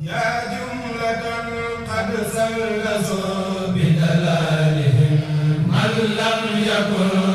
man lam yakun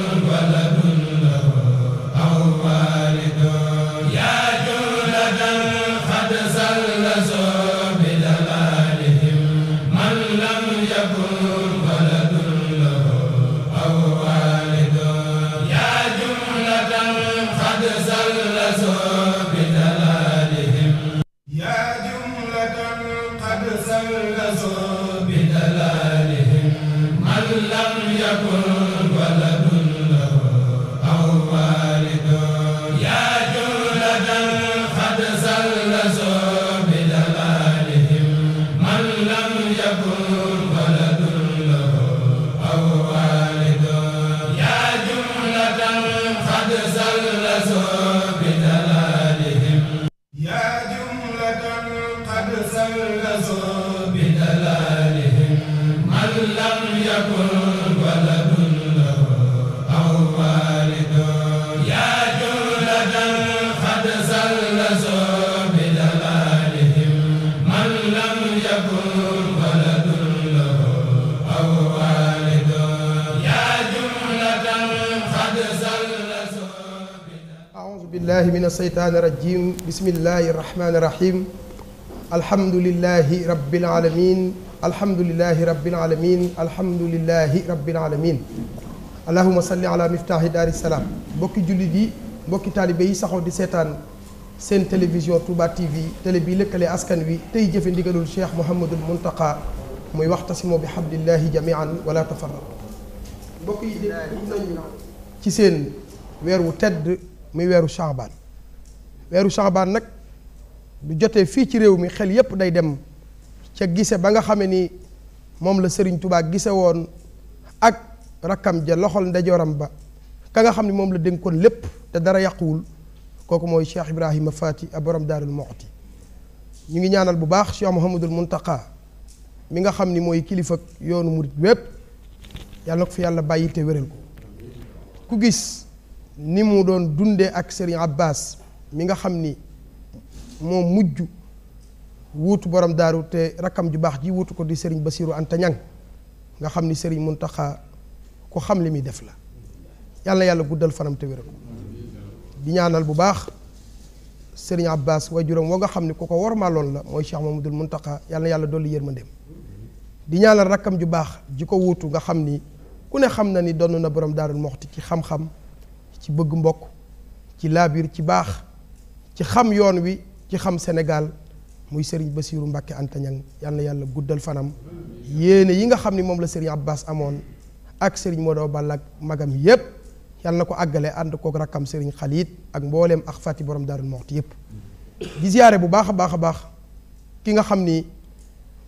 min alseytaan irajim bismillahi irrahmani irrahim alhamdulilahi rabbil alamin alhamdulilahi rabbil alamin alhamdulilahi rabbil alamin allahuma salli ala miftaahi daari salaam mbokki jullit yi mbokki taalibe yi saxoo di seetaan seen télévision Touba TV télé bii lëkkale askan wi tey jëfe ndigalul cheikh Mouhamadul Muntaqa muy waxtasimo bi hablillahi jamian wala tafarraqu mbokk yi nañu tedd muy weeru Shaaban weeru saxabaan nag bu jotee fii ci réew mi xel yépp day dem ca gise ba nga xame ni moom la sëriñ tubaab gise woon ak rakkam ja loxol ndeyjooram ba ka nga xam ne moom la dénkoon lépp te dara yàquwul kooku mooy Cheikh Ibrahima Fati a borom Daarul Muxti ñu ngi ñaanal bu baax Cheikh Mouhamadul Muntaqa mi nga xam ni mooy kilifa yoonu murit wépp yàlla ko fi yàlla bàyyi te wéral ko ku gis ni mu doon dundee ak sëriñ Abbas mi nga xam ni moom mujj wuutu borom daaru te rakkam ju baax ji wuutu ko di sëriñ Bassirou Anta Niang nga xam ni sëriñ Serigne Mountakha ku xam li muy def la yàlla yàlla guddal fanam te wér ko di ñaanal bu baax Serigne Abbas waajuram woo nga xam ni ku ko war maloon la mooy Cheikh Mamadou Mountakha yàlla yàlla dolli yërmandeem di ñaanal rakkam ju baax ji ko wuutu nga xam ni ku ne xam na ni donn na borom daarul moxti ci xam-xam ci bëgg mbokk ci laabir ci baax ci xam yoon wi ci xam Sénégal muy Serigne Bassirou Mbacke Anta Niang yal na yàlla guddal fanam yéene yi nga xam ni moom la Serigne Abbas amoon ak Serigne Modou Balla ak magam yépp yal na ko àggale ànd kook rakkam sëriñ Khalid ak mbooleem ak fàtti borom Darou Mouhty yépp di ziyaare bu baax a baax a baax ki nga xam ni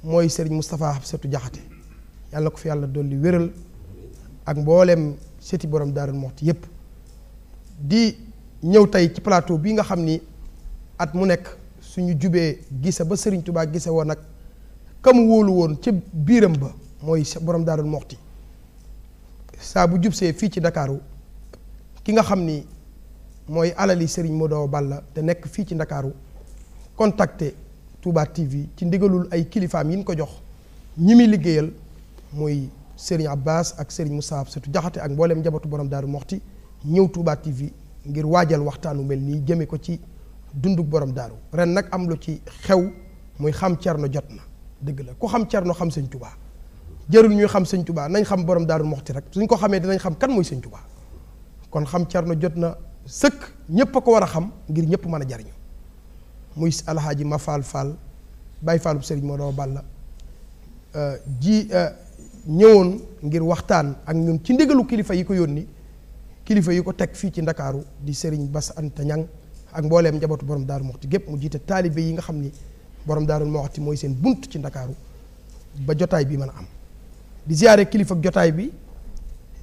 mooy Serigne Moustapha Hafsatou Diakhaté yal na ko fi yàlla dolli wéral ak mbooleem sëti borom Darou Mouhty yépp di ñëw tey ci plateau bi nga xam ni at mu nekk suñu jubee gise ba sëriñ Touba gise woon ak kam wóolu woon ca biiram ba mooy borom Daarul Moxti saa bu jubsee fii ci ndakaaru ki nga xam ni mooy alali Serigne Modou la te nekk fii ci ndakaaru contacté Touba TV ci ndigalul ay kilifaam yi ñu ko jox ñi muy liggéeyal mooy Serigne Abbas ak sëriñ Serigne Moussa Absatou Jaxate ak mbooleem njabootu borom Daarul Moxti ñëw Touba TV ngir waajal waxtaanu mel nii jëme ko ci dundu borom daaru ren nag am lu ci xew muy xam cer cerno jot na dëgg la ku xam cerno xam sëñ tubaa jërul ñuy xam sëñ tubaa nañ xam borom daaru moxti rek suñ ko xamee dinañ xam kan mooy sëñ tubaa kon xam cerno jot na sëkk ñépp a ko war a xam ngir ñëpp mën a jariñ muy alxaaji ma faal faal bàyyi faalub sëriñ moo doo bàll euh, ji euh, ñëwoon ngir waxtaan ak ñun ci ndigalu kilifa yi ko yónni kilifa yi ko teg fii ci ndakaaru di sëriñ bas anta ak mbooleem njabootu borom daaru Muxti gépp mu jiite taalibe yi nga xam ni borom daaru Muxti mooy seen bunt ci ndakaaru ba jotaay bi mën a am di ziyaare kilifa jotaay bi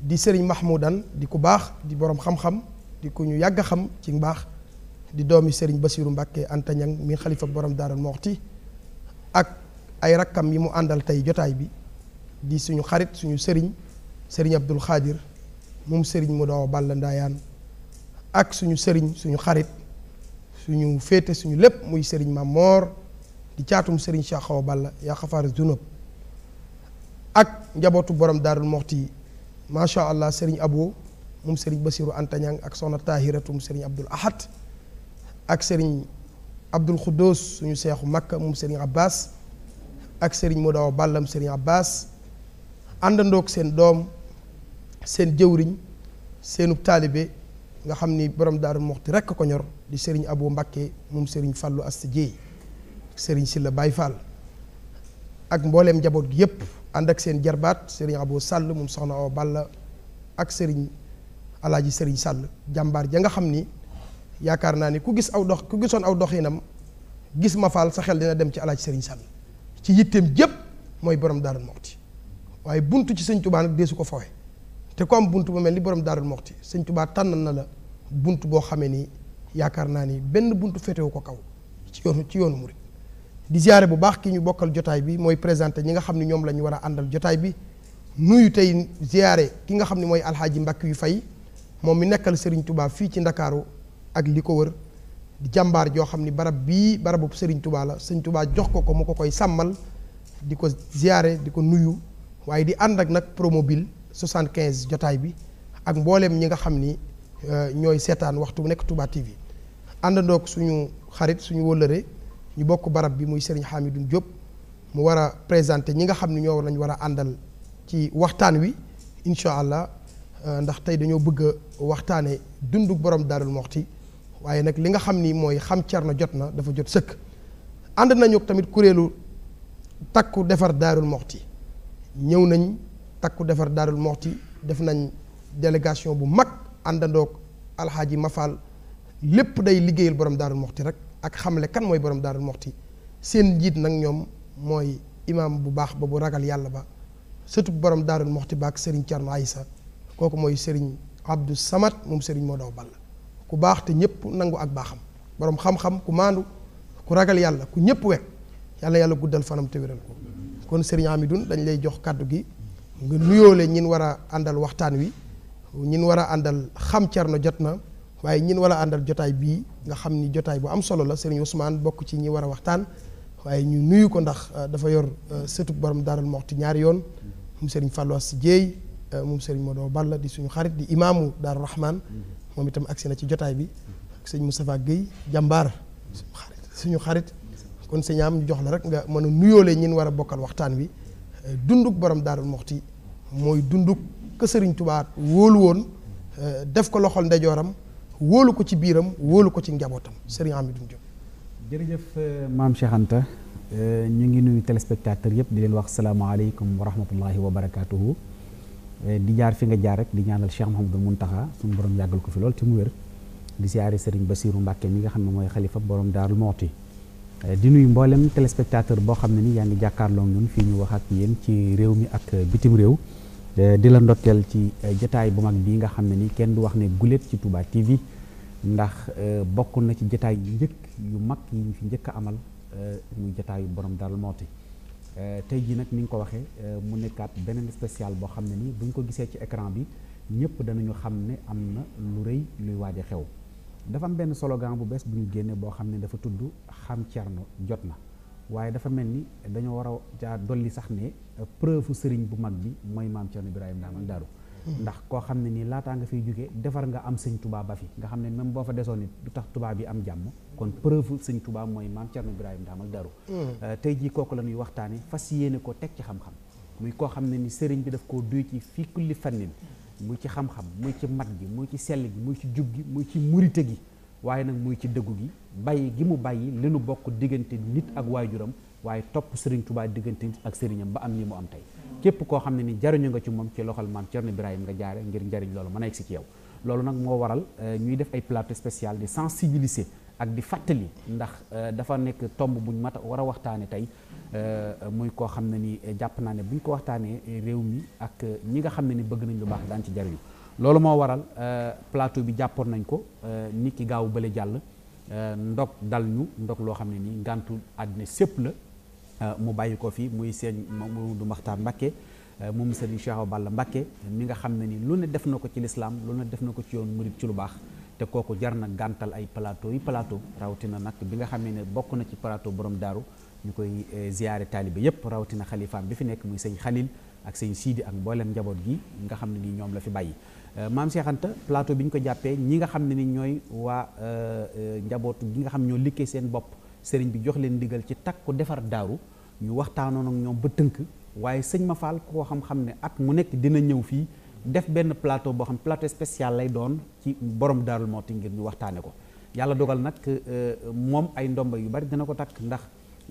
di sëriñ Mahmoudan di ku baax di borom xam di ku ñu yàgg a xam ci mbaax di doomi sëriñ Basiiru Mbàkke antañang mi xalifa borom daaru Muxti ak ay rakkam yi mu àndal tey jotaay bi di suñu xarit suñu sëriñ sëriñ Abdul Xaadir moom sëriñ mu doo Balla Ndaayaan ak suñu sëriñ suñu xarit suñu féete suñu lépp muy sëriñ Maam Moor di caatum sëriñ Cheikh Xawa Balla yaa xafaaru junub ak njabootu borom daarul moxti macha allah sëriñ Abo moom sëriñ Basiru Antañang ak soxna Tahiratu moom sëriñ Abdul Ahad ak sëriñ Abdul Xuddoos suñu seexu Makka moom sëriñ Abbas ak sëriñ Modaw Ballam sëriñ Abbas àndandoog seen doom seen jëwriñ seenub taalibe nga xam ni borom daaru moxti rekk ko ñor di sëriñ Abo Mbàkke moom sëriñ Fàllu Asta Jéey sëriñ Silla Baay Fall ak mbooleem njaboot gi yëpp ànd ak seen jarbaat sëriñ Abo Sàll moom soxna Awa Balla ak sëriñ alaaji sëriñ Sàll jàmbaar ja nga xam ni yaakaar naa ni ku gis aw dox ku gisoon aw doxinam gis ma faal sa xel dina dem ci alaaji sëriñ Sàll ci yitteem jëpp mooy borom daaru moxti waaye buntu ci sëñ Tuubaa nag deesu ko fawe te ku am bunt bu mel ni borom daarul moxti sëñ tubaa tànnal na la bunt boo xamee ni yaakaar naa ni benn buntu féetewu ko kaw ci yoonu ci yoonu murit di ziare bu baax ki ñu bokkal jotaay bi mooy présenté ñi nga xam ne ñoom la ñu war a àndal jotaay bi nuyu tey ziare ki nga xam ne mooy alxaaji mbàkk yu fay moom mi nekkal sëriñ tubaa fii ci ndakaaru ak li ko wër di jàmbaar joo xam ni barab bii barabu sëriñ tubaa la sëñ tubaa jox ko ko mu ko koy sàmmal di ko ziare di ko nuyu waaye di ànd ak nag promobile 75 jotaay bi ak mbooleem ñi nga xam ni euh, ñooy seetaan waxtu bu nekk bi TV àndandoog suñu xarit suñu wëllëre ñu bokk barab bi muy Serigne Hamidoune Diop mu war a présenter ñi nga xam ni ñoo lañ war a àndal ci waxtaan wi incha allah euh, ndax tey dañoo bëgg a waxtaane dundu borom Darou Mouhty waaye nag li nga xam ni mooy xam na jot na dafa jot sëkk ànd nañu tamit kuréelu takku defar Darou Mouhty ñëw nañ takku defar daarul moxti def nañ délégation bu mag àndandoog alxaaji Mafal lépp day liggéeyal borom daarul moxti rek ak xamle kan mooy borom daarul moxti seen njiit nag ñoom mooy imaam bu baax ba bu ragal yàlla ba surtout borom daarul moxti ba ak Serigne Thierno Aïssa kooku mooy Serigne Abdou Samad moom Serigne moo daw ball ku baax te ñëpp nangu ak baaxam borom xam-xam ku maandu ku ragal yàlla ku ñëpp wekk yàlla yàlla guddal fanam te wéral ko kon Serigne gi. nga nuyoo leen ñin war a àndal waxtaan wi ñin war a àndal xam na jot na waaye ñin war a àndal jotaay bii nga xam ni jotaay bu am solo la Serigne Ousmane bokk ci ñi war a waxtaan waaye ñu nuyu ko ndax euh, dafa yor euh, sëtub borom Daarul Moxti ñaari yoon mu moom Serigne Fallou Assi mu euh, moom Serigne Modou Balla di suñu xarit di imaamu Daaru Rahman moom itam agsi na ci jotaay bi ak sëñ Moustapha Guèye jàmbaar suñu xarit kon sëñ am jox la rek nga mën a nuyoole ñin war a bokkal waxtaan wi dunduk borom Daarul Moxti mooy dunduk kë sëriñ Tuubaa wóolu woon eh, def ko loxol ndeyjooram wóolu ko ci biiram wóolu ko ci njabootam sëriñ Amidou Diop jërëjëf eh, maam Cheikh Anta eh, ñu ngi nuyu téléspectateur yëpp di leen wax salaamaaleykum wa rahmatullahi wa barakaatuhu di jaar fi nga jaar rek di ñaanal Cheikh Mouhamadul Mountakha suñu borom yàggal ko fi lool ci mu wér di siyaare Serigne Bassirou Mbacke mi nga xam ne mooy xalifa borom Daarul Mooti di nuyu mboolem téléspectateur boo xam ne ni yaa ngi jàkkaarloo ñun fii ñu wax yéen ci réew mi ak bitim réew. Eh, di la ndokkeel ci eh, jataay bu mag bii nga xam ne ni kenn du wax ne guléet ci Touba TV ndax eh, bokk na ci jataay yu njëkk yu mag yi ñu fi njëkk a amal muy jataayu borom daal mooti tey jii nag ni nga ko waxee mu nekkaat beneen spécial boo xam ne nii bu ñu ko gisee ci ecran bi ñëpp danañu xam ne am na lu rëy luy waaja xew dafa am benn slogan bu bees bu ñu génnee boo xam ne dafa tudd xam Thierno jot na waaye dafa mel ni dañoo war a caa dolli sax ne euh, preuve sëriñ bu mag bi mooy maam Thierno Ibrahima Daamal hmm. ndax koo xam ne nii laataa nga fiy jógee defar nga am sëñ Touba ba fi nga xam ne même boo fa desoon it du tax Touba bi am jàmm kon preuve sëñ tubaab mooy maam Thierno ndax Daamal Daaru hmm. euh, tey jii kooku la ñuy waxtaane fas yéene ko teg ci xam-xam muy koo xam ne ni sëriñ bi daf koo duy ci fii kulli fannin muy ci xam-xam muy ci mat gi muy ci sell gi muy ci jub gi muy ci murite gi waaye nag muy ci dëggu gi bàyyi gi mu bàyyi li nu bokk diggante nit ak waajuram waaye topp Serigne Touba diggante nit ak sëriñam ba am nii mu am tey képp koo xam ne ni jariñu nga ci moom ci loxol maam Thierno Ibrahim nga jaare ngir njariñ loolu mën a egg ci yow loolu nag moo waral euh, ñuy def ay plateau spécial di sensibiliser ak di fàttali ndax euh, dafa nekk tomb buñ mat war a waxtaane tey euh, muy koo xam ne ni jàpp naa ne buñ ko waxtaanee réew mi ak ñi nga xam ne ni bëgg nañ lu baax daan ci jariñu loolu moo waral plateau bi jàppoon nañ ko nit ki gaaw bële jàll Euh, ndog dal ñu ndog loo xam ne nii ngàntu àddina sépp la euh, mu bàyyi ko fi muy sëñ Mamadou du Mbacké euh, moom sëriñ Cheikh Awa Balla Mbacké mi nga xam ne ni lu ne def na ko ci lislaam lu ne def na ko ci yoon murit ci lu baax te kooku jar na gàntal ay plateau yi plateau rawatina nag bi nga xam ne bokk na ci plateau borom daaru ñu koy ziyaare taalibe yépp rawatina xalifaam bi fi nekk muy sëñ Xalil ak sëñ Siidi ak mboolem njaboot gi nga xam ne ni ñoom la fi bàyyi Euh, maam Cheikh Anta plateau bi ñu ko jàppee ñi nga xam ne ni ñooy waa euh, euh, njabootu gi nga xam ñoo liggéey seen bopp sëriñ bi jox leen ndigal ci takk takku defar daaru ñu waxtaanoon ñoom ba tënk waaye sëñ ma faal koo xam-xam ne at mu nekk dina ñëw fii def benn plateau boo xam plateau spécial lay doon ci borom daarul moo ti ngir ñu waxtaane ko yàlla dogal nag moom ay ndomba yu bari dina ko takk ndax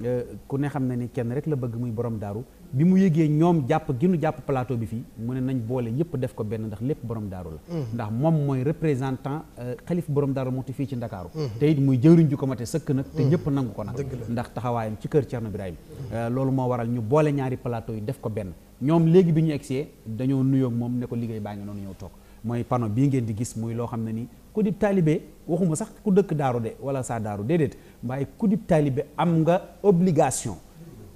Euh, ku ne xam na ni kenn rek la bëgg muy borom daaru bi mu yëgee ñoom jàpp gi jàpp plateau bi fii mu ne nañ boole yépp def ko benn ndax lépp borom daaru la mm. ndax moom mooy représentant euh, xalif borom daaru Muxti fii ci Ndakaaru mm. te it muy jëwriñ ju ko mate sëkk nag te mm. ñëpp nangu ko nag ndax taxawaayam ci kër Cerno Birahim euh, loolu moo waral ñu boole ñaari plateau yi def ko benn ñoom léegi bi ñu egsee dañoo nuyoo moom ne ko liggéey baa ngi noonu ñëw toog mooy panneau bii ngeen di gis muy loo xam ne ni ku dib taalibe waxuma sax ku dëkk daaru de wala saa daaru déedéet waaye ku dib taalibe am nga obligation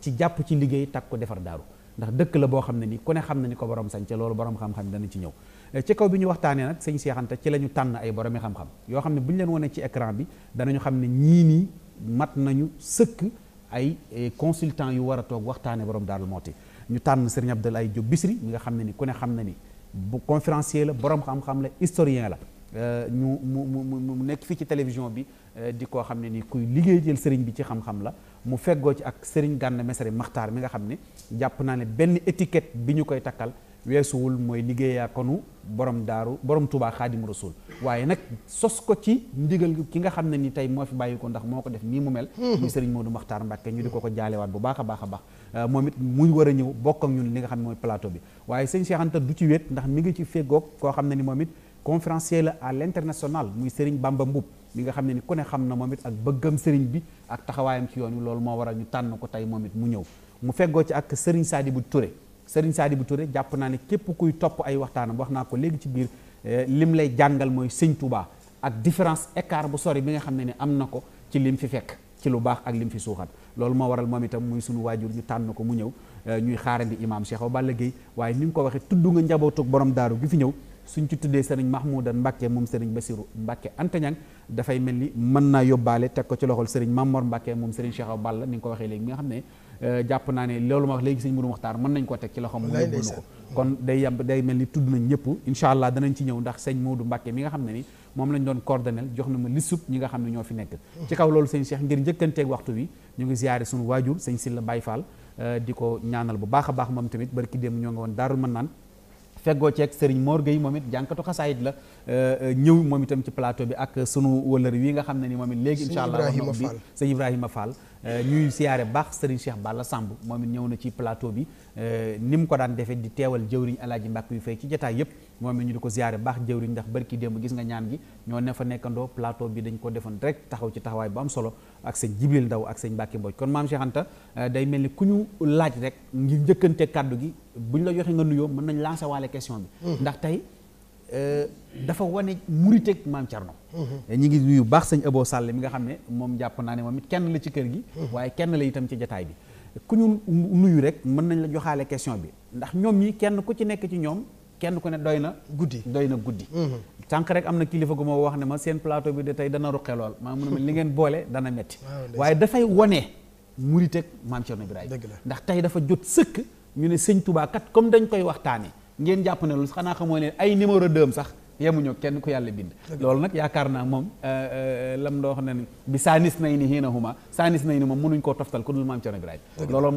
ci jàpp ci liggéey takk ko defar daaru ndax dëkk la boo xam ne nii ku ne xam na ko borom sañ ca loolu borom xam-xam ci ñëw eh, kaw bi ñu waxtaanee nag sëñ seexanta ci la ñu tànn ay boromi xam yoo xam ne bu ñu leen wone ci écran bi danañu xam ne ñii nii mat nañu sëkk ay eh, consultant yu war a toog waxtaane borom daarul mooti ñu tànn sëriñ Abdoulaye Diop Bisri mi nga xam ne ni ku xam na ni bu conférencier la borom xam-xam la historien la Euh, ñu mu mu mu nekk fii ci télévision bi euh, di koo xam ne ni kuy liggéey jël sëriñ bi ci xam-xam la mu feggoo ci ak sëriñ Gana Messere Maxtaar mi nga xam ne jàpp naa ne benn étiquette bi ñu koy takkal weesuwul mooy liggéeyaa konu borom daaru borom Touba xaadim rasul waaye nag sos ci ndigal ki nga xam ne ni tey moo fi bàyyi ko ndax ko def nii mu mel hmm. muy sëriñ Modou maxtar Mbàkke ñu di ko ko jaalewaat bu baax a baax a baax euh, moom it muy war a ñëw bokk ak ñun li nga xam ne mooy plateau bi waaye sëñ Cheikh Anta du ci wéet ndax mi ngi ci feggoog koo xam ne ni moom it conférencier la à l'international muy Serigne Bamba Mboup mi nga xam ne ni ku ne xam na moom it ak bëggam Serigne bi ak taxawaayam ci yoon wi loolu moo waral ñu tànn ko tey moom mu ñëw mu feggoo ci ak Serigne Sadibou Touré Serigne Sadibou Touré jàpp naa ne képp kuy topp ay waxtaanam wax naa ko léegi ci biir eh, lim lay jàngal mooy Sëñ Touba ak différence écart bu sori bi nga xam ne ni am na ko ci lim fi fekk ci lu baax ak lim fi suuxat loolu moo waral moom itam muy sunu waajur ñu tànn ko mu ñëw eh, ñuy xaaral imaam Cheikh Awa Balla Gueye waaye ni mu ko waxee tudd nga njabootug borom daaru gi fi ñëw suñ ci tuddee sëriñ Mahmoudan Mbacke moom sëriñ Basiru Mbacke Antañang dafay mel ni mën naa yóbbaale teg ko ci loxol sëriñ Mamor Mbacke moom sëriñ Cheikh Awa Balla ni nga ko waxee léegi xam ne euh, jàpp naa ne loolu ma wax léegi sëñ Mourou nañ ko teg ci loxom mu yóbbu ko mm. kon day yàmb day mel ni tudd nañ ñëpp incha allah danañ ci ñëw ndax sëñ Modou Mbacke mi nga xam ne ni moom lañ doon coordonnel jox na ma listub ñi nga xam ne ñoo fi nekk mm. ci kaw loolu sëñ Cheikh ngir njëkkanteeg waxtu wi ñu ngi ziyaare suñu waajur sëñ Silla Baye Fall euh, di ko ñaanal bu baax a baax moom tamit barki dem ñoo nga woon daarul mën naan fegoo feggoo ceeg Serigne Mor Gueye moom it jànkatu xasaayit la euh, euh, ñëw moom itam ci plateau bi ak sunu wëllër wi nga xam ne ni moom it léegi incha allah sëñ Ibrahima Fall Euh, ñuy siyaare baax Serigne Cheikh Balla Samb moom ñëw na ci plateau bi euh, ni mu ko daan defee di teewal jëwriñ Alaaji Mbàkk yu fay ci jataay yëpp moom it ñu di ko siyaare baax jëwriñ ndax barki démb gis nga ñaan gi ñoo ne fa nekkandoo plateau bi dañ ko defoon rek taxaw ci taxawaay bu am solo ak sëñ Jibril Ndaw ak sëñ Mbàkke Mbooj kon maam Cheikh Anta euh, day mel ni ku ñu laaj rek ngir njëkkante kàddu gi buñ la joxe nga nuyoo mën nañ lancer waale question bi hmm. ndax tey dafa wane murit ak maam Thierno. Mhm. ñi ngi nuyu baax sëñ Abo Sall mi nga xam ne moom jàpp naa ne moom it kenn la ci kër gi. Mhm. waaye kenn la itam ci jataay bi. ku ñu nuyu rek mën nañ la joxaale question bi ndax ñoom ñi kenn ku ci nekk ci ñoom kenn ku ne doy na. guddi doy na guddi. Mhm. sànq rek am na kilifa gu ma wax ne ma seen plateau bi de tey dana ruqe lool maa mu ngeen boole dana metti waaye dafay wane murit ak maam Thierno Ibrahima. ndax tey dafa jot sëkk ñu ne sëñ Touba kat comme dañ koy waxtaanee ngeen jàpp ne loolu xanaa xamoo ne ay numéro 2 sax. yemuñu kenn ku yàlla bind loolu nag yaakaar naa moom euh, euh, lam doo xam ne bi saanis nay ni hiina huma saanis nay ni moom mënuñ koo toftal ku dul maam Cerno Birahim loolu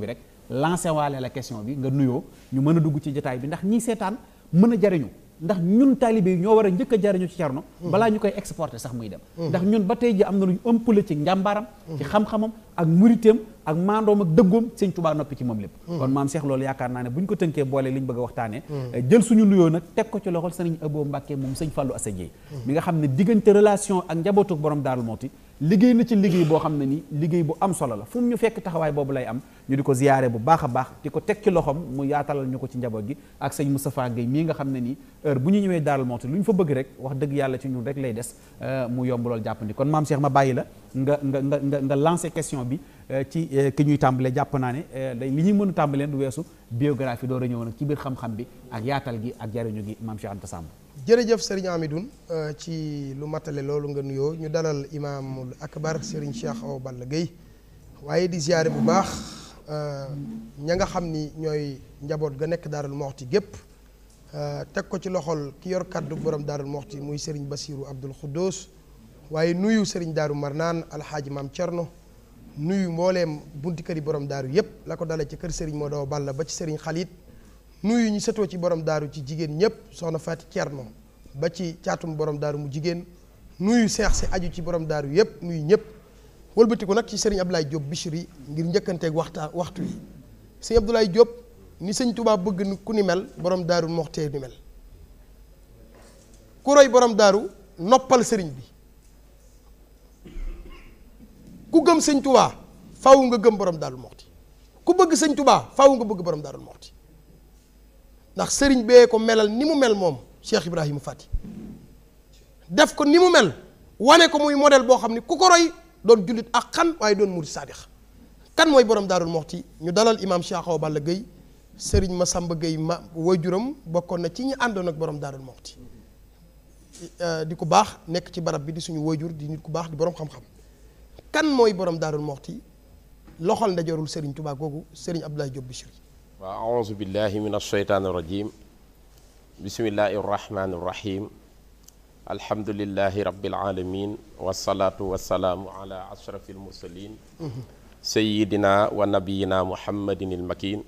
bi rek la question bi nga nuyoo ñu mën a dugg ci jotaay bi ndax ñii seetaan mën a jariñu ndax ñun taalibe yi ñoo war a njëkk a jariñu ci Cerno hmm. balaa ñu koy exporté sax muy dem hmm. ndax ñun ba tey ji am na lu ñu ci njàmbaaram hmm. ci xam-xamam ak muritéem ak maandoom ak dëggoom sëñ Tuubaa noppi ci moom lépp hmm. kon maam Cheikh loolu yaakaar naa ne bu ñu ko tënkee boole li ñu bëgg a waxtaanee hmm. eh, jël suñu nuyoo nag teg ko ci loxol sëriñ Abo Mbàkke moom sëñ Fàllu Asa Jéey hmm. nga xam ne diggante relation ak njabootuk borom Daaru Muxti liggéey na ci liggéey boo xam ne ni liggéey bu am solo la fu ñu fekk taxawaay boobu lay am ñu di ko ziyaare bu baax a baax di ko teg ci loxoom mu yaatalal ñu ko ci njaboot gi ak sëñ Moustapha Guèye mii nga xam ne nii heure bu ñu ñëwee Daaru Muxti lu ñu fa bëgg wax dëgg yàlla ci rek lay des euh, mu yomb lool jàppandi kon maam Cheikh ma bàyyi la nga nga nga nga nga lancé question bi euh, ci euh, ki ñuy tàmbalee jàpp naa ne li ñuy mën a tàmbalee du weesu biographie door a ñëw nag ci biir xam-xam bi ak yaatal gi ak jariñu gi maam Cheikh Anta Samb jërëjëf sëriñ Amidoune euh, ci lu matale loolu nga nuyoo ñu dalal imaamul akbar sëriñ Cheikh Awa Balla Gueye waaye di ziyaare bu baax euh, ña nga xam ni ñooy njaboot ga nekk Daarul Moxti gépp euh, teg ko ci loxol ki yor kàddu borom Daarul Moxti muy sëriñ Basiiru Abdul Xuddoos waaye nuyu sëriñ Daaru Marnaan alxaaji maam Cerno nuyu mbooleem bunti kër yi borom daaru yëpp la ko dalee ci kër sëriñ Moodu Awa Balla ba ci sëriñ Xalit nuyu ñu setoo ci borom daaru ci jigéen ñëpp soxna Faati Cerno ba ci caatum borom daaru mu jigéen nuyu seex si aju ci borom daaru yëpp nuyu ñëpp wëlbatiku nag ci sëriñ Abdoulaye Diop Bichri ngir njëkkanteeg waxta waxtu yi sëriñ Abdoulaye Diop ni sëñ Tuubaa bëgg ni ku ni mel borom daaru moxtee ni mel ku roy borom daaru noppal sëriñ bi ku gëm sëñ Tuubaa faaw nga gëm borom daaru moxti ku bëgg sëñ Tuubaa faaw nga bëgg borom daaru moxti ndax sëriñ bee ko melal ni mu mel moom Cheikh Ibrahima Fati def ko ni mu mel wane ko muy modèle boo xam ni ku ko roy doon jullit ak xan waaye doon murid saadix kan mooy borom daarul moxti ñu dalal imaam Cheikh Awa Balla Gueye sëriñ Masamba Gueye ma waajuram bokkoon na ci ñi àndoon ak borom daarul moxti euh, di ku baax nekk ci barab bi di suñu waajur di nit ku baax di borom xam-xam kan mooy borom daarul moxti loxol ndajorul sëriñ tubaab googu sëriñ Abdoulaye Diop Bichri waa aouzu billahi min alsheytaan irrajim bismillahi irrahmani irrahim alhamdulilahi rabilalamin wasalaatu wasalaamu ala ashrafi almursalin sayidina wa nabiyina muhammadin almakin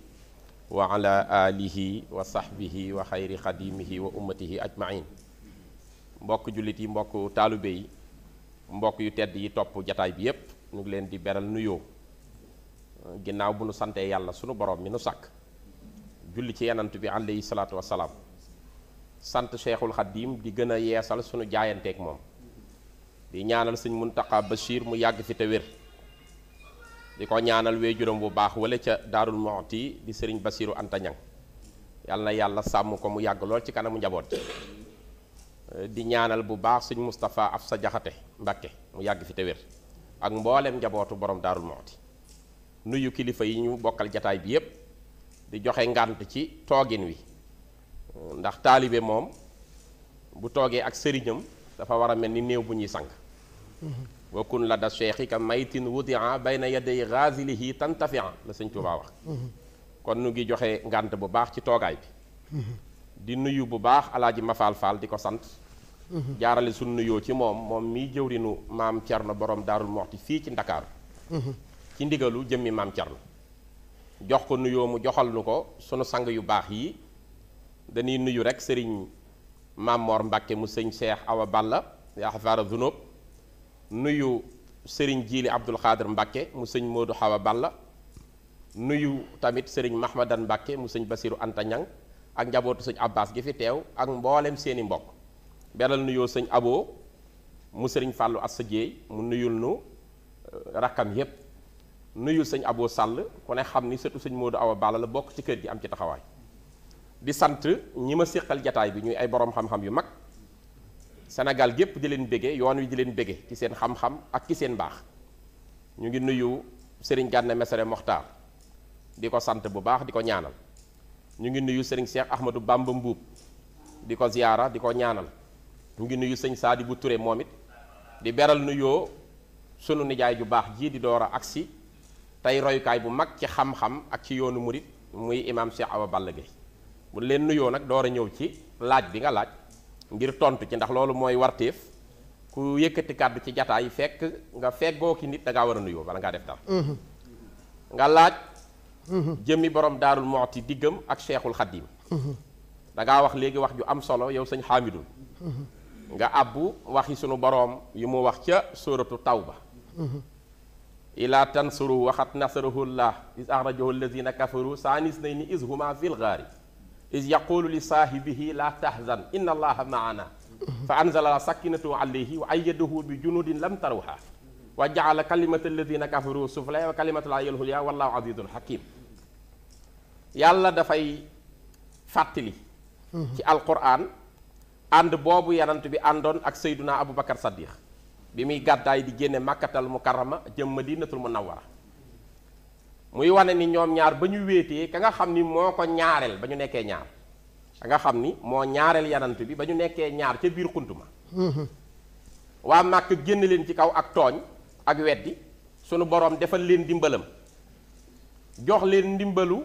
wa ala alihi wa sahbihi wa xayri xadimihi wa ummatihi ajmain mbokk jullit yi mbokk taalibe yi mbokk yu tedd yi topp jataay bi yépp ñu leen di beral nuyoo ginnaaw bu nu santee yàlla sunu borom mi nu sàkk julli ci yanant bi alayhi salaatu wasalaam sant cheikhul xadim di gën a yeesal sunu jaayanteeg moom di ñaanal suñ muntaqa bachir mu yàgg fi te wér di ko ñaanal waajuram bu baax wala ca daarul moxti di sëriñ basiru antañang yàlla na yàlla sàmm ko mu yàgg lool ci kanamu njaboot di ñaanal bu baax suñ Moustapha sa Jaxate Mbakke mu yàgg fi te wér ak mboolem njabootu borom daarul moxti nuyu kilifa yi ñu bokkal jataay bi yépp di joxe ngànt ci toogin wi ndax taalibe moom bu toogee ak sëriñam dafa war a mel ni néew bu ñuy sang wa kun la da cheikhi ka maytin wudia bayna yaday gazilihi tantafia la sëñ Tuubaa wax kon nu ngi joxe ngànt bu baax ci toogaay bi di nuyu bu baax alaaji Mafal Fall di ko sant jaarale sun nuyoo ci moom moom mii jëwrinu maam Cerno boroom Daarul Moxti fii ci Ndakaaru ci ndigalu jëmmi maam Cerno jox ko nuyoo mu joxal nu ko sunu sang yu baax yi dañuy nuyu rek sëriñ Mamor Mbàkke mu sëñ Cheikh Awa Balla yaa xafaara zunub nuyu sëriñ Jiili Abdul Xaadir Mbàkke mu sëñ Moodu Awa Balla nuyu tamit sëriñ Mahmadan Mbàkke mu sëñ Basiru Anta ak njabootu sëñ Abbas gi fi teew ak mboolem seeni mbokk beral nuyoo sëñ Abo mu sëriñ Fàllu Assa Jéey mu nuyul nu euh, rakkam yépp nuyul sëñ Abo sàll ku ne xam ni surtout sëñ Modou Awa baala la bokk ci kër gi am ci taxawaay di sant ñi ma séqal jataay bi ñuy ay boroom xam-xam yu mag senegal gépp di leen bége yoon wi di leen bége ci seen xam-xam ak ci seen baax ñu ngi nuyu Serigne Gana Messere Mokhtar di ko sant bu baax di ko ñaanal ñu ngi nuyu Serigne Cheikh Ahmadou Bamba Mbuub di ko ziyaara di ko ñaanal ñu ngi nuyu sëñ Saadi bu ture moom it di beral nuyoo sunu nijaay ju baax jii di door a agsi tey royukaay bu mag ci xam-xam ak ci yoonu murit muy imam Cheikh bal Balla Gaye bu leen nuyoo nag door a ñëw ci laaj bi nga laaj ngir tontu ci ndax loolu mooy warteef ku yëkkati kàddu ci jataay fekk nga feggoo ki nit danga war a nuyoo bala nga def dara nga laaj jëmmi borom daarul moxti diggam ak cheikhul xaddim da wax léegi wax ju am solo yow sëñ xaamidul nga àbbu waxi sunu boroom yi mu wax ca sóoratu ba ilaa tansuru waxat nasarahu llah is axrajahu alladina kafaru saanis nay ni is huma fi lgaari is yaqulu li saahibihi laa tahzan inna allaha maana fa anzala sakinatu alayhi wa ayyadahu bi junudin lam tarawha wa jaala kalimata alladina kafaru sufla wa kalimatu laa yalhulya wallahu azizun hakim yàlla dafay fàttali ci alquran ànd boobu yanant bi àndoon ak sayduna abou bakar saddiq bi muy gàddaay di génne màkkatal mukarrama jëm madinatul munawwara muy wane ni ñoom ñaar ba ñu wéetee ka nga xam ni moo ko ñaareel ba ñu nekkee ñaar ka nga xam ni moo ñaareel yanant bi ba ñu nekkee ñaar ca biir xuntuma waa màkk génn leen ci kaw ak tooñ ak weddi sunu boroom defal leen dimbalam jox leen ndimbalu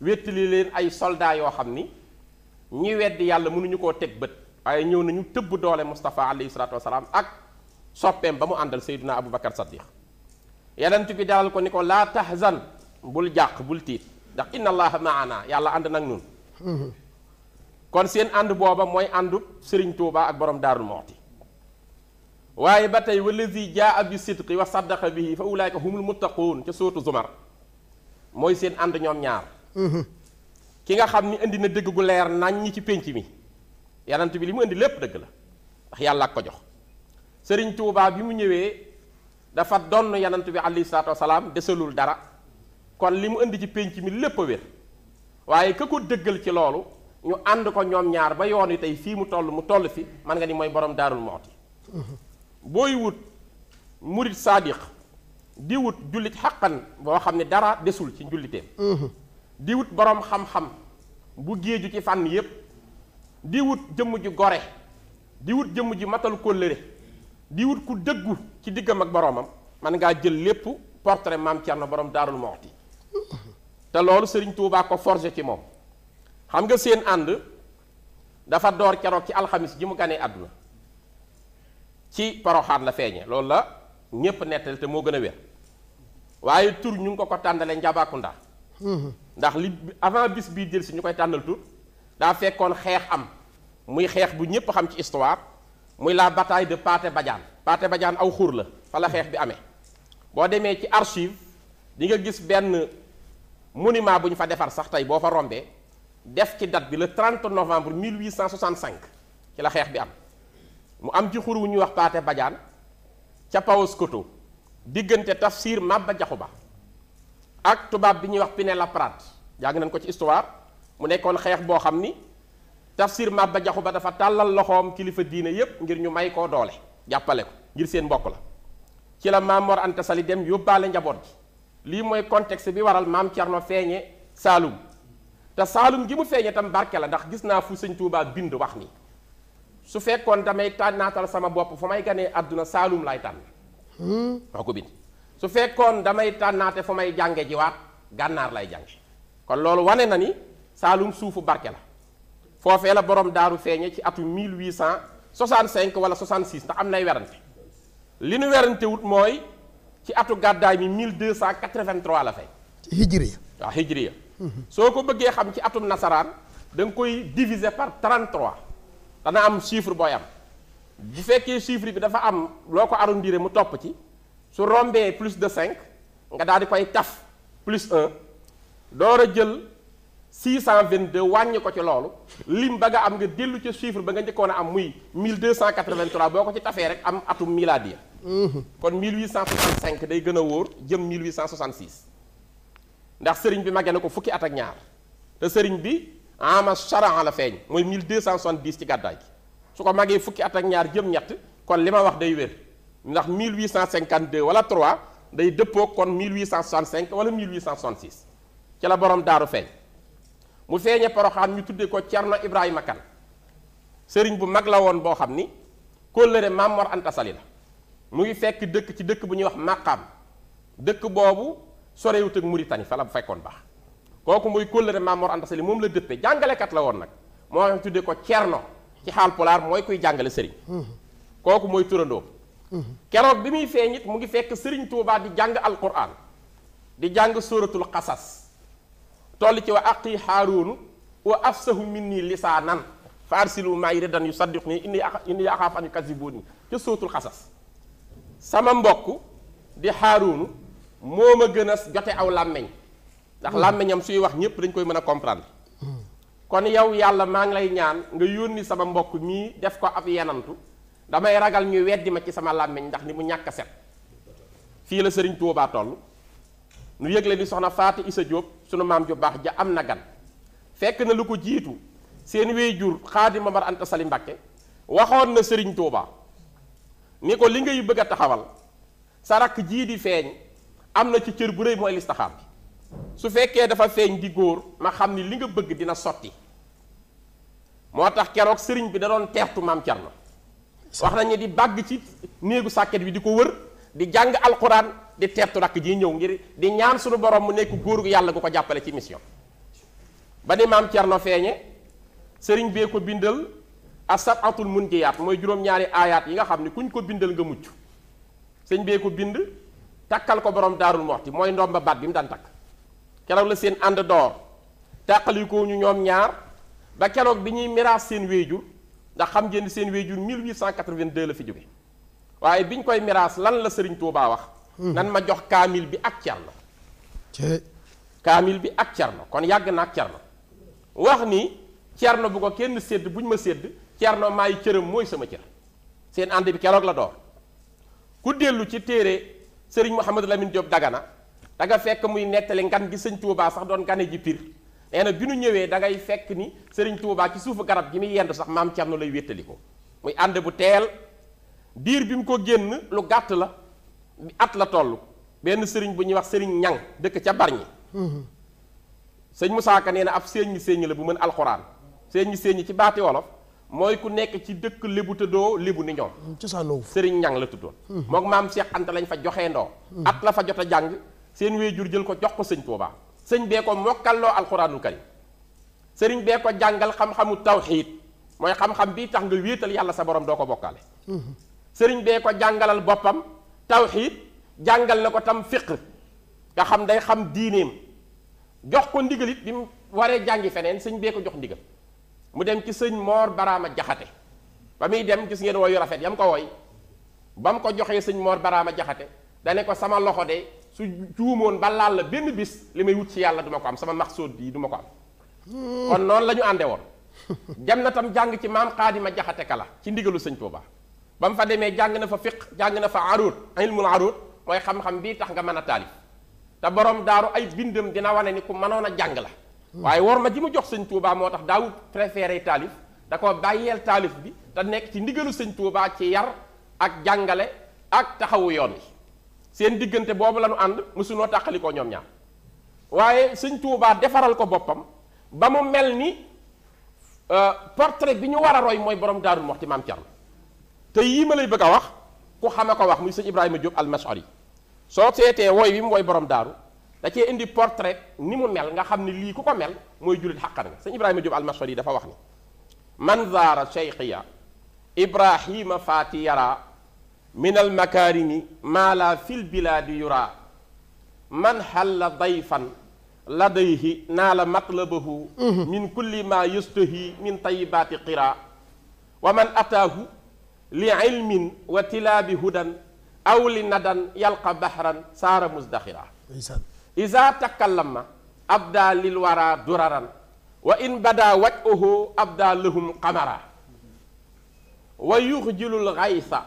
wéttali leen ay soldaar yoo xam ni ñi weddi yàlla mënuñu koo teg bët waaye ñëw nañu tëbb doole Mustafa alayhi salaatu wasalaam ak soppeem ba mu àndal sayduna aboubacar saddiq yonent bi dalal ko ni ko laa tahzan bul jàq bul tiit ndax inna allaha maana yàlla ànd nag ñun kon seen ànd booba mooy àndu sëriñ tuuba ak borom daarul moxti waaye ba tey wallazi jaa bi sidqi wa saddaqa bihi fa ulaayka humul muttaquun ca sóotu zumar mooy seen ànd ñoom ñaar ki nga xam ni indi na dëgg gu leer nañ ñi ci pénc mi yonent bi li mu indi lépp dëgg la ndax yàlla ak ko jox sëriñ Touba bi mu ñëwee dafa donn yanant bi alayhi salaatu wasalaam desalul dara kon li mu indi ci pénc mi lépp a wér waaye ka ko dëggal ci loolu ñu ànd ko ñoom ñaar ba yoon wi tey fii mu toll mu toll fii man nga ni mooy borom daarul mooti booy wut murit saadiq di wut jullit xaqan boo xam ne dara desul ci njulliteem di wut borom xam-xam bu géeju ci fànn yépp di wut jëmm ji gore di wut jëmm ji matal kóllëre di wut ku dëggu ci diggam ak boroomam man ngaa jël lépp portrait maam Thierno borom Daarul Muxti te loolu Serigne Touba ko forgé ci moom xam nga seen ànd dafa door keroog ci alxamis ji mu ganee àdduna ci poroxaan la feeñe loolu la ñépp nettali te moo gën a wér waaye tur ñu ngi ko ko tàndalee Njabakunda ndax li avant bis bii jël si ñu koy tàndal tur daa fekkoon xeex am muy xeex bu ñépp xam ci histoire muy la bataay de paate Badiane paate Badiane aw xur la fa la xeex bi amee boo demee ci archive di nga gis benn monument bu ñu fa defar sax tey boo fa rombee def ci date bi la 30 novembre 1865 ci la xeex bi am mu am ci xur wu ñuy wax paate Badiane ca Paoskoto diggante Tafsir Maba Jaxu Ba ak tubaab bi ñuy wax Pinet Laprade jàng nañ ko ci histoire mu nekkoon xeex boo xam ni tafsir Maba Jaxu Ba dafa tàllal loxoom kilifa diine yépp ngir ñu may koo doole jàppale ko ngir seen mbokk la ci la maam Mor Anta Sali dem yóbbaale njaboot gi lii mooy contexte bi waral maam Cerno feeñe Saalum te Saalum gi mu feeñe tam barke la ndax gis naa fu sëñ Tuubaa bind wax ni su fekkoon damay tànnaatal sama bopp fu may ganee àdduna Saalum lay tànn waa hmm? ko bind su fekkoon damay tànnaate fu may jànge jiwaat gànnaar lay jànge kon loolu wane na ni Saalum suufu barke la foofee la boroom daaru feeñe ci atu mille atum 1865 wala 66 ndax am nay werante li nu werante wut mooy ci atu gàddaay mi 1283 la fay. hijriya waaw hijriya soo ko bëggee xam ci atum nasaraan da nga koy diviser par 33 dana am chiffre booy am bu fekkee chiffre bi dafa am loo ko arrondir mu topp ci su rombee plus de 5 nga daal di koy taf plus 1 door a jël. cent 622 wàññi ko ci loolu lim ba nga am nga dellu ca chiffre ba nga njëkkoon a am muy mille 1283 boo ko ci tafee rek am atum miladiya mhm. kon 1865 day gën a wóor jëm 1866 ndax sëriñ bi màggee na ko fukki at ak ñaar te sëriñ bi ama charan la feeñ mooy 1270 ci gàddaay gi su ko màggee fukki at ak ñaar jëm ñett kon li ma wax day wér ndax 1852 wala 3 day dëppoo kon 1865 wala 1866 ci la borom daaru feeñ mu feeñe poroxaan ñu tuddee ko Cerno Ibrahima Kan sëriñ bu mag la woon boo xam ni kóllëre Maam Mor la mu ngi fekk dëkk ci dëkk bu ñuy wax màqaam dëkk boobu sorewut ak Muritani fa la bu fekkoon baax kooku muy kóllëre Maam Mor Anta moom la dëppe jàngalekat la woon nag moo xam tuddee ko Cerno ci xaal pulaar mooy kuy jàngale sëriñ kooku mooy turandoo keroog bi muy feeñ it mu ngi fekk sëriñ Tuubaa di jàng alquran di jàng sóoratul xasas toll ci wa aqi xaaruunu wa afsahu lisaa lisaanan fa arsilu maay reddan yu saddiq nii inni inni axaaf an yukazzibuuni ca sootul xasas sama mbokk di xaaruunu moo ma gën a jote aw làmmeñ ndax hmm. làmmeñam suy wax ñépp dañ koy mën a comprendre hmm. kon yow yàlla maa ngi lay ñaan nga yónni sama mbokk mii def ko ab yenantu damay ragal ñu weddi ma ci sama làmmeñ ndax ni mu ñàkk a set fii la sëriñ Tuubaa toll nu yëgle ni soxna Faati Isa Jóob sunu maam ju baax ja am na gan fekk na lu ko jiitu seen wéyjur xaadim Mamar Anta Sali Mbàkke waxoon na sëriñ Tuuba ni ko li ngay bëgg a taxawal sa rakk jii di feeñ am na ci cër bu rëy mooy listaxaar bi su fekkee dafa feeñ di góor ma xam ni li nga bëgg dina sotti moo tax keroog sëriñ bi da doon teertu maam Cerno wax nañu di bàgg ci néegu sàkket bi di ko wër di jàng alxuraan di teertu rakk ji ñëw ngir di ñaan suñu borom mu nekk góor gu yàlla gu ko jàppale ci mission ba ni maam Cerno feeñe sëriñ bee ko bindal asab atul mun jiyaat mooy juróom-ñaari aayaat yi nga xam ne kuñ ko bindal nga mucc sëñ bee ko bind takkal ko borom daarul moxti mooy ndomba baat bi mu daan takk keroog la seen ànd door tàqalikoo ñu ñoom ñaar ba keroog bi ñuy miraas seen weeju ndax xam ngeen seen wéyjur 1882 la fi jóge waaye biñ koy miraas lan la sëriñ Tuubaa wax nan ma jox kaamil bi ak cerno kaamil bi ak cerno kon yàgg na ak cerno wax ni cerno bu ko kenn sédd buñ ma sédd cerno may cëram mooy sama cër seen ànd bi keroog la doon ku dellu ci téere sëriñ Mouhamadou Lamine Diop Dagana danga fekk muy nettali ngan gi sëñ Touba sax doon gane ji pir nee na bi nu ñëwee dangay fekk ni sëriñ Touba ci suufu garab gi muy yendu sax maam Cerno lay wéttali ko muy ànd bu teel biir bi mu ko génn lu gàtt la at la toll benn sëriñ bu ñuy wax sëriñ ñang dëkk ca barñi sëñ Moussa Ka nee na ab séññi séññi la bu mën alxuraan séññi séññi ci baati wolof mooy ku nekk ci dëkk lébu doo lébu ni ñoom mm, cosaanoo sëriñ ñang la tuddoon mook maam Cheikh Anta lañ fa joxe ndoo at la fa jot a jàng seen wéejur jël ko jox ko sëñ Tuubaa sëñ bee ko mokkalloo alxuraanul karim sëriñ bee ko jàngal xam-xamu tawxiid mooy xam-xam bii tax nga wéetal yàlla sa borom doo ko bokkaale sëriñ bee ko jàngalal boppam tawxiid jàngal na ko tam fiq nga xam day xam diineem jox ko ndigalit bi mu waree jàngi feneen sëñ bee ko jox ndigal mu dem ci sëñ moor baraam a jaxate ba muy dem gis ngeen wooyu rafet yam ko woy ba mu ko joxee sëñ moor baraam a jaxate dane ko sama loxo de su juumoon ba laal la benn bis li may wut ci yàlla duma ko am sama maxsood bii duma ko am hmm. kon noonu lañu àndee woon dem na tam jàng ci maam ma jaxate la ci ndigalu sëñ Tuuba ba mu fa demee jàng na fa fiq jàng na fa aruud ilmul aruud mooy xam-xam bii tax nga mën a taalif te boroom daaru ay bindam dina wane ni ku mënoon a jàng la waaye war ma ji mu jox sëñ Tuubaa moo tax daawut préféré taalif da ko bàyyeel taalif bi te nekk ci ndigalu sëñ Tuubaa ci yar ak jàngale ak taxawu yoon wi seen diggante boobu la ànd ànd mësunoo tàqalikoo ñoom ñaar waaye sëñ Tuubaa defaral ko boppam ba mu mel ni euh, portrait bi ñu war a roy mooy borom daarul Muxti Maam Cerno te yii ma lay bëgg a wax ku xame ko wax muy sëñ Ibrahima Diop almasori soo seetee wooy wi mu woy borom daaru da cee indi portrait ni mu mel nga xam ne lii ku ko mel mooy jullit xaqan nga sëñ Ibrahima Diop almasori dafa wax ni man zaara cheikhiya ibrahima faati yara min almakarimi maa la fil bilaadi yura man xalla dayfan ladayhi naala matlabahu mhm. min kulli ma yustahi min tayibaati qira wa man ataahu li ilmin wa tilaabi hudan aw li nadan yalqa bahran saara musdaxira isa takallama abda lil wara duraran wa in bada wajuhu abda lahum qamara wa yuxjilul xaysa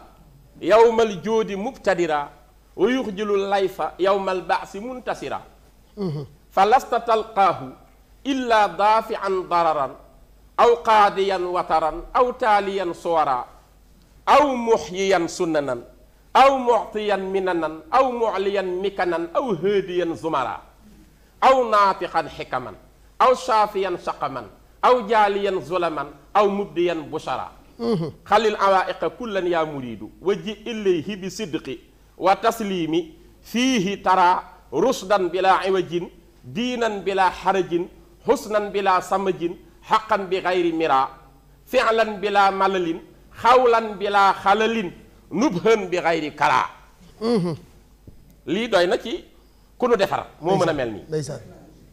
yowmal jóodi mubtadira wa yuxjilul layfa yowmal baasi muntasira mhm. fa lasta talqaahu illa daafian dararan aw qaadiyan wataran aw taaliyan suwara aw muxyiyan sunnanan aw muctiyan minanan aw mucliyan mikanan aw haadiyan zumara aw naatiqan xikaman aw shaafiyan shaqaman aw jaaliyan zulaman aw mubdiyan bushara mhm. xalil awaa'iqa kullan yaa muriidu wa ji ilayhi bi sidqi wa tasliimi fiihi tara rusdan bilaa iwajin diinan bilaa xarajin xusnan bilaa samajin xaqan bi gayri mira ficlan bilaa malalin xawlan bi laa xalalin nubhan bi xayri kalaa mhm. lii doy na ci ku nu defar moo mën a mel nii ndeysaan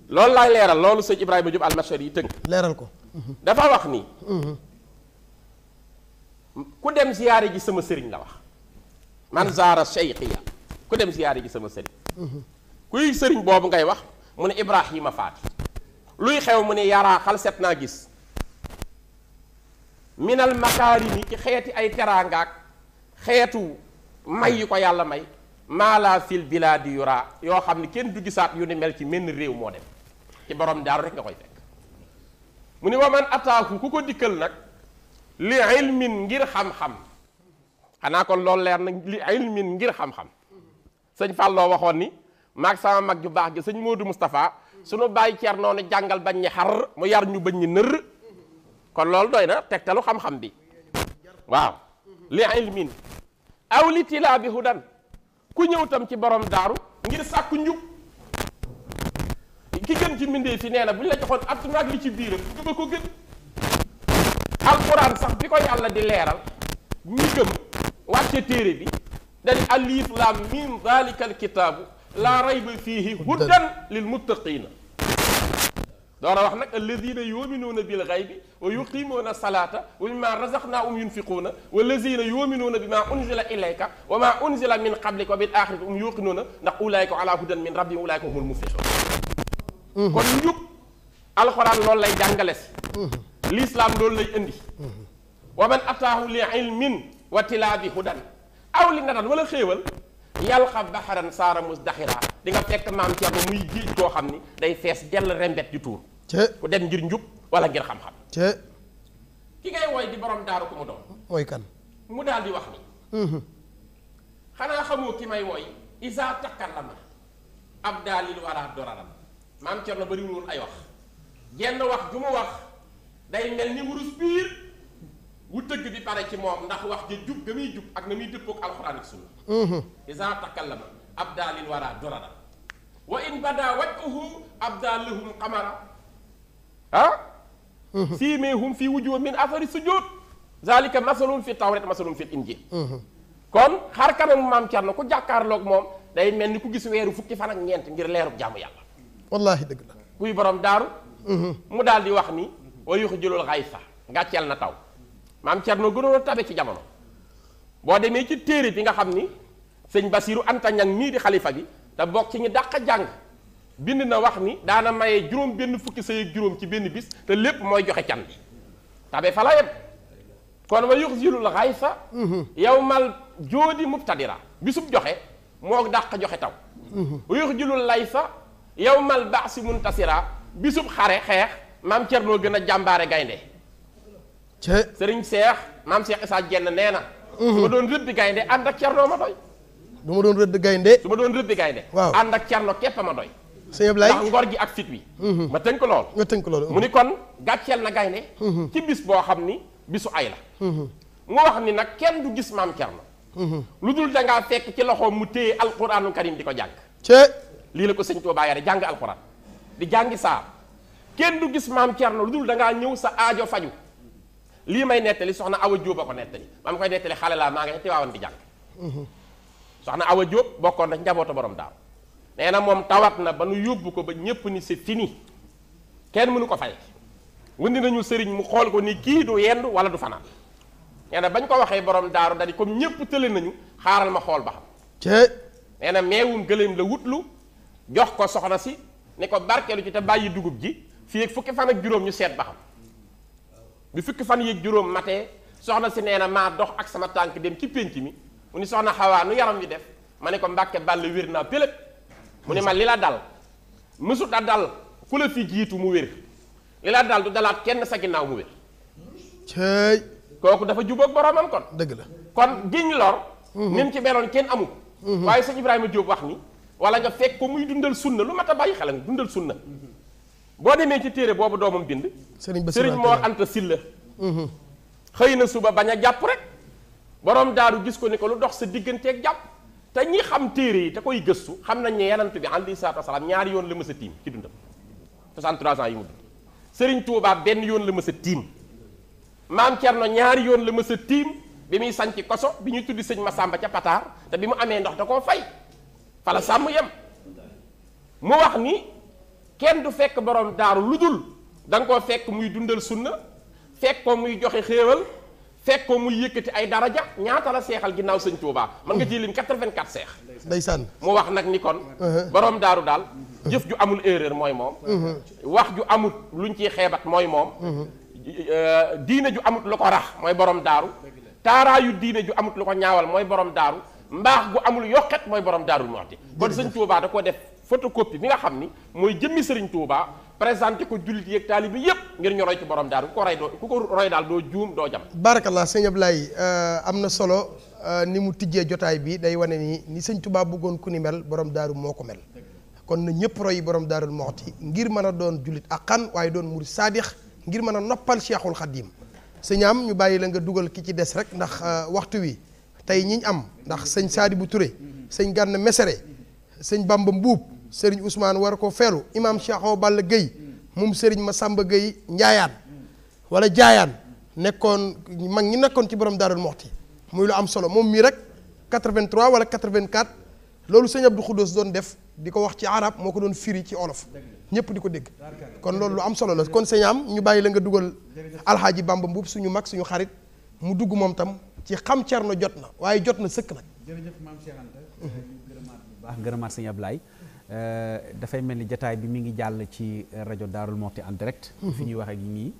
loolu laay leeral loolu sëñ Ibrahima Diop almashar yi tënk leeral ko mhm. dafa wax ni mhm. ku dem ziyaare ji sama sëriñ la wax man zaara cheikhiya ku dem ziyaare ji sama sëriñ kuy sëriñ boobu ngay wax mu ne Ibrahima faati luy xew mu ne yaraaxal set naa gis minal makaarimi ci xeeti ay teraangaak xeetu may yu ko yàlla may maala fil bilaadi yura yoo xam ni kenn du saat yu ni mel ci menn réew moo dem ci borom daaru rek nga koy fekk mu ni waman ataaku ku ko dikkal nag li ilmin ngir xam-xam xanaa ko loolu leer nag li ilmin ngir xam-xam sëñ Falloo waxoon ni maag sama mag ju baax gi sëñ Moodu Moustapha sunu bàyyi ceer noonu jàngal bañ ñi xar mu yar ñu bañ ñi nër kon loolu doy na tegtalu xam-xam bi waaw li ilmin aw li tilaa bi ku ñëw tam ci borom daaru ngir sàkku njub ki gën ci mbindee fi nee na bu la joxoon adduna ak li ci biiram gëm ko gën alquran sax bi ko yàlla di leeral ñu gëm wàcce téere bi dañ alif lam mim dalika laa rayba fiihi hudan lil muttaqiina door a wax nag alladina yuminuuna bil xaybi wa yuqimuuna salaata wa mimma razaqnaahum yunfiquuna walladina yuminuuna bima unzila ilayka wa ma unzila min qablika wa bil axirati hum yuqinuuna ndax ulayka ala hudan min rabbihim ulayka humul muflixuun kon njub alxuraan loolu lay jàngale si lislaam loolu lay indi wa man ataahu li ilmin wa tilaabi hudan aw li nadan wala xéewal yalqa baxaran saara musdaxira di nga fekk maam Cerno muy géej koo xam ni day fees dell rembet di tuur ku dem njir njub wala ngir xam-xam ki ngay woy di boroom daaru ko mu doon woy kan mu daal di wax ni mm-hmm. xanaa xamoo ki may woy isa takallama ab daalil wara doraram maam Cerno bariwul woon ay wax genn wax ju mu wax day mel ni wurus biir wu tëgg di pare ci moom ndax wax ja jub ga muy jub ak na muy dëppook alxuraan ak sunna Mm-hmm. isa takallama abda lil wara dorara wa in bada wajhuhu abda lahum qamara ah mm-hmm. siimihum fi wujuh min athari sujud zalika masalum fi tawret masalum fi injil mm-hmm. kon xar kanamu maam na ku jàkkaarloog moom day mel ni ku gis weeru fukki fan ak ñeent ngir leeru jàmm yàlla wallaahi dëgg la kuy borom daaru mu daal di wax ni wa yuxjulul xaysa ngàcceel na taw maam Cerno gënoon a tabe ci jamono boo demee ci téere bi nga xam ni sëñ Basiiru Anta Ñaŋ mii di xalifa bi te bokk ci ñi dàq jàng bind na wax ni daana maye juróom benn fukki sëy ak juróom ci benn bis te lépp mooy joxe can bi tabe fa la yépp kon wa yuxsilul xaysa yow mal jóodi mubtadira bisub joxe moo dàq joxe taw wa yuxsilul laysa yow mal baasi bisub xare xeex maam Cerno gën a jàmbaare gaynde sëriñ seex maam Seex Isaa Jenn nee na ma doon rëbbi gaynde ànd ak cerno ma doy du ma doon rëdd gaynde su ma doon rëbbi gaynde ànd ak cerno képp ma doy sëñ Ablaye ndax ngor gi ak fit wi mhm. ma tënk lool nga tënk mu ni kon gàcceel na gaynde mhm. ci bis boo xam ni bisu ay la mhm. mu wax ni nag kenn du gis maam cerno lu dul dangaa fekk ci loxoom mu téye alquraanu karim di ko jàng cee lii la ko sëñ Tuubaa yare jàng alquraan di jàngi saar kenn du gis maam cerno lu dul dangaa ñëw sa aajo faju lii may nettali soxna a Diop a ko nettali ma ma koy nettali xale laa maa ngi Tiwaawan di jàng soxna Awa Diop bokkoon na njabootu borom daaw nee na moom tawat na ba ñu yóbbu ko ba ñépp ni c'est fini kenn mënu ko fay wëndi nañu sëriñ mu xool ko ni kii du yendu wala du fanaan nee na bañ ko waxee borom daaru dadi comme ñépp tële nañu xaaral ma xool ba xam nee na meewum gëléem la wutlu jox ko soxna si ne ko barkeelu ci te bàyyi dugub ji fii ak fukki fan ak juróom ñu seet ba xam bi fikk fan yéeg juróom matee soxna si nee na maa dox ak sama tànk dem ci pénc mi mu ni soxna xawaa nu yaram wi def ma ne ko mbàkke bàll wér naa pélép mu ne ma li la dal mësut a dal ku la fi jiitu mu wér li la dal du dalaat kenn sa ginnaaw mu wér cëy kooku dafa jubóog boromam kon dëgg la kon giñ lor mhm. nim ci meloon kenn amu ko mhm. waaye sëñ Ibrahima Diop wax ni wala nga fekk ko muy dundal na lu mat a bàyyi xel dundal sunna mhm. boo demee ci téere boobu doomam bind sëriñ Mor Anta Silla mm-hmm. xëy na suba bañ a jàpp rek borom daaru gis ko ni ko lu dox sa digganteeg jàpp te ñi xam téere yi te koy gëstu xam nañ ne yanant bi alayhi salaatu wasalaam ñaari yoon la mës a tiim ci dundam 63 ans yi mu dund sëriñ Touba benn yoon la mës a tiim maam Cerno ñaari yoon la mës a tiim bi muy sanc koso bi ñuy tuddi sëñ Masamba ca Pataar te bi mu amee ndox da koo fay fala sàmm yem mu wax ni kenn du fekk borom daaru lu dul da nga koo fekk muy dundal sunna fekk ko muy joxe xéewal fekk ko muy yëkkati ay daraja ñaata la seexal ginnaaw sëñ Touba. man nga ciy lim 84 seex. ndeysaan mu wax nag ni kon. Uh-huh. boroom daaru daal. jëf ju amul erreur mooy moom. Uh-huh. wax ju amul luñ ciy xeebat mooy moom. Uh-huh. Euh, diine ju amut lu ko rax mooy borom daaru taaraayu diine ju amut lu ko ñaawal mooy borom daaru mbaax gu amul yokket mooy borom daaru moxti kon sëñ Tuubaa da ko def photocopie bi nga xam ni mooy jëmmi Serigne Touba présenté ko jullit yeeg taalibe yëpp ngir ñu roy ci borom daal ku ko roy doo ku ko roy daal doo juum doo jam. barakallah sëñ Ablaye euh, am na solo euh, ni mu tijjee jotaay bi day wane ni ni sëñ Touba buggoon ku ni mel borom daaru moo ko mel. kon nañ ñëpp roy borom daarul moxti ngir mën a doon jullit aqan waaye doon murid saadix ngir mën a noppal Cheikhul Khadim sëñ am ñu bàyyi la nga dugal ki ci des rek ndax euh, waxtu wi tey ñiñ am ndax sëñ Saadi bu Touré sëñ Gànn Mesere sëñ Bamba Mbuub sëriñ Ousmane war ko feelu imaam Cheikh Balla Gueye moom sëriñ Massamba Gueye njaayaan wala jaayaan nekkoon mag ñi nekkoon ci borom Daarul Moxti muy lu am solo moom mii rek 83 wala 84 loolu sëñ Abdou Khoudous doon def di ko wax ci arab moo ko doon firi ci olof ñëpp di ko dégg kon loolu lu am solo la kon sëñ am ñu bàyyi la nga dugal alxaaji Bamba Mbuub suñu mag suñu xarit mu dugg moom tam ci xam Cerno jot na waaye jot na sëkk nag jërëjëf maam Cheikh Anta ñu gërëmaat Euh, dafay mel ni jataay bi mi ngi jàll ci euh, rajo daarul Mouhty en direct. Mm-hmm. fi ñuy wax ak nii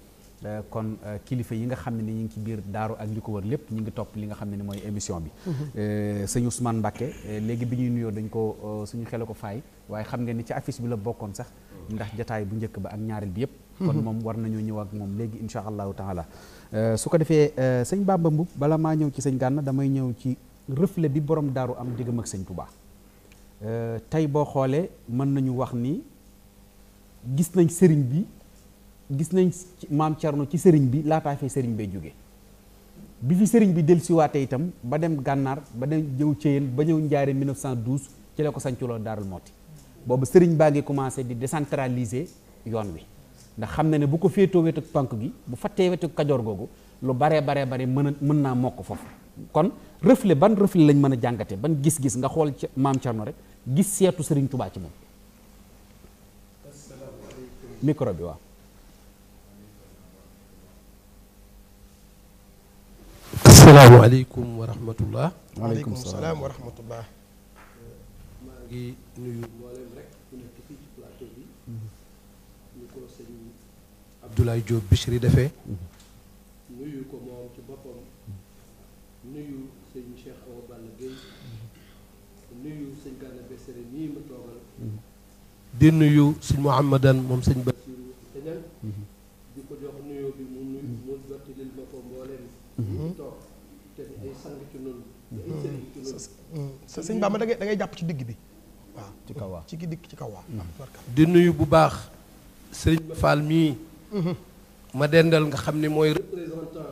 euh, kon kilifa yi nga xam ne ni ñu ngi ci biir daaru ak li ko wër lépp ñu ngi topp li nga xam ne ni mooy émission bi. Mm-hmm. sëñ Ousmane Mbakke léegi bi ñuy nuyoo dañ ko suñu xel ko faay waaye xam nga ni ci affiche bi la bokkoon sax. ndax jataay bu njëkk ba ak ñaareel bi yëpp. Mm-hmm. kon moom war nañoo ñëw ak moom léegi incha allahu taala. su ko defee sëñ Bamba Mbub bala maa ñëw ci sëñ Gànna damay ñëw ci reflet bi borom daaru am diggam ak sëñ Touba. Euh, tey boo xoolee mën nañu wax ni gis nañ sëriñ bi gis nañ maam Thierno ci sëriñ bi laataa fee sëriñ bay jóge bi fi sëriñ bi dellusiwaatee itam ba dem gànnaar ba dem jëw ceyen ba ñëw Njaaree 1912 ci la ko sanculoo Daarul Mooti boobu sëriñ baa ngi commencé di décentraliser yoon wi ndax xam na ne bu ko féetoo wetu pànk gi bu fattee wetu kajoor googu lu bare baree bare mën a mën naa mokk foofu kon reflet ban reflet lañ mën a jàngate ban gis-gis nga xool maam Thierno rek gis seetu Serigne Touba ci moom. micro bi waaw. asalaamaaleykum wa rahmatullah. waaleykum salaam wa rahmatullah. maa ngi nuyu mboolem rek ku nekk fii ci plateau bi. ñu ko sëñ Abdoulaye Diop Bichri defee. Mhm. nuyu ko moom ci boppam. nuyu sëñ Cheikh. nuyu sëñ Gana di nuyu sëñ Mouhamadan moom sëñ Basiru keneen di ko jox nuyoo bi ma ko mbooleem mhm. mhm. da jàpp ci digg bi waaw ci kaw waa ci ki ci kaw waa mhm. di nuyu bu baax sëñ Ba Fall mii ma dendal nga xam ni mooy représentant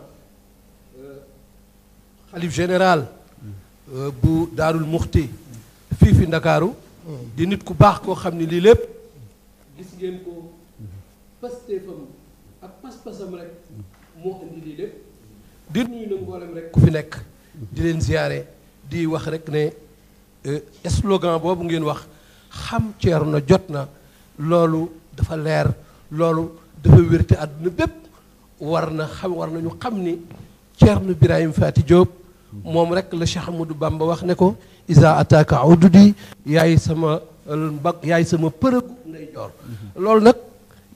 xalif euh, général mm. euh, bu Daarul Muxti fii fi ndakaaru di nit ku baax koo xam ne lii lépp gis ngeen ko pastéefam ak pas-pasam rek moo indi lii lépp di nuyu na mboolem rek ku fi nekk di leen ziyaare di wax rek ne euh, slogan boobu ngeen wax xam ceeru na jot na loolu dafa leer loolu dafa wérte àdduna bépp war na xam war na ñu xam ni Ceerno Birahim Faty Diop moom rek la Cheikh Amadou Bamba wax ne ko isa ataka ududi yaay sama mbag sama përëgu nday joor loolu nag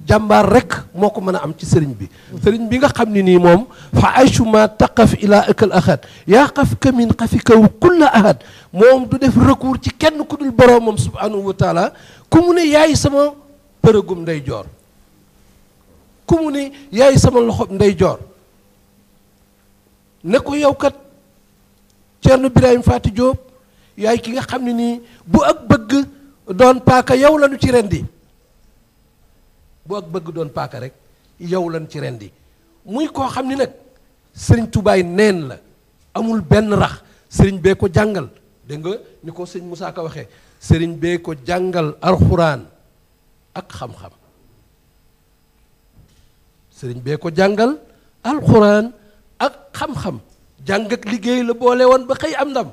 jàmbaar rek moo ko mën a am ci sëriñ bi sëriñ bi nga xam ne nii moom fa aychuma taqaf ila akal ahad yaa xaf kamin xafi kaw kulla ahad moom du def recours ci kenn ku dul boroomam subhanahu wa taala ku mu ne yaay sama përëgum nday joor ku mu ne yaay sama loxob nday joor ne ko yow kat Ceerno Birahim Faati Jóob yaay ki nga xam ne nii bu ak bëgg doon paaka yow lañu ci rendi bu ak bëgg doon paaka rek yow lañu ci rendi muy koo xam ni nag sëriñ tubaay neen la amul benn rax sëriñ bee ko jàngal dégg ni ko sëñ Moussa Ka waxee sëriñ bee ko jàngal alxuraan ak xam sëriñ bee ko jàngal alxuraan ak xam-xam jàng ak liggéey la boole woon ba xëy am ndam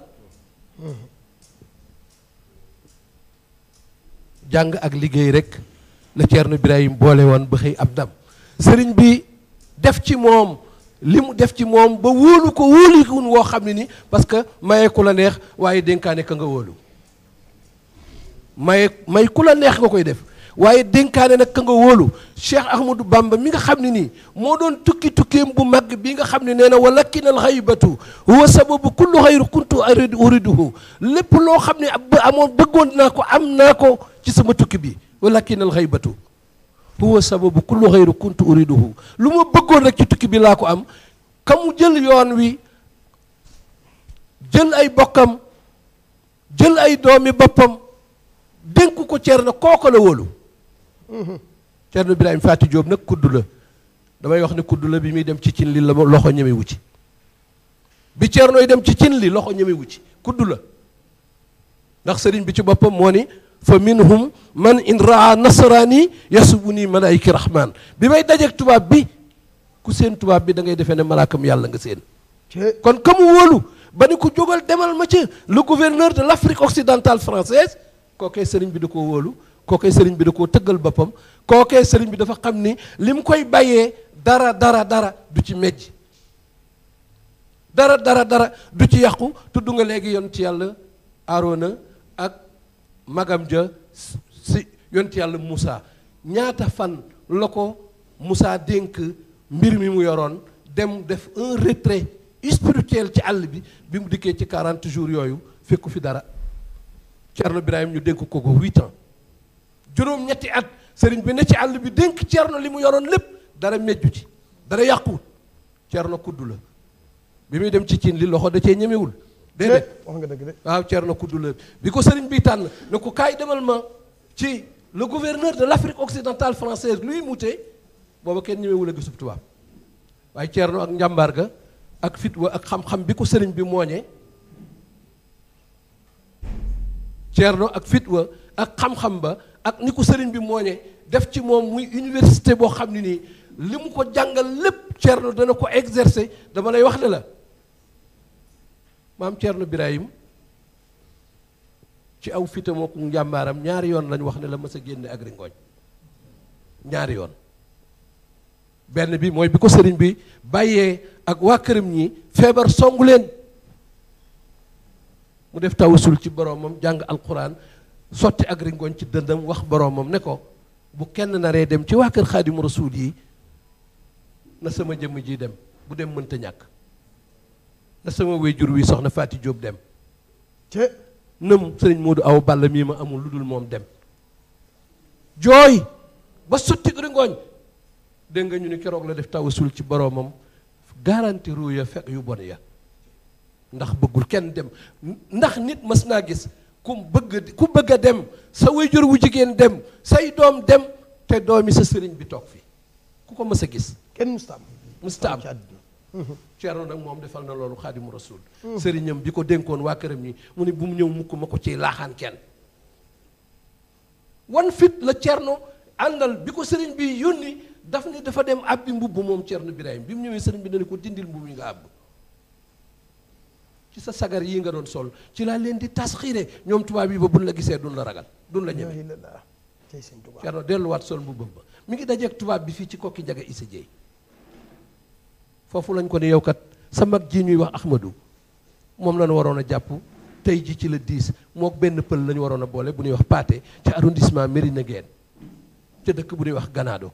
jàng ak liggéey rek la Thierno Ibrahim boole woon ba xëy ab dab sëriñ bi def ci moom li mu def ci moom ba wóolu ko wóolikuun woo xam ne ni parce que maye ku la neex waaye dénkaane ka nga wóolu maye may ku la neex nga koy def waaye dénkaane nag ka nga wóolu Cheikh Ahmadou Bamba mi nga xam ne nii moo doon tukki tukkeem bu mag bi nga xam ne nee na walakin al xaybatu huwa sababu kullu xayru kuntu arid lépp loo xam ne amoon bëggoon naa ko am naa ko ci sama tukki bi walakin al xaybatu huwa sababu kullu xayru kuntu uriduhu lu ma bëggoon rek ci tukki bi laa ko am ka mu jël yoon wi jël ay bokkam jël ay doomi boppam dénk ko ceer na kooka la wóolu Cerno Birahim Faty Diop nag kudd la damay wax ne kudd la bi muy dem ci cin li la loxo ñemewu ci bi Cerno yi dem ci cin li loxo ñemewu ci kudd la ndax sëriñ bi ci boppam moo ni fa minhum man in raa nasaraani ni nii malaayiki rahmaan bi may dajeeg tubaab bi ku seen tubaab bi da ngay defee ne malaakam yàlla nga seen kon kamu wóolu ba ni ku jógal demal ma ci le gouverneur de l' Afrique occidentale française kookee sëriñ bi da ko wóolu kookee sëriñ bi da koo tëggal boppam kookee sëriñ bi dafa xam ni li mu koy bàyyee dara dara dara du ci mejj dara dara dara du ci yàqu tudd nga léegi yon ci yàlla Aarona ak magam ja si yon ci yàlla Moussa ñaata fan la ko musa dénk mbir mi mu yoroon dem def un retrait spirituel ci àll bi bi mu dikkee ci 40 jours yooyu fekku fi dara Thierno Birahim ñu dénk ko ko 8 juróom-ñetti at sëriñ bi ne ci àll bi dénk ceerno li mu yoroon lépp dara mejju ci dara yàquwut ceerno kudd la bi muy dem ci cin li loxo da cee ñemewul déedéet wax nga dëgg de waaw ceerno kudd la bi ko sëriñ bi tànn ne ko kaay demal ma ci le gouverneur de l' Afrique occidentale française Louis Moutet booba kenn ñemewul a gisub tubaab waaye ceerno ak njàmbaar ga ak fit wa ak xam-xam bi ko sëriñ bi mooñee ceerno ak fit wa ak xam-xam ba ak ni ko sëriñ bi mooñe def ci moom muy université boo xam ne nii li mu ko jàngal lépp Thierno dana ko exercer dama lay wax ne la maam Thierno ci aw fite moo ko ñaari yoon lañ wax ne la mës a génne ak ringooñ ñaari yoon benn bi mooy bi ko sëriñ bi bàyyee ak waa këram ñi feebar songu leen mu def tawasul ci boromam jàng alquran sotti ak ringoñ ci dëndam wax boroomam ne ko bu kenn naree dem ci waa kër xaadimu rasuul yi na sama jëmm ji dem bu dem mënta ñàkk na sama wéjur wi soxna Faati Jóob dem te nëm sëriñ Moodu aw bàll mii ma amul lu dul moom dem jooy ba sotti ringooñ dégg nga ñu ni keroog la def tawasul ci boroomam garanti ruu ya fekk yu bon ya ndax bëggul kenn dem ndax nit mës naa gis ku bëgg ku bëgg a dem sa waajur wu jigéen dem say doom dem te yi sa sëriñ bi toog fi ku ko mës a gis kenn musta am musta am mhm. Ceerno nag moom defal na loolu xaadimu rasul mhm. sëriñam bi ko dénkoon waa këram yi mu ne bu mu ñëw mukk ma ko ci laaxaan kenn wan fit la Ceerno àndal bi ko sëriñ bi yónni daf ne dafa dem àbbi mbubb moom Ceerno Birahim bi mu ñëwee sëriñ bi ne ko dindil mbubb yi nga àbb ci sa sagar yii nga doon sol ci laa leen di tasxiire ñoom tubaab yi ba buñ la gisee duñ la ragal duñ la ñeme cerno delluwaat sol mbubbam ba mi ngi dajeeg tubaab bi fii ci kokki njaga isa jeey foofu lañ ko ne yow kat sa mag ji ñuy wax ahmadou moom lañu waroon a jàpp tey ji ci la diis mook benn pël lañu waroon a boole bu ñuy wax paate ci arrondissement Mérina Guène te dëkk bu ñuy wax ganaado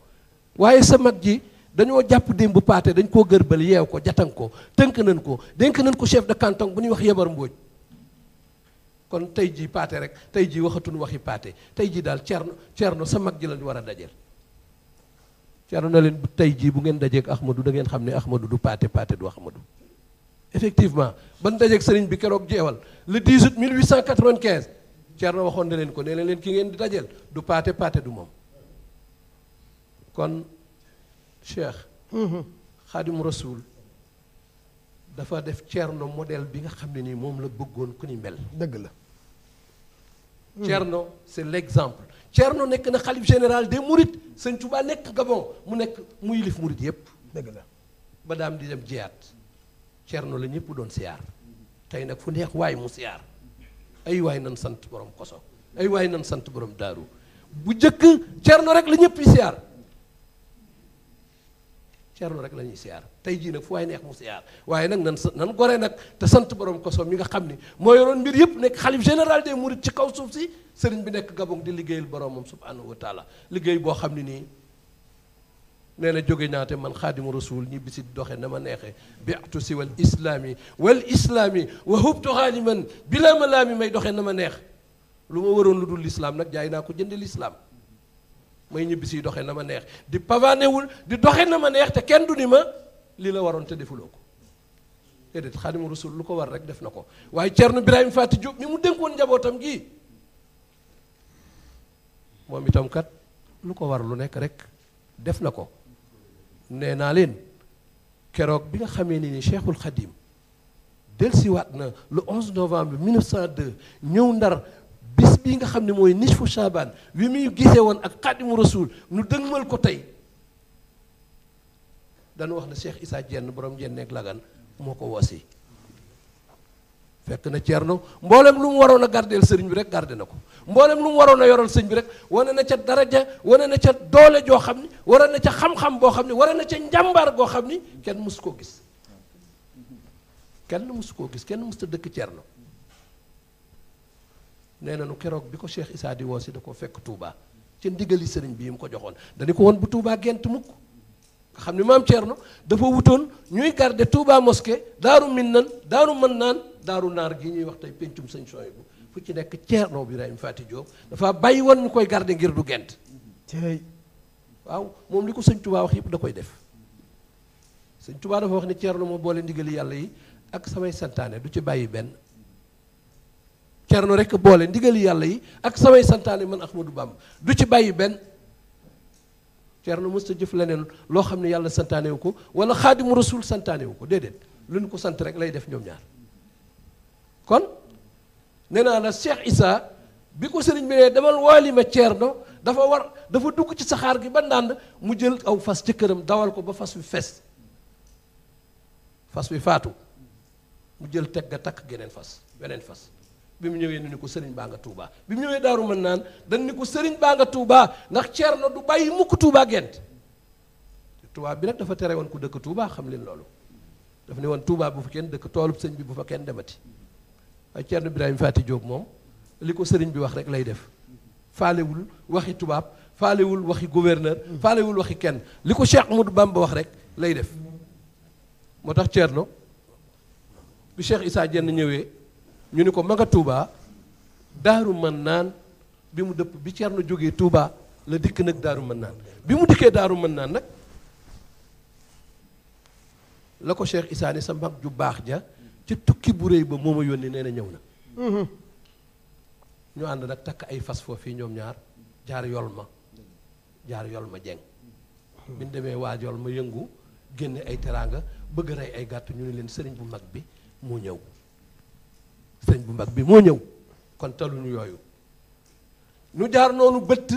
waaye sa mag ji dañoo jàpp démb paate dañ koo gërbal yeew ko jatan ko tënk nañ ko dénk nañ ko chef de canton bu ñuy wax yebar mbóoj kon tey jii paate rek tey jii waxatuñu waxi paate tey jii daal cerno cerno sa mag ji lañ war a dajeel cerno na leen tey jii bu ngeen dajeek Ahmadou da ngeen xam ne ax ma du du paate paate du Ahmadou effectivement ban dajeek sëriñ bi keroog jeewal le 18 1895 cerno waxoon na leen ko nee na leen ki ngeen di dajeel du paate paate du moom cheikh mm-hmm. xaadim rasul dafa def cerno model bi nga xam ne nii moom la bëggoon ku ni mel dëgg la cerno mm-hmm. c'est l'exemple cerno nekk na xalif général des mourides sëñ Tuubaa nekk Gabon mu nekk mu yilif murit yépp dëgg la ba daam di dem jiyaat cerno la ñëpp doon siyaar tey nag fu neex waay mu siyaar ay waay nan sant borom koso ay waay nan sant borom daaru bu jëkk cerno rek la ñëpp siyaar Ceerno rek la ñuy siyaar tey jii nag fu waay neex mu siyaar waaye nag nan nan gore nag te sant borom kosoom mi nga xam ni moo yoroon mbir yëpp nekk xalif général des mourides ci kaw suuf si sëriñ bi nekk Gabon di liggéeyal boromam subhanahu wa taala liggéey boo xam ne nii nee na jóge ñaate man xaadimu rasul ñi bisi doxe na ma neexe biatu si wal islaami wal islaami wa hubtu xaaliman bila malaami may doxe na ma neex lu ma waroon lu dul lislaam nag jaay naa ko jënde lislaam may ñibbi si doxee na ma neex di pavanewul di doxee na ma neex te kenn du ni ma lii la waroon te defuloo ko déedéet xaadimu rasul lu ko war rek def na ko waaye Thierno Birahim Faty Diop mi mu dénkoon njabootam gi moom itam kat lu ko war lu nekk rek def na ko nee naa leen keroog bi nga xamee ni ni Cheikhul Khadim delsiwaat na le 11 novembre 1902 ñëw ndar. bis bii nga xam ne mooy nisfu Chaabaan wi muy gisee woon ak xaadimu rasuul nu dëgmal ko tey danu wax ne Cheikh Issa Dieng borom Dieng nekk Lagan moo ko woosi fekk na Thierno mboolem lu mu waroon a gardeel sëriñ bi rek gardé na ko mboolem lu mu waroon a yoral sëriñ bi rek wane na ca daraja wane na ca doole joo xam ni wane na ca xam-xam boo xam ni wane na ca njàmbaar goo xam ni kenn mësu koo gis kenn mësu koo gis kenn mësu ta dëkk Thierno nee na nañu keroog bi ko Cheikh Issa di woo si da ko fekk Touba ci ndigali sëriñ bi mu ko joxoon dañu ko woon bu Touba gent mukk nga xam ne maam ceer Thierno dafa wutoon ñuy garder Touba mosquée daaru Minnan daaru naan daaru naar gi ñuy wax tey pencum sëñ Souhaïbou fu ci nekk Thierno Birahim Faty Diop dafa bàyyi woon ñu koy garder ngir du gent waaw moom li ko sëñ Touba wax yëpp da koy def sëñ Touba dafa wax ni Thierno moo boole ndigali yàlla yi ak samay santaane du ci bàyyi benn cerno rek boole ndigali yàlla yi ak samay santaane man Ahmadou Bamba du ci bàyyi benn cerno mës ta jëf leneen loo xam ne yàlla santaane ko wala xaadimu rasul santaane wu ko déedéet lu ñu ko sant rek lay def ñoom ñaar kon nee naa la Cheikh Issa bi ko sëriñ bi nee demal wooli ceer cerno dafa war dafa dugg ci saxaar gi ba ndànd mu jël aw fas ci këram dawal ko ba fas wi fes fas wi faatu mu jël teg ga takk geneen fas beneen fas bi mu ñëwee nu ni ko sëriñ baa nga Touba bi mu ñëwee daaru mën naan dañ ni ko sëriñ baa nga Touba ndax ceer Ceerno du bàyyi mukk Touba gent tubaab bi nag dafa tere woon ko dëkk Touba xam leen loolu daf ne woon Touba bu fa kenn dëkk toolub sëñ bi bu fa kenn demati waaye Ceerno Ibrahima Faati Jóob moom li ko sëriñ bi wax rek lay def faalewul waxi tubaab faalewul waxi gouverneur faalewul waxi kenn li ko Cheikh Ahmadou Bamba wax rek lay def moo tax Ceerno bi Cheikh Issa Dieng ñëwee ñu ni ko ma nga daaru man naan bi mu dëpp bi Thierno jógee Touba la dikk nag daaru man naan bi mu dikkee daaru man naan nag la ko Cheikh Issa ni sa mag ju baax ja ci tukki bu rëy ba moo ma yónni nee na ñëw na mhm. ñu ànd nag takk ay fas foofu ñoom ñaar jaar yol ma jaar yol ma jeng mhm. bi ñu demee waa yol ma yëngu génne ay teraanga bëgg rey ay gàtt ñu ne leen sëriñ bu mag bi mu ñëw sëñ bu mag bi moo ñëw kon taluñu yooyu nu jaar noonu bëtt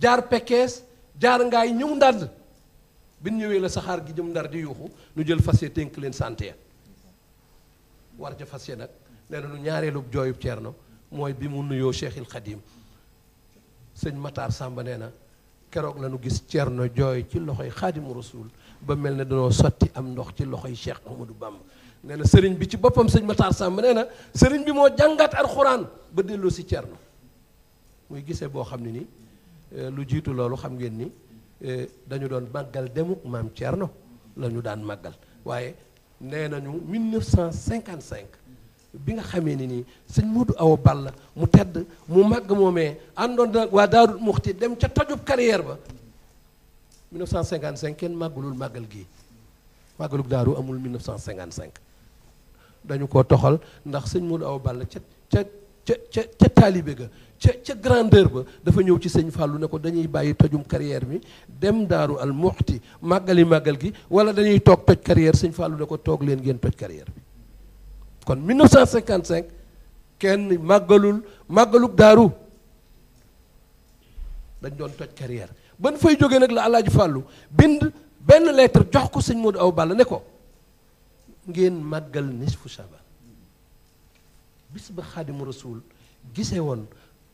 jaar pekkees jaar ngaay ñëw ndànd bi ñu ñëwee la saxaar gi jëm ndar di yuuxu nu jël fas yéene tënk leen sant ya war ja fas nag nee na nu ñaareelu jooyub Ceerno mooy bi mu nuyoo Cheikhil Khadim sëñ Matar Samba nee na keroog la nu gis Ceerno jooy ci loxoy Xaadimu Rasuul ba mel ne danoo sotti am ndox ci loxoy Cheikh Ahmadou Bamba neena na sëriñ bi ci boppam sëñ Matar Samb nee na sëriñ bi moo jàngat alxuraan ba delloo si Cerno muy gisee boo xam ne ni eh, lu jiitu loolu xam ngeen ni eh, dañu doon màggal demuk maam Cerno daan màggal waaye nee nañu 1955 bi nga xamee ni sëñ Modou Awa Balla mu tedd mu màgg moomee àndoon nag waa Daarul Muxti dem ca tojub carrière ba 1955 kenn màggalul màggal gii màggalug daaru amul 1955 dañu ko toxal ndax sëñ Modou aw Balla ca ca ca ca ca taalibe ga ca ca grandeur ba dafa ñëw ci sëñ fàllu ne ko dañuy bàyyi tojum carrière bi dem daaru al muxti màggali màggal gi wala dañuy toog toj carrière sëñ fàllu ne ko toog leen ngeen toj carrière bi kon 1955 kenn màggalul màggaluk daaru dañ doon toj carrière ban fay jóge nag la Alaaji Fallou bind benn lettre jox ko sëñ Modou aw bàll ne ko ngeen màggal nis fu Chaban bis ba xaadimu rasul gisee woon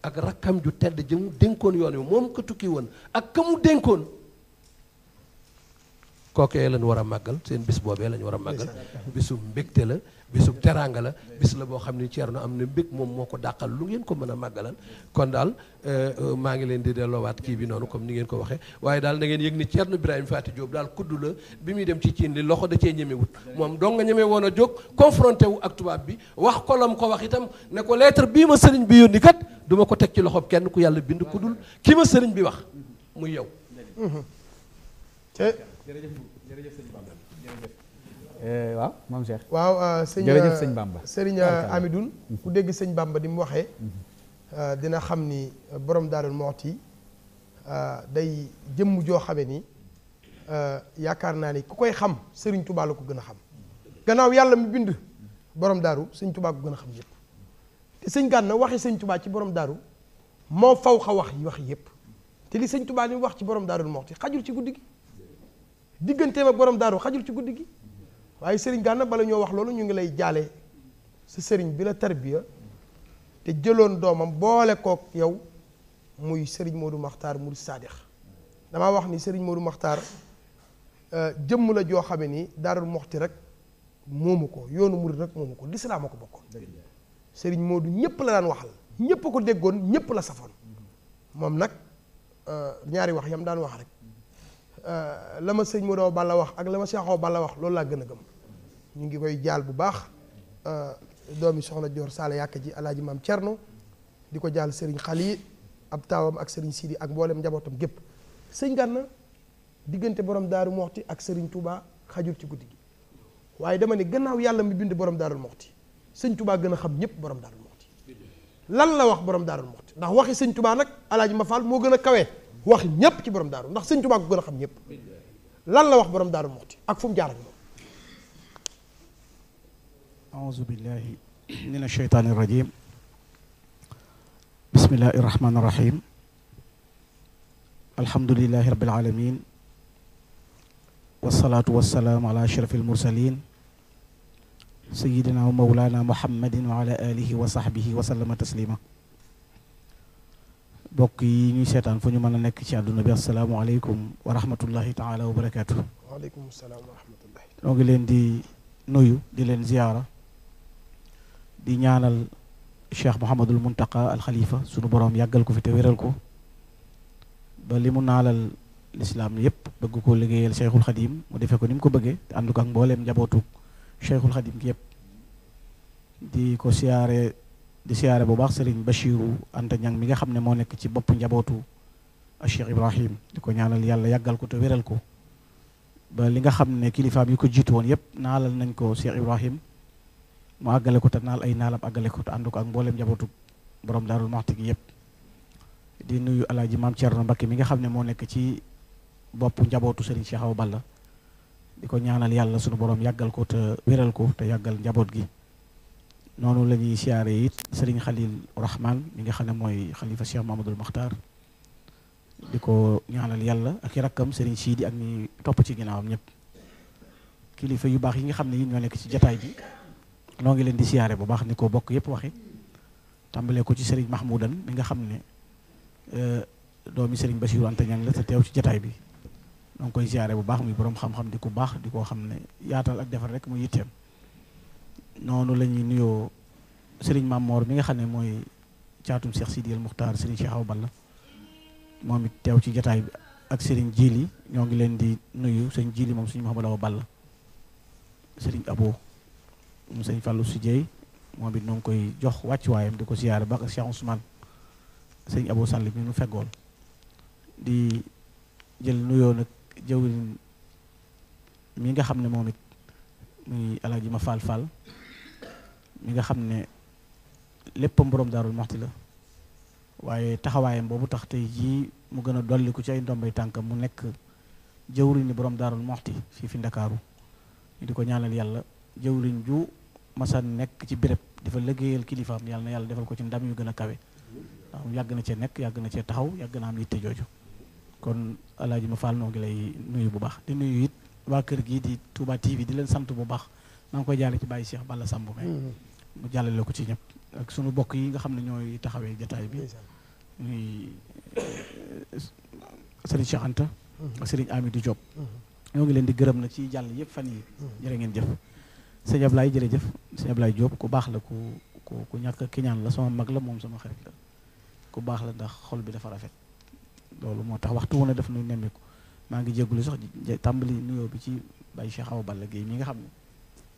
ak rakkam ju tedd jëmu dénkoon yoon wi moom ko tukki woon ak ka mu dénkoon kookee lañ war a màggal seen bis boobee lañ war a màggal bisu mbégte la bisu teraanga la bis la boo xam ne na am na mbég moom moo ko dàqal lu ngeen ko mën a màggalan kon daal euh, euh, maa ngi leen di delloowaat kii bi noonu comme ni ngeen ko waxee waaye daal na ngeen yëg ni Ceerno Birahim Faty Diop daal kudd la bi muy dem ci ciin li loxo da cee ñemewut moom dong nga ñeme woon a jóg confronté wu ak tubaab bi wax ko lam ko wax itam ne ko lettre bii ma sëriñ bi yónni kat du ma ko teg ci loxob kenn ku yàlla bind ku dul ki ma sëriñ bi wax muy yow jërëjëf jërëjëf waaw maam sëñ jërëjëf sëñ Bamba. sëriñ ah, Amidoun mhm. ku dégg sëñ Bamba di mu waxee. Mhm. Ah, dina xam ni borom Daarul Muxti ah, day jëmm joo xame ni yaakaar naa ni ku koy xam sëriñ Touba la ko gën a xam. gannaaw yàlla mu bind borom daaru sëñ Touba ko gën a xam yëpp. te sëñ Gànna waxi sëñ Touba ci borom daaru moo faw xa wax yi wax yëpp te li sëñ Touba li mu wax ci borom Daarul Muxti xajul ci guddi gi. digganteem ma borom daaru xajul ci guddi gi waaye sëriñ Gana bala ñoo wax loolu ñu ngi lay jaale sa sëriñ bi la tarbiya te jëloon doomam boole kook yow muy sëriñ Modou Makhtar mu Saadix damaa wax ni sëriñ Modou Makhtar euh, jëmm la joo xame ni Daarul Moxti rek moomu ko yoonu murid rek moomu ko lislaam ko bokkoon sëriñ moodu ñëpp la daan waxal ñëpp ko déggoon ñëpp la safoon moom nag euh, ñaari wax yam daan wax rek Euh, la ma sëñ Modou Balla wax ak la ma Cheikh Balla wax loolu laa gën a gëm ñu ngi koy jaal bu baax euh, doomi soxna Dior Sall yàkk ji alaaji maam Thierno di ko jaal xal yi ab taawam ak Serigne Sidi ak mboolem njabootam gépp sëñ na diggante borom daaru moxti ak sëriñ Touba xajul ci guddi gi waaye dama ne gannaaw yàlla mi bind borom daarul moxti sëñ tubaa gën a xam ñëpp borom daarul moxti lan la wax borom daarul moxti ndax waxi sëñ tubaa nag alaaji ma faal moo gën a kawe. wax ñépp ci borom daaru ndax sëñ Tuubaa ko gën a xam ñëpp lan la wax borom daaru muxti ak fu mu jaar ak moom aouzu billahi min asheytaani irrajim bismillahi irrahmani irrahim alhamdulilahi rabbil alamin wasalaatu wasalaam ala ashrafi almursalin sayidina wa maulana muhammadin wa ala alihi wa sahbihi wa sallama taslima bokk yi ñuy seetaan fu ñu mën a nekk ci àdduna bi asalaamaaleykum wa rahmatullahi taala wa barakaatu. waaleykum salaam wa rahmatullahi. leen di nuyu di leen ziyaara di ñaanal cheikh Mouhamadul Muntaqa al Khalifa sunu borom yàggal ko fi te wéral ko ba li mu naalal lislaam yëpp bëgg koo liggéeyal cheikhul xadim mu defee ko ni mu ko bëggee te ànd ko ak mbooleem njabootu cheikhul xadim gi yëpp di ko siyaare. di siyaare bu baax Serigne Bachiru Anta Ñang mi nga xam ne moo nekk ci bopp njabootu Cheikh Ibrahim di ko ñaanal yàlla yàggal ko wéral ko ba li nga xam ne kilifaam yi ko jiitu yëpp naalal nañ ko Cheikh Ibrahim mu àggale ko te naal ay naalam àggale ko te ànd ko njabootu borom Daarul Muxti gi yëpp di nuyu alaaji maam Thierno Mbakke mi nga xam ne moo nekk ci bopp njabootu Serigne Cheikh Awa Balla di ko ñaanal yàlla sunu borom yàggal ko te wéral ko te yàggal njaboot gi noonu la ñuy siyaare it sëriñ Khalil Rahman mi nga xam ne mooy xalifa Cheikh Mamadou Makhtar di ko ñaanal yàlla ak i rakkam sëriñ Sidi ak ñi topp ci ginnaawam ñëpp kilifa yu baax yi nga xam ne yi ñoo nekk ci jataay bi noo ngi leen di siyaare bu baax ni ko bokk yëpp waxe tàmbalee ko ci sëriñ Mahmoudan mi nga xam ne euh, doomi sëriñ Bassirou Anta Niang la te teew ci jataay bi noo koy siyaare bu baax muy borom xam-xam di ku baax di koo xam ne yaatal ak defar rek muy yitteem noonu lañuy nuyoo sëriñ Mamor mi nga xam ne mooy caatum Cheikh Sidiyal Muxtaar sëriñ Cheikh Awa Balla moom it teew ci jataay bi ak sëriñ Jili ñoo ngi leen di nuyu sëñ Jili moom suñu Muhammadu Awa Balla sëriñ Abo moom sëñ Fallou Sidiye moom it noo koy jox wàccuwaayam di ko siyaare ba ak Cheikh Ousmane sëñ Abo Sall mi nu feggool di jël nuyoo nag jëwriñ mi nga xam ne moom it muy Alaaji ma Fall Fall mi nga xam ne léppam boroom daarul moxti la waaye taxawaayam boobu tax tey jii mu gën a dolliku ci ay ndombay tànkam mu nekk jëwriñ ni boroom daarul moxti fii fi ndakaaru ñu di ko ñaanal yàlla jëwriñ ju masan nekk ci béréb dafa liggéeyal kilifaam yàlla yàlla defal ko ci ndam yu gën a kawe yàgg na cee nekk yàgg na cee taxaw yàgg na am yitte jooju kon alaaji ma faal noo ngi lay nuyu bu baax di nuyu it waa kër gii di Touba TV di leen sant bu baax maa ngi koy jaale ci bàyyi Cheikh Balla Samb mu jàllale ko ci ñëpp ak sunu bokk yi nga xam ne ñooy taxawee jataay bi ñuy eh, sëriñ Cheikh Anta mm-hmm. ak sëriñ Amidou mm-hmm. ñoo ngi leen di gërëm na ci jàll yëpp fan yi mm-hmm. jërë ngeen jëf sëñ Ablaye jërëjëf sëñ Ablaye Diop ku baax la ku ku ku ñàkk kiñaan la sama mag la moom sama xarit la ku baax la ndax xol bi dafa rafet loolu moo tax waxtu wu ne daf nuy nemmiku maa ngi jéggulu sax tàmbali nuyoo bi ci Baye Cheikh Awa Balla Gueye mi nga xam ne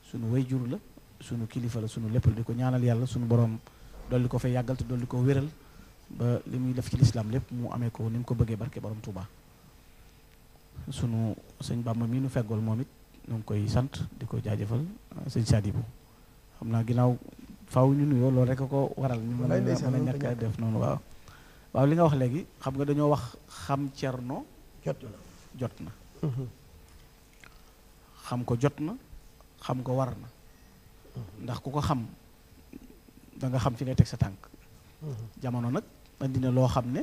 sunu way jur la sunu kilifa la sunu lépp la di ko ñaanal yàlla sunu borom di ko fay yàggal te di ko wéral ba li muy def ci lislaam lépp mu amee ko ni mu ko bëggee barke borom Touba. sunu sëñ Bamba mii nu feggool moom it ñu ngi koy sant di ko jaajëfal ah, sëñ Sadibou xam naa ginnaaw faw ñu nuyoo loolu rek ko waral. ñu a mën a def noonu waaw. li nga wax léegi xam nga dañoo wax xam cerno jot na jot na. Mhm. xam ko jot na xam ko war na. ndax ku ko xam da nga xam ci ngay teg sa tànk jamono nag andi loo xam ne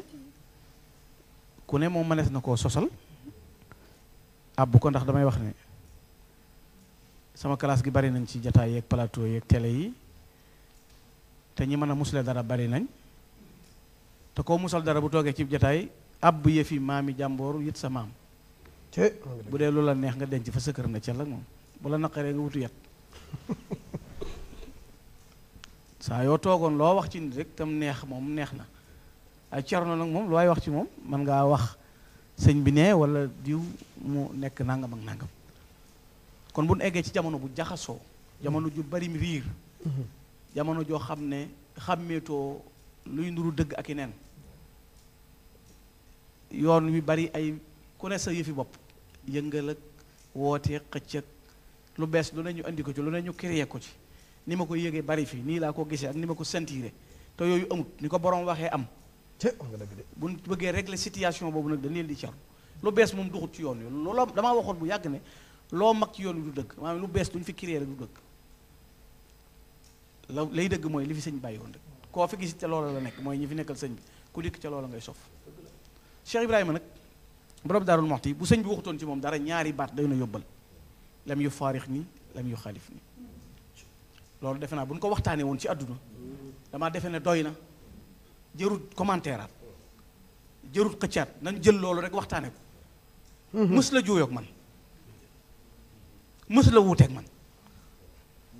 ku ne moom mënees na koo sosal àbb ko ndax damay wax ne sama kalaas gi bari nañ ci jataay yeeg plateau yeeg télé yi te ñi mën a musle dara bari nañ te koo musal dara bu toogee ci jataay àbb yëfi maami jàmboor yit sa maam bu dee lu la neex nga denc fa sa kër na ca la moom bu la naqaree nga wutu yat saa yoo toogoon loo wax ci nit rek tam neex moom neex na ay cerno nag moom looy wax ci moom mën ngaa wax sëñ bi ne wala diw mu nekk nangam ak nàngam kon bu nu eggee ci jamono bu jaxasoo jamono ju bari riir jamono joo xam ne xàmmeetoo luy nduru dëgg ak i neen yoon wi bari ay ku ne sa yëfi bopp yëngal ak woote xëcc ak lu bees lu ne ñu indi ko ci lu ne ñu créé ko ci ni ma ko yëgee bari fi nii laa ko gisee ak ni ma ko sentiré te yooyu amut ni ko boroom waxee am bu ñu bëggee régler situation boobu nag dañ leen di caru lu bees moom duxut ci yoon wi loola damaa waxoon bu yàgg ne loo mag ci yoon wi du dëgg lu bees duñ fi créer rek du dëgg la lay dëgg mooy li fi sëñ bàyyi woon rek koo fi gis ca loola la nekk mooy ñi fi nekkal sëñ bi ku dikk ca loola ngay sof Cheikh Ibrahima nag borom daarul moxti bu sëñ bi waxutoon ci moom dara ñaari baat day na yóbbal lam yu faarix nii lam yu xaalif nii loolu defe naa bu ñu ko waxtaanee woon ci àdduna damaa defe ne doy na jërut commentaire at jërut xëccaat nañ jël loolu rek waxtaane ko mhm. mës la juuyoog man mës la wuuteeg man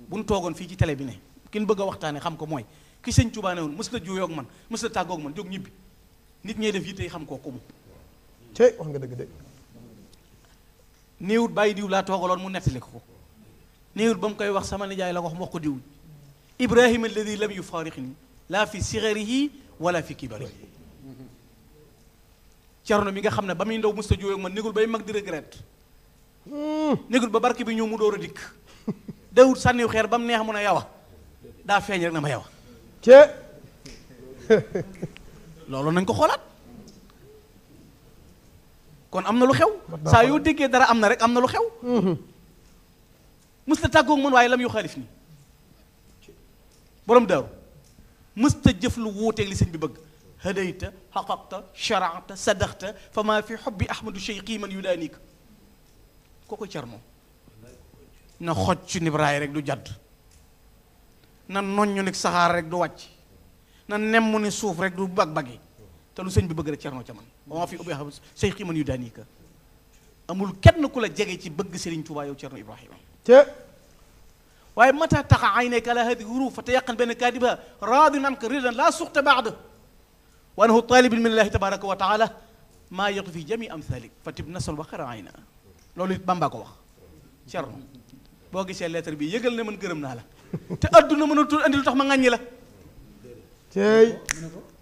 bu ñu toogoon fii ci télé bi ne kin bëgg a waxtaane xam ko mooy ki sëñ Tuubaa ne woon mës la juuyoog man mës tàggook tàggoog man jóg ñibbi nit ñee def yitte xam koo ko mu wax nga dëgg de néewut bàyyi diw laa toogaloon mu nettali ko ko néewul ba mu koy wax sama nijaay la ko wax moo ko diw ibrahima alladi lam yufaariqni laa fi sigarihi wala fi kibarihi cerno mi nga xam ne ba muy ndaw musta jooy ak man négul bay mag di regret hmm. négul ba bark bi ñëw mu door a dikk dawut sànniw xeer ba mu neex mun a yawa daa feeñ rek na ma yawa ce loolu nañ ko xoolaat kon am na lu xew saa yoo déggee dara am na rek am na lu xew hmm. mësta tàggoog man waaye lam yu xaalif nii borom daaru mësta jëf lu wuuteeg li sëñ bi bëgg hadayta xaqaqta sharaata sadaxta fa maa fi xobbi ahmadu cheyqi man yu daanika kooku carno na xoj ci nibraay rek du jadd na noññu ni saxaar rek du wàcc na nemm ni suuf rek du bag bagi te lu sëñ bi bëgg rek carno ca man fa maa fi xobbi ahmadu cheyqi yu daanika amul kenn ku la jege ci bëgg Serigne Touba yow carno Ibrahima te waaye mata taxa aynayka ala hadihi huruf fa tayaqan benn kaadiba raadin anka ridan laa suxta baax da annahu taalibin min allahi tabaraka wa taala maa yotu fi jami amthalik fa tib nasol baqara ayna loolu it bamba ko wax cerno boo gisee lettre bi yëgal ne man gërëm naa la te adduna mënatul andi lu tax ma ŋàññi la tey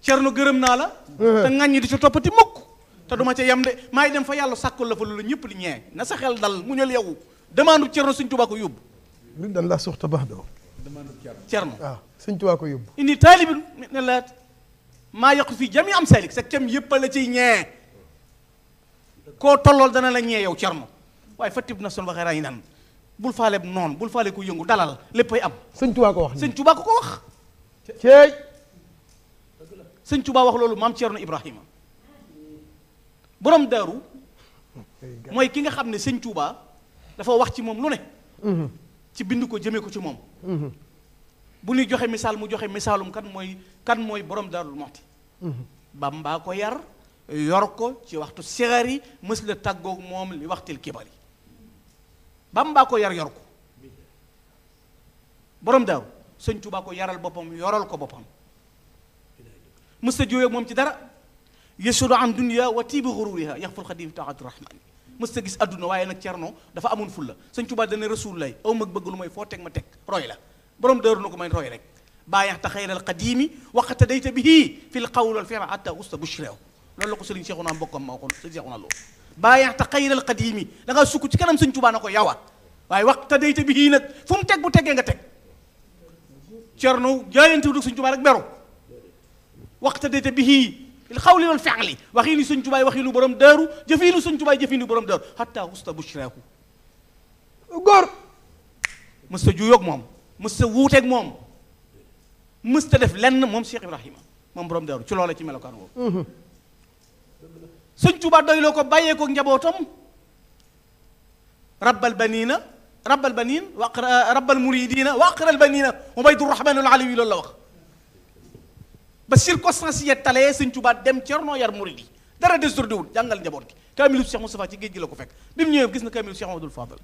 cerno gërëm naa la te ŋàññi di ci toppati mukk te duma ca yem de maa ngi dem fa yàlla sàkkul la fa loolu ñëpp di ñee na sa xel dal mu ñal demande Cerno Sëñ Tuubaa ko yóbbu. lu dan laa soxta baax daw. demande Cerno waaw Sëñ Tuubaa ko yóbbu. indi taalibin ne la maa yàqu fii jami am salik sa kem yëpp la ciy ñee koo tollool dana la ñee yow Cerno waaye fattib na son waxee raa yi nan bul faale noonu bul faale ku yëngu dalal léppay am. Sëñ Tuubaa ko wax Sëñ Tuubaa ko ko wax. loolu maam Cerno Ibrahima borom daaru mooy ki nga xam ne Sëñ Tuubaa. dafa wax ci moom lu ne mm-hmm. ci bind ko jëmee ko ci moom mm-hmm. bu ñuy joxe misaal mu joxee misaalum kan mooy kan mooy borom Daarul Muxti mm-hmm. Bàmbaa ko yar yor ko ci waxtu sigar yi mës tàggoog moom li waxtil kibar yi Bàmbaa ko yar yor ko borom daaru sëñ Tuubaa ko yaral boppam yoral ko boppam mës la jóoyee moom ci dara yasudu an dunya wa tiibi xururiha yaxful xadim taatu rahmaani mës a gis àdduna waaye nag cerno dafa amoon fulla sëñ Tuubaa dana rasul lay aw mag bëgg lu may foo teg ma teg roy la borom dëru na ko may roy rek bàyyaxta xayral qadimi waqata dayta bihi fi l qawl wal fi'l hatta usta bushra loolu la ko sëriñ Seexuna mbokkam ma waxoon sëriñ Seexuna loolu bàyyaxta xayral qadimi da ngaa sukk ci kanam sëñ Tuubaa na ko yawa waaye waqata dayta bihi nag fu mu teg bu tegee nga teg cerno jaayante wu dug sëñ Tuubaa rek beru waqata dayta bihi xawli wal fi'li waxiinu Sëñ Tuubaa waxiinu borom daaru jëfiinu Sëñ Tuubaa jëfiinu borom daaru xatta xusta bushraaku góor mës ta juyoog moom mës ta wuuteeg moom mës ta def lenn moom Cheikh Ibrahima moom borom daaru ci loola ci melokaan woowu Sëñ Tuubaa doyloo ko bàyyee ko njabootam rabbal baniina rabbal baniin wa rabbal muridiina wa aqral baniina wa baydu rahmaanul aliyu loolu la wax ba circonstance ya talee sëñ Tuubaa dem Cerno yar murid yi dara désordre wul jàngal njaboot gi kaamilu Cheikh Moustapha ci géej gi la ko fekk bi mu ñëwee gis na kaamilu Cheikh Abdoul Fadal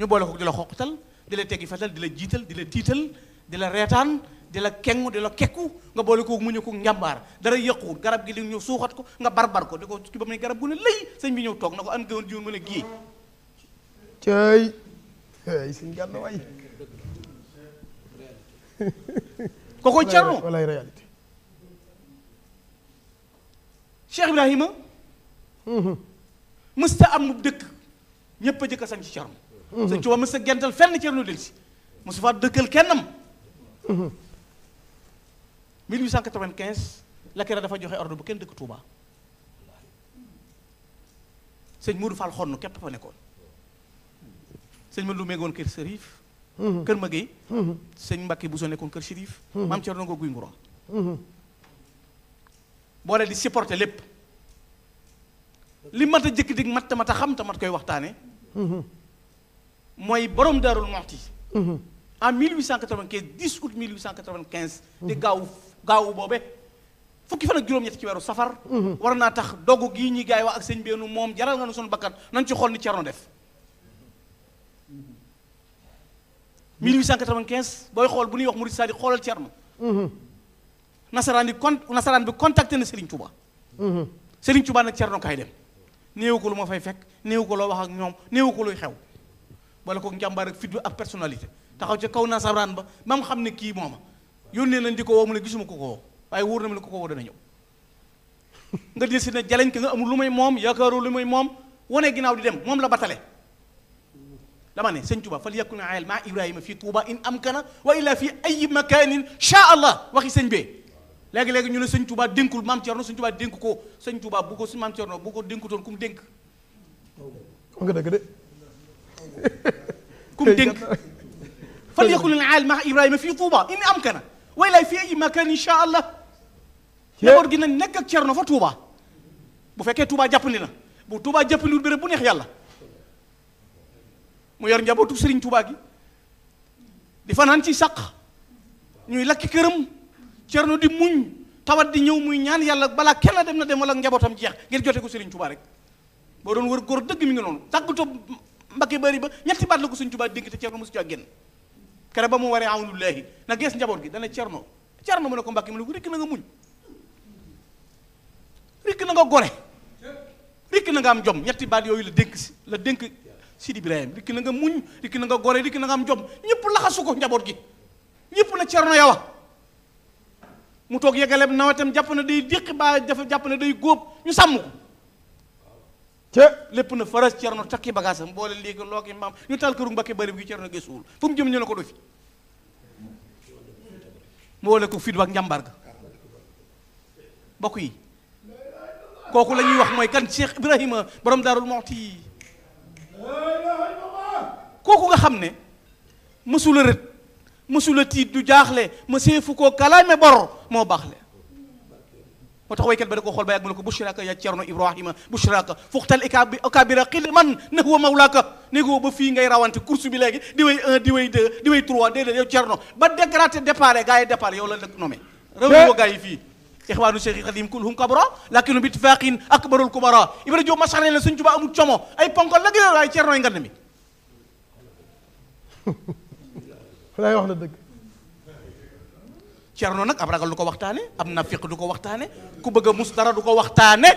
ñu boole ko di la xoqatal di la teggi fetal di la jiital di la tiital di la reetaan di la kengu di la kekku nga boole ko mu ñëw ko njàmbaar dara yëquwul garab gi di ñëw suuxat ko nga bar ko di ko ci ba muy garab gu ne lay bi ñëw toog na ko an gëwoon Cheikh Ibrahima mësta mhm. am mu dëkk ñépp a jëkk a sañ ci Cerno sëñ Tuubaa mësta gental fenn Cerno del si mësu faa dëkkal kennam mhm. la kera dafa joxe ordre bu kenn dëkk Touba sëñ Modou Fall xonn képp fa nekkoon sëñ Modou meegoon kër Serif mhm. kër Maguèye sëñ Mbacke Bousso nekkoon kër Serif maam Cerno nga guy nguroom boole di supporter lépp li mat a jëkk dig mat mat a xam te mat koy waxtaane mooy borom daarul moxti en 1895 10 août 1895 di gaaw gaawu boobe fukki fan ak juróom-ñett ci weeru safar war naa tax dogu gii ñuy gaay wax ak sëñ beenu moom jaral nga nu sunu bakkan nañ ci xool ni Cerno def 1895 booy xool bu ñuy wax murid sadi xoolal Cerno nasaraan bi con nasaraan bi contacté na Serigne Touba. Mhm. Serigne Touba nag Cerno kaay dem néew ko lu ma fay fekk néew ko loo wax ak ñoom néew ko luy xew wala ko njàmbaar ak fit bi ak personnalité taxaw ca kaw nasaraan ba mam xam ne kii mooma yónnee nañ di ko woo mu ne gisuma ko ko woo waaye wóor na mu ne ko ko woo dana ñëw nga di si ne jaleñ ka nga amul lu may moom yaakaaroo lu may moom wane ginaaw di dem moom la batale dama ne sëñ Touba fal yakun ayel maa Ibrahima fii Touba in amkana wa fi ay makanin sha waxi sëñ bee léegi-léegi ñu ne sëñ Touba dénkul maam Thierno sëñ Touba dénk ko sëñ Touba bu ko maam Thierno bu ko dénkutoon ku mu dénk. xam nga dëgg de. ku mu dénk. fal yaqulil aal ma Ibrahima fi Touba ini am kana way laay fii ay makan incha allah. njaboot gi nañ nekk ak Thierno fa Touba. bu fekkee Touba jàppandi na bu Touba jàppandiwul béréb bu neex yàlla. mu yor njabootu Serigne Touba gi. di fanaan ci sàq ñuy lakki këram. cerno di muñ tawat di ñëw muy ñaan yàlla balaa kenn dem na dem wala njabootam jeex ngir jote ko Serigne Touba rek boo doon wër góor dëgg mi ngi noonu tàggatoo Mbakke bari ba ñetti baat la ko Serigne Touba dégg te cerno mosu caa génn kere ba mu waree awnullaahi na gees njaboot gi dana cerno cerno mu ne ko Mbakke mu ne ko rikk na nga muñ rikk na nga gore rikk na nga am jom ñetti baat yooyu la dénk si la dénk Sidi Ibrahima rikk na nga muñ rikk na nga gore rikk na am jom ñëpp laxasu ko njaboot gi ñëpp na cerno yawa mu toog yeggaleem nawetam jàpp na day déqi baa dafa jàpp na day góob ñu sàmm ko ca lépp na faras cerno takki bagaasam boole léegi loo ki mbaam ñu tal këru mbakke bari bi cerno gëstuwul fu mu jëm ñu ne ko du fi mboole bokk yi kooku la ñuy wax mooy kan Cheikh Ibrahima borom moo Muxti kooku nga xam ne mësula rët mësula tiit du jaaxle ma seefu koo kalaame bor moo baaxle moo tax waykat ba da ko xool ba yàgg mu ne ko bushraka ya cerno ibrahima bushraka fuxtal ikab akabira xil man na huwa mawlaka ne ba fii ngay rawante course bi léegi di way un di way deux di way trois déedéet yow cerno ba décraté départ gars yi départ yow la dëkk nommé raw woo gars yi fii ixwaanu cheikh xadim kulhum kabra lakinu bi itfaqin akbarul kubara ibra jo masarne la suñ tuba amul como ay ponkal la gën waaye cerno yi lay wax la dëgg cerno nag ab ragal du ko waxtaane na nafiq du ko waxtaane ku bëgg a mus dara du ko waxtaane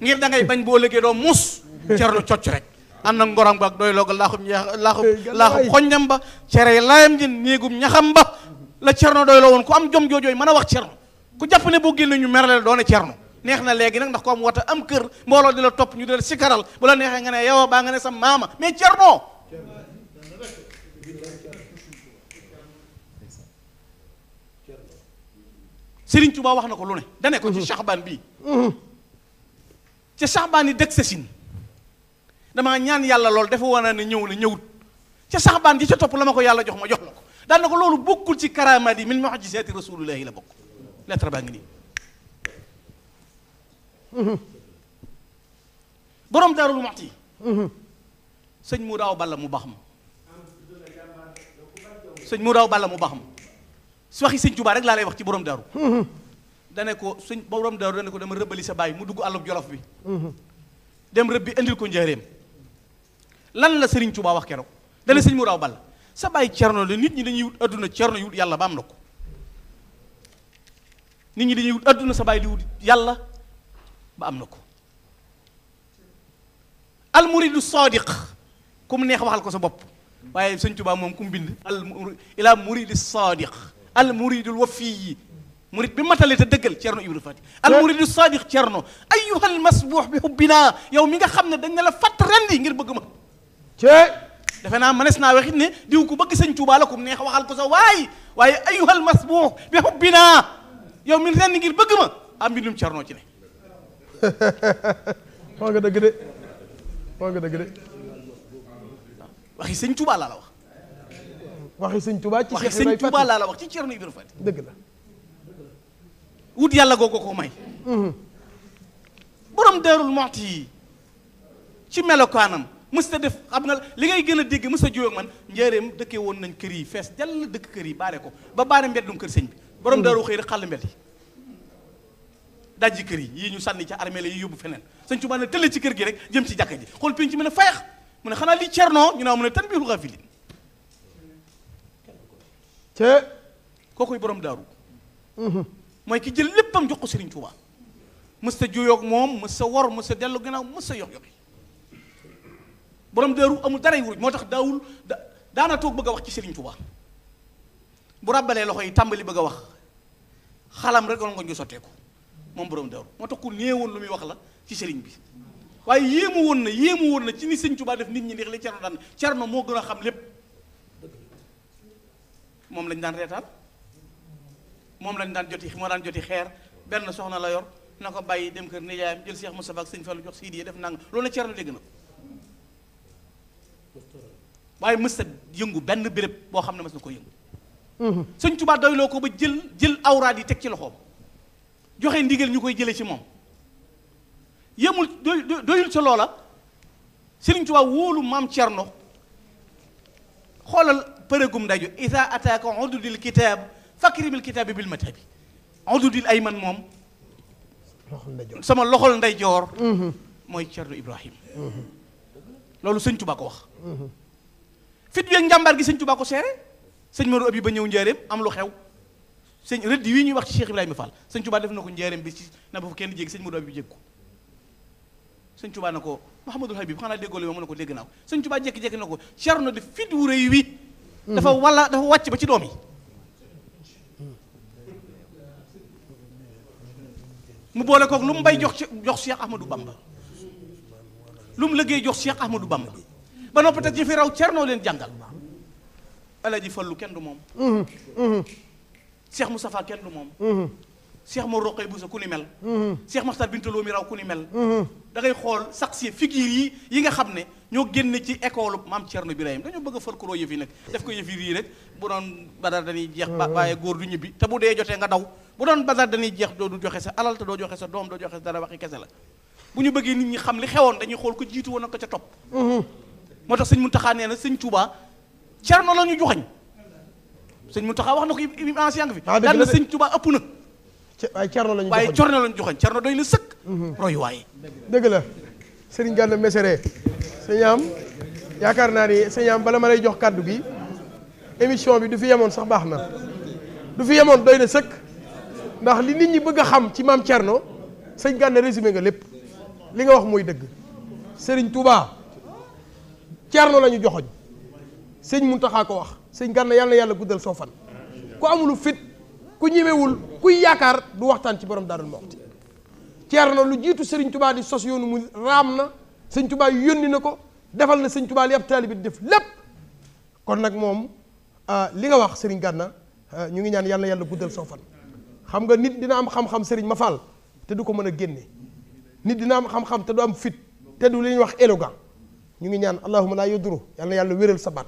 ngir da ngay bañ boo lëggee doo mus cerno cocc rek ànd ak ngoram ba ak doy looga laaxum laaxum laaxum xoññam ba cere laayam jën néegum ñaxam ba la cerno doy loo woon ku am jom joojooy mën a wax cerno ku jàpp ne boo génn ñu merale doone cerno neex na léegi nag ndax ko am wata am kër mbooloo di la topp ñu di la sikaral bu la neexee nga yow baa nga ne maama mais cerno Serigne Touba wax na ko lu ne dane ko ci saxbaan mhm. bii mhm. ca saxbaan yi dëkk sasin damaa ñaan yàlla lool dafa wane ne ñëw na ñëwut ca saxbaan ji ca topp la ma ko yàlla jox ma jox la ko daan ko loolu bokkul ci karamaat yi min mu'jizaati rasulillahi la bokk lettre baa ngi nii mhm. borom daarul moxti sëñ mu daaw balla mu baax ma mu daaw balla mu baax ma waxi sëñ Tuubaa rek laa lay wax ci borom daaru dana ko suñ borom daaru dane ko dama rëbbali sa bàyyi mu dugg àllub jolof bi dem rëb bi indil ko njaareem lan la sëriñ Tuubaa wax keroog dane sëñ mu raaw bal sa bàyyi cerno la nit ñi dañuy wut adduna cerno yi wut yàlla ba am na ko nit ñi dañuy wut adduna sa bàyyi yàlla ba na ko almuridu sadiq ku mu neex waxal ko sa bopp waaye sëñ Tuubaa moom ku mu bind al ila muridi al muridul wafiyi murid bi matale te dëggal Cerno Ibnu Fati al muridu sadiq Cerno ayyuhal masbuux bi hubbina yow mi nga xam ne dañ ne la fatt rendi ngir bëgg ma cee defe naa mënees naa waxit ne diw ku bëgg sëñ Tuubaa la ku neex waxal ko sa waay waaye ayyuhal masbuux bi hubbinaa yow mi ren ngir bëgg ma am mbindum Cerno ci ne wax nga dëgg waxi sëñ Tuubaa laa la wax waxi sëñ Touba ci waxi sëñ Touba laa la wax ci Thierno Ibrahima Fati dëgg la wut yàlla googu ko may mm-hmm. borom Daarul Muxti yi ci melokaanam mës ta def xam nga li ngay gën a dégg mës ta jóg man njëreem dëkke woon nañ kër yi fees jàll dëkk kër yi baare ko ba baare mbeddum kër sëñ bi borom mm-hmm. daaru xëy rek xàll mbedd yi dajji kër yi yii ñu sànni ci armée la yi yóbbu feneen sëñ Tuubaa ne tëlle ci kër gi rek jëm ci jàkk ji xol penc mu ne fayax mu ne xanaa li Cerno ñu naa mu ne tan te kookuy borom daaru mhm. mooy ki jël léppam jox ko Serigne Touba mës ta juyoog moom mës sa wor mës sa dellu gannaaw mës sa yox yoxi borom daaru amul daray wuruj moo tax daawul da daana toog bëgg a wax ci Serigne Touba bu ràbbalee loxo yi tàmbali bëgg a wax xalam rek wala nga ñu sotteeku moom borom daaru moo tax ku néewoon lu muy wax la ci Serigne bi waaye yéemu woon na yéemu woon na ci ni Serigne Touba def nit ñi neex li Cerno daan Cerno moo gën a xam lépp moom lañ daan reetaan moom lañ daan joti moo daan joti xeer benn soxna la yor na ko bàyyi dem kër nijaayam jël Cheikh Moussa ak sëñ Fallou jox siidi yi def nang loolu la Ceerno dégg na waaye mës yëngu benn béréb boo xam ne mës ko yëngu mhm. sëñ tubaat doyloo ko ba jël jël awraad yi teg ci loxoom joxe ndigal ñu koy jëlee ci moom yemul doyul sa loola Sëriñ Tuubaa wóolu maam Cerno xoolal përëgum ndaju isa ataaka ududil kitaab fakrimil kitaabi bil matabi ududil ay man moom sama loxol ndeyjoor mhm. mooy Cerno Ibrahim loolu sëñ Tuba ko wax fit weeg njàmbaar gi sëñ Tuba ko seere sëñ Maodo ab yi ba ñëw njaareem am lu xew sëñ rëdd wii ñuy wax ci Cheikh Ibrahima Fall sëñ Tuba def na ko njaareem bi ci na ba fa kenn jéggi sëñ Maodo ab yi jégg ko sëñ Tuubaa na ko Mouhamadul Habib xanaa déggoo li ma mu ne ko dégg naa ko sëñ Tuubaa jékki-jékki na ko Cerno de fit wu rëy wi mhm. dafa wala dafa wàcc ba ci doom yi mu boole kook lu mu bay jox jox Cheikh Ahmadou Bamba lu mu liggéey jox Cheikh Ahmadou Bamba ba noppi te ji fi raw cer Cerno leen jàngal Alaaji Fallu kenn du moom mhm. Mhm. Cheikh Moustapha kenn du moom Cheikh Mor Roqay Bousso ku ni mel. Mhm. Cheikh Makhtar Bintaloo mi raw ku ni mel. Mhm. da xool sax si figure yi yi nga xam ne ñoo génn ci école maam Thierno Birahim dañoo bëgg a farkuroo yëf yi nag. def ko yëf yi rek bu doon badar dañuy jeex. ba mhm. bàyyee góor du ñibbi te bu dee jotee nga daw. bu doon badar dañuy jeex doo du joxe sa alal te doo joxe sa doom doo joxe sa dara waxi kese la bu ñu bëggee nit ñi xam li xewoon dañuy xool ko jiitu woon ak ko ca topp. moo tax sëñ taxaa nee na sëñ Touba Thierno la ñu joxañ sëñ Mountakha wax na ko ancien nga fi ah, daan na sëñ Touba ëpp na waaye cerno lañu waaye corno lañu joxoon cerno doy la sëkk mhm. royu waaye dëgg la sëriñ Gana mesere sëñ am yaakaar naa ni sëñ am bala ma lay jox kàddu gi émission bi du fi yemoon sax baax na du fi yemoon doy na sëkk ndax li nit ñi bëgg a xam ci maam cerno sëñ Gana résumé nga lépp li nga wax mooy dëgg sëriñ Touba cerno lañu ñu joxoñ sëñ taxaa ko wax sëñ Gana yàlla yàlla guddal soo fan ku amulu fit ku ñemewul kuy yaakaar du waxtaan ci borom daarul moxti na lu jiitu sëriñ tubaa di sos yoonu mu raam na sëñ tubaa yónni na ko defal na sëñ tubaa li ab di def lépp kon nag moom euh, li nga wax sëriñ gànna euh, ñu ngi ñaan yàlla yàlla guddal soo fan xam nga nit dina am xam-xam sëriñ ma faal te du ko mën a génne nit dina am xam-xam te du am fit te du li wax élégant ñu ngi ñaan allahuma laa yoduro yàlla yàlla wéral sa baat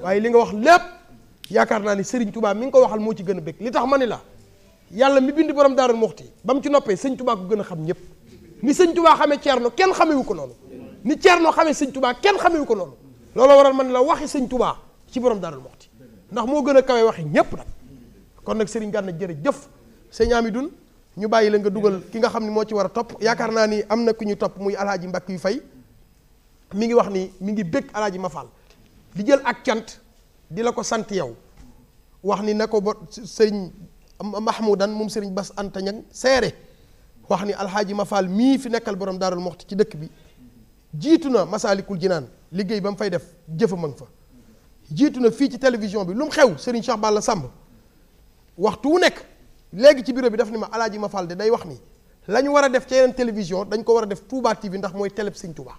waaye li nga wax lépp yaakaar naa ni Serigne tubaa mi ngi ko waxal moo ci gën a bëgg li tax ma ni la yàlla mi bind borom Daaru Muxti ba mu ci noppee sëñ Touba ko gën a xam ñëpp ni sëñ Touba xamee Ceerno kenn xamewu ko noonu ni Ceerno xamee sëñ Touba kenn xamewu ko noonu loolu waral man la waxi sëñ Touba ci borom Daaru Muxti ndax moo gën a kawe waxi ñëpp nag kon nag Serigne Gana jërëjëf sëñ Amidoune ñu bàyyi la nga dugal ki nga xam ne moo ci war a topp yaakaar naa ni am na ku ñu topp muy alaaji Mbàkke yu fay mi ngi wax ni mi ngi bëgg alaaji Mafal di jël ak cant di la ko sant yow wax ni na ko ba sëriñ mahmoudan moom sëriñ bas anta ñag seere wax ni alxaaji mafaal mii fi nekkal borom daarul moxti ci dëkk bi jiitu na masaalikul jinaan liggéey ba mu fay def jëfa ma fa jiitu na fii ci télévision bi lu mu xew sëriñ Cheikh Balla Samb waxtu wu nekk léegi ci bureau bi daf ni ma alaaji mafaal de day wax ni la ñu war a def ci yeneen dañ ko war a def Touba TV ndax mooy télé Sëriñ Touba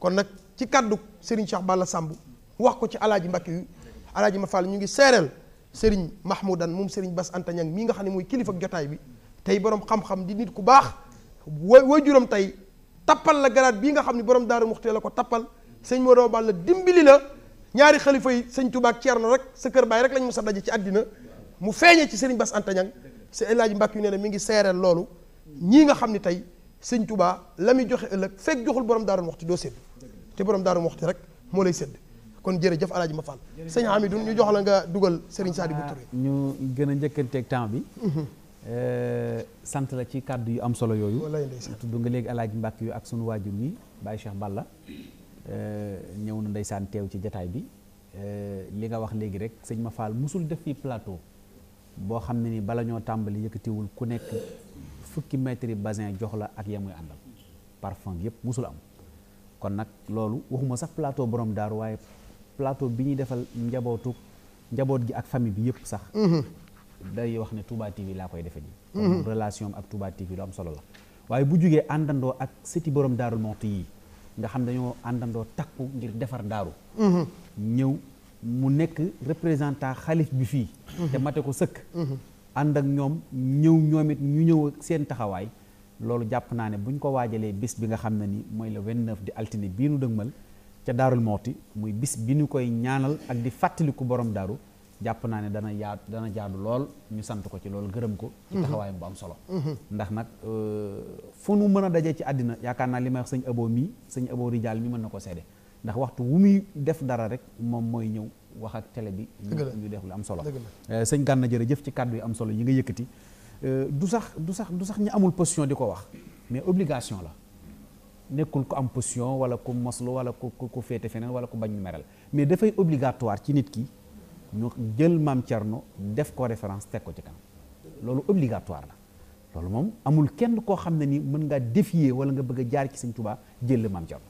kon nag ci kaddu sëriñ Balla Samb wax ko ci alaaji Mbàkke yi alaaji ma fall ñu ngi seereel sëriñ mahmoudan moom sëriñ bas antañang mii nga xam ne mooy kilifa jotaay bi tey boroom xam-xam di nit ku baax woy juróom tey tappal la garaat bii nga xam ne borom daaru muxti la ko tappal sëñ Modou Balla dimbali la ñaari xalifa sëñ Tuubaa ak Ceerno rek sa kër baay rek lañ mos a daje ci àddina mu feeñee ci sëriñ Bass Anta Ñang si nee na mi ngi seereel loolu ñii nga xam ne tey sëñ Tuubaa la muy joxe ëllëg fekk joxul borom daaru muxti doo sédd te borom daaru muxti rek moo lay sédd kon jërëjëf El Hadj Mafal. jërëjëf sëñ Hamidou ñu jox la nga dugal Serigne Sadibou Touré. ñu gën a njëkkanteeg temps bi. Mhm. Euh, sant la ci kàddu yu am solo yooyu. tudd nga léegi El Mbàkk yu ak sunu waajur wi Baye Cheikh Balla. Euh, ñëw na ndeysaan teew ci jataay bi euh, li nga wax léegi rek sëñ Mafal musul def fii plateau boo xam ne ni bala ñoo tàmbali yëkkatiwul ku nekk fukki mètre yi basin jox la ak yamuy àndal parfum yëpp musul am kon nag loolu waxuma sax plateau borom daaru plateau bi ñuy defal njabootu njaboot gi ak famille bi yëpp sax. Mhm. day wax ne Touba TV laa koy defee nii. Mhm. relation ak Touba TV lu am solo la. waaye bu jugee àndandoo ak sëti boroom daarul moxti yi nga xam dañoo àndandoo takku ngir defar daaru. Mhm. ñëw mu nekk représentant xalif bi fii. te mate ko sëkk. ànd ak ñoom ñëw ñoom it ñu ñëw ak seen taxawaay. loolu jàpp naa ne bu ñu ko waajalee bis bi nga xam ne ni mooy le 29 di altine bii nu dëgmal. ca daarul mooti muy bis bi ñu koy ñaanal ak di fàttaliku borom daaru jàpp naa ne dana yaa dana jaadu lool ñu sant ko ci lool gërëm ko ci mhm. taxawaayam bu am solo mhm. ndax nag euh, foo nu mën a daje ci àddina yaakaar naa li may wax sëñ aboo mii sëñ aboo rijaal mi mën na ko seede ndax waxtu wu muy def dara rek moom mooy ñëw wax ak tele bi ñu def lu am solo euh, sëñ Gànna jërëjëf ci kàddu yi am solo yi nga yëkkati euh, du sax du sax du sax ñu amul position di ko wax mais obligation la nekkul ku am position wala ku moslu wala ku ku féete feneen wala ku bañ ñu meral mais dafay obligatoire ci nit ki ñu jël maam Thierno def ko référence teg ko ci kanam loolu obligatoire la loolu moom amul kenn koo xam ne ni mën ngaa défier wala nga bëgg jaar ci sëñ tubaa jël maam Thierno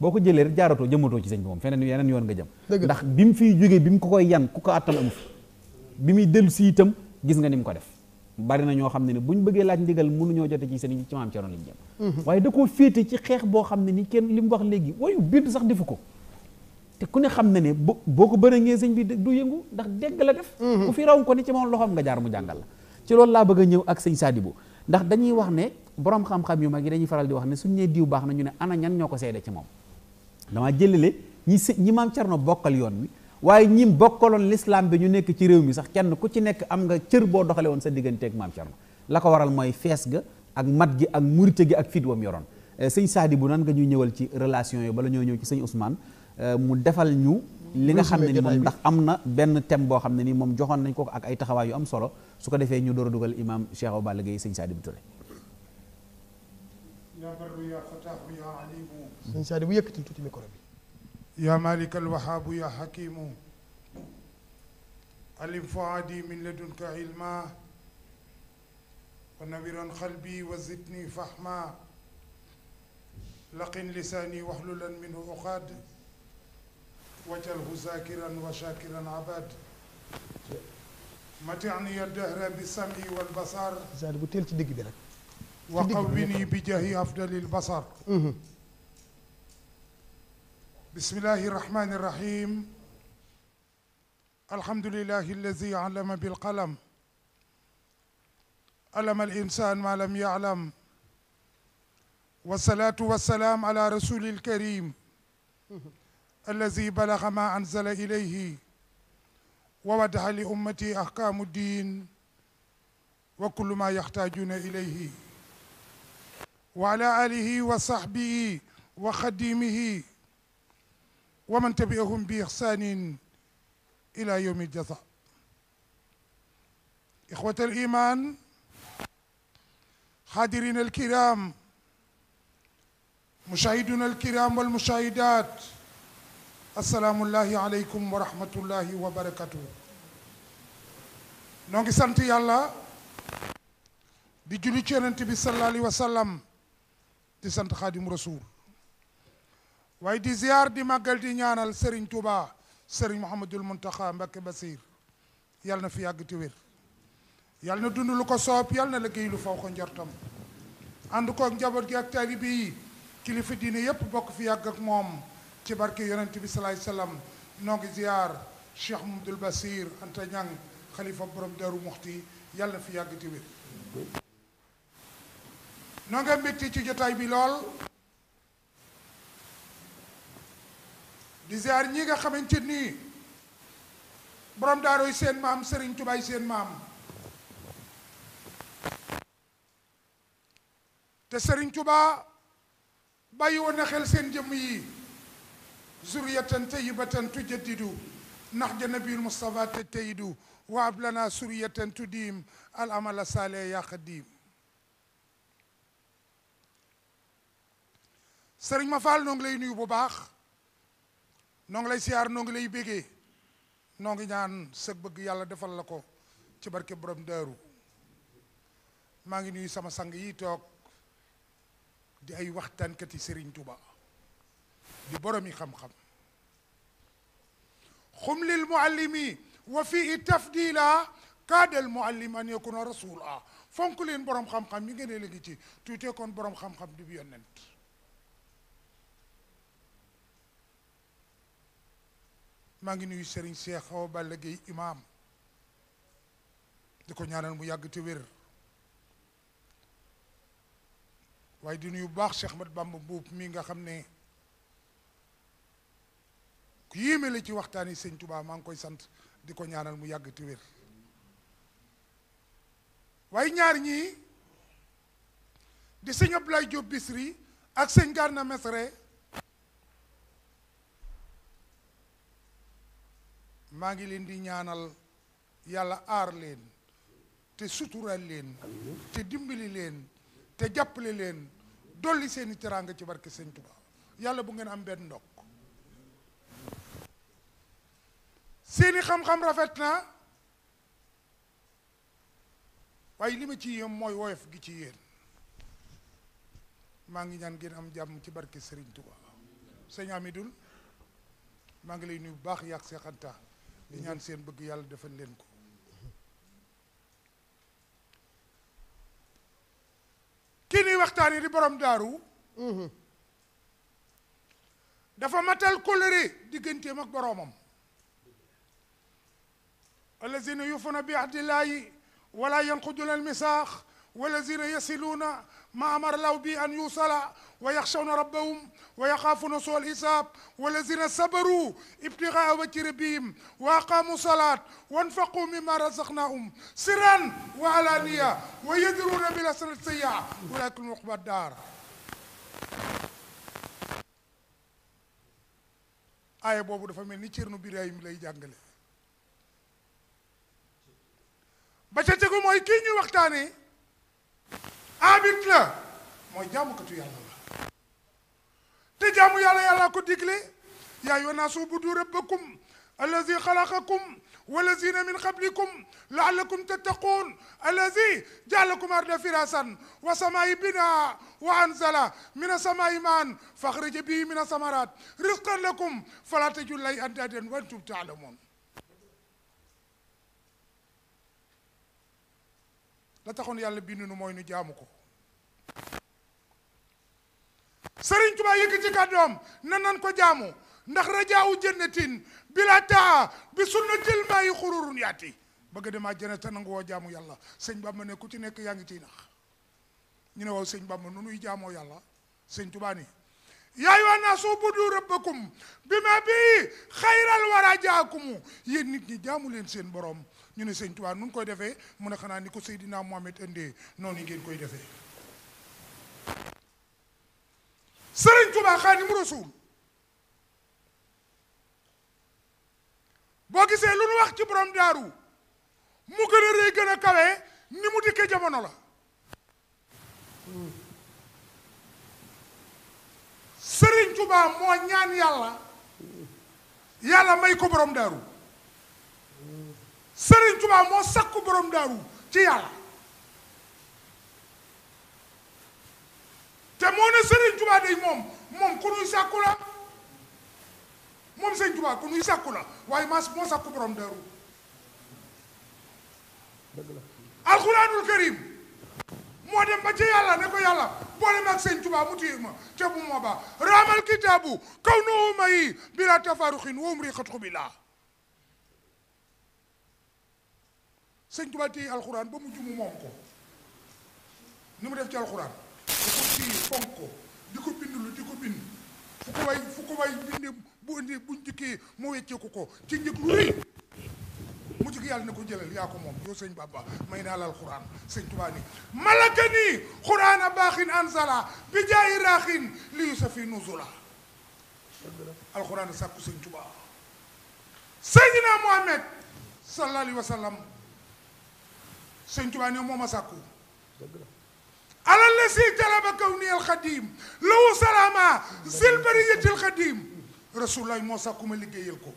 boo ko jëlee rek jaaratoo jëmatoo ci sëñ bi moom feneen yeneen yoon nga jëm ndax bi mu fiy jógee bi mu ko koy yan ku ko àttan amu bi muy dellu si itam gis nga ni mu ko def bari na ñoo xam ne ne bu ñu bëggee laaj ndigal ñoo jote ci sëriñ ci maam Cerno lañ jëm waaye da koo féete ci xeex boo xam ne ni kenn li mu wax léegi wayu bind sax defu ko te ku ne xam na ne b boo ko bëree ngee sëñ bi du yëngu ndax dégg la def mhm. ku fi ko ni ci moom loxoom nga jaar mu jàngal la loolu laa bëgg a ñëw ak sëñ Sadibou ndax dañuy wax ne borom xam-xam yu mag yi dañuy faral di wax ne suñ nee diw baax na ñu ne ana ñan ñoo ko seede ci moom dama jëlale ñi së ñi maam Cerno bokkal yoon wi waaye ñim bokkaloon lislaam bi ñu nekk ci réew mi sax kenn ku ci nekk am nga cër boo doxalee woon sa digganteeg maam Cerno la ko waral mooy fees ga ak mat gi ak murite gi ak fit wam yoroon eh, sëñ Saadi bu nan nga ñuy ñëwal ci relation yi bala ñoo ñëw ci sëñ Ousmane eh, mu defal ñu li nga xam ne ni moom ndax am na benn thème boo xam ne nii moom joxoon nañ ko ko ak ay taxawaay yu am solo su ko defee ñu door dugal imaam Cheikh Obal Gueye sëñ Saadi bu Touré sëñ Saadi bu yëkkatil tuuti micro bi يا مالك الوهاب يا حكيم ألم فؤادي من لدنك علما ونورا قلبي وزدني فحما لقن لساني واحللا منه عقاد واجعله ذاكرا وشاكرا عباد متعني الدهر بالسمع والبصر وقوني بجاه أفضل البصر بسم الله الرحمن الرحيم الحمد لله الذي علم بالقلم علم الإنسان ما لم يعلم والصلاة والسلام على رسول الكريم الذي بلغ ما أنزل إليه ووضح لأمتي أحكام الدين وكل ما يحتاجون إليه وعلى آله وصحبه وخديمه wa man tabi'ahum bi ihsanin ila yawmi al-jaza إخوة الإيمان حاضرين الكرام مشاهدينا الكرام والمشاهدات السلام الله عليكم ورحمة الله وبركاته noo ngi sant yàlla di julli ci yonent bi sallallahu alayhi wa sallam di sant Xaadimu Rasuul waaye di ziar di màggal di ñaanal Serigne Touba sëriñ Mouhamadul Mountakha Mbacké Basir yàlla na fi yàgg te wér yàlla na dund lu ko soob yàlla na liggéey lu faw ko njortam ànd koog njaboot gi ak taalibe yi kilifa diine yépp bokk fi yàgg moom ci barke yonent bi salaay salaam noo ngi ziar Cheikh Mouhamadul Basir Anta Ñang xalifa borom Daaru Muxti yàlla fi yàgg te wér noo nga ci jotaay bi lool di ziar ñi nga xamante nii borom daaroy seen maam sëriñ tubaay seen maam te sëriñ tubaa bàyyi woon na xel seen jëmm yi zuriyatan tayyibatan tujaddidu nax ja nabiul mustafa te tayidu wa ab lana suriyatan tudiim al amala saale yaa xadiim sëriñ ma faal noo lay nuyu bu baax noo lay siyaar noo ngi lay bégee noo ngi ñaan bëgg yàlla defal la ko ci barke borom daaru maa ngi nuyu sama sang yi toog di ay waxtaankati Serigne Touba di boromi xam-xam xum lil muallimi wa fii tafdila mu muallim an yakuna rasula fonk leen borom xam-xam yi ngeen léegi ci tuutee kon borom xam-xam di bi yonent maa ngi nuyu seriñ Cheikh Awa Balla Gueye imaam di ko ñaanal mu yàgg te wér waaye di nuyu baax Cheikh Ahmad Bamba Mbuub mi nga xam ne ku yéeme la ci waxtaan yi Sëñ maa ngi koy sant di ko ñaanal mu yàgg te wér waaye ñaar ñi di sëñ Ablaye Diop Bichri ak sëñ Gana Messere maa ngi leen di ñaanal yàlla aar leen te sutural leen te dimbali leen te jàppale leen dolli seeni teraanga ci barke Sëñ Tuubaa yàlla bu ngeen am benn ndokk seeni xam-xam rafet na waaye lima ci yéem mooy woyof gi ci yéen maa ngi ñaan ngeen am jàmm ci barke Sëriñ Tuubaa sëñ Amidul maa ngi lay nuyu bu baax yàgg seexantaa di ñaan seen bëgg yàlla defal leen ko kii nii waxtaan yi di borom daaru mm-hmm. dafa matal kóllëre digganteem ak boroomam allazina yufuna bi ahdillahi wala yanquduna almisaax والذين يصلون ما أمر الله به أن يوصل ويخشون ربهم ويخافون سوء الحساب والذين صبروا ابتغاء وجه ربهم وأقاموا الصلاة وانفقوا مما رزقناهم سرا وعلانية ويدرون بالحسنة السيئة أولئك هم عقبى الدار aaya boobu dafa mel ni Ceerno Birahim lay jàngale ba ca tegu mooy kii ñuy waxtaanee abit la mooy jaamukatu yàlla la te jaamu yàlla yàlla ko digle yaa ayyuhan naas ubudu rabbakum allazi xalaqakum walazina min qablikum laallakum tattaquun allazi jaalakum arda firasan wa samaayi bina wa anzala min asamaayi maan faxraja bihi min asamarat risqan lakum fala tajul lay andaaden wa antum taalamuun la taxoon yàlla bindu nu mooy nu jaamu ko Sëriñ Tuubaa yëkk ci kàddoom na nan ko jaamu ndax rajaawu jannatin bila taa bi sunnatil maayi xururun yaati bëgg demaa jëne te nangu woo jaamu yàlla sëñ Bàmba ne ku ci nekk yaa ngi ciy nax ñu ne waaw sëñ Bàmba nu nuy jaamoo yàlla sëñ Tuubaa ni yaa bi ma wara jaakumu yéen nit ñi jaamu leen seen borom ñu ne sëñ Tuubaa nun koy defee mun a xanaa ni ko Seydina Mohamed indee noonu ngeen koy defee sëriñ Tuubaa Xaadimu Rasuul boo gisee lu nu wax ci borom daaru mu gën a rëy ni mu dikkee jamono la sëriñ Tuubaa moo ñaan yàlla yàlla may ko borom daaru Sëriñ Tuubaa moo sakku borom daaru ci yàlla te moo ne Sëriñ Tuubaa day moom moom ku nuy sàkku moom Sëriñ Tuubaa ku nuy sàkku waaye maa moo sakku borom daaru alxuraanul karim moo dem ci yàlla ne ko yàlla boole ma ak Sëriñ mu téye ma te ma ba raamal kitaabu kaw nu bila tafaruxin wa umri xatxu bi laa sëñ Tuubaa téye alxuraan ba mujj mu moom ko ni mu def ci alxuraan da ko téye fonk ko di ko bind lu di ko bind fu way fu way bindee bu indi buñ ko ci lu rëy mu jëkk yàlla ne ko jëlal yaa ko moom yow sëñ Bàmba may naa la alxuraan sëñ Tuubaa ni malaka nii xuraan a baaxin ansala bi jaayi raaxin li yusafi nuzula alxuraan sàkku sëñ Tuubaa Seydina Muhammad sallallahu alayhi wa sallam sëñ Tuubaa ne moom a sàkku alal la si talaba kaw ni al xadim lawu salaama sil bariyatil xadim rasulullah moo sàkku ma liggéeyal ko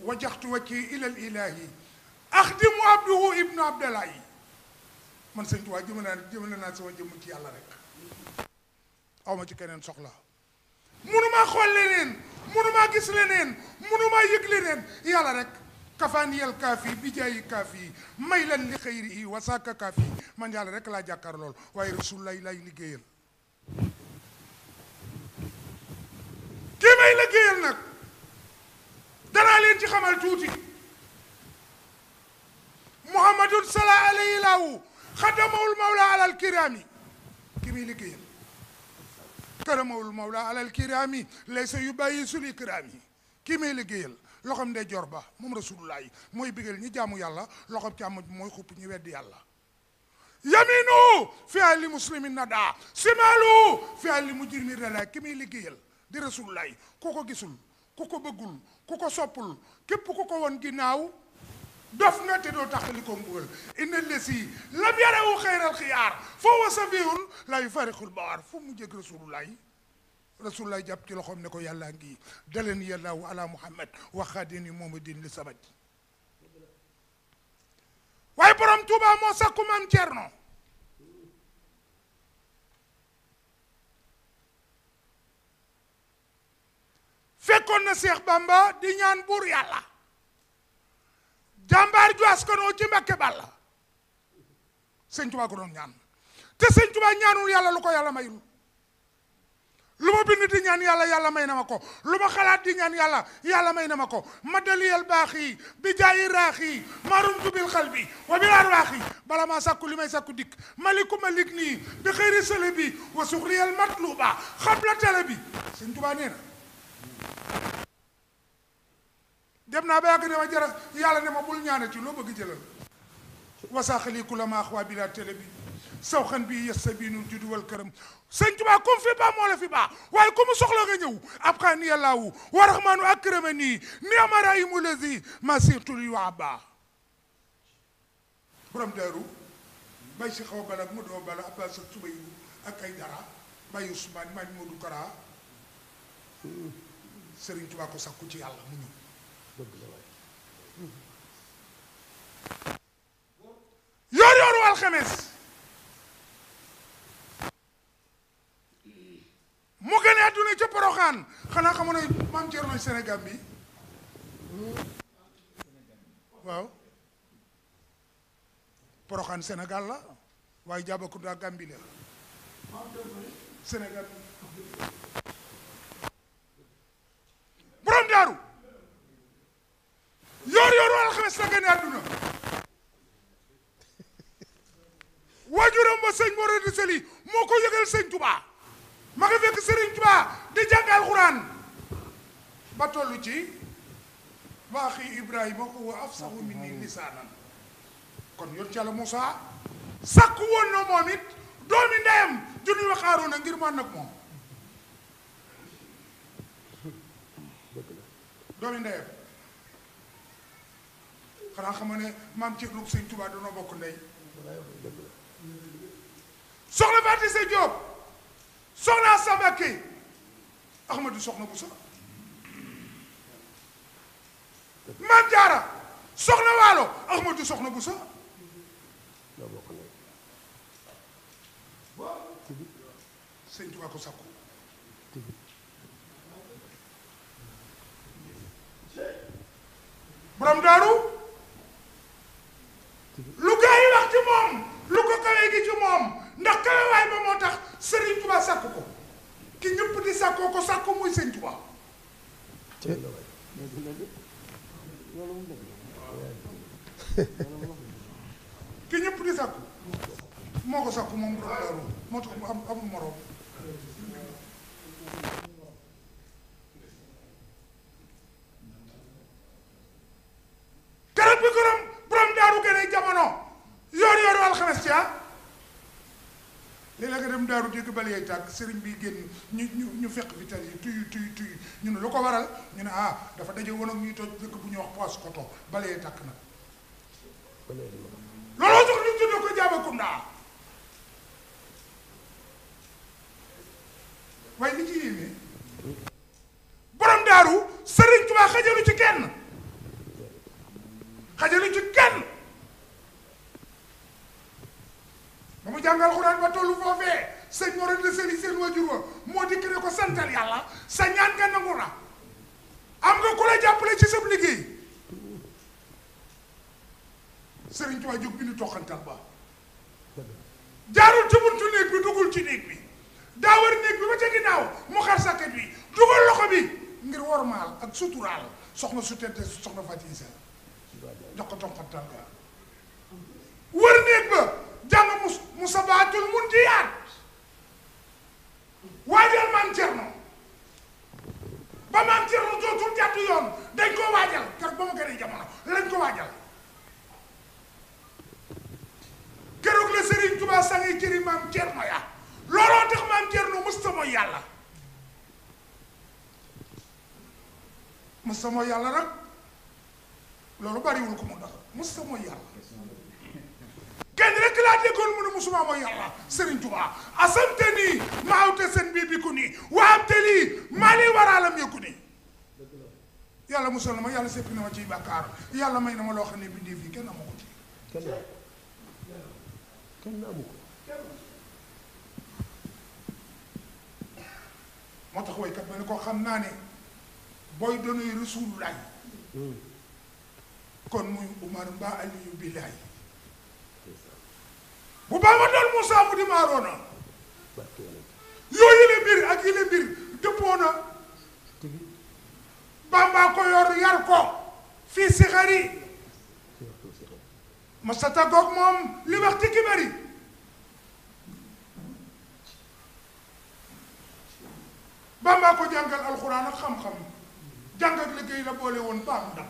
wajaxtu wacci ilal ilahi axdimu abduhu ibnu abdalahi man sëñ Tuubaa jëmale naa jëmale naa sama jëmm ci yàlla rek awma ci keneen soxla munumaa xool leneen munumaa gis leneen munumaa yëg leneen yàlla rek kafaaniyal kaafi bi jaayi kaafi may lan li xëyri wasaaka kaafi man yàlla rek laa jàkkaar lool waaye rasul lay lay liggéeyal kii may liggéeyal nag danaa leen ci xamal tuuti muhammadun sala alayhi laahu xadamawul mawla alal kiraami kii may liggéeyal karamawul mawla alal kiraami laysa yubayisul ikraami kii may liggéeyal loxoom ndey joor ba moom rasulullah yi mooy bigal ñi jàmm yàlla loxoom càmm mooy xupp ñi weddi yàlla yaminu fi ay li muslimin na daa simalu fi li mujrimin na daa ki muy liggéeyal di rasulullah yi ku ko gisul ku ko bëggul ku ko soppul képp ku ko woon ginnaaw dof nga te doo taxali ko mbugal inna lesi lam yarawu xayral xiyaar foo wa safihun la yufariqul bawaar fu mu jëg rasulullah rasulullah jàpp ci loxoom ne ko yàllaa ngi daleen yàllaahu ala muhammad waxaadini muhammadin li sabat waaye borom tuubaa moo sàkku maam Cerno fekkoon na Seex Bamba di ñaan buur yàlla jàmbaar ju askanoo ci Mbàkke Bàlla sëñ Tuubaa ko doon ñaan te sëñ Tuubaa ñaanul yàlla lu ko yàlla mayul lu ma bind di ñaan yàlla yàlla may na ma ko lu ma xalaat di ñaan yàlla yàlla may na ma ko ma daliyal baax yi bi jaayi raax yi maarum tubil xal bi wa bi arwaax bala maa sàkku li may sàkku dikk maliku ma lig nii bi xëyri sële bi wa suxriyal matluba xabla tele bi sëñ Tuubaa nee dem naa ba yàgg ne ma yàlla ne ma bul ñaane ci loo bëgg jëlal wasaaxali ku la maax waa bi laa bi saw xan bi yes sa bii nun juddu wal këram sëñ fi baa moo fi baa waaye ku mu soxla nga ñëw ab xaa ni yàllaawu wa rahmaanu akramani ni amara imu lazi ma sirtul yu abba borom daaru bay si xaw yu ak ay dara bàyyi Usmaan maa ngi Moodu Kara sëriñ Tuubaa ko sakku ci yàlla mu ñëw yor yor wal xemes mu gën a adduna ca Poroxaan xanaa xam ne maam Thierno Sénégal bi waaw Poroxaan Sénégal la waaye Jaabakunda Gàmbi la Sénégal borom daaru yoor yooru alxames la gën a adduna waajuram ba sëñ Mor de Seli moo ko yëgal sëñ Touba. ma nga fekk Serigne Touba di jàng alxuraan ba toll ci wa axi Ibrahima huwa afsahu minni lisaanan kon yoon ci yàlla Moussa sàkku woon na moom it doomi ndeyam ngir man nag moom doomi xanaa xam nga ne maam Thierno Sëñ Touba danoo bokk ndey soxna Fatou Seye Diop soxna sama kay Ahmadu soxna bu soxna Maam Jaara soxna waalo Ahmadu soxna bu lu gaa yi wax moom lu ko kawee gi moom ndax kawewaay ba moo tax Serigne Touba sàkk ko ki ñëpp di sàkkoo ko muy sëñ ki ñëpp di sàkku moo ko sàkku moom loolu moo tax mu am amul moroom garab bi ko borom daaru gën a jamono yoor yooru alxames ci ah. léeg-léeg nga dem daaru dégg bale yay tàkk sëriñ bi génn ñu ñu ñu fekk fi tali tuy tuy tuy ñu ne lu ko waral ñu ne ah dafa daje woon ak ñuy toj dëkk bu ñu wax poos koto bale yay tàkk nag looloo tax ñu tuddee ko Jaabakunda waaye li ci yéeme borom daaru sëriñ Tuubaa xajalu ci kenn xajalu ci jàng alxuraan ba tollu foofee sëñ moo rek la sëriñ seen waajur wa moo dikk ne ko santal yàlla sa ñaan nga nangu na am nga ku la jàppale ci sab liggéey sëriñ Tuubaa jóg bi nu toqantal ba jaarul ci buntu néeg bi duggul ci néeg bi daa war néeg bi ba ca ginnaaw mu xar sàkket bi dugal loxo bi ngir wormaal ak suturaal soxna su tente soxna Fatou Seye jox ko toqantal ba wër néeg musabaatul mundiyaat waajal maam Cerno ba maam Cerno dootul jàdd yoon dañ ko waajal kër ba mu gënee jamono lañ ko waajal keroog la Serigne Touba sangi cëri maam Cerno ya looloo tax maam Cerno musta mooy yàlla musta mooy yàlla rek loolu bariwul ko mu dox musta mooy yàlla kenn rek laa déggoon mu ne musuma mooy yàlla Serigne Touba asamte nii ma awte seen bii bi ku nii waamte lii maa lii waraalam yëkku nii yàlla musal na ma yàlla na ma ciy bàkkaar yàlla may na ma loo xam ne bindee fii kenn amu ko ci moo tax waykat ma ne ko xam naa ne booy doonay Rasulullah hmm. kon muy Umar mbaa Aliyu bu baaba dal Moussa mu di maaroona yooyu la mbir ak yile mbir dëppoo na bàmbaa ko yar ko fii xari ma sa tàggoog moom li waxti ki bari bàmbaa ko jàngal alxuraan ak xam-xam jàng ak la boole woon baax ndax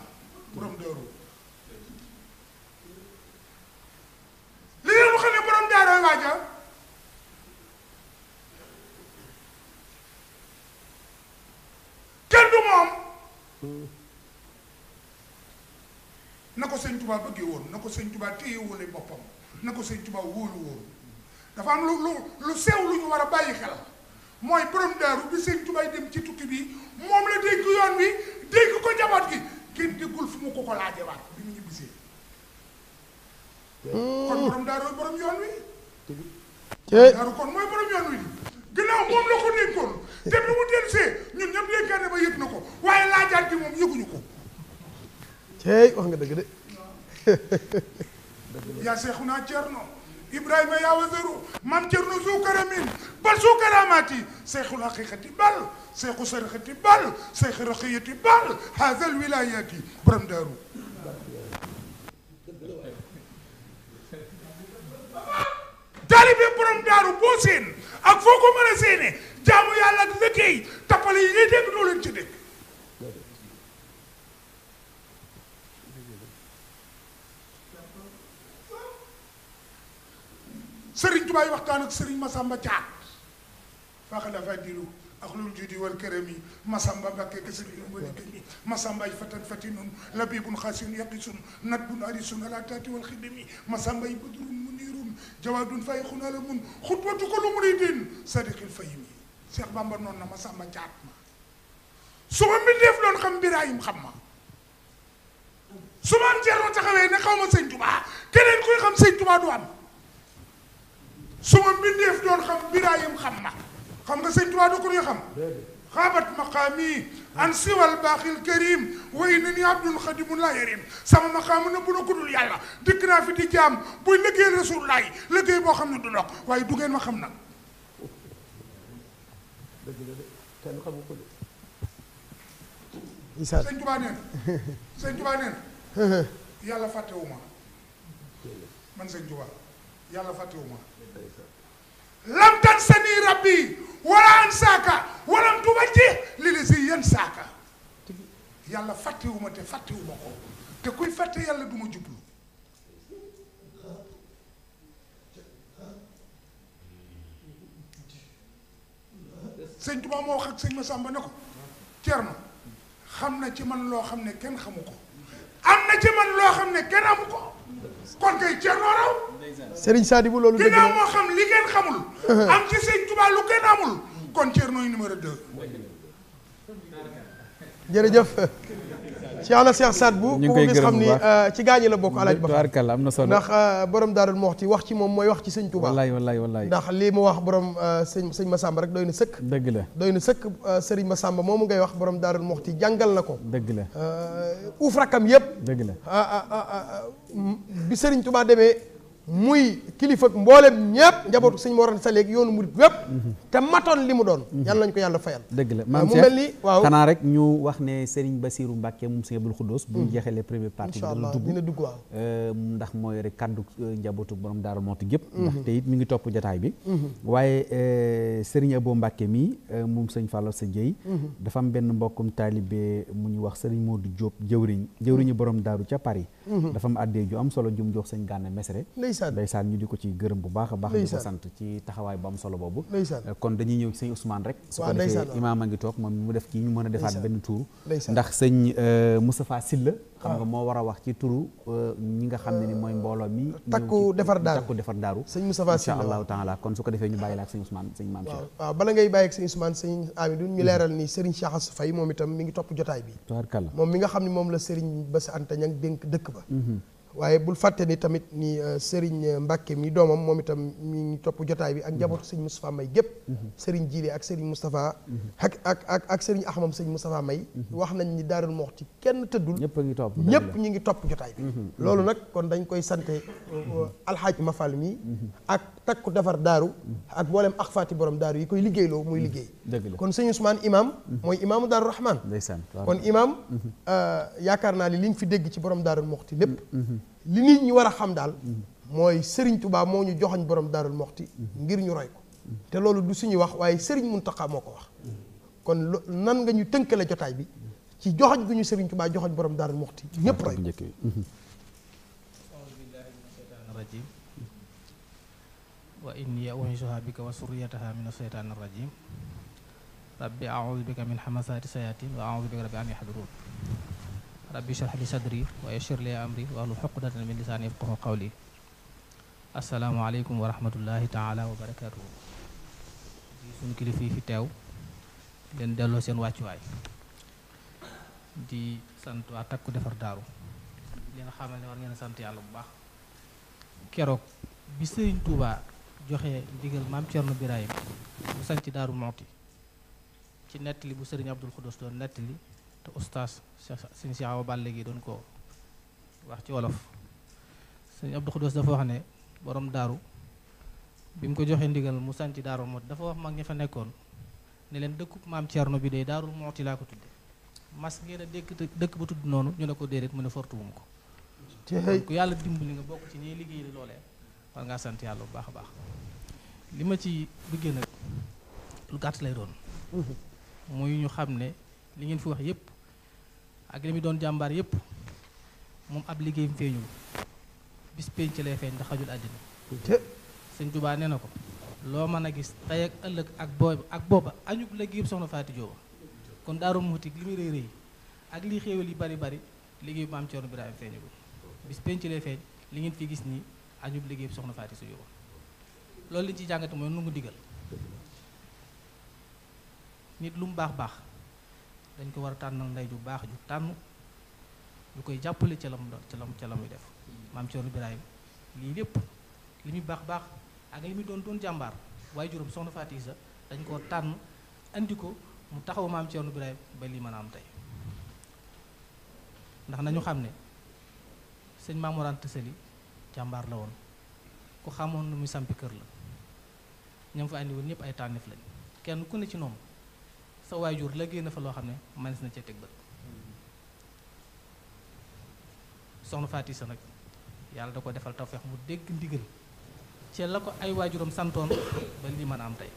borom li ngeen waxoon ne borom daarooy waaja kenn du moom na ko sëñ Tuubaa bëggee woon na ko sëñ Tuubaa téye woon boppam na ko sëñ Tuubaa wóolu woon dafa am lu lu lu sew lu ñu war a bàyyi xel mooy borom daaru bi sëñ Tuubaa dem ci tukki bi moom la dégg yoon bi dégg ko njaboot gi kenn déggul fu mu ko ko laajewaat bi mu ñibbisee kon borom daaru borom yoon wi. Eh. daaru kon mooy borom yoon wi. ginnaaw moom la ko dénkoon te bi mu delsee ñun ñëpp dénkaane ba yëg na ko waaye laajaat bi moom yëguñu ko. tey wax nga dëgg de. yaa seexu naa Cerno Ibrahima yaa wazaru maam Cerno suukara min bal suukaraamaati seexul haqiqati bal seexu sarixati bal seexu raqiyati bal haazal wilayaati borom daaru taalibe borom daaru boo ak foo ko mën a séene jaamu yàlla ak liggéey tappale yi ngay dégg doo leen ci dégg sëriñ Tuubaa yi waxtaan sëriñ Masamba Caat faaxa dafa dilu ahlul judi wal karami masamba Mbakke kasabiyun walikami masamba fatan fatinun labibun xasin yaqisun nadbun alisun ala taati wal xidami masamba badrun munirun jawadun fayixun alamun xutbatu ko lu fahimi Seex Bamba noonu masamba caat ma su ma mbindeef doon xam mbiraayim xam xaw ma sëñ Tubaa keneen kuy xam sëñ Tubaa xam nga sëñ Tuubaa du ko ñu xam xaabat maqaami an siwal baaxil karim way na ni abdul xadimu laa yarim sama maqaamu na bu na ko dul yàlla fi di jaam buy liggéey rasulullaahi liggéey boo xam na du dog waaye du ngeen ma xam nag kenn xamu ko yàlla fàttewuma man sëñ Tuubaa yàlla fàttewuma rabbi wala an saaka walam tuwajjih lili si yan saaka yàlla fàttewuma te fàttewuma ko te kuy fàtte yàlla du jublu sëñ Tuubaa moo wax ak ma Masamba ne ko ma xam na ci man loo xam ne kenn xamu ko am na ci man loo xam ne kenn amu ko kon kay Thierno Raw. Serigne Sadibou loolu dëgg la moo xam li ngeen xamul. am ci Serigne Touba lu kenn amul. kon Thierno numéro 2. jërëjëf. Cheikh Ana Cheikh Saad bu ñu ngi koy gërëm bu baax xam euh, ni ci gaañi la bokk alaaj ba tubaarkalla am na solo ndax euh, borom daarul moxti wax ci moom mooy wax ci sëñ Touba wallaay wallaay wallaay ndax lii mu wax borom euh, sëñ ma Massamba rek doy na sëkk dëgg la doy na sëkk sëriñ Massamba moomu ngay wax borom daarul moxti jàngal na ko dëgg la uuf rakkam yëpp dëgg la ah, ah, ah, bi sëriñ Touba demee muy kilifa mboolem ñëpp njabootu sëñ Mor Anta Sali ak yoonu murit wépp te matoon li mu doon yàlla nañ ko yàlla fayal dëgg la maam mu xanaa rek ñu wax ne Serigne Bassirou Mbacke moom sëñ Abdou Khoudoss bu ñu mm. jeexalee première partie dana dugg dina dugg waaw euh, ndax moo yore kaddu euh, njabootu borom Daaru Muxti mm-hmm. it mi ngi topp jotaay bi mm-hmm. waaye euh, Serigne Abo Mbacke mii moom sëñ Fallou sa Ndiaye mm-hmm. dafa benn mbokkum taalibe mu ñu wax Serigne Modou Diop jëwriñ jëwriñu borom daaru ca Paris dafa am ju am solo jum jox sëñ Gana Mesere ndeysaan ndeysaan ñu di ko ci gërëm bu baax a baax di ko sant ci taxawaay bu am solo boobu eh, kon dañuy ñëw sëñ Ousmane rek su ko defee a ngi toog moom mu def kii ñu mën a defaat benn tuur ndax sëñ eh, ah. moo war a eh, mi takku defar daaru takku defar daaru sëñ Moustapha Sylla incha allahu taala kon su ko defee bàyyi la ak sëñ Ousmane sëñ Maam Cheikh waaw bala ngay bàyyi ak sëñ Ousmane sëñ Amidou ñu leeral ni Serigne Cheikh Assou moom itam mi ngi topp jotaay bi moom mi nga xam ne moom la Serigne Bass Anta Niang dénk dëkk ba mhm. waaye bul fàtte ni tamit ni euh, Serigne Mbacke mi doomam moom itam mi ngi topp jotaay bi ak mhm. njabootu sëñ Moustapha May gépp mhm. sëriñ Jili ak Serigne Moustapha mhm. ak ak ak ak Serigne Axmam sëñ Moustapha May wax nañ ni Daarul Moxti kenn tëddul ñëpp ñu ngi topp jotaay bi loolu nag kon dañ koy sante euh, alxaaj Mafal mi ak takku defar daaru ak mboolem axfaati borom daaru yi koy liggéeyloo muy liggéey kon sëñ Ousmane imam mooy imaamu Daaru Rahman kon imam euh, yaakaar naa ni liñ fi dégg ci borom Daarul Moxti lépp li nit ñi war a xam daal mooy sëriñ tubaa moo ñu joxoñ borom Darou Mokhti ngir ñu roy ko te loolu du suñu wax waaye Serigne Mountakha moo ko wax kon nan nga ñu tënkale jotaay bi ci joxañ gu ñu Serigne Touba joxoñ borom Darou Mokhti ñëpp roy ko wa inni u'iizuhaa bika wa surriyatahaa mina shaytaani rajiim rabbi a'uudu bika min hamasaati sayaatiin wa a'uudu bika rabbi an yahduruun rabbi shrah li sadri wa yassir li amri wahlul uqdatan min lisaani yafqahu qawli assalaamu aleykum wa rahmatullahi taala wa barakaatuhu di suñu kilifa fi teew leen delloo seen wàccuwaay di sant waa takku defar daaru leen xamal ne war ngeen sant yàlla bu baax keroog bi sëriñ tuuba joxe ndigal maam Cerno Birahim mu sanc daaru Muxti ci nettali bu sëriñ Abdul Xudos doon nettali te ustaas sëñ si awa bàll gi doon ko wax ci wolof sëñ Abdou Khoudous dafa wax ne borom daaru bi mu ko joxee ndigal mu sanc daaru moot dafa wax mag ña fa nekkoon ne leen dëkkub maam Thierno bi de daarul mooti laa ko tudde mas ngeen a dëkk dëkk ba tudd noonu ñu ne ko déedéet mu ne fortuwum ko ku yàlla li nga bokk ci ñiy liggéey loolee war ngaa sant yàlla bu baax a baax li ma ci bëggee nag lu gàtt lay doon mm-hmm. muy ñu xam ne li ngeen fi wax yépp ak li mu doon jàmbaar yépp moom ab liggéeyam feeñul bis pénc lay feeñ ndax xajul àddina sëñ Tuubaa nee na ko loo mën a gis tey ak ëllëg ak booba booba añub liggéeyub soxna Faati Jooba kon Daaru Muxti li muy rëy rëy ak lii xéewal yi bari bari liggéeyub maam Cerno Birahim feeñul bis pénc lay feeñ li ngeen fi gis nii añub liggéeyub soxna Faati su Jooba loolu liñ ci jàngate mooy nu ngu digal nit lu mu baax baax dañ ko war a tànnal ndey ju baax ju tànn lu koy jàppale ca lam ca lam muy def maam Thierno Birahim lii lépp li muy baax baax ak li muy doon doon jàmbaar waaye juróom soxna Fatou Issa dañ koo tànn indi ko mu taxaw maam Thierno Birahim ba lii mën a am tey ndax nañu xam ne sëñ Mamour Anta Sali jàmbaar la woon ku xamoon lu muy sampi kër la ñoom fa andi woon ñëpp ay tànnif lañ kenn ku ne ci noonu sa waajur liggéey na fa loo xam ne mënees na cee teg bët soxna Faati sa nag yàlla da ko defal tawfeex mu dégg ndigal ci la ko ay waajuram santoon ba lii mën a am tey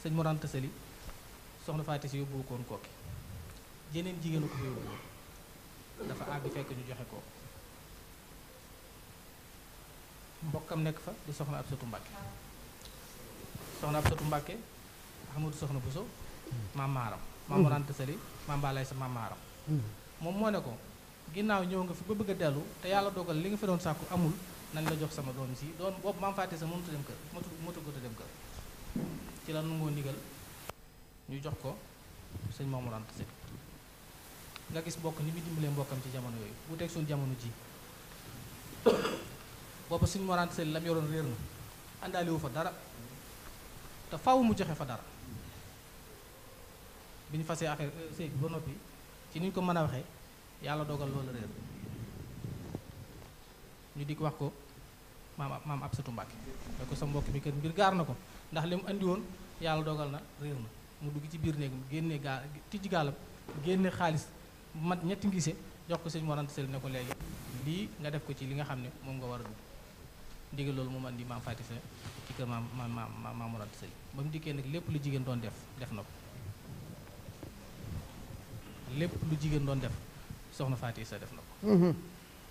sëñ Mor Anta Sali soxna Faati si yóbbu koon kooki jeneen jigéenu ko yóbbu dafa àgg fekk ñu joxe ko mbokkam nekk fa di soxna ab sëtu Mbàkke soxna ab satu Mbàkke amatu soxna Bousso maam maaram maam Mor Anta sa maam moom moo ne ko ginnaaw ñëw nga fi ba bëgg dellu te yàlla dogal li nga fi doon sàkku amul nañ la jox sama doom si doon boobu maam fàtte sa mënuta dem kër mënut mënut ko dem kër ci la nungoo ndigal ñu jox ko sëñ Maam Mor Anta nga gis mbokk ni muy dimbalee mbokkam ci jamono yooyu bu teg suñ jamono ji booba sëñ Mor Anta Sali la mu yoroon réer na àndaale fa dara te faw mu joxe fa dara bi ñu fasee affaire euh, sëy ba noppi ci niñ ko mën a waxee yàlla dogal loolu réer ñu dikk wax ko maam maam Absatu Mbàkke da ko sa mbokk mi kër mbir gaar na ko ndax li mu andi woon yàlla dogal na réer na mu dugg ci biir néeg mu génne gaal tijji gaalam génne xaalis mat ñetti ngise jox ko sëñ Mor Anta Sali ne ko léegi lii nga def ko ci li nga xam ne moom nga war a dugg ndigal loolu moom andi maam Faty Seye ci kër maam maam maam Mamour Anta Seye ba mu dikkee nag lépp lu jigéen doon def def na ko lépp lu jigéen doon def soxna Faty Seye def na ko mhm.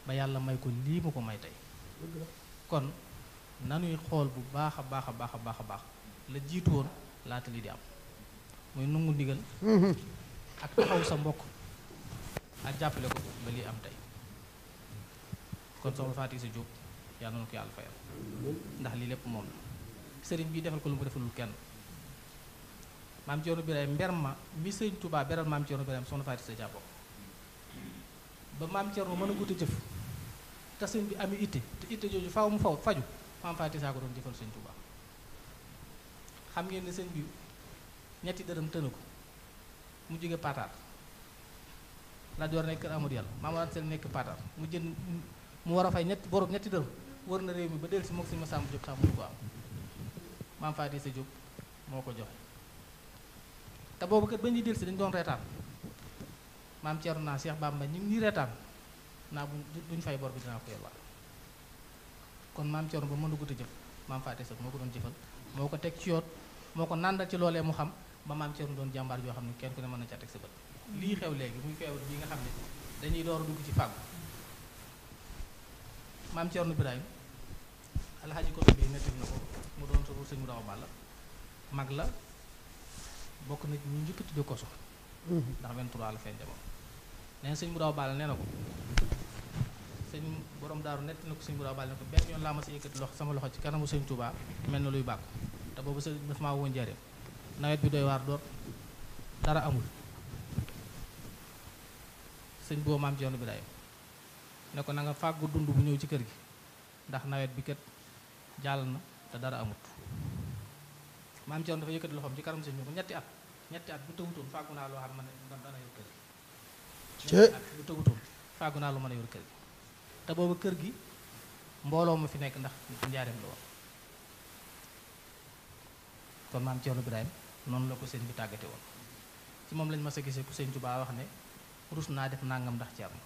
ba yàlla may ko lii mu ko may tey kon nanuy xool bu baax a baax a baax a baax a baax la jiitu woon laata lii di am muy nungu ndigal mhm. ak taxaw sa mbokk ak jàppale ko ba lii am tey kon soxna Faty Seye Diop yàlla na ko yàlla fayal ndax lii lépp moom la sëriñ bii defal ko lu mu defalul kenn maam Cerno Birahim mber ma mi sëriñ Tuubaa beral maam Cerno Birahim soxna Faati sa jàppoo ba maam Cerno mën a guute te sëñ bi ami itte te mu faw faju maam Faati saa ko doon jëfal sëñ Tuubaa xam ngeen sëñ bi ñetti dërëm tënu ko mu jóge paataar laajoor nekk kër amut yàlla maam war seen nekk paataar mu jënd mu war a fay ñetti borom ñetti dërëm wër na réew mi ba del si mook si Masamba Diop sax mënu ko am maam Faati sa Diop moo ko joxe te boobu kat ba ñuy del si dañu doon reetaan maam Ceerno naa Cheikh ñu ngi reetaan naa bu duñ fay bor bi dinaa ko yàlla kon maam Ceerno ba jëf maam Faati sa moo ko doon jëfal moo ko teg ci yoot moo ko nàndal ci loolee mu xam ba maam Ceerno doon jàmbaar joo xam ne kenn ku ne mën na ca teg sa bët lii xew léegi muy feebar bi nga xam ne dañuy door a dugg ci fàggu maam Ceerno Birahim alxaaji ko bi nettali na ko mu doon soo sëñ mu daaw bàll mag la bokk na ñu njëkk tuddee koso mhm. ndax 23 la feeñ sëñ mu daaw bàll nee na ko sëñ borom daaru nett na ko sëñ bu daaw bàll ne ko benn yoon laa ma sa yëkkati loxo sama loxo ci kanamu mel na luy bàkku te boobu sëñ dafa maa woon bi doy waar door dara amul sëñ boo maam ci bi dayo ne ko na fàggu dund bu ñëw ci kër gi ndax nawet bi kat jàll na te dara amut maam Thierno dafa yëkkati loxoom ci kanam sëñ bi ko ñetti at ñetti at bu tëwutoon fàggu naa loo xam ne man dana yor naa lu mën a yor kër te boobu kër gi mbooloo ma fi nekk ndax njaareem la woon kon noonu la ko sëñ bi tàggate woon ci moom lañ mas a gisee ku sëñ Tuubaa wax ne rus naa def nangam ndax Thierno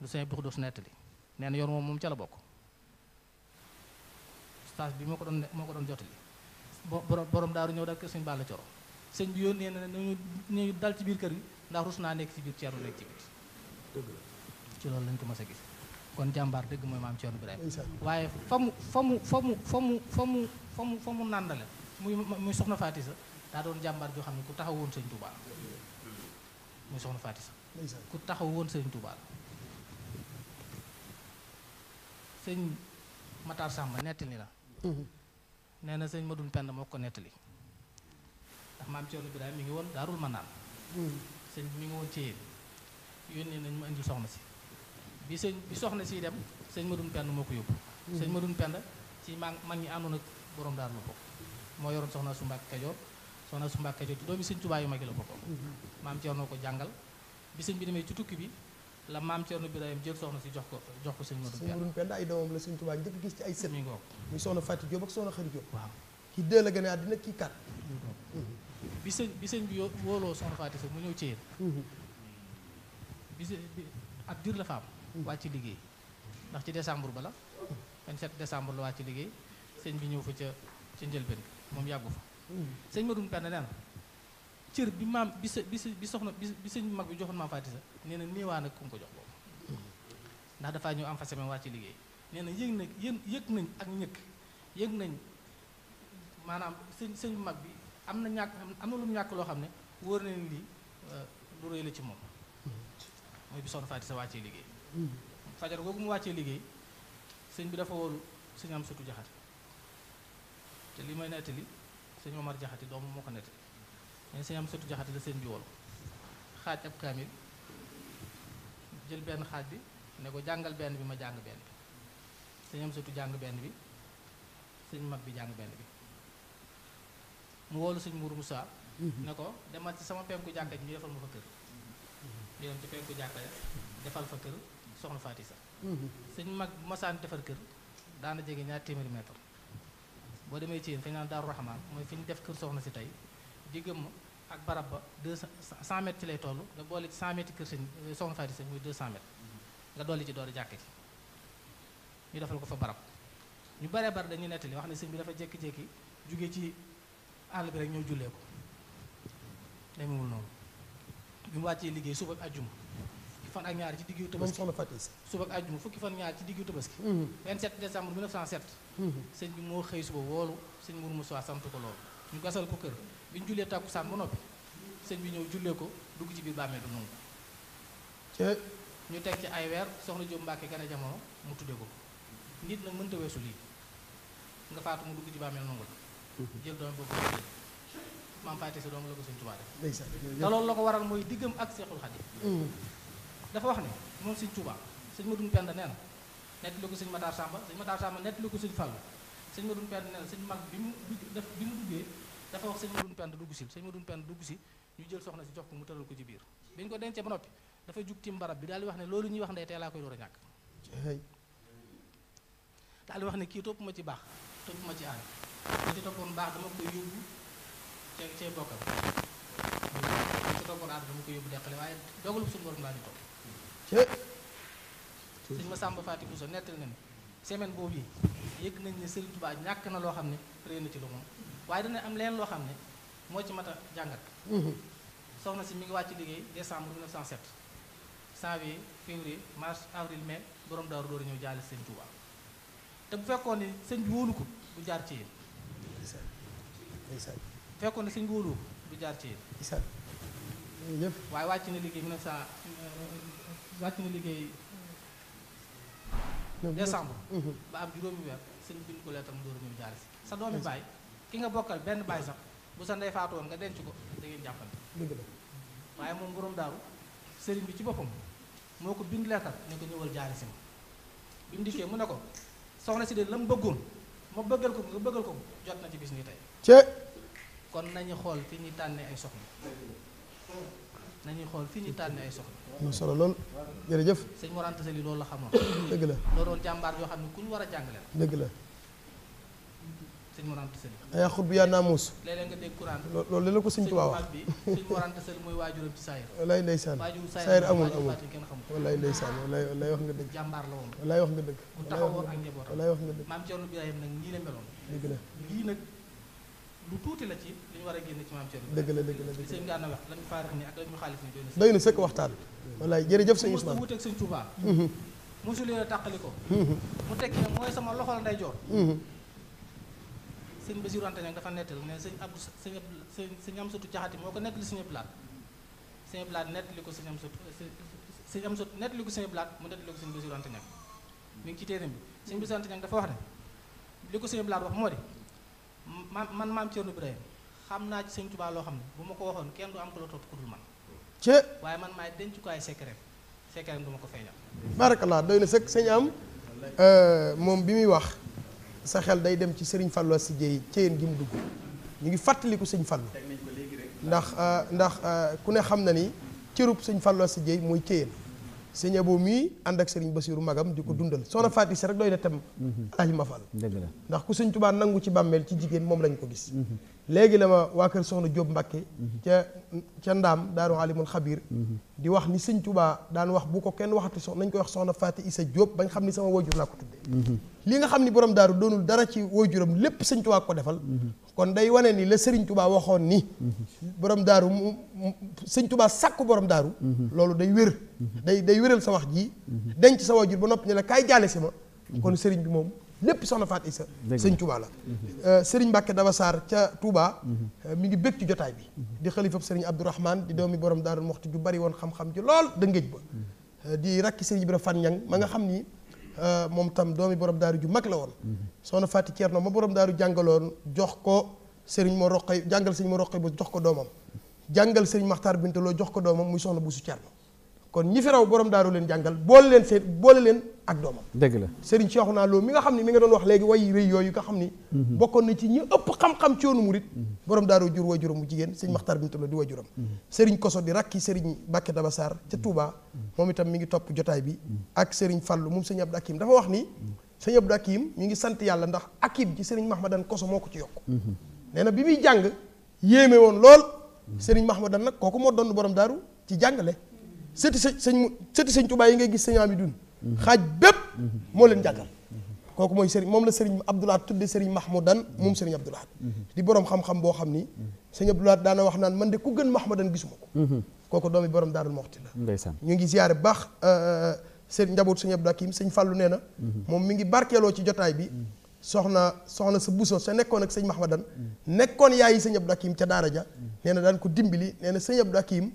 lu sëñ bi dos nettali nee na yoon moom moom ca la bokk stage bi moo ko doon moo ko doon jotali borom borom daaru ñëw dal kër sëñ Balla Coro sëñ bi yónnee na ñu ñu dal ci biir kër gi ndax rus naa nekk ci biir Ceerno nekk loolu lañ ko mës a gis kon jàmbaar dëgg mooy maam Ceerno Birahim waaye fa mu fa mu fa mu fa mu fa mu fa mu fa mu nàndale muy muy soxna Faati sa daa doon jàmbaar joo xam ne ku taxaw woon sëñ Tuubaa muy soxna Faati sa ku taxaw woon sëñ Tuubaa sëñ Matar Samba nettali na Mm-hmm. nee na sëñ Madoune Penda moo ko nettali ndax maam Thierno Birahim mi ngi woon daarul ma naan mm-hmm. sëñ mi ngi woon ci yéen yónnee nañ ma indi soxna si bi sëñ bi soxna siy dem sëñ Madoune Penda moo ko yóbbu mm-hmm. sëñ Madoune Penda ci mag mag ñi àndoon ak boroom daaru la bokk moo yoroon soxna su Mbàkke Kajoor soxna su Mbàkke ci doomi sëñ Tuubaa yu mag yi la bokk maam Thierno ko jàngal bi sëñ bi demee ci tukki bi la maam Thierno Birahim jël soxna si jox ko jox ko sëñ Modou Mbène Penda ay doomam la sëñ Tuubaa njëkk gis ci ay sët mi ngoog muy soxna Fatou Diop ak soxna Xari Diop kii deux la gën a àddina kii quatre bi sëñ bi sëñ bi wóoloo soxna Fatou Diop mu ñëw ci yéen mhm. bi sëñ bi ab diir la fa mhm. wàcc liggéey ndax ci décembre ba la 27 mhm. décembre la wàcc liggéey sëñ bi ñëw fa ca ca njëlbeen moom yàggu fa sëñ Modou Mbène nee na cër bi maam bi sa bi sa bi soxna bi sëñ mag bi joxoon maam Faati sa nee na néewaa nag ku mu ko jox boobu ndax dafaa ñëw am façon liggéey nee na yëg nag yën yëg nañ ak ñëkk nañ maanaam sëñ sëñ mag bi am na ñàkk ñàkk loo xam ne wóor na ni euh, lu rëy la ci moom mooy bi soxna Faati sa wàccee liggéey fajar googu mu wàccee liggéey sëñ bi dafa woolu sëñ am sutu jaxate te li may nettali sëñ Omar jaxate doomu moo ko nettali mais sëñ am sëtu jaxate la sëñ bi woon xaaj ab kaamil jël benn xaaj bi ne ko jàngal benn bi ma jàng benn bi sëñ am jàng benn bi sëñ mag bi jàng benn bi mu woolu sëñ Mourou Moussa mhm. ne ko demal ci sama penku jàkka ji ñu defal ma fa kër mhm. soxna Faati sa mhm. sëñ mag bu masaan defar kër daana jege ñaar téeméeri mètre boo demee ci yéen fa ñu naan mooy fi ñu def kër soxna si tey diggam ma ak barab ba deux cent mètres ci lay toll nga boole ci cent mètres kër sëñ euh, soxna Faati sëñ muy deux cent mm-hmm. nga dolli ci door a jàkk ci ñu defal ko fa barab ñu baree bari dañuy nettali wax ne sëñ bi dafa jékki-jékki jóge ci àll bi rek ñëw jullee ko demewul noonu bi mu wàccee liggéey suba ak ajjuma fukki fan ak ñaar ci diggu tabaski suba ak ajjuma fukki fan ñaar ci diggu tabaski 27 mm-hmm. décembre 1907 mm-hmm. sëñ bi moo xëy suba woolu sëñ Mourou Moussa sant ko loolu ñu gasal ko kër bi ñu jullee saan ba noppi sëñ bi ñëw jullee ko dugg ci biir bàmmee du nangu ca ñu teg ci ay weer soxna Jóob Mbàkke gane jamono mu tudde ko nit nag mënta weesu lii nga faatu mu dugg ci bàmmeel nangu la mhm. jël doom boobu maam Faty Isse doom la ko sëñ Tuubaa def te loolu la ko waral mooy diggam ak Seexul Xadiim mm. dafa wax ne moom sëñ Tuubaa sëñ Madun Penda nee na nett li ko sëñ Mataar Sàmba sëñ Mataar Sàmba nett li ko sëñ Fàllu sëñ Madun Penda sëñ mag bi mu def bi mu duggee dafa wax sëñ Modou Penda dugg si sëñ Modou pen dugg si ñu jël soxna si jox ko mu tëral ko ci biir bi ko dencee ba noppi dafa jug tim barab bi daal di wax ne loolu ñuy wax ndey tey laa koy door a ñàkk wax ne kii ma ci baax topp ma baax dama koy yóbbu ce cee deqale waaye dogalu bu suñu borom laa di topp na ne semaine yi yëg nañ ne Sëriñ Tuubaa ñàkk na loo xam ne réer na ci lu waaye dana am leen loo xam ne moo ci mat a jàngat mhm. soxna si mi ngi wàcc liggéey décembre 1907 janvier février mars avril mai borom daaru dóor ñëw jaale sëñ Tuubaa te bu fekkoon ne sëñ bi ko du jaar ci fekkoon ne sëñ bi wóolu jaar ci yéen waaye wàcc na liggéey 1900 wàcc na liggéey décembre mhm. ba am juróomi weer sëñ bi bind ko leetam dóor ñëw jaale si sa doomi bàyyi ki nga bokkal benn baay sax bu sa ndey faatu nga denc ko da ngeen jàppante waaye moom borom daaru sëriñ bi ci boppam moo ko bind leetar ne ko ñëwal jaari si ma bi mu mu ne ko soxna si de la mu bëggoon ma bëggal ko nga bëggal ko jot na ci bis ni tey cee kon nañu xool fi ñuy tànne ay soxna nañuy xool fi ñuy tànne ay soxna am solo lool jëf sëñ Mor Anta Sali loolu la xamoon dëgg la loolu jàmbaar yoo xam ne ku ñu war a jàngale la sëñ Mor Anta Sali yaa xut bi yaa naamuus léeg-léeg nga dégg Quran loolu la ko sëñ Tuubaa wax sëñ Mor ndeysaan saayir amul amul wallaay ndeysaan wallaay wallaay wax nga dëgg jàmbaar la woon wallaay wax nga dëgg bu a génn ci maam Thierno dëgg la na sëkk waxtaan wallaay jërëjëf sëñ Ousmane wuuteeg sëñ Tuubaa mm-hmm. leen a ko mm-hmm. mu tekki nag mooy sama loxol ndeyjoor mm-hmm. sëñ Basiru Anta nag dafa nettali ne sëñ Abdu sëñ sëñ sëñ Amsatu Jaxate moo ko nettali sëñ Blaat sëñ Blaat nettali ko sëñ Amsatu sëñ Amsatu nettali ko ngi ci téeram bi sëñ Basiru Anta nag dafa li ko sëñ Blaat wax moo di man man maam Ceerno xam naa ci sëñ Tuubaa loo xam ne bu ma ko waxoon kenn du am ko la topp ku man ci waaye man maay dencukaay secret secret ma ko feeñal barakallaa doy na sëkk sëñ am euh, moom bi muy wax sa xel day dem ci Serigne Fallou si Dieye ceyeen gi mu dugg ñu ngi fàttaliku sëñ Fallou ndax euh, ndax euh, ku ne xam na ni cërub sëñ Fallou si Dieye mooy ceyeen sëñ Abo mii ànd ak Serigne Bassirou magam di ko dundal soo soxna Fatou Issa rek doy na tam. Mhm. Alaaji Mafal ndax ku sëñ Tuubaa nangu ci bàmmeel ci jigéen moom lañu ko gis. Mhm. léegi la ma waa kër Soxna Jóob mbakke ca ca ndaam daaru alimul xabir di wax ni sëñ tubaa daan wax bu ko kenn waxati sox nañ koy wax soxna Faati sa Jóob bañ xam ni sama wayjur laa ko tuddee mhm. li nga xam ni borom daaru doonul dara ci wayjuram lépp sëñ Tuubaa ko defal mhm. kon day wanee ni la sëriñ tubaa waxoon ni mhm. borom daaru mu sëñ Tuubaa sàkku borom daaru loolu day wér day day wéral sa wax ji denc sa wayjur ba noppi ñu la kaay jaale si ma kon sëriñ bi moom lépp soxna Faat sa sëñ Touba la mhm. euh, Serigne Mbàkke dama saar ca Touba mhm. euh, mi ngi bëgg ci jotaay bi mhm. di xalifab Serigne Abdourahmane di doomi borom Daarul Moxti ju bari woon xam-xam ci lool dëngëj ba euh, di rakki Serigne Ibra Fan Ñang ma nga xam ni moom tam doomi borom daaru ju mag la woon soxna Faati Ceerno ma borom daaru jàngaloon jox ko Serigne moo roqay jàngal Serigne ma roqay ba jox ko doomam jàngal Serigne Maxtaar Bintaloo jox ko doomam muy soxna Busu Ceerno kon ñi fi raw borom daaru leen jàngal boole leen seet boole leen ak doomam dëgg la Serigne Cheikhouna Lo mi nga xam ne mu nga doon wax léegi way rëy yooyu nga xam ni mhm. bokkoon na ci ñi ëpp xam-xam ci yoonu it mhm. borom daaru jur way juróom mu jigéen Serigne Makhtar Bintou la di way juróom mhm. Serigne Koso di rakki Serigne Bakke Dabassar ca Touba moom itam mi ngi topp jotaay bi ak Serigne Fallou moom Serigne Abdou Akim dafa wax ni Serigne Abdou Akim ñu ngi sant yàlla ndax Akim ci Serigne Mahmadan Koso moo ko ci yokk nee na bi muy jàng yéeme woon lool Serigne Mahmadan nag kooku moo doon borom daaru ci jàngale sëti sëñ sëñ sëti sëñ Tuubaa yi ngay gis sëñ Amidoune xaaj bépp moo leen jàngal kooku mooy sëriñ moom la sëriñ Abdoulaat tudde sëriñ Mahmoudan moom sëriñ Abdoulaat di boroom xam-xam boo xam ni sëñ Abdoulaat daana wax naan man de ku gën Mahmoudan gisuma ko kooku doomi borom daarul moxti la ñu ngi ziyaare baax euh, sëriñ njaboot sëñ Abdou Hakim sëñ Fàllu nee na moom mi ngi barkeeloo ci jotaay bi soxna soxna sa buso sa nekkoon ak sëñ Mahmoudan nekkoon yaayi sëñ Abdou Hakim ca daara ja nee daan ko dimbali nee na sëñ Abdou Hakim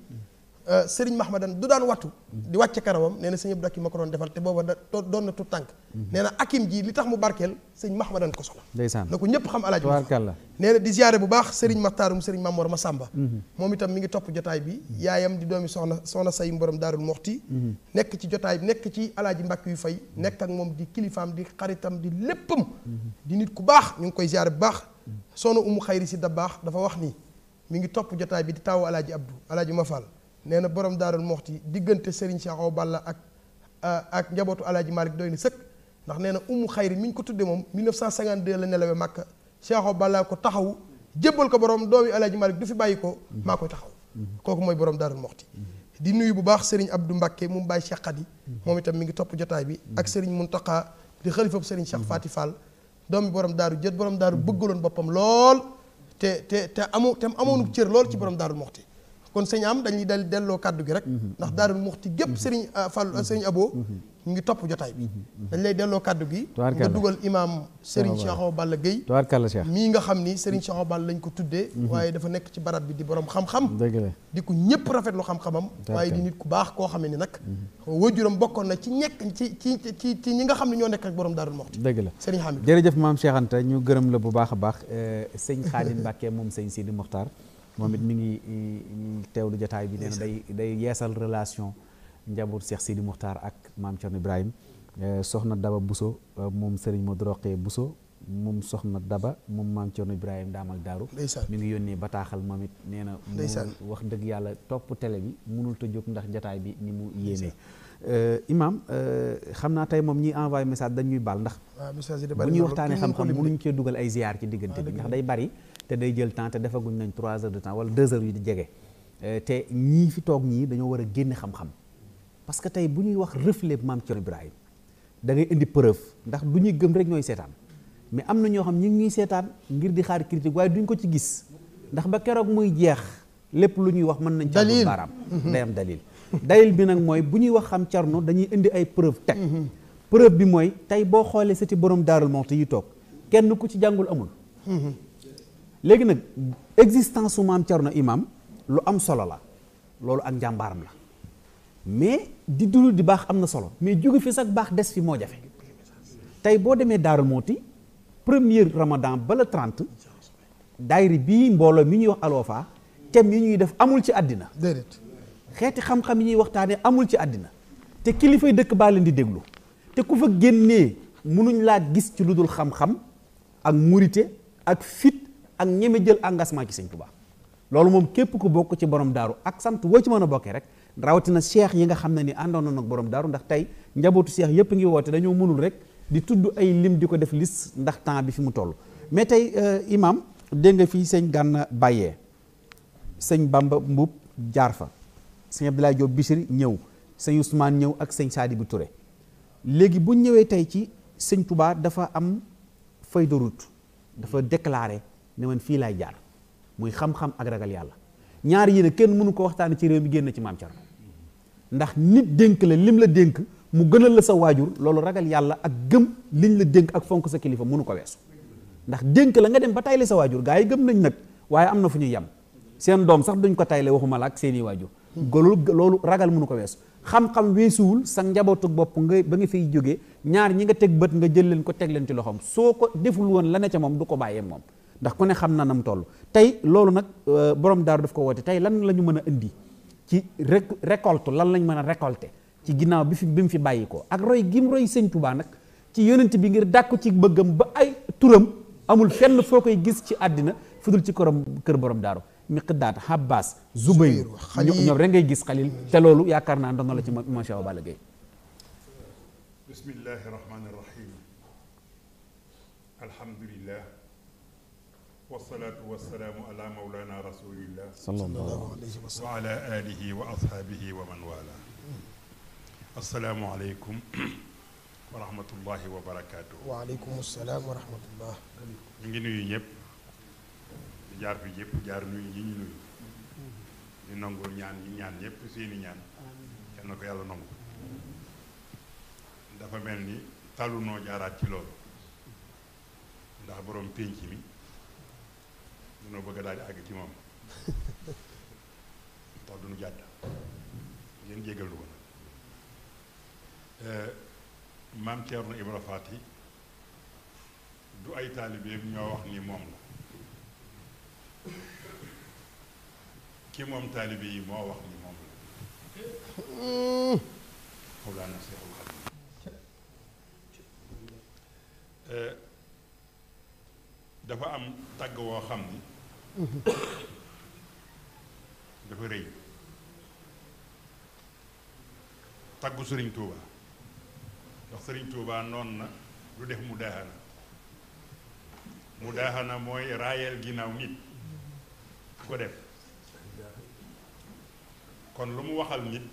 Euh, Serigne Mahmadan du daan wattu di wàcc karawam nee na sëñ Abdou Akim ma defal te booba da doon na tu tànk mhm. nee na Akim ji li tax mu barkeel sëñ Mahmadan ko soxla ndeysaan na ko ñëpp xam alaaji tabaarkalla nee na di ziyaare bu baax Serigne Maxtaarum Serigne Mamor Masamba mhm. moom itam mi ngi topp jotaay bi mhm. yaayam di doomi soxna soxna say borom daarul moxti nekk ci jotaay bi nekk ci alaaji mbàkk yu fay nekk ak moom di kilifaam di xaritam di léppam di nit ku baax ñu ngi koy ziyaare bu baax soxna umu xayri si da baax dafa wax ni mi ngi topp jotaay bi di taawu alaaji Abdou alaaji Mafal nee na borom daarul moxti diggante Serigne Cheikh Awa Balla ak eh, ak njabootu alaaji Malick doy na sëkk ndax nee na umu xayri mi ngi ko tuddee moom 1952 la nelawe Màkka Cheikh Awa Balla ko taxaw jébbal ko borom doomi alaaji Malick du fi bàyyi ko maa koy taxaw kooku mooy borom daarul moxti di nuyu bu baax ab du Mbacke mu bàyyi Cheikh Khady moom itam mi ngi topp jotaay bi ak Serigne Mountakha di xalifab Serigne Cheikh Fati Fall doomi borom daaru jët borom daaru bëggaloon boppam lool te te te amu te amoonu cër lool ci borom daarul moxti kon sëñ am dañuy dal delloo kàddu gi rek mhm. Mhm. ndax daarul muxti gépp mhm. sëriñ ah, Fallou sëriñ Abo ñu ngi topp jotaay bi dañ lay delloo kàddu gi nga dugal imaam Serigne Cheikh Balla Gueye tubaarkàlla Cheikh mii nga xam ni Serigne Cheikh Balla lañ ko tuddee waaye dafa nekk ci barab bi di borom xam-xam dëgg la di ko rafet rafetlu xam-xamam waaye di nit ku baax koo xam ne ni nag wajuram bokkoon na ci ñekk ci ci ci ci ñi nga xam ne ñoo nekk rek borom daarul muxti dëgg la Serigne Hamid jërëjëf maam Cheikh Anta ñu gërëm la bu baax a baax eh, sëñ Khadim Mbacké moom sëñ Sidi Mokhtar moom it mi ngi teewlu jataay bi nee day day yeesal relation njaboot Cheikh Sidi Moukhtar ak maam Thierno Ibrahim eh, soxna Daba Bousso eh, moom Serigne Modou Roqee Bousso moom soxna Daba moom maam Thierno Ibrahim daamal daaru mi ngi yónnee bataaxal moom it nee na mu wax dëgg yàlla topp télé bi mënul ta jóg ndax jotaay bi ni mu yéenee eh, imam xam naa tey moom ñiy envoyé message dañuy baal ndax bu ñuy waxtaanee xam-xam ñu cee dugal ay ziar ci diggante bi ah, ndax day bari te day jël temps te defaguñ nañ trois heures de temps wala deux heures yu di jege euh, te ñii fi toog ñii dañoo war a génne xam-xam parce que tey bu ñuy wax reflet maam Thierno Ibrahima dangay indi preuve ndax du ñuy gëm rek ñooy seetaan mais am na ñoo xam ñu ngi ñuy seetaan ngir di xaar critique waaye duñ ko ci gis ndax ba keroog muy jeex lépp lu ñuy wax mën nañ ci baaraam mhm. day am dalil dalil bi nag mooy bu ñuy wax xam Thierno dañuy indi ay preuve teg mhm. preuve bi mooy tey boo xoolee sëti borom daarul moxte yi toog kenn ku ci jàngul amul mhm. léegi nag existence su maam Thierno Imaam lu am solo la loolu ak njàmbaaram la mais di dund di baax am na solo mais jóge fi sax baax des fi moo jafe tey boo demee moo ti premier Ramadan ba le 30 daayri bii mbooloo mi ñuy wax Alwafa thème yi ñuy def amul ci àddina déedéet xeeti xam-xam yi ñuy waxtaanee amul ci àddina te kilifay dëkk baa leen di déglu te ku fa génnee munuñ laa gis ci lu dul xam-xam ak murite ak fit ak ñeme jël engagement ci sëñ Tuubaa loolu moom képp ku bokk ci borom daaru ak sant woo ci mën a bokkee rek rawatina cheikh yi nga xam ne ni àndoon na nag borom daaru ndax tey njabootu seex yëpp ngi woote dañoo mënul rek di tudd ay lim di ko def liste ndax temps bi fi mu toll mais tey euh, imam dégg nga fii sëñ Gana bàyyee sëñ Bamba Mbuub jaar fa sëñ Abdoulaye Diop Bichri ñëw sëñ Ousmane ñëw ak sëñ Sadibou ture léegi bu ñëwee tey ci sëñ Touba dafa am feuille de dafa déclaré ne fii laay jaar muy xam-xam ak ragal yàlla ñaar yi ne kenn mënu ko waxtaane ci réew mi génn ci maam Thierno ndax nit dénk la lim la dénk mu gënal la sa waajur loolu ragal yàlla ak gëm liñ la dénk ak fonk sa kilifa mënu ko weesu ndax dénk la nga dem ba tayle sa waajur gaa yi gëm nañ nag waaye am na fu ñuy yem seen doom sax duñ ko tayle waxuma la ak seeni waajur loolu loolu ragal mënu ko weesu xam-xam weesuwul sa njabootu bopp nga ba nga fiy jóge ñaar ñi nga teg bët nga jël leen ko teg leen ci loxoom soo ko deful woon la ca moom du ko bàyyee moom ndax ku ne xam na nam toll tey loolu nag euh, borom daaru daf ko woote tey lan la ñu mën a indi ci rek récolte lan lañ mën a récolter ci ginnaaw bi fi bi mu fi bàyyi ko ak roy gim roy sëñ Touba nag ci yonent bi ngir dàkku ci bëggam ba ay turam amul fenn foo koy gis ci àddina fudul ci korom kër borom daaru miqdaat Abbas Zubayr ñoom rek ngay gis xalil te loolu yaakaar naa ndono la ci mon cheikh Balla Gaye bismillahi wasalaatu wasalaamu ala mawlana rasulillah sallallahu alayhi wa sallam wa ala alihi wa ashaabihi wa man wala asalaamu aleykum wa rahmatullahi wa barakaatu wa aleykum salaam wa rahmatullah ñu ngi nuyu ñëpp jaar fi yëpp jaar nuyu ñi ñu nuyu ñu nangul ñaan ñi ñaan ñëpp seeni ñaan yal na ko yàlla nangu dafa mel ni tàllu noo jaaraat ci loolu ndax boroom pénc mi dañoo bëgg daal di àgg ci moom ndax duñu jàdd ngeen jégal lu ko nag eh, maam Thierno Ibra Faty du ay taalibeem ñoo wax ni moom la ki moom taalibe yi moo wax ni moom la mm. Mawlaana Seexul Xadiim eh, dafa am tàgg woo xam ni dafa rëy taggu sëriñ Touba ndax sëriñ Touba noon na lu def mu daaxana mooy raayal ginnaaw nit ko def kon lu mu waxal nit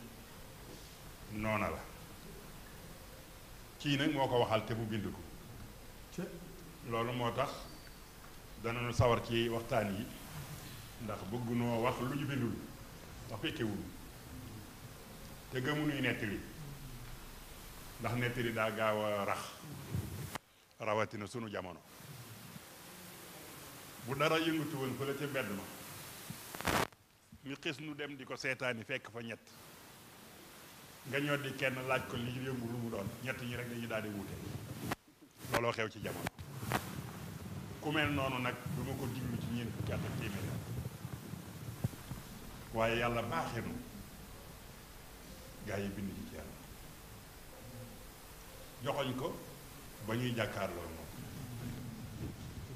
noona la kii nag moo ko waxal te bu bind ko loolu moo tax danañu sawar ci waxtaan yi ndax bëggunoo wax lu ñu bindul ndax fekkewul te gëmunuy nettali ndax nettali daa gaaw a rax rawatina sunu jamono bu dara yëngatu woon fële ca mbedd ma ñu xis nu dem di ko seetaani fekk fa ñett nga ñoo di kenn laaj ko li yëngu lu mu doon ñett ñi rek dañuy daal di wuute looloo xew ci jamono ku mel noonu nag du ko diglu ci ñeent fukki at ak téeméer waaye yàlla baaxee nu gaa bind ci ci yàlla joxoñ ko ba ñuy jàkkaarloo moom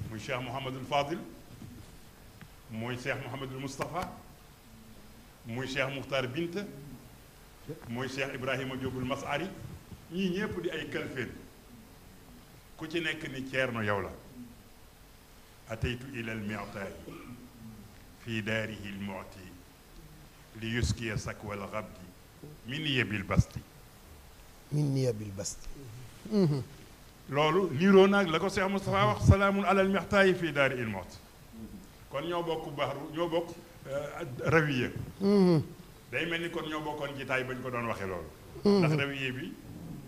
muy cheikh Mouhamadul Fadil muy cheikh Mouhamadul Moustapha muy cheikh Moukhtar Bint muy ibrahim a jógul Masari ñii ñëpp di ay kalfeen ku ci nekk ni ceerno yow la. ataytu ila almi'taay fi daarihi almu'ti li yuskiya sakwa alxabdi min yebil basti min yebil basti loolu niiroo naag la ko Cheikh Moustapha wax salaamun alal mextaayi fii daari il mot kon ñoo bokk baxru ñoo bokk rawiye day mel ni kon ñoo bokkoon jitaay ba ñu ko doon waxee loolu ndax rawiye bi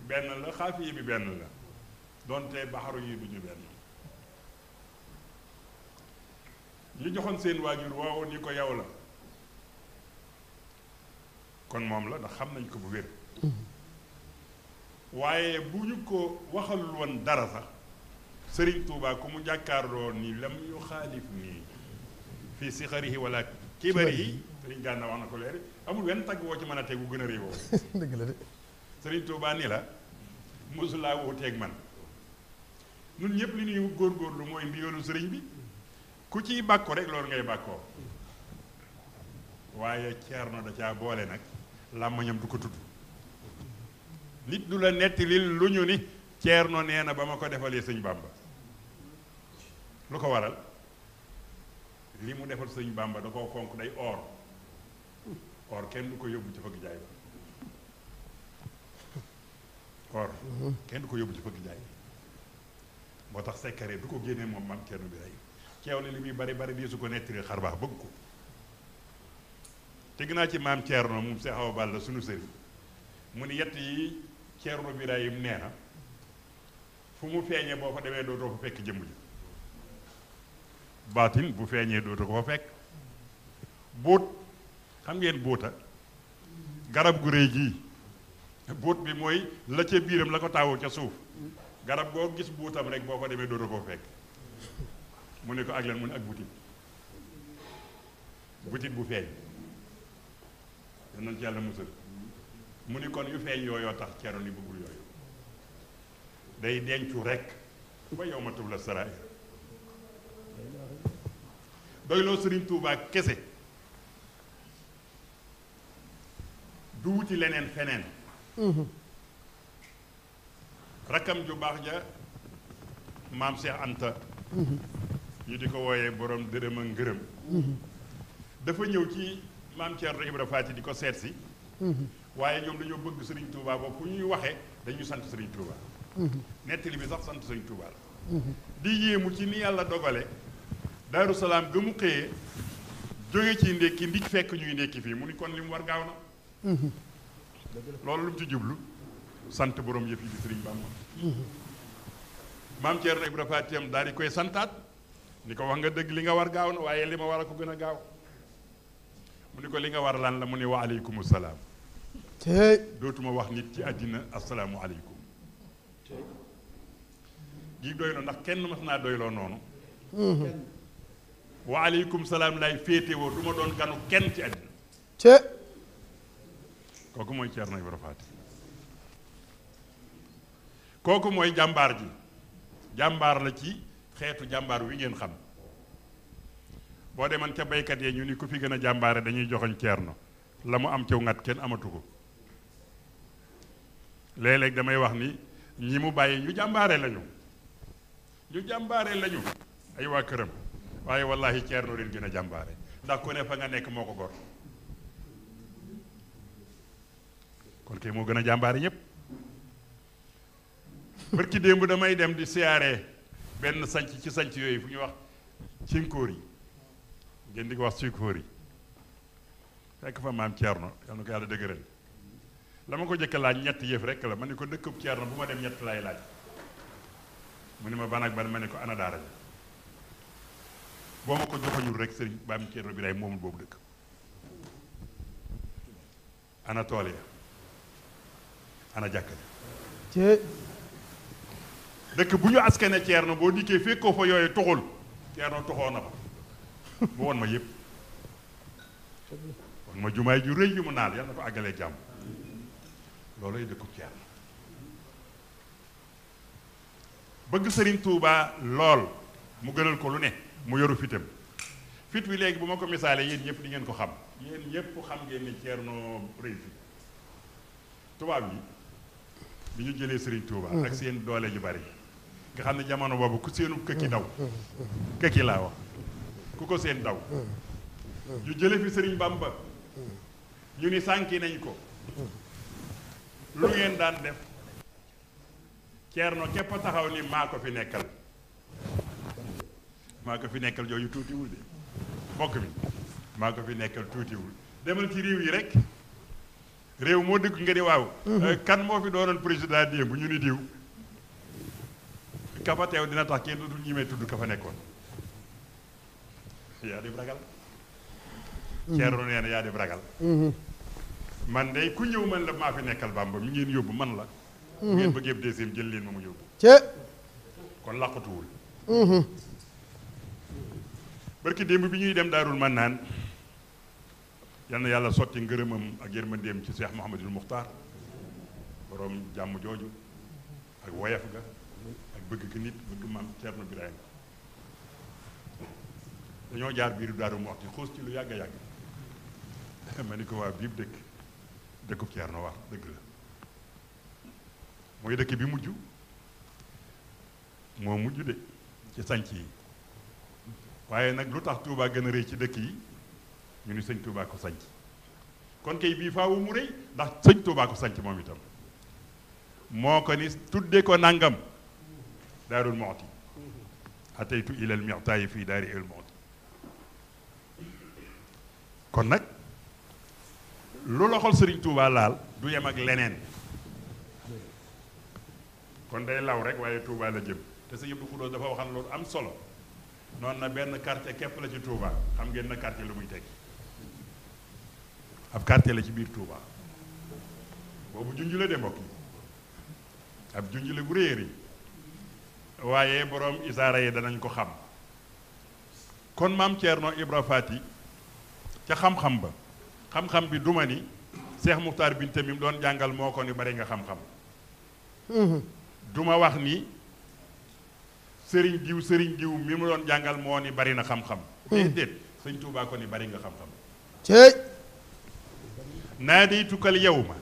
benn la xaafiye bi benn la doonte baxaru yi duñu benn li joxoon seen waajur waawoon ni ko yow la kon moom la ndax xam nañ ko bu wér mm-hmm. waaye bu ñu ko waxal woon dara sax sëriñ Tuubaa ku mu jàkkaarloo ni lam yu xaalif nii fii si xarihi wala kibari yi sëriñ Gànna wax na ko leer amul wenn tagg woo ci mën a a réy woo la de sëriñ Tuubaa ni la mosulaa woo teeg man nun ñëpp li ñuy mooy ndigalu sëriñ bi ku ciy bàkku rek loolu ngay bàkkoo waaye ceerno da caa boole nag làmmiñam du ko tudd nit du la nettali lu ñu ni ceerno nee na ba ma ko defalee sëñ bàmba lu ko waral li mu defal sëñ bàmba da koo fonk day or or kenn du ko yóbbu ci fëgg jaay ba or mhm. kenn du ko yóbbu ci fëgg jaay bi moo tax sekkare du ko génnee moom maam ceerno bi rey ceew li li muy bari bari di su ko nettali xar baax bëgg ko teg naa ci maam Thierno moom Cheikh Awa Balla sunu sëriñ mu ni yett yi Thierno Birahim nee na fu mu feeñee boo fa demee dootoo fekk jëmm ji baatin bu feeñee dootoo ko fa fekk buut xam ngeen buuta garab gu rëy gii buut bi mooy la ca biiram la ko taawoo ca suuf garab goo gis buutam rek boo fa demee dootoo ko fa fekk mu ne ko ak lan mu ne ak butit butit bu feeñ danañ ci yàlla musal mu ni kon yu feeñ yooyoo tax cero ni bëggul yooyu day dencu rekk ba yow ma la saraay doyloo sëriñ Tuubaa kese du wuti leneen feneen mhm. rakkam ju baax ja maam Cheikh Anta mhm. ñu di ko wooyee borom dërëm ak ngërëm dafa ñëw ci maam Thierno Ibra Faati di ko seet si waaye ñoom dañoo bëgg Serigne Touba boobu fu ñuy waxee dañu sant Serigne Touba nettali bi sax sant Serigne Touba la di yéemu ci ni yàlla dogale Daaru Salaam ga mu xëyee jóge ci ndékki ndik fekk ñuy ndékki fii mu ni kon li war gaaw na loolu lu ci jublu sant borom yëf yi bi Serigne Bamba maam Thierno Ibra Faati am daal di koy santaat ni ko wax nga dëgg li nga war gaaw na waaye li ma war a ko gën a gaaw mu ni ko li nga war lan la mu ni wa aleykum salaam te dootuma wax nit ci àddina asalaamu aleykum gi doyloo ndax kenn mas naa doyloo noonu mhm. wa aleykum salaam lay féetewoo du doon ganu kenn ci àddina te kooku mooy Ceerno Ibra Faati kooku mooy jàmbaar ji jàmbaar la ci xeetu jàmbaar wi ngeen xam boo deman ca baykat yee ñu ni ku fi gën a jàmbaare dañuy joxoñ ceerno la mu am ciw ngat kenn amatu ko léeg-léeg damay wax ni ñi mu bàyyi ñu jàmbaare lañu ñu jàmbaare lañu ay këram waaye wallahi ceerno leen gën a jàmbaare ndax ku ne fa nga nekk moo ko gor kon kay moo gën a jàmbaare ñépp bërki démb damay dem di siyaare benn sanc ci sanc yooyu fu ñuy wax cinkóor yi ngeen di ko wax cinkóor yi fekk fa maam Thierno yal na ko yàlla dëgëral la ma ko jëkk laaj ñett yëf rek la ma ne ko dëkkub Thierno bu ma dem ñett laay laaj mu ni ma ban ak ban ma ne ko ana daara boo ma ko joxoñul rek sëriñ maam Thierno bi day moomul boobu dëkk ana tool ya ana jàkka dëkk bu ñu askane ceerno boo dikkee fekkoo fa yooyu tuxul ceerno tuxoo na fa mu won ma yëpp won ma jumaay ju rëy yu mu naal yal na ko àggalee jàmm loolay dëkkub ceerno bëgg sëriñ Touba lool mu gënal ko lu ne mu yoru fitam fit wi léegi bu ma ko misaalee yéen ñëpp di ngeen ko xam yéen ñëpp xam ngeen ni ceerno rëy fi tubaab yi bi ñu jëlee sëriñ Touba ak seen doole ju bari nga xam ne jamono boobu ku seenu këkki daw këkki laa wax ku ko seen daw ñu jële fi sëriñ Bamba ñu ni sànki nañ ko lu ngeen daan def ceerno képp a taxaw ni maa ko fi nekkal maa ko fi nekkal jooju tuutiwul de bokk mi maa ko fi nekkal tuutiwul demal ci réew yi rek réew moo dëkk nga di waaw mm-hmm. eh, kan moo fi doonoon président bu ñu ni diw ka dina tax kenn du ñimee tudd ka fa nekkoon yaa def ragal mhm. ceeru mhm. de ku ñëw man nekkal bàmba mi ngeen yóbbu man la mhm. jël leen ma mu yóbbu cee kon làqutuwul barki démb bi ñuy dem daarul man naan yal na yàlla sotti ngërëmam ak yërmandeem ci Cheikh Mouhamadul Muxtaar borom jàmm jooju ak woyaf ga bëgg gi nit bëgg maam Cerno Birahim dañoo jaar biiru Daaru Muxti xuus ci lu yàgg yàgg ma ni ko waa biib dëkk dëkkub Cerno wax dëgg la mooy dëkk bi mujj moo mujj de ci sanc yi waaye nag lu tax Touba gën a rëy ci dëkk yi ñu ni sëñ Touba ko sanc kon kay bii faawu mu rëy ndax sëñ Touba ko sanc moom itam moo ko ni tudde ko nangam daarul moxti ataytu ilal mi'taayi fii daari el moxti kon nag lu loxol sëriñ Touba laal du yem ak leneen kon day law rek waaye Touba la jëm te sa yëpp xudóos dafa waxan loolu am solo noonu na benn quartier képp la ci Touba xam ngeen na quartier lu muy tekki ab quartier la ci biir Touba boobu junj la de mbokk yi ab junj bu réer yi waaye boroom isaara yi danañ ko xam kon maam Thierno Ibra Fati ca xam-xam ba xam-xam bi duma ni Cheikh Muxtaar Binta mi mu doon jàngal moo ko ni bari nga xam-xam duma wax ni sëriñ diw sëriñ diw mi mu doon jàngal moo ni bari na xam-xam déedéet Tuubaa ko ni bari nga xam-xam céy naa day tukkal yow ma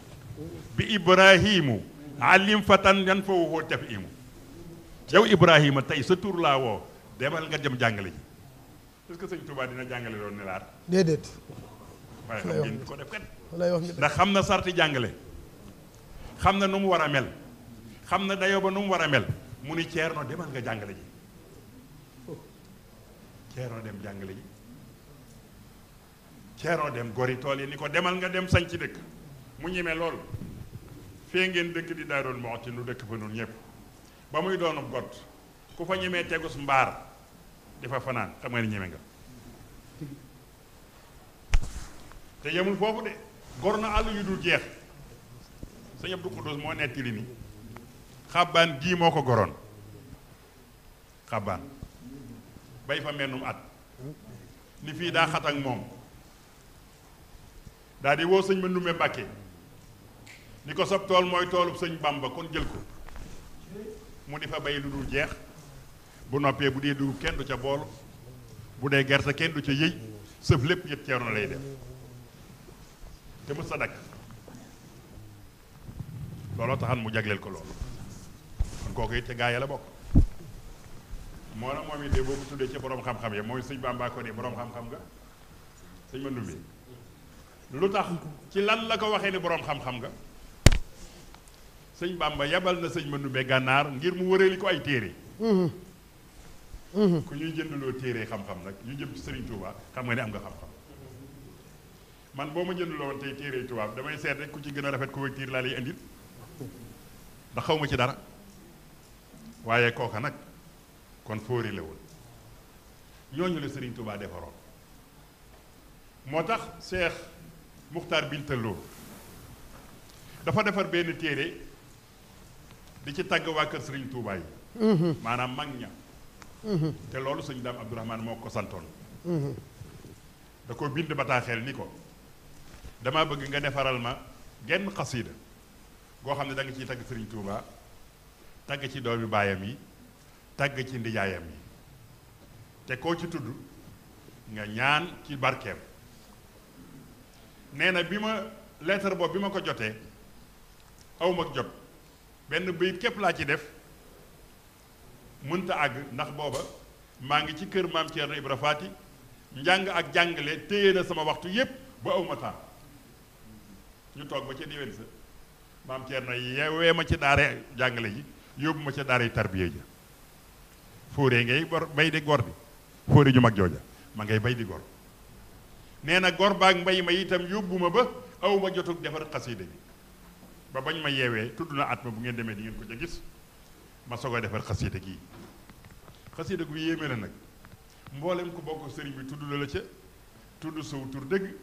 bi ibrahimu alim fatan yan fa waxoo tef imu yow Ibrahima tey sa tur laa woo demal nga dem jàngale ji est que sëñ Touba dina jàngale loolu ne laat déedéet waaye xam ngeen ko def kat ndax xam na sarti jàngale xam na nu mu war a mel xam na dayoo ba nu mu war a mel mu ni Ceerno demal nga jàngale ji Ceerno dem jàngale ji Ceerno dem gori tool yi ni ko demal nga dem sañ ci dëkk mu ñeme lool fee ngeen dëkk di Daaru Muxti nu dëkk fa nun ñëpp ba muy doonub gott ku fa ñemee tegus mbaar di fa fanaan xam nga ne ñeme nga te yemul foofu de gor na àll yu dul jeex sëñ Abdou Khoudous moo nettali ni xabaan gii moo ko goroon xabaan bay fa mennum at ni fii daa xat moom daa di woo sëñ ma Ndumbe Mbàkke ni ko sab tool mooy toolub sëñ Bamba kon jël ko mu di fa bay lu dul jeex bu noppee bu dee dugub kenn du ca bool bu dee gerte kenn du ca yëy sëf lépp yët ceeroon lay def te mu sa dakk looloo taxan mu jagleel ko loolu kon kooku it ca gaa ya la bokk moo na moom it de boo ko tuddee ca borom xam-xam ya mooy sëñ Bàmbaa ko ne borom xam-xam nga sëñ ma ndumbi lu tax ci lan la ko waxee ni boroom xam-xam nga sëñ Bamba yebal na sëñ nu Mandumbe gànnaar ngir mu wëreeli ko ay téere mhm. Mhm. ku ñuy jëndaloo téere xam-xam nag ñu jëm ci sëriñ Touba xam nga ne am nga xam-xam man boo ma jëndaloo woon tey téere tubaab damay seet rek ku ci gën a rafet couverture laa lay indil ndax xaw ma ci dara waaye kooka nag kon fóori la woon ñooñu la sëriñ Touba defaroon moo tax Cheikh Muxtaar Bintaloo dafa defar benn téere di ci tàgg waa kër Serigne Touba yi. maanaam mag ña. te loolu sëñ Daam Abdourahmaan moo ko santoon. da ko bind bataaxel ni ko dama bëgg nga defaral ma genn xasiida goo xam ne da nga ciy tagg Serigne Touba tagg ci doomi baayam yi tàgg ci ndijaayam yi te koo ci tudd nga ñaan ci barkeem nee na bi ma lettre boobu bi ma ko jotee awma jot benn bayit képp laa ci def mënta àgg ndax booba maa ngi ci kër maam na Ibra Faati njàng ak jàngale téye na sama waxtu yépp ba awma temps ñu toog ba ci déwén sa maam Thierno yeewee ma ci daare jàngale ji yóbbu ma ca daare tarbiya ja fóoree ngay bor bay di gor bi fóore ju mag jooja ma ngay bay di gor nee na gor baag mbay ma itam yóbbu ma ba awma jotug defar xasida bi ba bañ ma yeewee tudd na at ma bu ngeen demee di ngeen ko ca gis ma soog a defar xasida gi xasida gu yéeme la nag mboolem ku bokk sëriñ bi tudd la la ca tudd sow tur dégg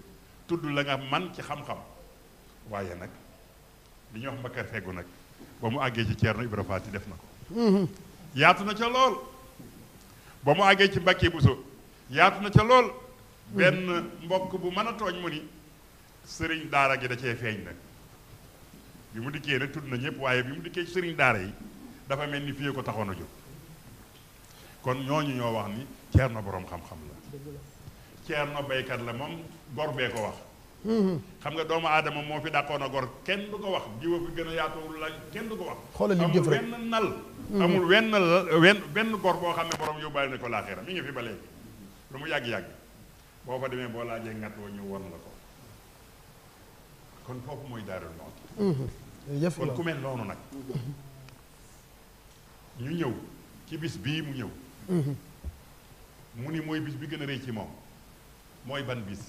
tudd la nga man ci xam-xam waaye nag li ñuy wax mbakkar feggu nag ba mu àggee ci Ceerno Ibra Faati def na ko yaatu na ca lool ba mu àggee ci bu so yaatu na ca lool benn mbokk bu mën a tooñ mu ni sëriñ daara gi da cee feeñ nag bi mu dikkee nag tudd na ñëpp waaye bi mu dikkee ci sëriñ daara yi dafa mel ni fii ko taxoon a jóg kon ñooñu ñoo wax ni na boroom xam-xam la Ceerno baykat la moom gor bee ko wax hmm. xam nga doomu aadama moo fi dàqoon a gor kenn du ko wax jiwa fi gën a yaatuwul la kenn du ko wax xoolal li jëf rek amul wenn nal hmm. amul wenn wenn benn gor boo xam ne borom yóbbaale na ko laaxira mi ngi fi ba lu mu yàgg-yàgg boo fa demee boo laa ngat woo ñu won la ko kon foofu mooy daarul Eh, yëf kon ku mel noonu nag ñu ñëw ci bis bii mu ñëw mhm. mu ni mooy bis bi gën a rëy ci moom mooy ban bis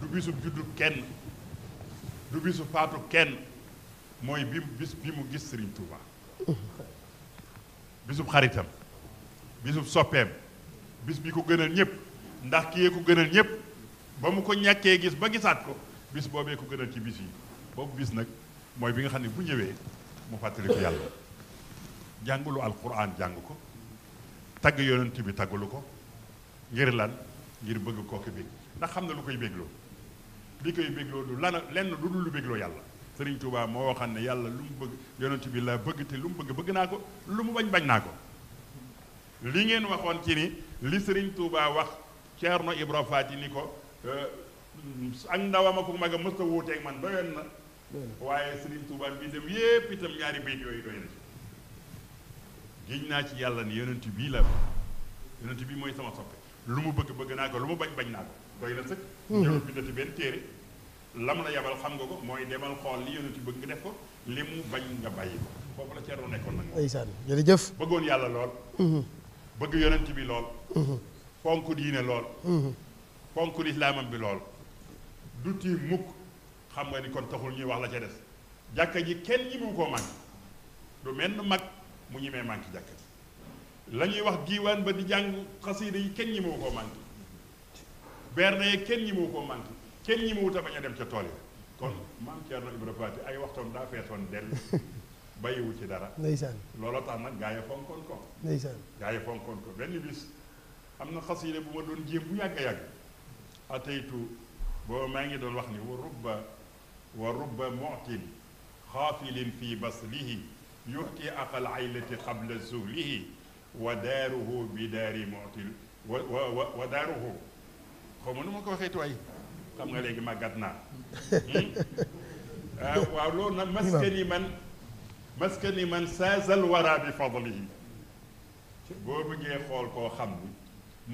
du bisu juddu kenn du bisu faatu kenn mooy bi bis bi mu gis Serigne Touba mhm. bisub xaritam bisu soppeem bis bi ko gënal ñëpp ndax ki yee ko gënal ñëpp ba mu ko ñàkkee gis ba gisaat ko bis boobee ko gënal ci bis yi boobu bis nag mooy bi nga xam ne bu ñëwee mu fàttaliku yàlla jàngulu alquran jàng ko tagg yonent bi taggulu ko ngir lan ngir bëgg kooku bi ndax xam na lu koy bégloo li koy bégloo du lana lenn lu dul lu bégloo yàlla Sëriñ Tuubaa moo xam ne yàlla lu mu bëgg yonent bi la bëgg te lu mu bëgg bëgg naa ko lu mu bañ bañ naa ko li ngeen waxoon ci ni li Sëriñ tuuba wax Ceerno Ibra Faati ni ko euh, ak ndawam ak magam mësta wuuteeg man doyoon na waaye Serigne Touba bi dem yépp itam ñaari béyt yooyu doy na ci géej naa ci yàlla ni yonent bii la yonent bii mooy sama soppe lu mu bëgg bëgg naa ko lu mu bañ bañ naa ko doy na sëkk hmm. ñëw bindati benn téere lam la yabal xam nga ko mooy demal xool li yonent bëgg nga def ko li mu bañ nga bàyyi ko foofu la ceeroo nekkoon nag ndeysaan jërëjëf bëggoon yàlla lool hmm. bëgg yonent bi lool hmm. fonk diine lool fonk lislaamam bi lool du mukk xam nga ni kon taxul ñuy wax la ca des jàkka ji kenn ñi koo manqué du menn mag mu ñimee manqué jàkka ji la ñuy wax diiwaan ba di jàng xasiida yi kenn ñi mu koo manqué yi kenn ñi mu kenn ñi mu wuta bañ ca tool yi kon maam Thierno Ibra Faty ay waxtoon daa feesoon dell ci dara ndeysaan looloo tax nag gaa yi fonkoon ko ndeysaan gaa yi benn bis am na xasiida bu ma doon jéem bu yàgg a yàgg ataytu maa ngi doon wax ni wa rubba wa rubba mu'tin xaafilin fi baslihi yuxti aqal aylati qabla zuhlihi wa daaruhu bi daari mu'tin wa wa wa daaruhu xaw ma nu ma ko waxee tuwaay xam nga léegi màggat naa hmm. euh, waaw loolu nag maskani man maskani man saazal wara bi fadlihi boo bëggee xool koo xam ni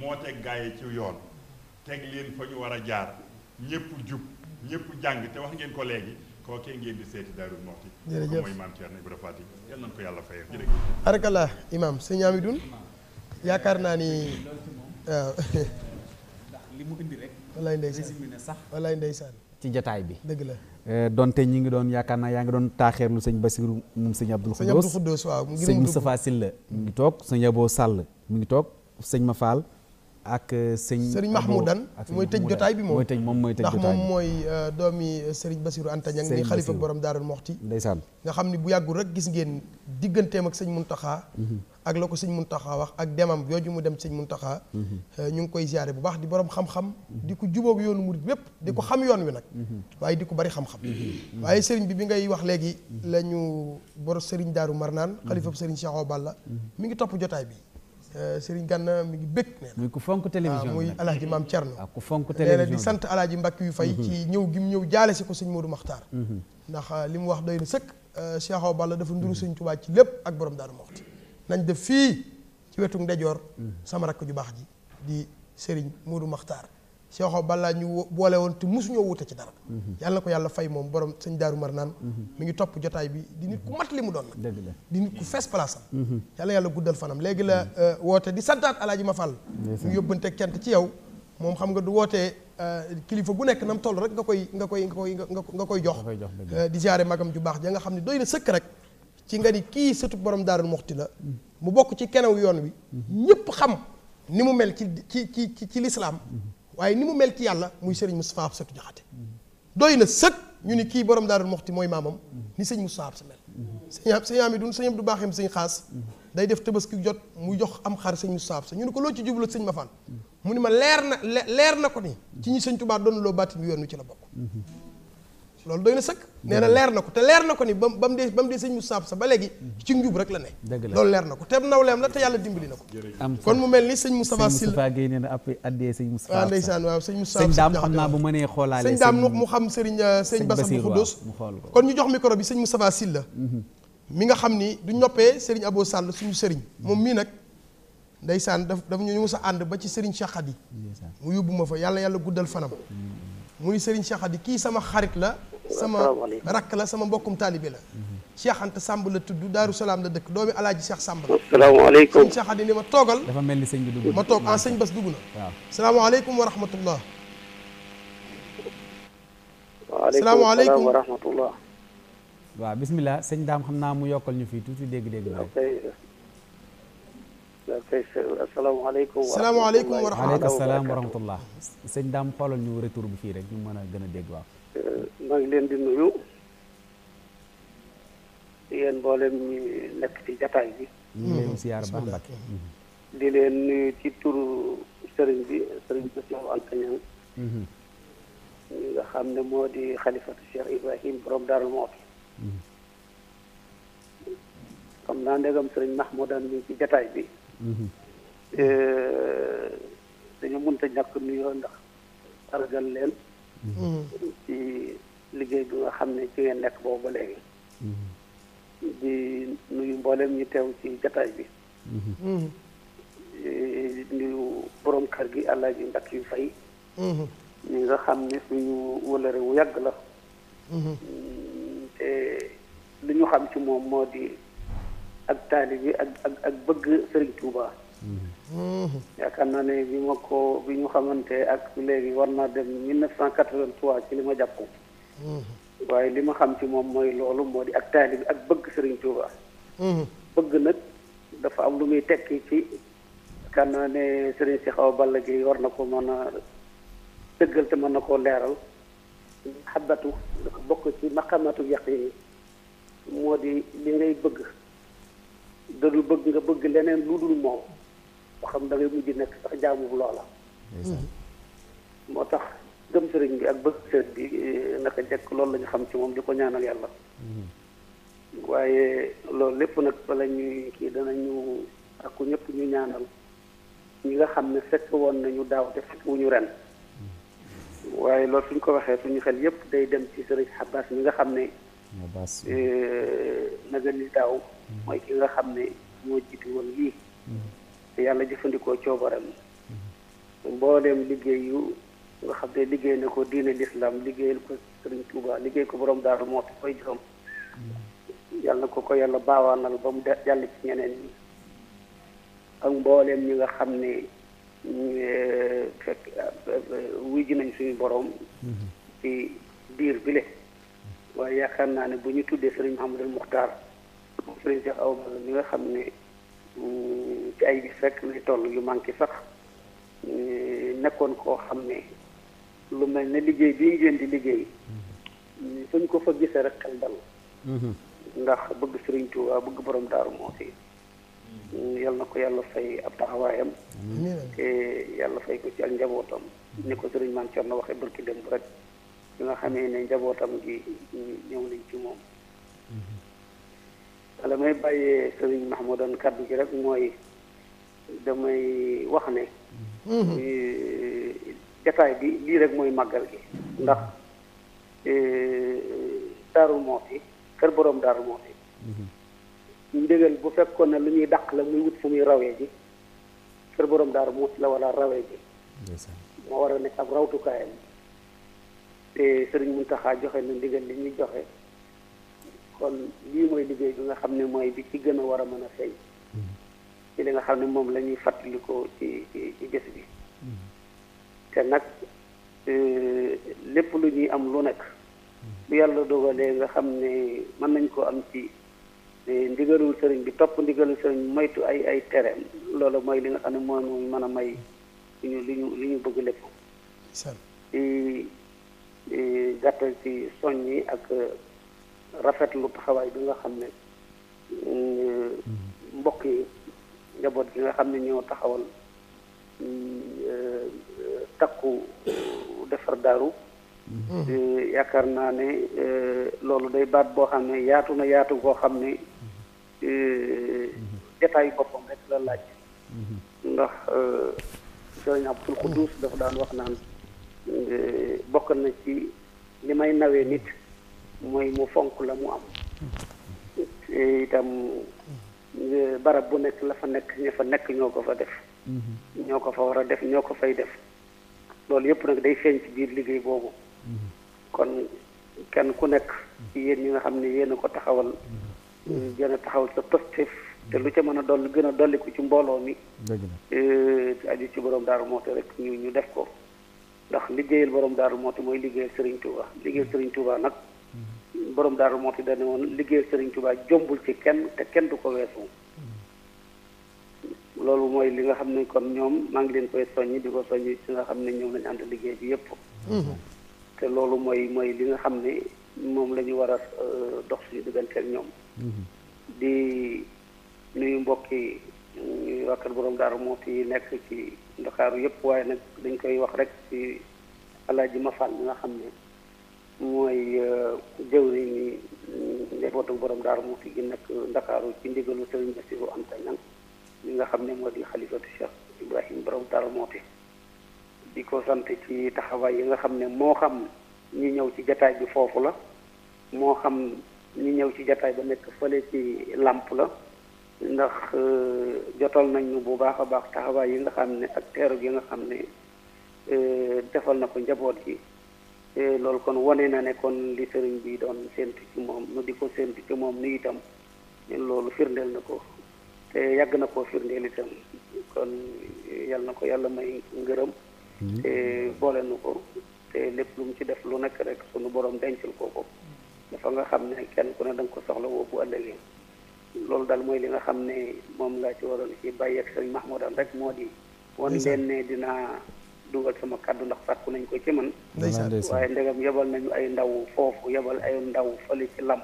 moo teg gaa yi ci yoon teg leen fa ñu war a jaar ñépp jub ñëpp jàng te wax ngeen ko léegi kookee ngeen di seeti Daaru Muxti jërëjëf mooy maam Thierno Ibra Fati yal nañu yaakaar naa ni waaw ndax li mu indi rek ci jataay bi dëgg la euh, donte ñu ngi doon yaakaar naa yaa ngi doon taaxeerlu sëñ Basiru moom sëñ Abdul Xuddoos sëñ Moustapha Silla mu ngi toog sëñ Abo sàll mu ngi toog sëñ ma Fall Euh, ak sëñ Serigne Mahmoudan mooy tëj jotaay bi moom mooy tëj moom mooy tëj jotaay bi ndax moom mooy euh, doomi Serigne Bassirou Anta Niang ni xalifa borom Daarul Moxti ndeysaan nga xam ni bu yàggul rek gis ngeen digganteem ak sëñ Muntaxa mhm. ak la ko sëñ Muntaxa wax ak demam yooju mu dem sëñ Muntaxa mhm. euh, ñu ngi koy ziare bu baax di borom xam-xam mhm. di ko jubóog yoonu murit bépp di ko xam yoon wi nag waaye di ko bari xam-xam waaye Serigne bi bi ngay wax léegi la ñu bor Serigne Daaru Marnaan xalifa Serigne Cheikh Oballa mi ngi topp jotaay bi Euh, Serigne Ganna mi ngi bëgg nee muy ku fonk télévision waaw ah, muy alaaji maam Thierno na ah, fonk télévision nee na di sant alaaji Mbàkke yu fay mhm. ci ñëw gi mu ñëw jaale si ko sëñ Modou Makhtar mhm. ndax ah, li wax doy na sëkk euh, Cheikh Awa Balla dafa nduru mhm. sëñ Tuubaa ci lépp ak borom Daaru Muxti nañ def fii ci wetu ndejoor sama rakk ju baax ji di Serigne Modou Makhtar Cheikh Balla ñu boole woon te mosuñoo wute ci dara mhm. yàlla ko yàlla fay moom borom sëñ Daaru Marnaan mhm. mi ngi topp jotaay bi di nit mat li mu doon nag di nit ku fees place am mhm. yàlla yàlla guddal fanam léegi la euh, woote di santaat alaaji ma fàll ñu yóbbante kent ci yow moom xam nga du wootee euh, kilifa gu nekk nam toll rek nga koy nga koy nga koy nga koy jox euh, di jaare magam ju baax ja nga xam ne doy na sëkk rek ci nga ni kii sëtu borom Daaru Muxti la mu bokk ci kenew yoon wi ñëpp xam ni mu mel ci ci ci ci lislaam waaye ni mu mel ci yàlla muy sëriñ Moustapha Absatou Diakhaté doy na sëkk ñu ni kii borom Daarul Muxti mooy maamam ni sëñ Moustapha Absa mel sëñ sëñ Amidoun sëñ du Bakhem sëñ Xaas day def tabaski jot mu jox am xar sëñ Moustapha sa ñu ne ko loo ci jublu sëñ Mafaan mu ni ma leer na leer na ko ni ci ñi sëñ Tuubaa doon loo baatin bi yoon wi ci la bokk loolu doy na sëkk nee na leer na ko te leer na ko ni ba ba mu dee ba mu dee sëñ Moustapha Sa ba léegi mm-hmm. ci njub rek leer na ko te nawleem la te yàlla dimbali ko kon mu mel ni sëñ Moustapha Sy la Guèye nee na ab addee sëñ Moustapha waaw ndeysaan waaw sëñ Moustapha sëñ daam xam naa bu mënee xoolaale sëñ daam kon ñu jox micro bi sëñ Moustapha Sy la mm-hmm. mi nga xam ni du ñoppee sëriñ Abo Sall suñu sëriñ mm-hmm. moom mii nag ndeysaan daf daf ñu mës a ànd ba ci sëriñ Cheikh Khady mu yóbbu ma fa yàlla yàlla guddal fanam muy Serigne Cheikh Hadi kii sama xarit la sama rakk la sama mbokkum taalibe la Cheikh Anta Samb la tudd Daaru Salaam la dëkk doomi alaaji Cheikh Samb la salaamaaleykum Serigne ni ma toogal dafa mel ni sëñ bi dugg ma toog ah sëñ Bas dugg na waaw salaamaaleykum wa rahmatullah salaamaaleykum wa rahmatullah waaw sëñ daam xam naa mu yokkal ñu fii tuuti dégg-dégg asalaamaaleykum. asalaamaaleykum wa rahmatulah waaleykum salaam wa rahmatulah. sëñ Dame xoolal ñu retour bi fii rek ñu mën a gën a dégg waaw. Euh, maa ngi leen di nuyu. yéen mboolem ñi nekk ci jataay bi. ñu leen siyaar baax Mbàkke di leen nuyu ci turu sëriñ bi sëriñ Bassirou Anta Niang. Mhm. ñi nga xam ne moo di xalifatu Cheikh Ibrahim borom Darou Mouhty. Mhm. xam naa ndegam sëriñ Mahmoudan mi ci jataay bi. dañu mënta ñàkk nuyoo ndax sargal leen ci liggéey bi nga xam ne ci nekk boobu ba léegi di nuyu mboolem ñu teew ci jataay bi nuyu borom kër gi Alaaji Mbàkke yu fay ñi nga xam ne suñu wëlëre wu yàgg la te li ñu xam ci moom moo di ak taalibi ak ak ak bëgg Serigne Touba. Mm-hmm. yaakaar naa ne bi ma ko bi ñu xamante ak léegi war naa dem 1983 ci li ma jàpp. Mm-hmm. waaye li ma xam ci moom mooy loolu moo di ak taalibi ak bëgg sëriñ Touba. Mm-hmm. bëgg nag dafa am lu muy tekki ci yaakaar naa ne Serigne Cheikh Awa Balla Gueye war na ko mën a dëggal te mën na koo leeral. xabatu dafa bokk ci maqamatu yaqin yi moo di li ngay bëgg. dadul bëgg nga bëgg leneen lu dul moom ba xam da ngay mujj nekk sax jaamu bu loola moo tax gëm sëriñ bi ak bëgg sëriñ bi eh, naka jekk loolu lañu xam ci moom di ko ñaanal yàlla mhm. waaye loolu lépp nag bala ñuy kii danañu ak ñëpp ñu ñaanal ñi nga xam ne fekk woon nañu daaw te fekk wu ñu ren mhm. waaye loolu suñ ko waxee suñu xel yépp day dem ci sëriñ Abbas mi nga xam ne eh, naga ni daaw mooy ki nga xam ne moo jiitu woon lii te yàlla jëfandikoo coobaram mboolem liggéey nga xam ne liggéey na ko diine lislaam liggéeyal ko Sëriñ Tuuba liggéey ko boroom daaru moo fi koy joxam yàlla ko ko yàlla baawaanal ba mu de jàll ci ñeneen ak mbooleem ñi nga xam ne fekk wuy ji nañ suñu borom ci diir bile waaye yaakaar naa ne bu ñu tuddee Sëriñ Mouhamadul Muxtaar sëriñ aw ma Balla li nga xam ne mm, ci ay bis rek lay toll yu manqué sax mm, nekkoon koo xam ne lu mel ne liggéey bii ngeen di liggéey mm-hmm. mm, suñ ko fa gisee rek xel dal mm-hmm. ndax bëgg sëriñ Tuubaa bëgg borom daaru Muxti mm-hmm. yal na ko yàlla fay ab taxawaayam te yàlla fay ko ci ak njabootam ni ko sëriñ na waxe waxee barki démb rek bi nga xamee ne njabootam gi ñëw nañ ci moom wala may bàyyee sëriñ doon kaddu gi rek mooy damay wax ne mhm. eh, jataay bi lii rek mooy màggal gi mhm. ndax eh, Daaru Muxti kër boroom Daaru Muxti mhm. ndégal bu fekkoon na lu ñuy daq la muy wut fu muy rawee ji kër boroom Daaru Muxti la wala rawee ji moo war a nekk ab rawtukaayam te sëriñ Muntaxa joxe na ndigal li ñuy joxe kon lii mooy liggéey bi nga xam ne mooy bi ci gën a war a mën a feeñ mm-hmm. ci li nga xam ne moom lañuy ñuy fàttalikoo ci ci ci bés bi mm-hmm. te nag euh, lépp lu ñuy am lu nekk mm-hmm. bu yàlla dogalee nga xam ne mën nañ ko am ci ndigalul sëriñ bi topp ndigalul sëriñ bi moytu ay ay tereem loolu mooy li nga xam ne moom mën a may li ñu li ñu bëgg lépp ci gàttal ci soññi ak rafetlu taxawaay bi nga xam ne mm-hmm. mbokk yi njaboot gi nga xam ne ñoo taxawal eh, takku defar daaru mm-hmm. eh, yaakaar naa ne eh, loolu day baat boo xam ne yaatu na yaatu koo xam ne mm-hmm. jataayu boppam rek la laaj ndax sëriñ Abdul Xuddus dafa daan wax naan bokk na ci li may nawee nit mooy mu fonk la mu am itam barab bu nekk la fa nekk ña fa nekk ñoo ko fa def ñoo ko fa war a def ñoo ko fay def loolu yëpp nag day feeñ ci biir liggéey boobu kon kenn ku nekk ci yéen ñi nga xam ne yéen ko taxawal gën a taxawal sa pëstéef te lu ca mën a dolli gën a dolliku ci mbooloo mi eh, aju ci borom daaru moote rek ñu ñu def ko ndax liggéeyal borom daaru moote mooy liggéeyal Serigne Touba liggéeyal Serigne Touba nag borom daaru moo ti dane woon liggéeyal sëriñ Tuubaa jombul ci kenn te kenn du ko weesu loolu mooy li nga xam ne kon ñoom maa ngi leen koy soññi di ko soññi ci nga xam ne ñoom lañu ànd liggéey bi yépp mhm. te loolu mooy mooy li nga xam ne moom la war a euh, dox suñu diggante ak ñoom mhm. di nuyu mbokki waa kër boroom daaru moo ti nekk ci Ndakaaru yëpp waaye nag dañ koy wax rek ci alaaji Mafal mi nga xam ne mooy euh, jëwriñ yi njabootu borom daaru mu fi gi ndakaaru ci ndigalu sëriñ Bassirou am ta ñan li nga xam ne moo di xalifatu Cheikh Ibrahim borom daaru mooti di ko sant ci taxawaay yi nga xam ne moo xam ñi ñëw ci jataay bi foofu la moo xam ñi ñëw ci jataay ba nekk fële ci làmp la ndax euh, jotal nañu bu baax a baax taxawaay yi nga xam ne ak teeru gi nga xam ne euh, defal na ko njaboot gi loolu kon wane na ne kon li sëriñ bi doon séntu ci moom nu di ko séntu ci moom ni itam ñun loolu firndeel na ko te yàgg na koo firndeel itam kon yàlla na ko yàlla may ngërëm mm-hmm. te boole nu ko te lépp lu mu ci def lu nekk rek sunu borom dencal ko ko dafa nga xam ne kenn ku ne da ko soxla woo bu ëllëgee loolu daal mooy li nga xam ne moom laa ci waroon ci bàyyi ak sëriñ Mahmoudan rek moo di wan leen ne dinaa dugal sama kàddu ndax sàkku nañ ko ci man waaye ndegam yebal nañu ay ndaw foofu yebal ay ndaw fële ci lam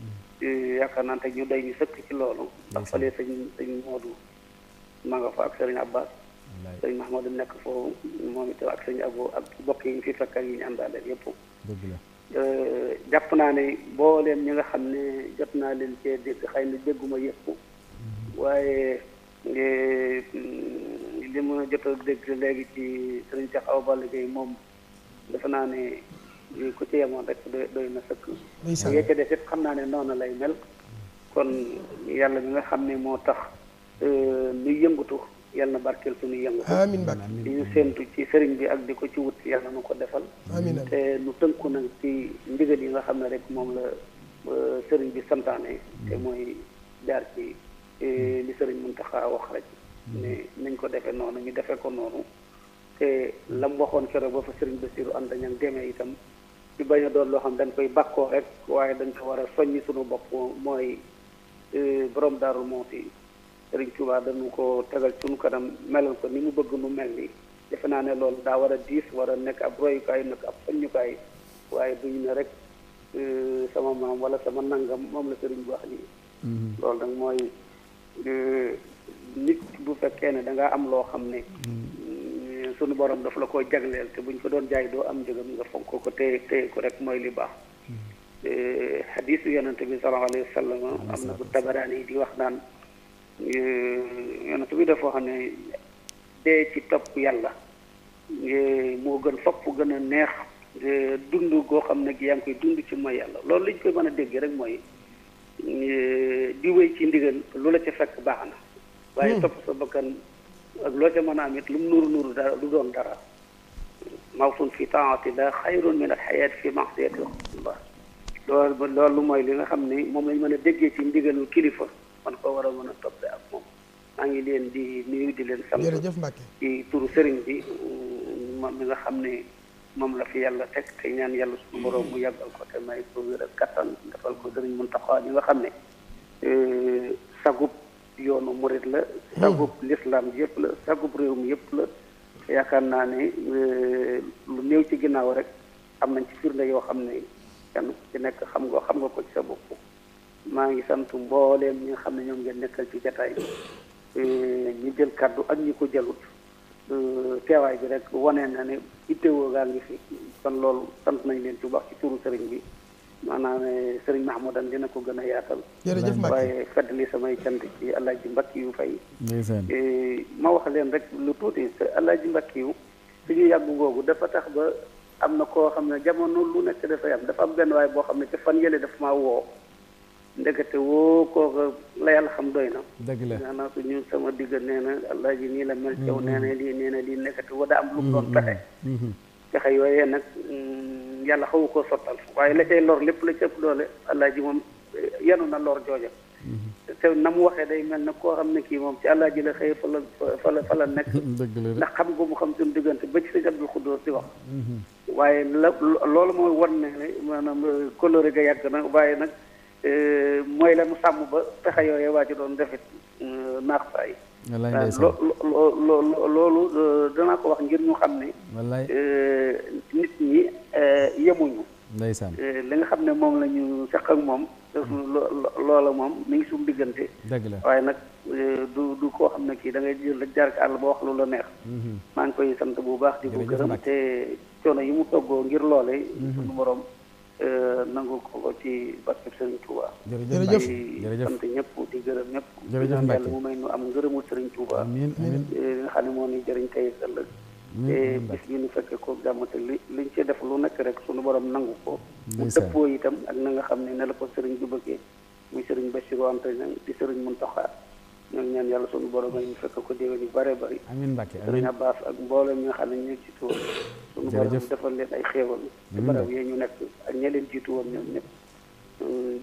mm. eh, yaakaar naa te ñu doy ñu sëkk ci loolu ndax fële sëñ sëñ Moodu ma nga ak sëriñ Abbas sëñ Mahmadu nekk foofu moom itam ak sëñ Abo bokk yi ñu fi fekk ak yi ñu àndaale yépp eh, jàpp naa ne booleem ñi nga xam ne jot naa leen cee dégg xëy na dégguma yëpp mm-hmm. waaye eh, li ma jot a dégg léegi ci sëriñ Cheikh xaw Balla Gueye moom defe naa ne ku ci yemoon rek doy na sëkk. ndeysaan yecca xam naa ne noonu lay mel. kon yàlla bi nga xam ne moo tax euh, nuy yëngatu yàlla na barkeel suñuy yëngatu. amiin amiin ñu séentu ci sëriñ bi ak di ko ci wut yàlla na ko defal. amiin te nu tënku nag ci ndigal yi nga xam ne rek moom la euh, sëriñ bi santaane. te mm. mooy jaar ci euh, li sëriñ taxa wax rek. Mm-hmm. ne nañ ko defee noonu ñu defee ko noonu te mm-hmm. lam waxoon keroog ba fa sëriñ Basiru ànd ña demee itam ci bañ a doon loo xam dañ koy bakkoo rek waaye dañ ko war a soññi suñu bopp mooy euh, borom daaru Muxti sëriñ Tuubaa dañu ko tegal suñu kanam melal ko ni mu bëgg nu mel ni defe naa ne loolu daa war a diis war a nekk ab royukaay nekk ab soññukaay waaye duñu ne rek euh, sama maam wala sama nangam moom la sëriñ bi wax nii mm-hmm. loolu nag mooy euh, nit bu fekkee ne da nga am loo xam ne mm, sunu borom daf la ko jagleel te buñ ko doon jaay doo am njëgam nga fonk ko téye téye ko rek mooy li baax xadiisu mm. eh, yonante bi sallallahu alayhi wa sallam am na bu tabaraani yi di wax naan eh, yonante bi dafa xam ne dee ci topp yàlla eh, moo gën fopp gën a neex dund goo xam ne gi yaa ngi koy dund ci mooy yàlla loolu liñ koy mën a déggee rek mooy di wéy ci ndigal lu la ci fekk baax na waaye hmm. topp sa bakkan ak loo ca mën a am it lu mu nuuru nuuru dara du doon dara mawfun fi taatillah a min alxayaat fi maasiyatillah loolu loolu mooy li nga xam ne moom lañ mën a déggee ci ndigalul kilifa man ko war a mën a toppee ak moom maa ngi leen di nuyu di leen sant ci turu sëriñ bi moom mi nga xam ne moom la fi yàlla teg te ñaan yàlla suñu borom mu yàggal ko te may ko wér ak kattan defal ko sëriñ Muntaxa li nga xam ne yoonu murit la hmm. sagub lislaam yëpp la sagub réewum mi yëpp la yaakaar naa ne euh, lu néew ci ginnaaw rek am nañ ci firnde yoo xam ne kenn ci nekk xam nga xam nga ko ci sa bopp maa ngi sant mbooleem ñi nga xam ne ñoom ngeen nekkal ci jataay euh, ñi jël kàddu ak ñi ko jëlut euh, teewaay bi rek wane na ne ittewoo gaa ngi fi kon loolu sant nañ leen ci bu ci turu sëriñ bi maanaam eh, sëriñ Mahmoudan dina ko gën a yaatal. waaye Mbacke waaye samay cant ci El Hadj Mbacke yu fay. Eh, ma wax leen rek lu tuuti El Hadj Mbacke yu suñu yàgg googu dafa tax ba am na koo xam ne jamono lu nekk dafay am dafa am benn waay boo xam ne ci fan yële dafa maa woo ndekete woo kooka la yàlla xam doy na. dëgg la maanaam suñu sama digg nee na El Hadj nii la mel. caw mm-hmm. nee na lii nee na lii ndekete woo daa am lu mu doon mm-hmm. pexe yooyee nag mm, yàlla xawu ko sottal waaye la cay lor lépp la ci ëpp doole ji moom eh, yanu na lor jooja mm-hmm. te na mu waxee day mel na koo xam ne kii moom ci ji la xëy fa la fa la fa nekk ndax xam ko mu xam suñu diggante ba ci sëñ Abdul Xudóor si wax mm-hmm. waaye la loolu mooy won ne maanaam coloré eh, ga yàgg na waaye nag eh, mooy la mu sàmm ba pexe yooyee waa ji doon defit naax saa yi wallaay ndeysaan loolu euh, danaa ko wax ngir ñu xam ne. wallaay euh, nit ñi euh, yemuñu. ndeysaan li nga xam ne moom lañu ñu ak moom. Mm-hmm. loola moom mi ngi suñu diggante. dëgg la waaye nag du du koo xam ne kii da ngay la jaar ak àll ba wax lu la neex. Mm-hmm. maa ngi koy sant bu baax di ko gërëm te coono yi mu toggoo ngir loole. Mm-hmm. suñu borom. nangu ko ci barke Serigne Touba. jërëjëf jërëjëf sant ñëpp di gërëm ñëpp. jërëjëf Mbacke mu may nu am ngërëmu Serigne Touba. amiin amiin li nga xam ne moo ni jëriñ tey ëllëg. te bis bi ñu fekkee ko jàmm li liñ ci def lu nekk rek suñu borom nangu ko. mu dëppoo itam ak na nga xam ne ne la ko Serigne bi bëggee muy ba si Serigne Bassirou Anta di Serigne Mountakha. ñoo ñaan yàlla suñu borom ñu fekk ko déwén yu bëree bari amiin Mbacke amiin Abbas ak mboole mi nga xam ne ñu ci leen ay xéewal. ci barab yee ñu nekk ak leen jiitu woon ñoom ñëpp.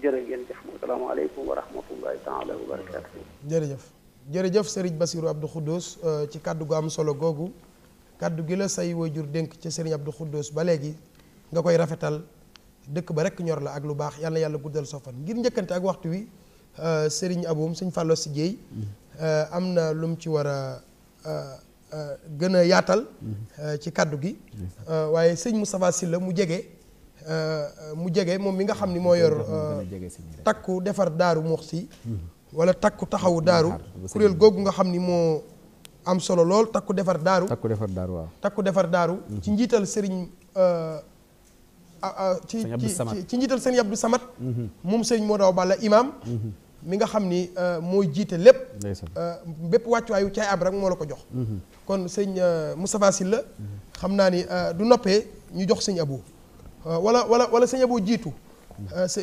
jërë ngeen jëf asalaamaaleykum wa rahmatullahi taala wa barakaatu. Euh, ci kaddu gu am solo googu kaddu gi la say waajur dénk ci Serigne Abdou Khoudous ba léegi nga koy rafetal dëkk ba rek ñor la ak lu baax yàlla yàlla guddal sofan ngir njëkkante ak waxtu wi Euh, Serigne Aboum Serigne Fallou Sy Dieye mm-hmm. euh, am na lu mu ci war a euh, gën a yaatal mm-hmm. ci kàddu gi waaye sëñ Moustapha Sylla mu jege mu jege moom mi nga xam ni moo yor mm-hmm. takku defar daaru si wala takku taxawu daaru kuréel googu nga xam ni moo am solo lool takku defar daaru takku defar daaru waaw takku defar daaru ci njiital sëriñ ci ci njiital sëñ Abdou Samad mhm. moom sëñ moo daw Balla imam mhm. mi nga xam ni euh, mooy jiite lépp euh, bépp wàccuwaayu caay ab rek moo la ko jox mhm. kon sëñ euh, Moustapha la xam naa ni du noppee ñu jox sëñ Abou wala wala wala sëñ Abou jiitu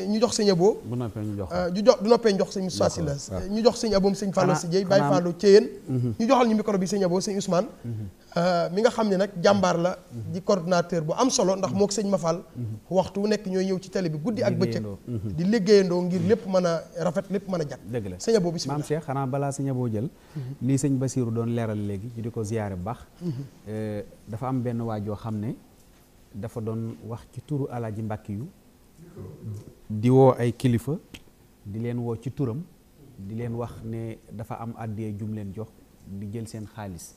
ñu jox sëñ Abou bu noppee ñu jox ñu jox du noppee ñu jox sëñ Moustapha Sylla ñu jox sëñ Aboum sëñ Fallou si Dieye ñu joxal ñu micro bi sëñ Abou sëñ Ousmane Euh, mi nga xam ne nag jàmbaar la di coordonnateur bu am solo ndax moo ko sëñ Mafal waxtu wu nekk ñooy ñëw ci télé bi guddi ak bëccëg mhm. di liggéeyandoo ngir lépp mën a rafet lépp mën a jag dëgg la sëñ Abo bi maam Cheikh xanaa balaa sëñ Abo jël mhm. lii sëñ Basiiru doon leeral léegi ñu di ko ziyaare bu baax mhm. euh, dafa am benn waajoo xam ne dafa doon wax ci turu Alaaji Mbàkke yu di woo ay kilifa di leen woo ci turam di leen wax ne dafa am àddiyee jum leen jox di jël seen xaalis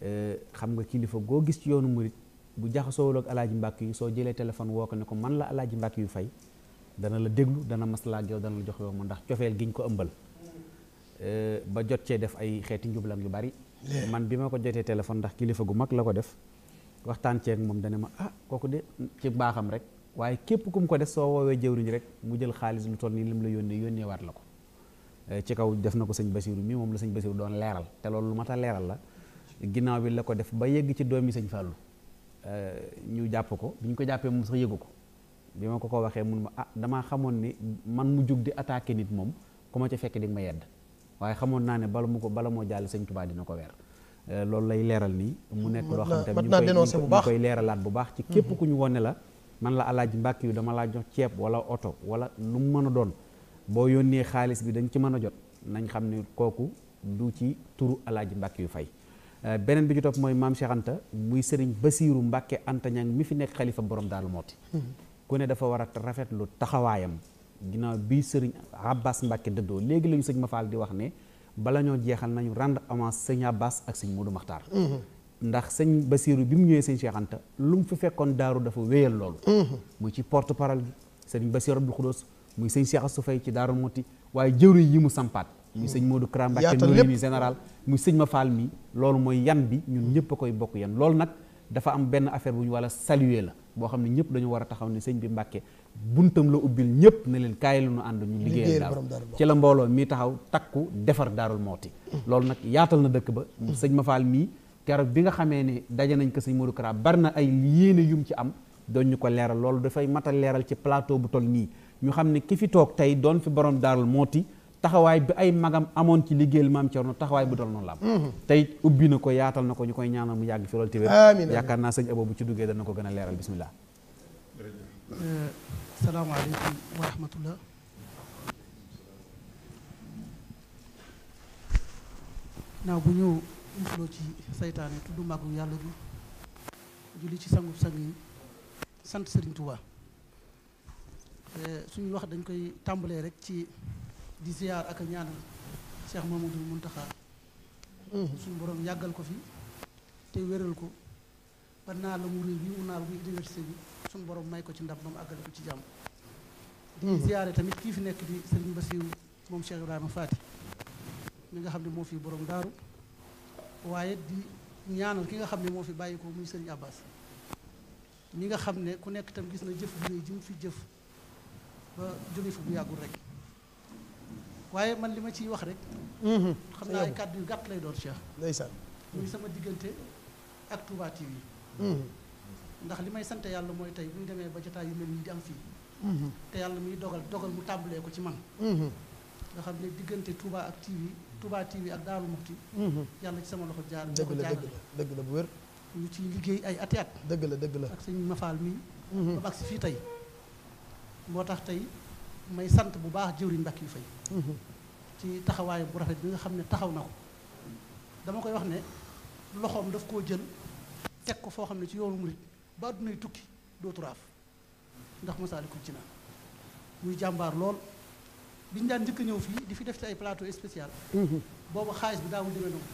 Eh, xam nga kilifa goo gis ci yoonu murit bu jaxasoowul ak alaaji mbàkk yu soo jëlee téléphone woo ko ne ko man la alaaji mbàkk yu fay dana la déglu dana maslaa ak yow dana la jox yow ma ndax cofeel giñ ko ëmbal eh, ba jot cee def ay xeeti njublan yu bari man bi ma ko jotee téléphone ndax kilifa gu mag la ko def waxtaan ceeg moom dana ma ah kooku de ci baaxam rek waaye képp kum ko def soo woowee jëwriñ rek mu jël xaalis lu toll nii lim la yónnee yónneewaat la ko eh, ci kaw def na ko sëñ Basiru mi moom la sañ Basiru doon leeral te loolu lu mat a leeral la ginnaaw bi la ko def ba yegg ci doomi sëñ Fallou euh, ñu jàpp ko bi ñu ko jàppee moom sax yëgu ko bi ma ko ko waxee mun ma ah damaa xamoon ni man mu jug di attaqué nit moom ku ma ca fekk di ma yedd waaye xamoon naa ne bala mu ko bala moo jàll sëñ dina ko weer euh, loolu lay leeral nii mu nekk loo xam tamit ñu koy leeralaat bu baax ci mhm. képp ku ñu wone la man la alaaji mbàkk yu dama laa jox ceeb wala oto wala lu mu mën a doon boo yónnee xaalis bi dañ ci mën a jot nañ xam ne kooku du ci turu alaaji mbàkk yu fay Euh, beneen bi ci topp mooy maam Cheikh Anta muy sëriñ Basiiru Mbàkke Anta Ñang mi fi nekk xalifa borom Daaru Mooti mm-hmm. ku ne dafa war a rafet lu taxawaayam ginnaaw bi sëriñ Abbas Mbàkke dëddoo léegi la ñu sëñ Mafal di wax ne bala ñoo jeexal nañu rendre avance sëñ Abbas ak sëñ Moodu Maxtaar mm-hmm. ndax sëñ Basiiru bi mu ñëwee sëñ seexanta lu mu fi fekkoon daaru dafa wéyal loolu mm-hmm. muy ci porte parole bi sëriñ Basiiru Abdul Xudoos muy sëñ Cheikh fey ci Daaru Mooti waaye jëwri yi mu sampaat muy sëñ Modou Kara Mbacké noonu mi général muy sëñ ma faal mii loolu mooy yan bi ñun ñëpp a koy bokk yan loolu nag dafa am benn affaire bu ñu wala saluer la boo xam ne ñëpp dañu war a taxaw ne sëñ bi Mbàkke buntam la ubbil ñëpp ne leen kaay lu ñu ànd ñu liggéeyal daal ci la mbooloo mii taxaw takku defar daarul mooti loolu nag yaatal na dëkk ba sëñ ma faal mii keroog bi nga xamee ne daje nañ ko sëñ Modou bari na ay yéene yum ci am doon ñu ko leeral loolu dafay matal leeral ci plateau bu toll nii ñu xam ne ki fi toog tey doon fi borom daarul mooti taxawaay bi ay magam amoon ci liggéeyal maam Thierno taxawaay bu dal noonu la am mhm. tey ubbi na ko yaatal na ko ñu koy ñaanal mu yàgg fi loolu téwér yaakaar naa sëñ Abo ci duggee dana ko gën a leeral bisimilah euh, salaamaaleykum wa rahmatullah naaw bu ñëw musloo ci saytaane tudd màggu yàlla bi julli ci sangu sang yi sant Serigne Touba euh, suñu wax dañ koy tàmbalee rek ci di ziar ak a ñaanal Cheikh Mamadou Muntaxa mm-hmm. suñ borom yàggal ko fi te wéral ko ba naa la mu réew bi mu naa la muy université bi suñu borom may ko ci ndab ba mu àggale ko ci jàmm di mm-hmm. ziare tamit kii fi nekk di Serigne Bassirou moom Cheikh ma Faty mi nga xam ne moo fi boroom daaru waaye di ñaanal ki nga xam ne moo fi bàyyi ko muy Serigne Abbas mi nga xam ne ku nekk tam gis na jëf bu réy ji mu fi jëf ba jóge fi bu yàggul rek waaye man li ma ciy wax rek. Mm-hmm. xam naa ay kàddu yu gàtt lay doon Cheikh. ndeysaan muy sama diggante ak Touba yi mm-hmm. ndax li may sant yàlla mooy tey bu ñu demee ba jotaay yu mel nii di am fii. Mm-hmm. te yàlla muy dogal dogal mu tàmbalee ko ci man. nga xam ne diggante Touba ak TV Touba TV ak Daaru Muxti. yàlla ci sama loxo jaar ñu ko jaarale dëgg la bu wér. ñu ciy liggéey ay ati dëgg la dëgg la ak sëñ Mafal mii. ba ak si fii tey moo tax tey. may sant bu baax jëwriñ Mbàkke yu fay mhm. ci taxawaay bu rafet bi nga xam ne taxaw na ko dama koy wax ne loxoom daf koo jën teg ko foo xam ne ci yoonu murit ba addunay tukki dootu raaf ndax Masaalikul Jinaan muy jàmbaar lool bi ñu daan njëkk ñëw fii di fi def ci ay plateau spécial mhm. boobu xaalis bi daawul demee noonu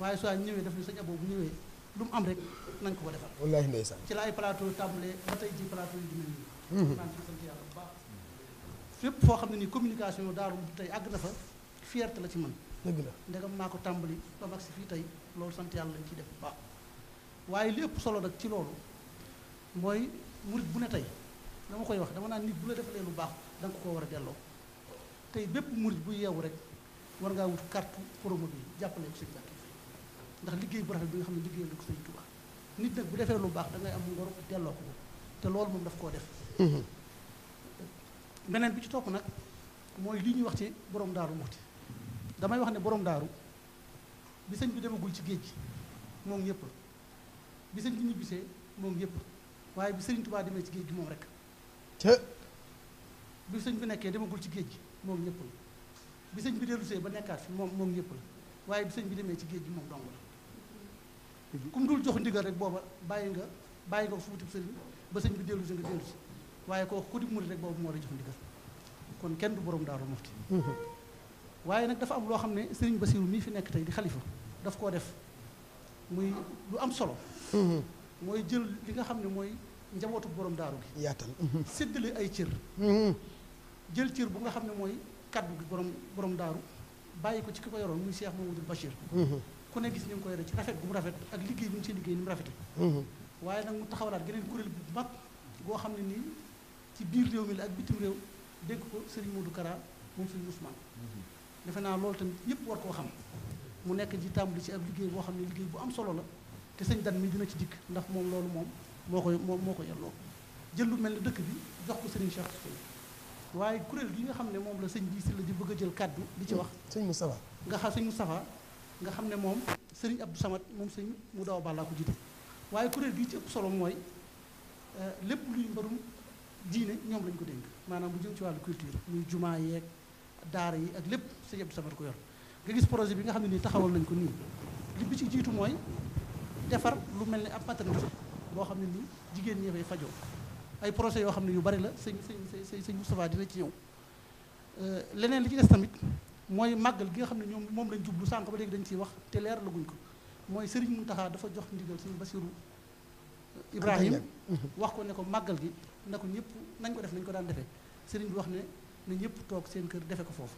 waaye soo ñëwee daf ne sañ aboo bu ñëwee lu mu am rek nañ ko ko defal ci la ay plateau tàmbalee ba ji plateau yi dina ñëw fépp foo xam ne nii communication daaru tey àgg na fa fierté la ci man dëgg la ndegam maa ko tàmbali ba mag si fii tey loolu sant yàlla lañ ciy def bu baax waaye li ëpp solo nag ci loolu mooy murit bu ne tey dama koy wax dama naan nit bu la defalee lu baax da a delloo tey bépp murit bu yeewu rek war ngaa wut carte promo bi jàppale ko ndax liggéey bu rafet bi nga xam ne liggéey ko sëñ nit nag bu lu baax da am ngor delloo ko te loolu moom daf koo def beneen bi ci topp nag mooy li ñuy wax ci borom daaru muxti damay wax ne borom daaru bi sëñ bi demagul ci géej gi moom ñëpp la bi sëñ bi ñibbisee moom ñëpp waaye bi sëriñ Tuubaa demee ci géej gi moom rek bi sëñ bi nekkee demagul ci géej gi moom ñëpp la bi sëñ bi dellusee ba nekkaat fi moom moom ñëpp la waaye bi sëñ bi demee ci géej gi moom dong la mhm. kum dul jox ndigal rek booba bàyyi nga bàyyi nga fuutib sëriñ ba sëñ bi dellusee nga dellusi waaye ko wax ku di rek boobu moo la jox ndigal kon kenn du borom daaru mufti mm-hmm. waaye nag dafa am loo xam ne sëriñ Basiru mii fi nekk tey di xalifa daf koo def muy lu am solo mm-hmm. mooy jël li nga xam ne mooy njabootu borom daaru gi yaatal mm-hmm. séddale ay cër jël cër bu nga xam ne mooy kaddu gi borom borom daaru bàyyi ko ci ki ko yoroon muy Cheikh Mamadou Bachir ku ne gis ñu ngi koy yore ci rafet bu mu rafet ak liggéey bi mu ci liggéey ni mu rafete waaye nag mu taxawalaat geneen kuréel bu mag goo xam ne nii ci biir réew mi la ak bitim réew dégg ko Serigne Modou Kara moom Serigne Ousmane defe naa loolu tamit yëpp war koo xam mu nekk ci tàmbali ci ab liggéey boo xam ne liggéey bu am solo la te sëñ dan mii dina ci dikk ndax moom loolu moom moo koy moom moo ko yelloo jël lu mel ne dëkk bi jox ko Serigne Cheikh Sow kuréel gi nga xam ne moom la sëñ bi la di bëgg a jël kàddu di ci wax. sëñ Moustapha nga xam sëñ Moustapha nga xam ne moom Serigne Abdou Samad moom sëñ mu daw bàllaa ko jiite waaye kuréel gi ci ëpp solo mooy euh, lépp luy mbarum. diine ñoom lañ ko dénk maanaam bu jëm ci wàllu culture muy jumaa yeeg daara yi ak lépp sëñ Abdou Samad ko yor nga gis projet bi nga xam ne nii taxawal nañ ko nii li ci jiitu mooy defar lu mel ne ab maternité boo xam ne nii jigéen ñi fay fajoo ay projet yoo xam ne yu bari la sëñ sëñ sëñ Moustapha dina ci ñëw euh, leneen li ci des tamit mooy màggal gi nga xam ne ñoom moom lañ jublu sànq ba léegi dañ ciy wax te leer la guñ ko mooy Serigne Mountakha dafa jox ndigal sëñ Bassirou Ibrahim wax ko ne ko màggal gi na ko ñëpp nañ ko def nañ ko daan defee sëriñ bi wax ne na ñëpp toog seen kër defe ko foofu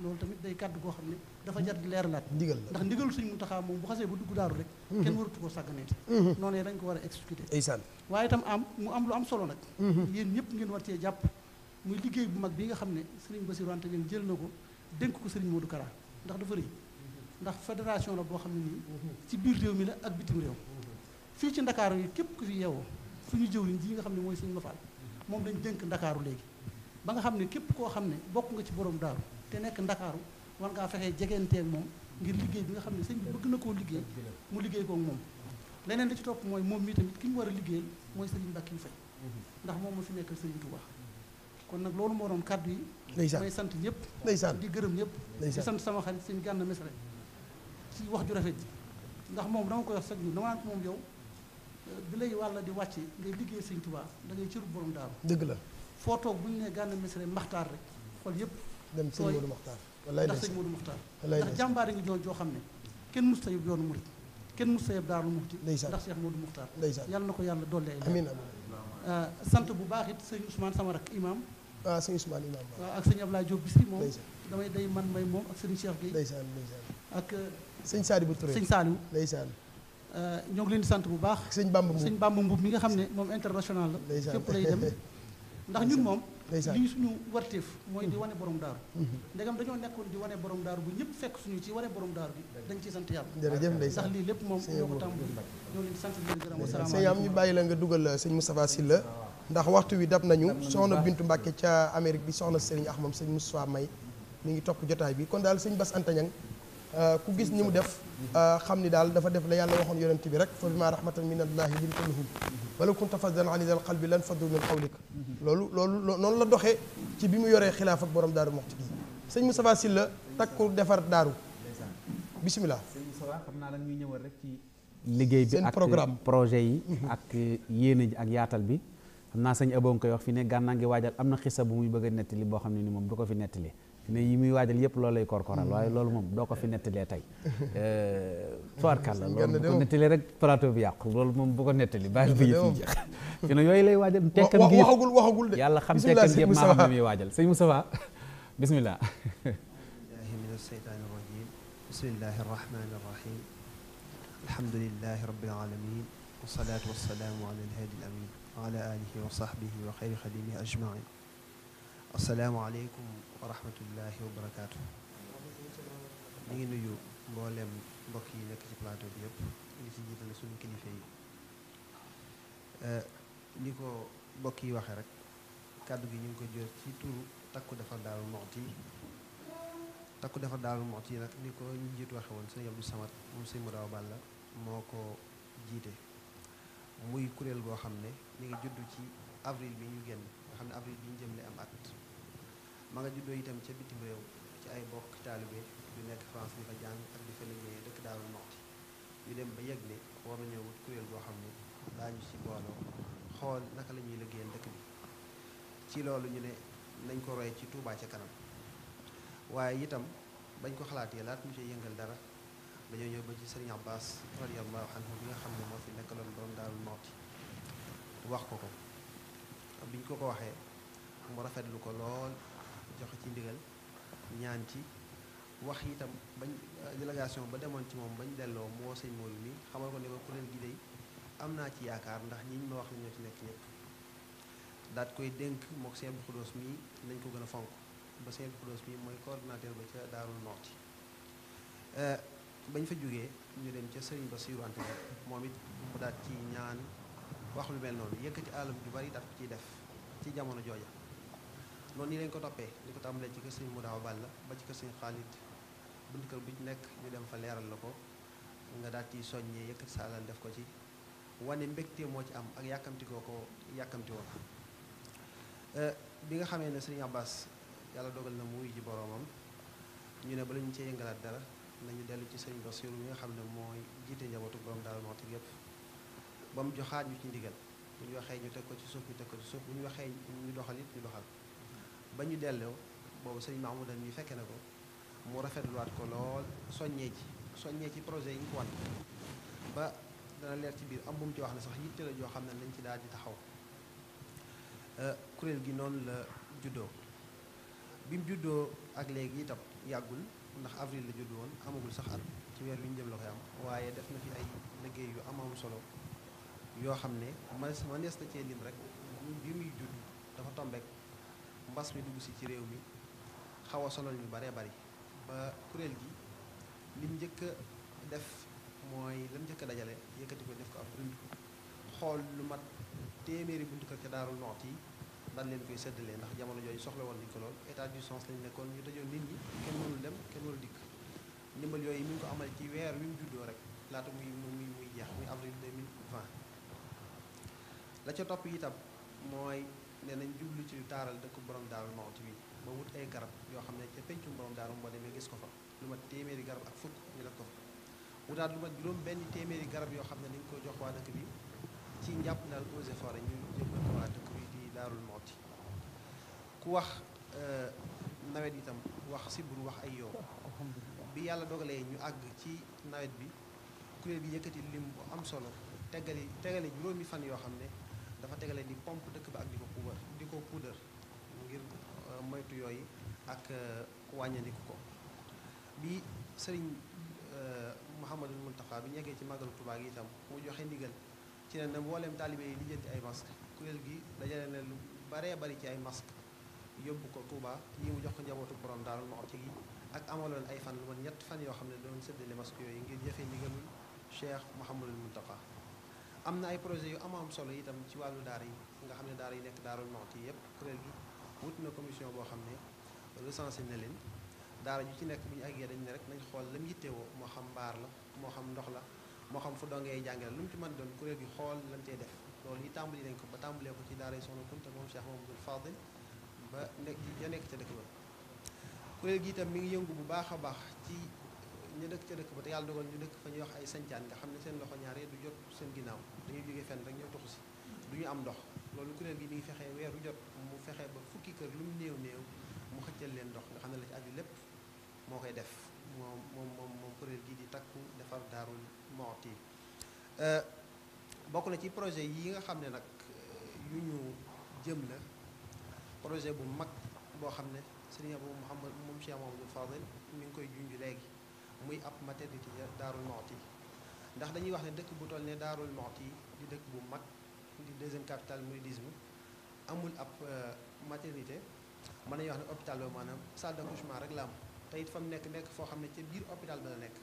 loolu tamit day kàddu goo xam ne dafa jar di leeralaat ndigal ndax ndigal suñ mu taxaa moom bu xasee ba dugg daaru rek mhm. kenn waratu ko sàgganee mhm. noonu dañ ko war a exécuté ndeysaan waaye itam am mu am lu am solo nag mhm. yéen ñëpp ngeen war jàpp muy liggéey bu mag bi nga xam ne sëriñ Bassirou Anta Dieng jël na ko dénk ko sëriñ Modou Kara ndax dafa rëy ndax fédération la boo xam ne nii ci biir réew mi la ak bitim fii ci Ndakaaru yi képp ku fi yeewoo suñu jëwriñ ji nga xam ne mooy suñu mafaal moom dañ dënk ndakaaru léegi ba nga xam ne képp koo xam ne bokk nga ci borom daaru te nekk ndakaaru war ngaa fexee jegeenteeg moom ngir liggéey bi nga xam ne sëñ bi bëgg na koo liggéey mu liggéey kook moom leneen li ci topp mooy moom mi tamit ki ñu war a liggéeyal mooy sëriñ Mbàkke yu fay ndax moom ma fi nekkal sëriñ Tuubaa kon nag loolu moo doon kàddu yi may sant ñëpp ndeysaan di gërëm ñëpp di sant sama xarit sëñ Gànna Mesere ci wax ju rafet ji ndax moom dama koy wax sax ñu dama moom yow bi lay la di wàcce ngay liggéey sëñ Tuubaa da ngay cëru borom daaru dëgg la foo toog bu ñu nee Gana Messere maxtaar rek xool yëpp dem sëñ Moodu Maxtaar wallaay ndax sëñ Moodu Maxtaar ndax jàmbaari ngi joon joo xam ne kenn musta yëb yoonu murit kenn musta yëb daaru muxti ndax Cheikh Moodu Maxtaar yàlla na ko yàlla dolli ay amiin amiin euh, sant bu baax it sëñ Ousmane sama rak imam waaw ah, sëñ Ousmane imam waaw ak sëñ Ablaye Diop Bichri moom damay day man may moom ak sëñ Cheikh Gueye ak euh, sëñ bu Touré sëñ Saliou ndeysaan Euh, ñoo ngi leen di sant bu baax. sëñ Bamba Mbuub sëñ Bamba mi nga xam ne moom international la. fépp lay dem ndax ñun moom. lii suñu warteef mooy di mm-hmm. wane borom daaru mm-hmm. ndegam dañoo nekkoon di wane borom daaru bu ñëpp fekk suñu ci wane borom daaru bi dañ ciy sant yàlla jërëjëf ndax lii lépp moom ñoo ko tàmbali ñoo leen sant am bàyyi la nga dugal euh, sëñ Moustapha Sylla ndax waxtu wi dab nañu soxna Bintu ca Amérique bi soxna Serigne Ahmam sëñ Moustapha May mu ngi topp jotaay bi kon daal sëñ Bass Antañang Euh, ku gis ni mu def euh, xam ni daal dafa def la yàlla waxoon yonent bi rek fa bima rahmatan min allahi linta lahum walaw kunta faddan alizal qalbi lan faddu min xawlik loolu loolu noonu la doxee ci bi mu yoree xilaaf ak borom daaru moxti gi sëñ Moustapha Sylla takku defar daaru bisimilah xam naa da ñuy ñëwal rek ci liggéey bi ak programme projet yi mhm. ak yéene ji ak yaatal bi xam naa sëñ Abou ngi koy wax fi ne gànnaa ngi waajal am na xisa bu muy bëgg a nettali boo xam ne ni moom du ko fi nettali ne yi muy waajal yëpp loolu lay korkoral hmm. waaye loolu moom doo ko fi nettalee tey eh, tubaarkàl la loolu bu ko nettalee rek plateau bi yàqu loolu moom bu ko nettali bàyyi ba yëf yi jeex fi ne yooyu lay waajal tekkam gi waxagul waxagul de yàlla xam tekkam gi yëpp maa xam muy waajal sëñ Moustapha bismillah min alsheytaan arrajim bismillahi arrahmani arrahim alhamdulilahi rabbil alamin wasalaatu wasalaamu ala alhaadi alamin wa ala alihi wa sahbihi wa xayri xadimihi ajmain assalaamu aleykum wa rahmatullahi wa barakaatu. ñu ngi nuyu mbooleem mbokk yi nekk ci plateau bi yëpp ngi si jiitale suñu kilifa yi eh, ni ko mbokk yi waxee rek kàddu gi ñu ngi ko jot ci turu takku defar Daaru Muxti takku defar Daaru Muxti nag ni ko ñu jiitu waxe woon sëñ Abdou Samad moom sëñ Modaw Balla moo ko jiite muy kuréel goo xam ne mi ngi juddu ci avril bi ñu génn nga xam ne avril bi ñu jëm am at ma nga juddoo itam ca bitim réew ci ay bokk taalibe yu nekk France di fa jàng ak di fa liggéeyee dëkk Daaru Muxti yu dem ba yëg ne war nañoo wut kuréel boo xam ne daañu ci booloo xool naka la ñuy liggéeyal dëkk bi ci loolu ñu ne nañ ko roy ci Touba ca kanam waaye itam bañ ko xalaatee laat mu ci yëngal dara dañoo ñëw ba ci sëriñ Abbas radiyallahu anhu bi xam ne moo fi nekkaloon borom Daaru Muxti wax ko ko biñ ko ko waxee mu rafet lu ko lool joxe ci ndigal ñaan ci wax itam bañ euh, délégation ba demoon ci moom bañ delloo moo sëñ mooyu nii xamal ko ne ko kuréel gi am naa ci yaakaar ndax ñi ma wax ne ci nekk ñëpp daat koy dénk mook sëñ Abdou Khoudoss mii nañ ko gën a fonk ba sëñ Abdou Khoudoss mii mooy coordinateur ba ca Daarul Muxti euh, bañ fa jógee ñu dem ca sëriñ Bassirou Anta moom it mu daat ci ñaan waxul lu mel noonu yëkkati alal ju bari daat ko ciy def ci jamono jooja noonu nii lañ ko toppee li ko tàmbalee ci kër sëñ Moudaw Balla ba ci kër sëñ Xaalit buntu kër bu ñu nekk ñu dem fa leeral la ko nga daal ciy soññee yëkkati sa def ko ci wane mbégte moo ci am ak yàkkamti koo ko yàkkamti woo eh, bi nga xamee ne sëñ Abbas yàlla dogal na mu wuyu ji boroomam ñu ne ba la ñu cee yëngalaat dara nañu dellu ci sëñ Basiru mi nga xam ne mooy jiite njabootu borom daal moo tax yëpp ba mu joxaat ñu ci ndigal bu ñu waxee ñu teg ko ci suuf ñu ko bu ñu waxee ñu doxal it ñu ba ñu delloo boobu sëñ Mahmoud mi fekke na ko mu rafetluwaat ko lool soññee ci soññee ci projet yi ñu ko wan ba dana leer ci biir am bu mu ci wax ne sax yitte joo xam ne nañ ci daal di taxaw euh, kuréel gi noonu la juddoo bi juddoo ak léegi itam yàggul ndax avril la judd woon amagul sax at ci weer wi ñu jëm la koy am waaye def na fi ay liggéey yu am am solo yoo xam ne ma ma na cee lim rek bi muy judd dafa tombeek mbas mi dugg si ci réew mi xaw a sonal ñu baree bari ba kuréel gi lim njëkk a def mooy lam njëkk dajale yëkkati ko def ko ab rënd ko xool lu mat téeméeri buntu kër ca daarul noot yi daan leen koy séddalee ndax jamono jooju soxla woon nañ ko lool état d'urgence lañ nekkoon ñu dajoon nit ñi kenn mënul dem kenn mënul dikk ndimbal yooyu mi ko amal ci weer wi mu juddoo rek laata muy muy jeex muy avril 2020 la ca topp itam mooy ne nañ jublu ci taaral dëkk borom daarul mawti bi ba wut ay garab yoo xam ne ca pencum borom daaru boo demee gis ko fa lu mat téeméeri garab ak fukk ñu def ko fa wutaat lu ma juróom benn téeméeri garab yoo xam ne dañ koy jox waa dëkk bi ci njàpp daal eaux et forêt ñu jëbbal ko waa dëkk bi di daarul mawti ku wax euh, nawet tam wax si sibru wax ay yow bi yàlla dogalee ñu àgg ci nawet bi kuréel bi yëkkati lim bu am solo tegale tegale juróomi fan yoo xam ne dafa tegale di pompe ko puudar ngir euh, moytu yooyu ak euh, wàññandiku ko bi sëriñ euh, Mouhamadul Mountakha bi ñu ci màggalu Tuubaa gi itam mu joxe ndigal ci ne na mbooleem taalibe yi lijjanti ay masque kuréel gi dajale na lu baree bari ci ay masque yóbbu ko Touba yi mu jox ko njabootu boroom daal ma ci gi ak amaloon ay fan lu man ñett fan yoo xam ne doon séddale masque yooyu ngir jëfe ndigalul Cheikh Mouhamadul Mountakha am na ay projet yu am am solo itam ci wàllu daar yi nga xam ne daara yi nekk Daaru Muxti yëpp kuréel gi wut na commission boo xam ne recensé na leen daara ju ci nekk bi ñu àggee dañ ne rek nañ xool lam yittewoo moo xam mbaar la moo xam ndox la moo xam fu dongee jàngale lu mu ci mën doon kuréel gi xool lan tey def loolu yi tàmbali nañ ko ba tàmbalee ko ci daara yi Soxna Kunta moom Cheikh Mamadou Fadil ba nekk ja nekk ca dëkk ba kuréel gi itam mi ngi yëngu bu baax a baax ci ñu dëkk ca dëkk ba te yàlla dogal ñu dëkk fa ñu wax ay sancaan nga xam ne seen loxo ñaare du jot seen ginnaaw dañuy jógee fenn rek ñoo tuxu si du ñu am ndox loolu kuréel gi mi ngi fexe weeru jot mu fexe ba fukki kër lu mu néew néew mu xëccal leen ndox nga xam ne la ci aju lépp moo koy def moom moom moom moom kuréel gi di takku defar daarul mooti euh, bokk na ci projet yi nga xam ne nag euh, yu ñu jëm la projet bu mag boo xam ne sëriñ Abou Mouhamad moom Cheikh Mamadou Fadel mi ngi koy junj léegi muy ab maternité daarul mooti ndax dañuy wax ne dëkk bu toll ne daarul mooti di dëkk bu mag di deuxième capitale mouridisme amul ab euh, maternité mën nañu wax ne hôpital ba maanaam salle d'accouchement rek la am te it fa mu nekk nekk foo xam ne ca biir hôpital ba la nekk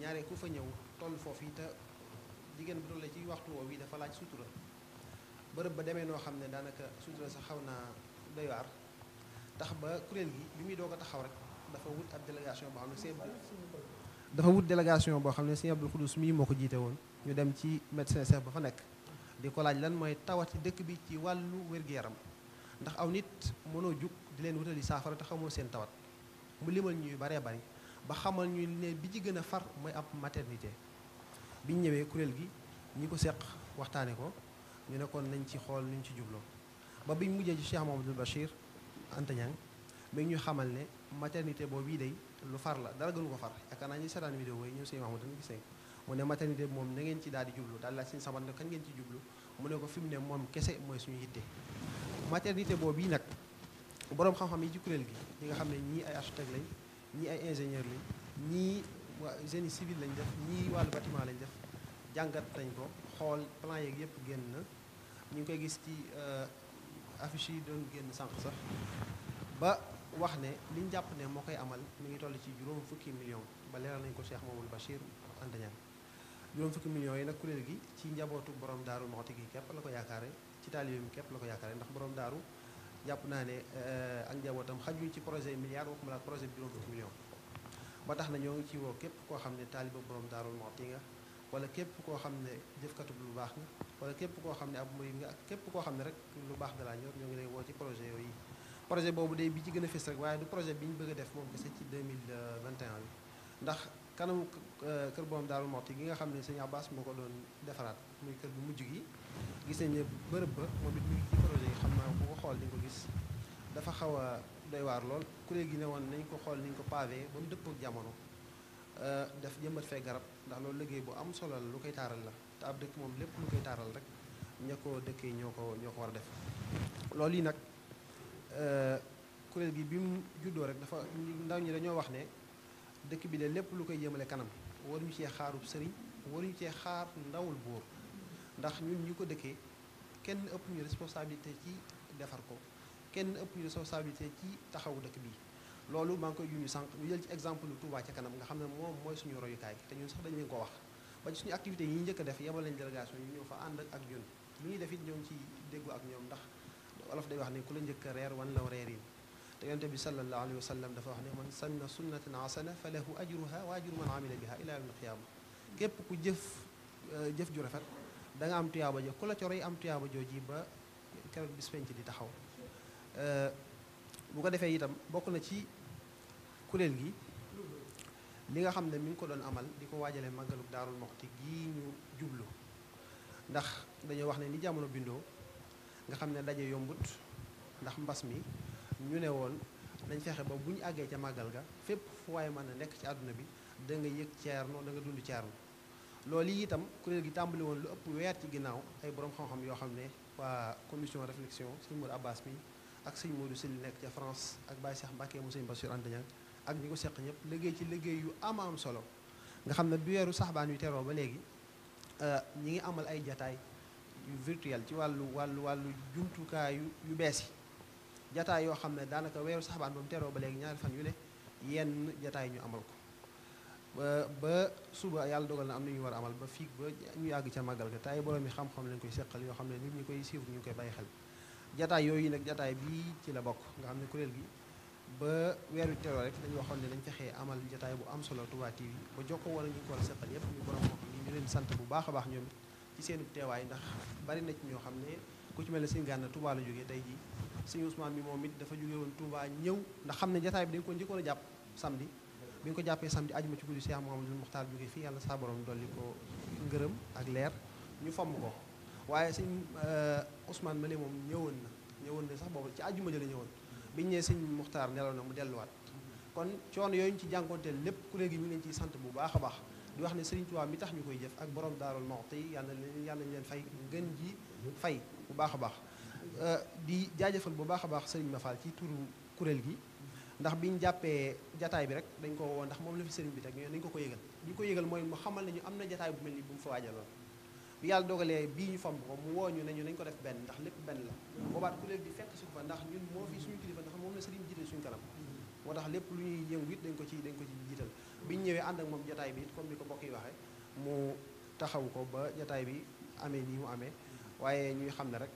ñaare ku fa ñëw toll foofu yi te jigéen bu toll ci waxtu woowu yi dafa laaj sutura bërëb ba demee noo xam ne daanaka sutura sax xaw naa doy waar tax ba kuréel gi bi muy doog a taxaw rek dafa wut ab délégation boo xam ne seen dafa wut délégation boo xam ne sëñ Abdou Khoudous mii moo ko jiite woon ñu dem ci médecin chef ba fa nekk di kolaaj lan mooy tawati dëkk bi ci wàllu wér-gu-yaram ndax aw nit mënoo jug di leen wutali saafara te xamoo seen tawat mu limal ñuy baree bari ba xamal ñu ne bi ci gën a far mooy ab maternité biñ ñëwee kuréel gi ñi ko seq waxtaane ko ñu nekkoon nañ ci xool nuñ ci jubloo ba biñ mujjee ci Cheikh Mamadou Bachir Anta Niang mi ngi ñu xamal ne maternité boobu yi day lu far la dara gënu ko far yaakaar naa ñuy seetaan vidéo yi ñoom sëñ Mamadou gis nañ ko mu ne maternité moom na ngeen ci daal di jublu daal la seen sabar nag kan ngeen ci jublu mu ne ko fi mu ne moom kese mooy suñu yitte maternité boobu yi nag boroom xam-xam yi ci gi ñi nga xam ne ñii ay architecte lañ ñii ay ingénieur lañ ñii génie civil lañ def ñii wàllu bâtiment def jàngat nañ ko xool plan yëpp génn na ñu ngi koy gis ci euh, affiche yi doon génn sànq sax ba wax ne liñ jàpp ne moo koy amal mu ngi toll ci juróom fukki million ba leeral nañ ko Cheikh Mamadou Bachir Antaña juróom fukki millions yi nag kuréel gi ci njabootu borom daaru Moxti gi képp la ko yaakaare ci taalibe bi képp la ko yaakaare ndax borom daaru jàpp naa ne eh, ak njabootam xajul ci projet milliard waxuma la projet bi juróom fukki millions ba tax na ñoo ngi ci woo képp koo xam ne taalibe borom daaru Moxti nga wala képp koo xam ne jëfkatub lu baax wala képp koo xam ne ab murid képp koo xam ne rek lu baax da laa ñor ñoo ngi lay woo ci projet yooyu projet boobu day bi ci gën a fës waaye du projet bi ñu bëgg a def moom kese ci 2021 bi ndax kanamu euh, kër borom daal Muxti gi nga xam ne sëñ Abbas moo ko doon defaraat muy kër bu mujj gi gis nañ ne bërëb ba moom it mu ngi ci projet ko xool di ko gis dafa xaw a doy waar lool kuréel gi ne woon nañ ko xool niñ ko pavé ba mu dëppoo ak jamono euh, def jëmbat fee garab ndax loolu liggéey bu am solo lu koy taaral la te ab dëkk moom lépp lu koy taaral rek ña ko dëkkee ñoo ko ñoo ko war a def loolu yi nag euh, kuréel gi bi mu juddoo rek dafa ndaw ñi dañoo wax ne dëkk bi de lépp lu koy jëmale kanam waruñu cee xaarub sëriñ waruñu cee xaar ndawul buur ndax ñun ñi ko dëkkee kenn ëpp ñu responsabilité ci defar ko kenn ëpp ñu responsabilité ci taxawu dëkk bi loolu maa ngi koy junj sànq ñu jël ci exemple Touba ca kanam nga xam ne moom mooy suñu royukaay te ñun sax dañ leen ko wax ba ci suñu activité yi njëkk def yemal lañ délégation ñu ñëw fa ànd ak ñun lu ñuy def it ñoo ngi ciy déggu ak ñoom ndax olof day wax ne ku la njëkk reer wan law reerin te yonent bi sallallahu alayhi wa sallam dafa wax ne man samina sunnatan hasana fa lahu ajruha wa ajru man amila biha ila yawmil qiyaama képp ku jëf euh, jëf ju rafet danga am tuyaaba jo ku la am tuyaaba jooji ba keroog bis penc di taxaw euh, bu ko defee itam bokk na ci kuréel gi li nga xam ne mi ngi ko doon amal di ko waajalee màggalug daarul ma moxti gii ñu jublu ndax dañoo wax ne ni jamono bindoo nga xam ne daje yombut ndax mbas mi ñu ne woon nañ fexe ba bu ñu àggee ca màggal ga fépp fu waaye mën a nekk ci àdduna bi da nga yëg ceerno da nga dund ceerno loolu yi itam kuréel gi tàmbali woon lu ëpp weer ci ginnaaw ay borom yoo xam ne waa commission réflexion sëñ Modou Abbas mi ak sëñ Modou Sili nekk ca France ak Baye Cheikh Mbacké mu sëñ Bassirou Anta Niang ak ñi ko seq ñëpp liggéey ci liggéey yu am am solo nga xam ne bi weeru saxbaan yu teroo ba léegi euh, ñi ngi amal ay jataay yu virtuel ci wàllu wàllu wàllu jumtukaayu yu bees yi jataay yoo xam ne daanaka weeru saxabaan ba mu teroo ba léegi ñaari fan yu ne yenn jataay ñu amal ko ba suba yàlla dogal na am na ñu war amal ba fii ba ñu yàgg ca màggal ga te ay borom yi xam lañ koy seqal yoo xam ne nit ñi koy suivre ñu koy bàyyi xel jataay yooyu nag jataay bii ci la bokk nga xam ne kuréel gi ba weeru teroo rek dañu waxoon ne dañ fexee amal jataay bu am solo Touba TV ba jokkoo ko war a seqal yépp ñu borom xam ñu leen sant bu baax a baax ñoom ci seen teewaay ndax bari na ci ñoo xam ne ku ci mel ne seen gànna Touba la jógee tey jii sëñ Ousmane bi moom it dafa jóge woon tuubaa ñëw ndax xam ne jataay bi dañ ko njëkkoon jàpp samedi bi ñu ko jàppee samedi ajuma ci guddi Cheikh Mouhamadoul Moukhtar jóge fii yàlla saa borom dolli ko ngërëm ak leer ñu fomm ko waaye sëñ euh, Ousmane ma ne moom ñëwoon na ñëwoon na sax boobu ci ajuma jëla ñëwoon biñ ne sëñ Moukhtar nelaw na mu delluwaat kon coono yooyu ci jànkonteel lépp ku léegi ñu ngi leen ciy sant bu baax a baax di wax ne sëriñ Tuubaa mi tax ñu koy jëf ak boroom borom daarul moxti yàlla yàlla ñu leen fay ngën ji fay bu baax a baax Euh, di jaajëfal bu baax a baax Serigne Mafal ci turu kuréel gi ndax bi biñ jàppee jataay bi rek dañ ko woon ndax moom la fi Serigne bi teg ñu dañ ko ko yëgal bi ñu ko yëgal mooy mu xamal ne ñu am na jataay bu mel ni bu mu fa waajaloon bi ko woo ñu ne ñu ko def benn ndax lépp benn la boobaat kuréel gi fekk su ko moo fi suñu kilifa ndax moom la Serigne jiite suñu kanam moo tax lépp lu ñuy yëngu it dañ ko ci dañ ko ci jiital biñ ñëwee ànd ak moom jataay bi it comme ni ko bokk yi waxee mu taxaw ko ba jataay bi amee nii mu amee waaye ñuy xam ne rek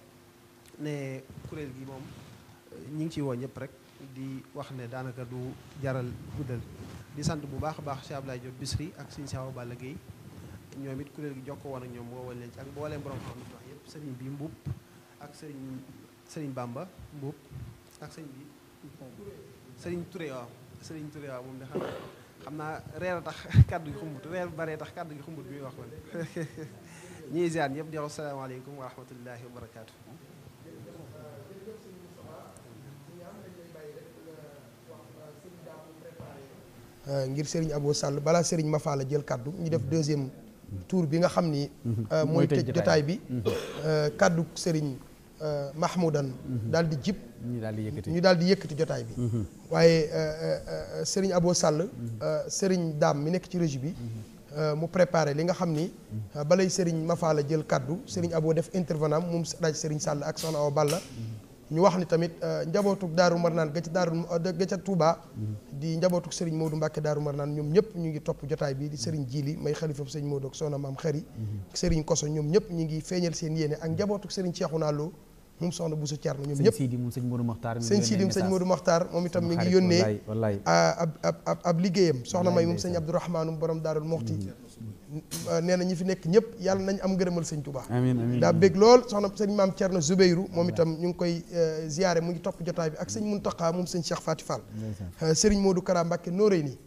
ne kuréel gi moom ñi ngi ciy woo ñëpp rek di wax ne daanaka du jaral guddal di sant bu baax a baax Cheikh Abdoulaye Diop Bichri ak Serigne Sawa Balla Gueye ñoom it kuréel gi jokkoo woon ak ñoom woowal leen ci ak mbooleem borom xam-xam yëpp sëriñ bi Mbuub ak sëriñ sëriñ Bamba Mbuub ak sëriñ bi sëriñ Touré waaw sëriñ Touré waaw moom de xam xam naa reer a tax kàddu gi xumbut reer baree tax kàddu gi xumbut muy wax man ñuy ziar ñëpp di wax salaamaaleykum wa rahmatullahi wa barakaatu Euh, ngir Serigne Abo Sall balaa Serigne Mafalla jël kàddu ñu def deuxième tour bi nga xam ni. Mhm. Euh, mooy tëj jotaay bi mhm. euh, kaddu Serigne Mahmoudan. Mhm. daal di jib ñu daal di yëkkati ñu daal di yëkkati jotaay bi. waaye Serigne aboo Sall. Serigne daam mi nekk ci régie bi. mu préparé li nga xam ni. balay Serigne Mafalla jël kaddu Serigne Abo def intervenant moom daaj Serigne sàll ak Soxna Awa Balla. ñu wax ni tamit euh, njabootu daaru marnaan ga ca daaru ga ca Touba mm-hmm. di njabootuk Serigne Modou Mbacke daaru marnaan ñoom ñëpp ñu ngi topp jotaay bi di Serigne Jili may xalifab Serigne Modou ak soxna maam xari mm-hmm. Serigne Koso ñoom ñëpp ñu ngi feeñal seen yéene ak njabootuk Serigne Cheikhouna Lo moom soxna Bousso Thierno ñoom ñëpp sëñ Sidi moom sëñ Modou Makhtar sëñ Sidi sëñ Modou Makhtar moom itam mi ngi yónnee ab ab ab liggéeyam soxna may moom sëñ Abdourahmane borom daarul Moxti nee na ñi fi nekk ñëpp yàlla nañ am ngërëmal sëñ Touba amiin amiin daa bég lool soxna sëñ maam Thierno Zubeyru moom itam ñu ngi koy eh, ziyaare mu ngi topp jotaay bi ak sëñ a moom sëñ Cheikh Faty Fall sëriñ eh, Modou Kara Mbacké nooré nii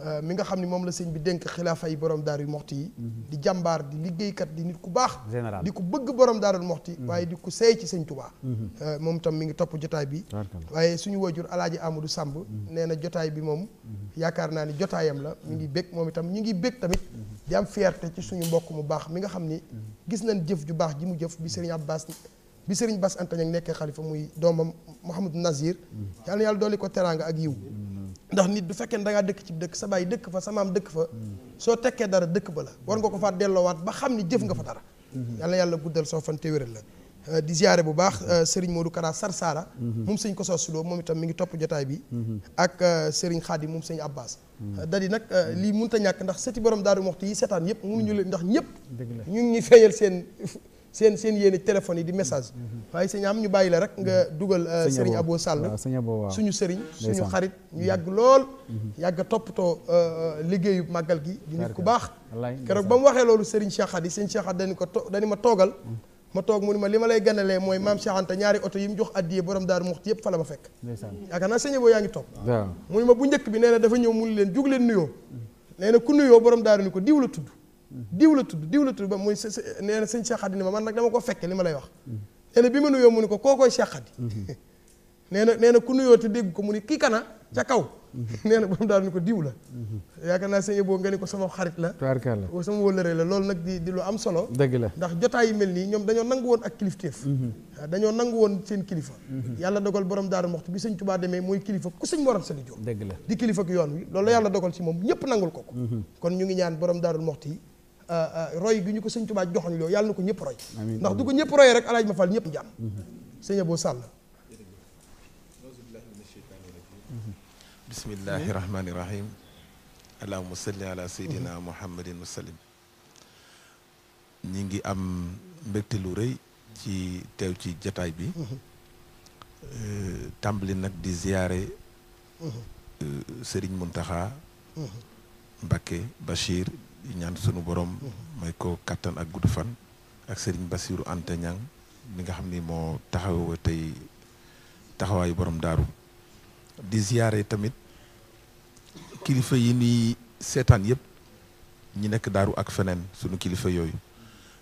Euh, mi nga xam ni moom la sëñ bi dénk xilaafa yi borom yu moxti yi mhm. di jàmbaar di liggéeykat di nit ku baax di ko bëgg borom daaru moxti mhm. waaye di ko sey ci sëñ tubaa mhm. euh, moom itam mi ngi topp jotaay bi waaye suñu wajur alaaji amadou sàmb nee na jotaay bi moom yaakaar naa ni jotaayam la mu ngi bég moom itam ñu ngi bég tamit di am fierté ci suñu mbokk mu baax mi nga xam ni gis nañ jëf ju baax ji mu jëf bi sëriñ abbas bi sëriñ bas antañ ak nekkee xalifa muy doomam mouhamadou nazir yàlla na yàlla dooli ko teraanga ak yiw ndax nit du fekkee ne da ngaa dëkk ci dëkk sa baay dëkk fa sa maam dëkk fa soo tekkee dara dëkk ba la war nga ko faa delloowaat ba xam ni jëf nga fa dara yàlla yàlla guddal soo fan te la euh, di ziare bu baax euh, Serigne Modou Kara Sarsara moom sëñ ko soosuloo moom itam mi ngi topp jotaay bi ak euh, Serigne yi moom sëñ Abbas dadi nag lii mun a ñàkk ndax sëti borom daaru moxti yi seetaan yëpp ñu leen ndax ñëpp ñu ngi ñuy seen seen seen yéene téléphone yi di message waaye sëñ am ñu bàyyi la rek nga mm-hmm. dugal sëriñ euh, Abo Sall suñu sëriñ suñu xarit ñu mm-hmm. yàgg lool mm-hmm. yàgg toppatoo euh, liggéeyu màggal gi di nit ku baax keroog ba mu waxee loolu sëriñ Cheikh Khady sëñ Cheikh Khady dañu ko to dañu ma toogal ma toog mu ni ma li ma lay ganalee mooy maam Cheikh Anta ñaari oto yi mu jox addiyee borom daaru muxti yëpp fa la ma fekk yaakaar naa sëñ Abo yaa ngi toog mu ni ma bu njëkk bi nee na dafa ñëw mu leen jug leen nuyoo nee na ku nuyoo borom daaru ni ko diw la tudd diw la tudd diw la tudd ba muy nee na sëñ Cheikh Khady ni ma man nag dama ko fekke li ma lay wax nee bi ma nuyoo mu ni ko koo koy Cheikh Khady mhm. nee na nee na ku nuyoo te dégg ko mu ni kii kana ca kaw mhm. nee na ba mu daal ni ko diw la mhm. yaakaar naa boo nga ni ko sama xarit la sama wëllëre la loolu nag di di lu am solo dëgg la ndax jotaay yi mel nii ñoom dañoo nangu woon ak kilifteef dañoo nangu woon seen kilifa yàlla dogal borom daaru moxtu bi sëñ Tuubaa demee mooy kilifa ku sëñ morom sali Jóob dëgg la di kilifa ak yoon wi loolu yàlla dogal ci moom ñëpp nangul ko ko kon ñu ngi ñaan borom daaru moxtu yi Euh, euh, roy gi ñu ko sëñ Tuubaa joxoñ loolu yàlla na ko ñëpp roy ndax du ko ñëpp roy rek alaaj ma fal ñëpp jàmm mhm. sëñ Abou Sall bismillahi rahmaani rahim allahuma salli ala seydina mhm. muhammadin wa sallim ñi ngi am mbégte lu rëy ci teew ci jataay bi mhm. euh, tàmbali nag di ziyaare sëriñ Muntaxa Mbakke Bachir ñaan sunu borom may ko kàttan ak gudd fan ak Serigne Bassirou Anta Niang mi nga xam ni moo taxaw tey taxawaayu borom daaru di ziyaare tamit kilifa yi ni seetaan yëpp ñi nekk daaru ak feneen sunu kilifa yooyu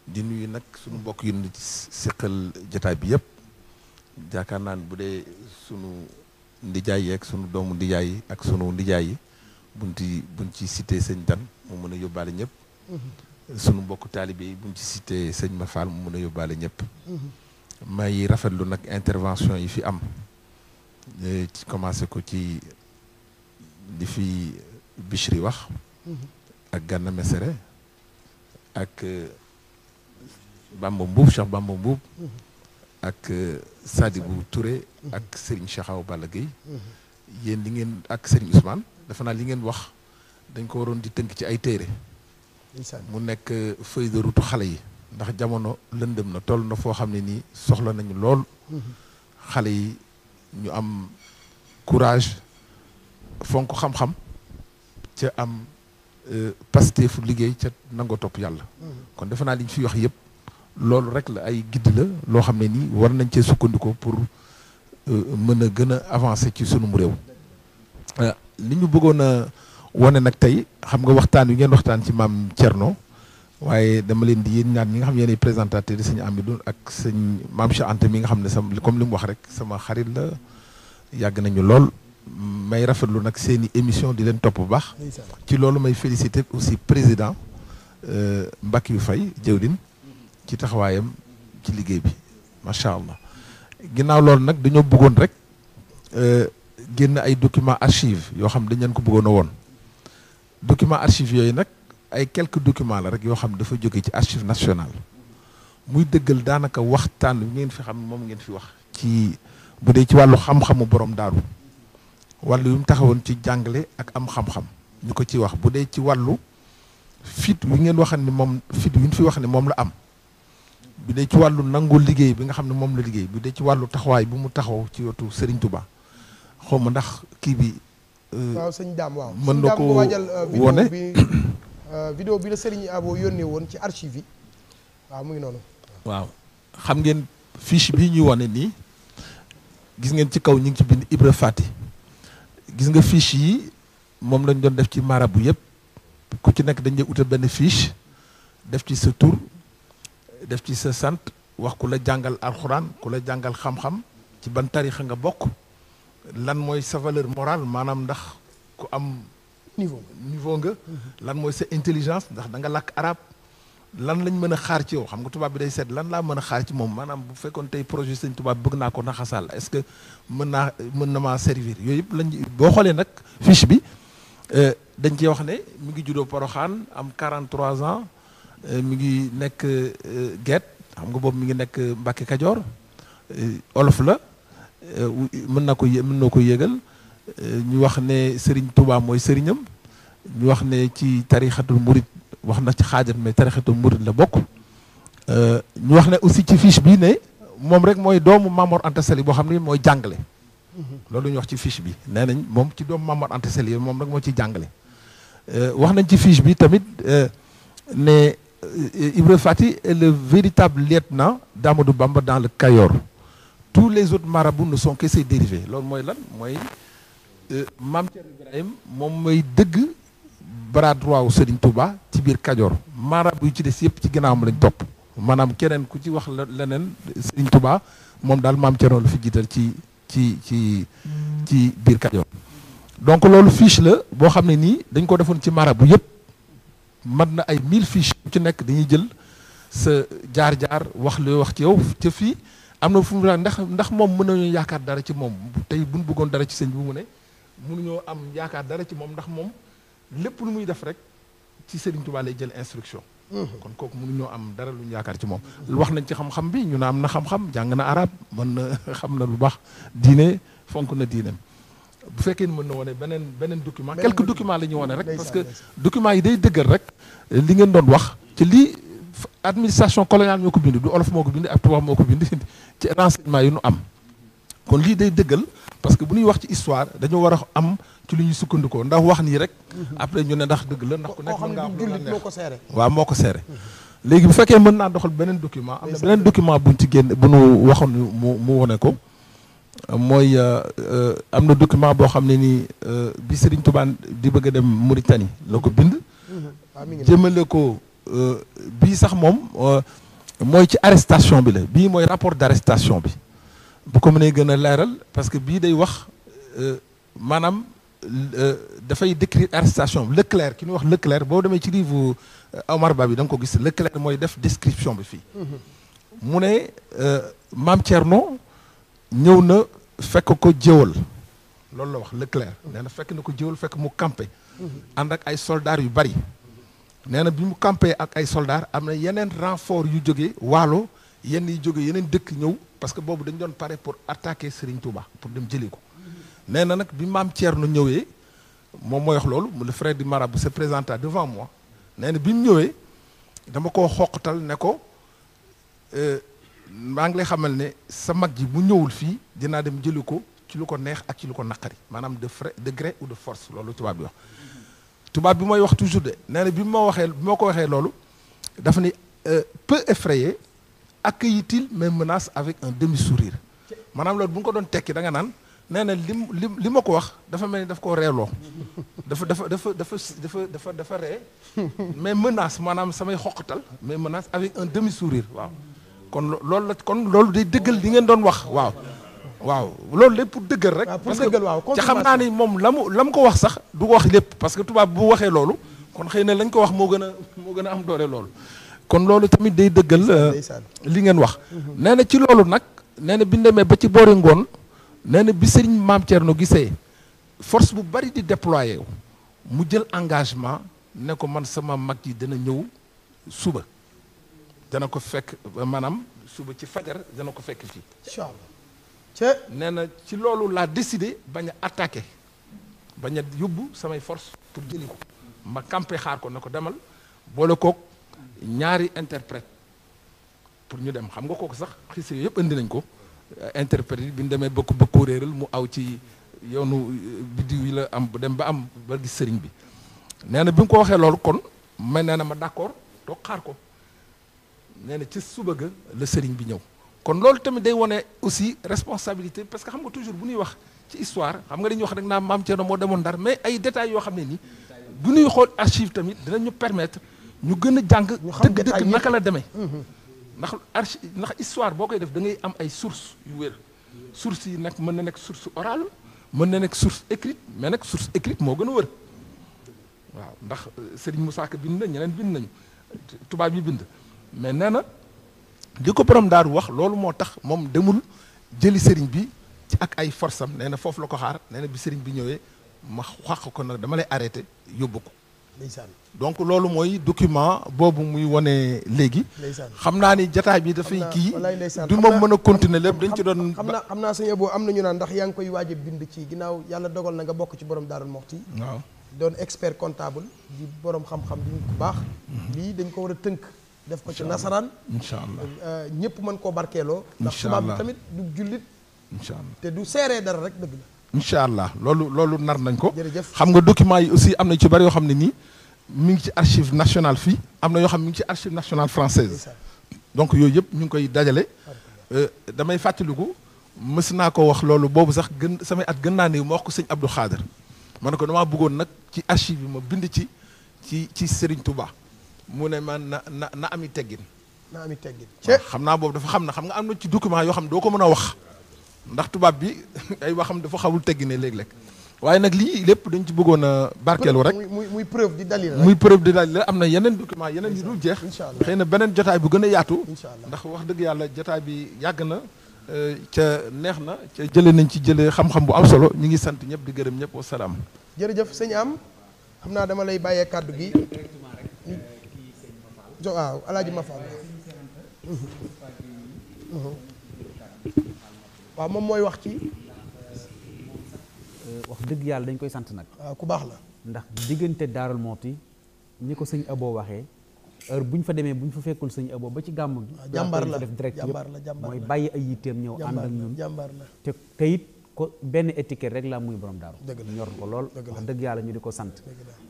di nuyu nag sunu mbokk yu nu seqal jataay bi yëpp jaakaar naan bu dee sunu ndijaay yi ak sunu doomu ndijaay yi ak sunu ndijaay ci buñ ci cité sëñ Dan mu mën a yóbbaale ñëpp sunu mbokk taalibe yi buñ ci cité sëñ Ma Fall mu mën a yóbbaale ñëpp may rafetlu nag intervention yi fi am e, ci commencé ko ci li fi Bichri wax ak Gana Messere ak e, Bamba Mbuub Cheikh Bamba Mbuub ak e, bu ture ak Serigne Cheikh bala Balla Gueye yéen li ngeen ak Serigne Ousmane dafa naa li ngeen wax dañ ko waroon di tënk ci ay téere mu nekk euh, feuille de route xale yi ndax jamono lëndëm na toll na foo xam ne nii soxla nañu lool mhm. xale yi ñu am courage fonk xam-xam ca am euh, fu liggéey ca nangoo topp yàlla mhm. kon defe naa li ñu fi wax yëpp loolu rek la ay guide la loo xam ne nii war nañ cee sukkandikoo pour euh, mën a gën a avancer ci sunum réew li ñu bëggoon wane nag tey xam nga waxtaan wi ngeen waxtaan ci maam Thierno waaye dama leen di yéen ñaar ñi nga xam yéenay présentateur yi sëñ Amidou ak sëñ maam Cheikh Anta mi nga xam ne sama comme li mu wax rek sama xarit la yàgg nañu lool may rafetlu nag seeni émission di leen topp bu baax. ci loolu may féliciter aussi président euh, Mbackiou Faye jëwrin ci taxawaayam ci liggéey bi macha allah ginnaaw loolu nag dañoo bëggoon rek euh, génn ay documents archives yoo xam dañ leen ko bëggoon a woon. document archive yooyu nag ay quelques document la rek yoo xam ne dafa jóge ci archive nationale muy dëggal daanaka waxtaan bi ngeen fi xam moom ngeen fi wax ci bu dee ci wàllu xam borom daaru wàllu yu taxawoon ci jàngale ak am xam-xam ko ciy wax bu dee ci wàllu fit wi ngeen waxan ni moom fit wi ñu fi wax ne moom la am bu dee ci wàllu nangu liggéey bi nga xam ne moom la liggéey bu dee ci wàllu taxawaay bu mu taxaw ci wetu Serigne Touba xaw ma ndax kii bi Euh, waaw sëñ Dame mën na ko waajal euh, vidéo bi euh, vidéo bi la Serigne Abo yónnee woon ci archive yi waaw mu noonu. waaw xam ngeen fiche bii ñuy wane nii gis ngeen ci kaw ñu ngi ci bind Ibra Fati gis nga fiche yi moom lañ doon def ci marabu yëpp ku ci nekk dañ lay utal benn fiche def ci sa tur def ci sa sant wax ku la jàngal alxuraan ku la jàngal xam-xam ci ban tarixa nga bokk. lan mooy sa valeur morale maanaam ndax ku am niveau niveau nga lan mooy sa intelligence ndax da nga làkk arab lan lañ mën a xaar ci yow xam nga tubaab bi day seet lan laa mën a xaar ci moom maanaam bu fekkoon tey projet sëñ tubaab bëgg naa ko naxasaal est-ce que mën naa mën na maa servir yooyu yëpp lañ boo xolee nag fiche bi euh, dañ cee wax ne mi ngi juddoo Poroxaan am 43 ans euh, mi ngi nekk euh, Guet xam nga boobu mi ngi nekk Mbacke Kajoor olof la mën naa ko mën na ko yëgal euh, ñu wax ne Serigne Touba mooy sëriñam ñu wax ne ci tarixatul murid wax na ci xaajar mais tarixatul murid la bokk euh, ñu wax ne aussi ci fiche bi ne moom rek mooy doomu Mamor Anta Sali boo xam ne mooy jàngale mm-hmm. loolu ñu wax ci fiche bi nee nañ moom ci doomu Mamor Anta selli moom rek moo ci jàngale euh, wax nañ ci fiche bi tamit ne Ibra Fati est le véritable na d'Amadou Bamba dans le Kayor tous les autres marabouts ne sont que ses dérivés loolu mooy lan mooy euh, maam Thierno Ibrahim moom mooy dëgg bras droit wu Serigne ci biir Kajoor mara yu ci des yëpp ci ginnaawam lañ topp maanaam keneen ku ci wax leneen Serigne Touba moom daal maam Thierno la fi jiital ci ci ci ci biir Kajoor donc loolu fiche la boo xam ne nii dañ ko defoon ci bu yëpp mën na ay mille fiches ci nekk dañuy jël sa jaar-jaar wax luy wax ci yow ca fii am na fu mu ndax ndax moom mën nañu yaakaar dara ci moom tey bu ñu bëggoon dara ci sëñ bi mu ne ñoo am yaakaar dara ci moom ndax moom lépp lu muy def rek ci Serigne Touba lay jël instruction. Mhm. kon kooku ñoo am dara luñ yaakaar ci moom. wax nañ ci xam-xam bi ñu ne am na xam-xam jàng na arab mën na xam na lu baax diine fonk na diineem bu fekkee ni mën na wone beneen beneen document. quelques documents la ñuy wone rek parce que document yi day dëggal rek li ngeen doon wax ci administration coloniale ñoo ko bind du olof moo ko bind ak tubaab moo ko bind ci renseignement yi nu am kon lii day dëggal parce que bu ñuy wax ci histoire dañoo war a am ci lu ñuy sukkandikoo ndax wax nii rek après ñu ne ndax dëgg la ndax ku nekk mën nga am lu la neex waaw moo ko seere léegi bu fekkee mën naa doxal beneen document am na beneen document buñ ci génn bu ñu waxoon mu mu wone ko mooy euh, euh, am na document boo xam ne nii euh, bi Serigne Touba di bëgg a dem Mauritanie la ko bind mhm. jëmale ko Euh, bii sax moom euh, mooy ci arrestation bi la bii mooy rapport d'arrestation bi bu ko mënee gën a leeral parce que bii day wax euh, maanaam dafay décrire arrestation bi Leclerc ki ñuy wax Leclerc boo demee ci livre Omar Ba bi da nga ko gis Leclerc mooy def description bi fii mm-hmm. mu ne Maam Thierno ñëw na fekk ko jëwal loolu la wax Leclerc mm-hmm. nee na fekk na ko jëwal fekk mu campé mm-hmm. ànd ak ay soldats yu bari nee na bi mu campé ak ay soldaar am na yeneen renfort yu jógee waalo yenn yi jógee yeneen dëkk ñëw parce que boobu dañ doon pare pour attaquer Serigne Touba pour dem jëli ko nee na nag bi maam Thierno ñëwee moom mooy wax loolu le frère du marabout se présenta devant moi nee na bi mu ñëwee dama ko xoqtal ne ko euh, maa ngi lay xamal ne sa mag ji bu ñëwul fii dinaa dem jëli ko ci lu ko neex ak ci lu ko naqari maanaam de frais de gré ou de force loolu tubaab bi tubaab bi may wax toujours de nee bi ma waxee bi ma ko waxee loolu dafa ni euh, peu effrayé accueille-t-il mes menaces avec un demi-sourire maanaam loolu bu nga ko doon tekki da nga naan nee na lim lim li ma ko wax dafa mel ni daf koo reeloo dafa dafa dafa dafa dafa dafa dafa ree mais menace maanaam samay xoqatal mais menace avec un demi sourir waaw kon loolu la kon loolu de dëggal di ngeen doon wax waaw waaw loolu lépp pour dëggal rek. pour dëggal waaw parce que xam naa ni moom la mu la mu ko wax sax du ko wax lépp parce que tubaab bu waxee loolu kon xëy na lañ ko wax moo gën a moo gën a am doole loolu. kon loolu tamit day dëggal euh, li ngeen wax. Mhm. nee na ci loolu nag nee na bi ba ci boori ngoon nee na bi sëriñ maam Thierno gisee force bu bari di déployé wu mu jël engagement ne ko man sama mag yi dana ñëw suba dana ko fekk maanaam suba ci fajar dana ko fekk fii. nee na ci loolu laa décidé bañ a attaqué bañ a yóbbu samay force pour jëli ko ma campé xaar ko na ko demal boole kook ñaari interprète pour ñu dem xam nga kook sax xis yooyu yëpp indi nañ ko interprète yi bi ñu demee bëkk bëkkoo réeral mu aw ci yoonu biddiw yi la am dem ba am ba gis sëriñ bi nee na bi mu ko waxee loolu kon ma nee na ma d'accord toog xaar ko nee na ci suba ga la sëriñ bi ñëw kon loolu tamit day wone aussi responsabilité parce que xam nga toujours bu ñuy wax ci histoire dañuy wax rek naa maam Thierno moo demoon Ndar mais ay détails yoo xam ne nii bu ñuy xool archive tamit dinañu permettre ñu gën a jàng dëgg dëgg naka la demee mhm. ndax archi ndax histoire boo koy def da ngay am ay source yu wér source yi nag mën na nekk source orale mën na nekk source écrite mais nag source écrite moo gën a wër waaw ndax euh, Serigne Moussa Ka bind na ñeneen bind nañu tubaab yi bind mais na li ko borom daaru wax loolu moo tax moom demul jëli sëriñ bi ci ak ay force am nee na foofu la ko xaar nee na bi sëriñ bi ñëwee ma xàq ko nag dama lay arrêté yóbbu ko donc loolu mooy document boobu muy wane léegi xam naa ni jataay bi dafay kii du moom mën a continuer lépp dañ ci doon xam naa xam naa sëñ Abo am na ñu naan ndax yaa ngi koy waaj bind ci ginnaaw yàlla dogal na nga bokk ci borom daarul moxti waaw doon expert comptable di borom xam-xam di ñu ko baax mhm. dañ ko war a tënk def ko ci nasaraan incha allah euh, ñëpp mën koo barkeeloo ndax tubaab bi tamit du jullit incha allah du seeree dara rek dëgg allah loolu loolu nar nañ ko xam nga document yi aussi am na ci bari yoo xam ne nii mi ngi ci archive nationale fii am na yoo xam ne mi ngi ci archive nationale française donc yooyu yëpp ñu ngi koy dajale euh, damay fàttaliku mës naa ko wax loolu boobu sax gën samay at gën naa ne ma wax ko sëñ Abdou Khader ma ne ko damaa bëggoon nag ci archive bi ma bind ci ci ci Serigne mu ne ma na na na ami teggin na ami teggin xam naa boobu dafa xam ne xam nga am na ci document yoo xam ne doo ko mën a wax ndax tubaab bi ay waxam dafa xawul teggine léeg-léeg waaye nag lii lépp dañ ci bëggoon a barkeelu rek muy preuve di dalil muy preuve di dalil am na yeneen document yeneen yu dul jeex xëy na beneen jotaay bu gën a yaatu ndax wax dëgg yàlla jotaay bi yàgg na euh, ca neex na ca jële nañ ci jële xam-xam bu am solo ñu ngi sant ñëpp di gërëm ñëpp wasalaam jërëjëf sëñ am xam naa dama lay bàyyee kàddu gi jo waaw alaaji mm-hmm. moom mooy wax ci euh, wax dëgg yàlla dañ koy sant nag waaw ku baax la ndax diggante daarul mooti ñu ko sëñ aboo waxee heure bu ñu fa demee bu ñu fa fekkul sëñ aboo ba ci gàmm gi jàmbaar la def direct yëpp mooy bàyyi ay yitteem ñëw ànd ak ñun te it ko benn étiquette rek la muy borom daaru ñor ko lool wax dëgg yàlla ñu di ko sant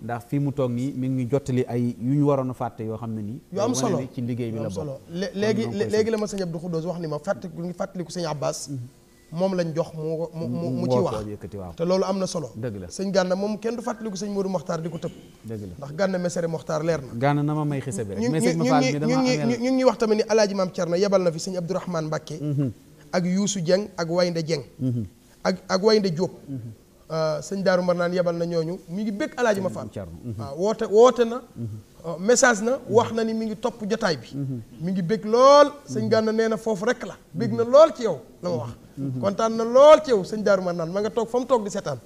ndax fii mu toog nii mi ngi jottali ay yu ñu waroon a fàtte yoo xam ne nii yu am solo ci liggéey bi la bokk léegi léegi la ma sëñ Abdou Khoudous wax ni ma fàtte ñu ngi fàttaliku sëñ Abbas mhm. moom lañ jox mu mu mu ci wax te loolu am na solo dëgg la sëñ Gànna moom kenn du fàttaliku sëñ Modou Mokhtar di ko tëb dëgg la ndax Gànna mesere Mokhtar leer na Gànna na ma may xise bi rek ñu ngi wax tamit ni Alaaji Maam Cerno yebal na fi sëñ Abdourahmane Mbacké mhm. ak Youssou Dieng ak Waynda Dieng mhm. ak ak Waynde Diop. Ah, sëñ Daaru Mar yebal na ñooñu mi ngi bég alaaji ma faal waaw mhm. ah, woote woote na ah, message na wax na ni mi ngi topp jotaay bi mhm. mi ngi bëgg lool sëñ mhm. Gana nee na foofu rek la bëgg na lool ci yow la ma wax kontaan na lool ci yow sëñ Daaru Mar ma nga toog fa mu toog di seetaan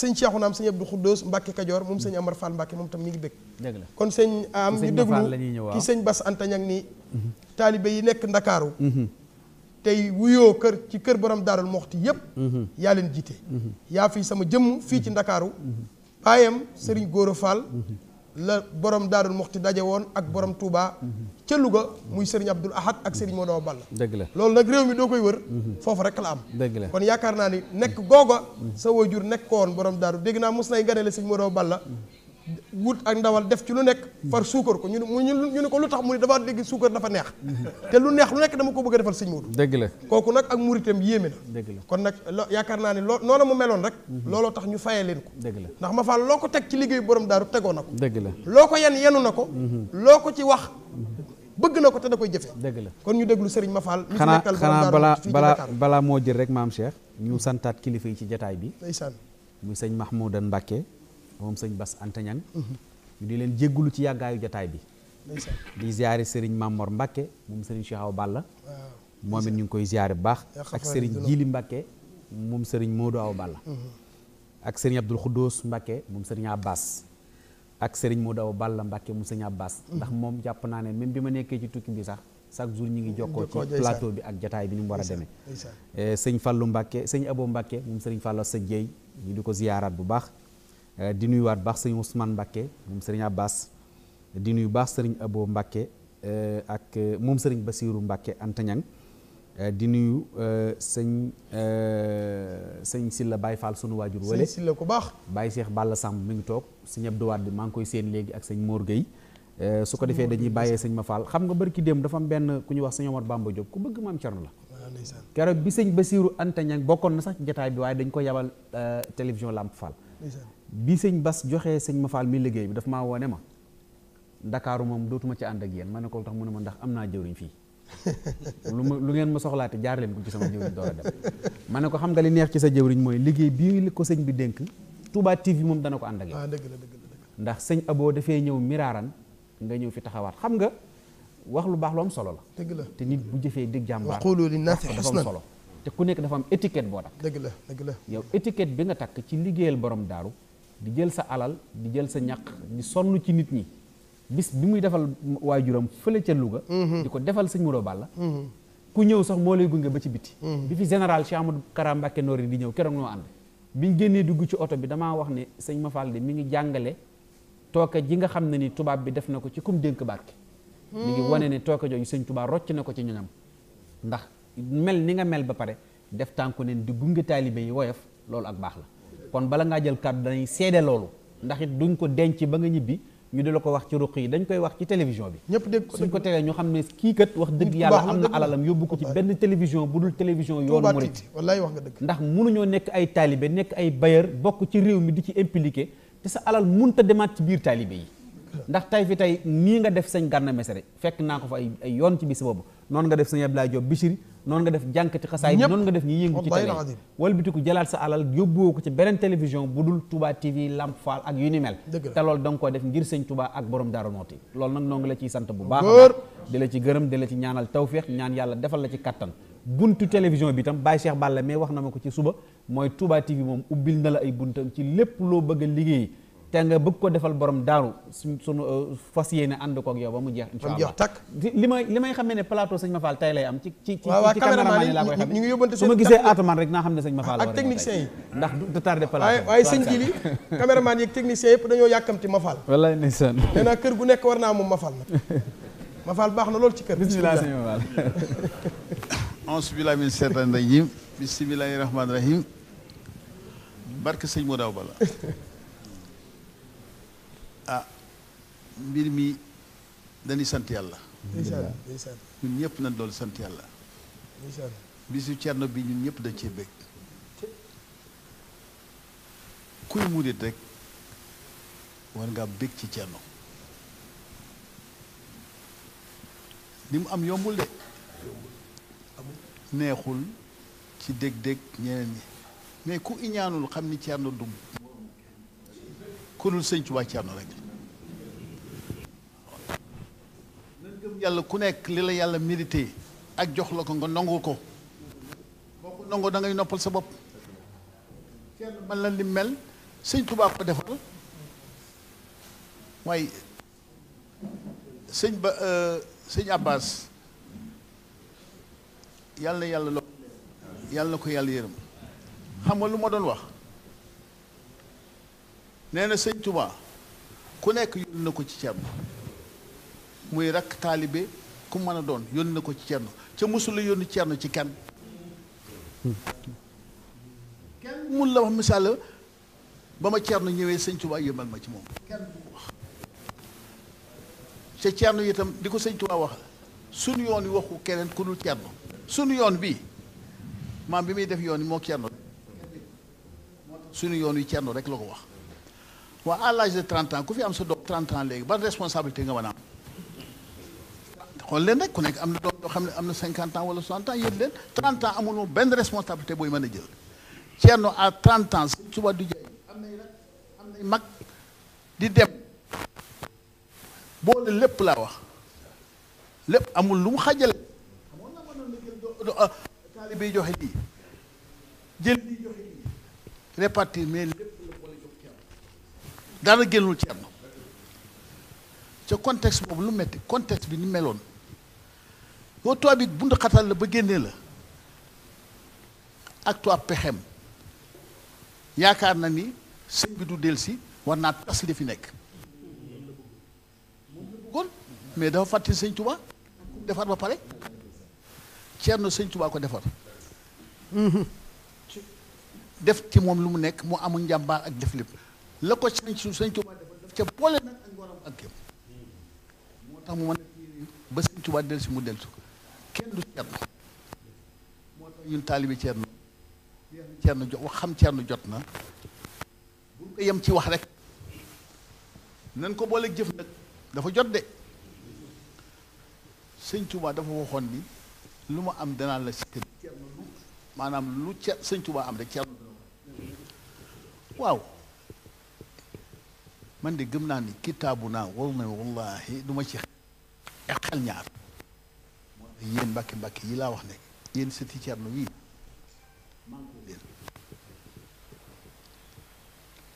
sëñ Cheikhu naam sëñ Abdou Khoudous Mbacke Kajoor moom sëñ Amar Fall Mbacke moom tam mi ngi bëgg kon sëñ am ñu déglu ki sëñ Bass Antaña ak ni taalibe yi nekk Ndakaaru tey wuyoo kër ci kër borom daarul moxti yëpp mhm. yaa leen jiite mhm. yaa fii sama jëmm fii ci mhm. ndakaaru baayam sëriñ Gora la borom daarul moxti daje woon ak boroom Touba ca Louga muy sëriñ Abdul Ahad ak sëriñ Modaw Ball dëgg la loolu nag réew mi doo koy wër foofu rek la am dëgg la kon yaakaar naa ni nekk googa sa waajur nekk ko woon borom dégg naa mos nay ganale sëriñ Modaw Ball wut ak ndawal def ci lu nekk far suukar ko ñu ne ñu ne ko lu tax mu ne dafa dégg suukar dafa neex te lu neex lu nekk dama ko bëgg defal sëñ Moodu dëgg la kooku nag ak muritam yéeme na la kon nag yaakaar naa ne loo noonu mu meloon rek mhm. looloo tax ñu fayee leen ko dëgg la ndax ma faal loo teg ci liggéey borom daaru tegoo na ko dégg la loo ko yen yenu na ko mhm. loo ko ci wax bëgg na ko te da koy jëfe dëgg la kon ñu déglu sëriñ Mafal mi nekkal xanaa balaa balaa balaa moo jël rek maam Cheikh ñu santaat kilifa yi ci jataay bi ndeysaan muy sëñ Mahmoudan Mbacke moom sëñ Bass Anta mhm. ñu di leen jéggulu ci yàggaayu jataay bi di ziare Serigne Mamor Mbacke moom Serigne Cheikh Awa Balla moom ñu ngi koy ziare bu baax ak Serigne Jili mbakke moom sëriñ Modou Awa Balla mhm. ak Serigne Abdoul Khoudous Mbacke moom Serigne Abbas ak Serigne Modou Awa Balla Mbacke moom Serigne Abbas mhm. ndax moom jàpp naa ne même bi ma nekkee ci tukki bi sax chaque jour ñu ngi jokkoo ci plateau bi ak jataay bi ni mu war a demee sëñ eh, Fallou Mbacke sëñ Abo Mbacke moom Serigne Fallou sa Dieye ñu di ko ziaraat bu baax Euh, di nuyuwaat baax sëriñ Ousmane Mbakke moom sëriñ baas di nuyu baax sëriñ Abo Mbakke euh, ak euh, moom sëriñ Basiiru Mbakke Antañang di nuyu sëñ sëñ Silla Baye Fall sunu waajur wale sëñ Silla ku baax Baye Cheikh Balla Samb mi ngi toog sëñ Abdou Wade maa ngi koy seen léegi ak sëñ Mor Gueye su ko defee dañuy bàyyee sëñ ma Fall xam nga ki dem dafa am benn ku ñuy wax sëñ Omar Bamba Diop ku bëgg maam Cerno la keroog bi sañ Basiiru Antañang bokkoon na sax ci bi waaye dañ ko yabal télévision Lamp bi sëñ bas joxee sëñ ma mi liggéey bi dafa maa woone ma ndakaaru moom dootuma ci ànd ak yenn ma ne ko tax mu ne ma ndax am naa jëwriñ fii lu ma lu ngeen ma soxlaate jaar leen ko ci sama jëwriñ doo a dem ma ne ko xam nga li neex ci sa jëwriñ mooy liggéey bii ko sëñ bi dénk Touba TV moom dana ko ànd ak yéen ah, ndax sëñ aboo dafee ñëw miraaran nga ñëw fi taxawaat xam nga wax lu baax lu am solo la dëgg la te nit bu jëfee dëgg jàmbaar waxulu na naasi xusna solo te ku nekk dafa am étiquette boo takk dëgg la dëgg la yow étiquette bi nga takk ci liggéeyal borom daaru di jël sa alal di jël sa ñaq di sonn ci nit ñi bis bi muy defal waajuram fële ca Louga mhm. di ko defal sëñ Modou Balla mhm. ku ñëw sax moo lay gunge ba ci biti mhm. bi fi général Cheikh Amadou Kara Mbacké Noreyni di ñëw keroog noo ànd biñ génnee dugg ci oto bi damaa wax ne sëñ Mafal de mi ngi jàngale tooke ji nga xam ne ni tubaab bi def na ko ci kum dénk barke mi ngi wane ne tooke jooju sëñ tubaab rocc na ko ci ñoñam ndax mel ni nga mel ba pare def tànku neen di gunge taalibe woyof loolu ak baax la kon bala ngaa jël kàddu dañuy seede loolu ndax it duñ ko denc ba nga ñibbi ñu di la ko wax ci ruq yi dañ koy wax ci télévision bi ñëpp dégg suñ ko tegee ñu xam ne kii kat wax dëgg yàlla am na alalam yóbbu ko ci benn télévision bu dul télévision yoonu murit wallaay wax nga dëgg ndax mënuñoo nekk ay taalibe nekk ay bailleur bokk ci réew mi di ci impliqué te sa alal munta demaat ci biir taalibe yi ndax tay fi tey nii nga def sañ Gana Messere fekk naa ko fa ay yoon ci bis boobu noonu nga def sañ Abdoulaye Diop Bichiri noonu nga def jànkati xasaay noonu nga def ñi yëngu ci télé wala bitiku jëlaat sa alal yóbboo ko ci beneen télévision bu dul tubaa TV Lamp Fall ak yu ni mel te loolu da nga def ngir sëñ tubaa ak borom Daaru Muxti loolu nag noo ngi la ciy sant bu baax di la ci gërëm di la ci ñaanal tawféex ñaan yàlla defal la ci kàttan buntu télévision bi itam Baye Cheikh Balla mais wax na ma ko ci suba mooy Touba TV moom ubbil na la ay buntam ci lépp loo bëgg a liggéey te nga bëgg ko defal borom daaru suñ sunu euh, fas yéene ànd koog yow ba mu jeex. incha allah takk li may li may xam ne plateau sëñ Mafal tey lay am. ci ci ci caméraman yi laa koy ñu ngi yóbbante su ma gisee aatumaan rek naa xam ne sëñ Mafal. ak technicien yi ndax du tardé plateau. waaye sëñ Jili caméraman yi ak technicien yëpp dañoo yàkkamti Mafal. wallaay ndeysaan. nee naa kër gu nekk war naa moom Mafal baax na lool ci kër. bisimilah sëñ Mafal. auzubillahi min seytaani rajim bisimilahi rahmaani rahim barke sëñ Modaw Bala mbir mi dañuy sant yàlla. ñun ñëpp nañ doon sant yàlla. incha allah Cerno bi ñun ñëpp dañ cee bëgg. kuy murit rek war ngaa bëgg ci Cerno li mu am yombul de. neexul ci dég-dég ñeneen ñi mais ku iñaanul xam ni Cerno dum ku dul sëñ Tuubaa Cerno rek. yàlla ku nekk li la yàlla mérité ak jox la ko nga nangu ko boo ko nangoo da noppal sa bopp kenn man la li mel sëñ Tuubaa ko defal waaye sëñ ba euh, sëñ yàlla yàlla lo yàlla ko yàlla yërëm xam nga lu ma doon wax nee na sëñ ku nekk yónni na ko ci ceeb muy rakk taalibe ku mën a doon yónni na ko ci Cerno ca mosul mosula yónni Cerno ci kenn kenn mun la wax misaal ba ma Cerno ñëwee sëñ Tuubaa yëmbal ma ci moom kenn du wax ca Cerno itam di ko sëñ Tuubaa wax suñu yoon wi waxu kereen ku dul Cerno suñu yoon bii maam bi muy def yoon yi moo Cerno suñu yoon wi Cerno rek la ko wax waa à l'âge de 30 ku fi am sa doom 30 léegi ba responsabilité nga mën a am xool leen rek ku nekk am na doom yoo xam ne am na cinquante ans wala soixante ans yéen leen trente ans amuloo benn responsabilité booy mën a jël Thierno à trente ans sëñ du jaay am nay rak am nay mag di dem boole lépp laa wax lépp amul lu mu xajale xamoon jël joxe lii jël lii joxe lii répartir mais lépp dara génnul Thierno ca contexte boobu lu metti contexte bi ni meloon boo tubaab bi bund xatal la ba génnee la ak tubaab pexem yaakaar na ni sëñ bi du delsi war naa tas li fi nekk kon mais dafa fàttali sëñ Tuubaa defar ba pare na sëñ Tuubaa ko defar def ci moom lu mu nekk mu amul njàmbaar ak def lépp la ko sëñ su sëñ Tuubaa ca boole nag ak ngoram ak moo tax mu mën ba sëñ Tuubaa delsi mu delsu kenn du ceerno moo tax ñun taalibi ceerno jot xam ceerno jot na bu ko yem ci wax rek nen ko booleeg jëf nag dafa jot de sëñ dafa waxoon ni lu ma am dana la sikk ceerno lu maanaam lu ce sëñ am rek ceerno waaw man de gëm naa ni kitaabu naa wal na wallahi du ma ci xel ñaar yéen mbàkke mbàkke yi laa wax ne yéen sëti Cerno yii leen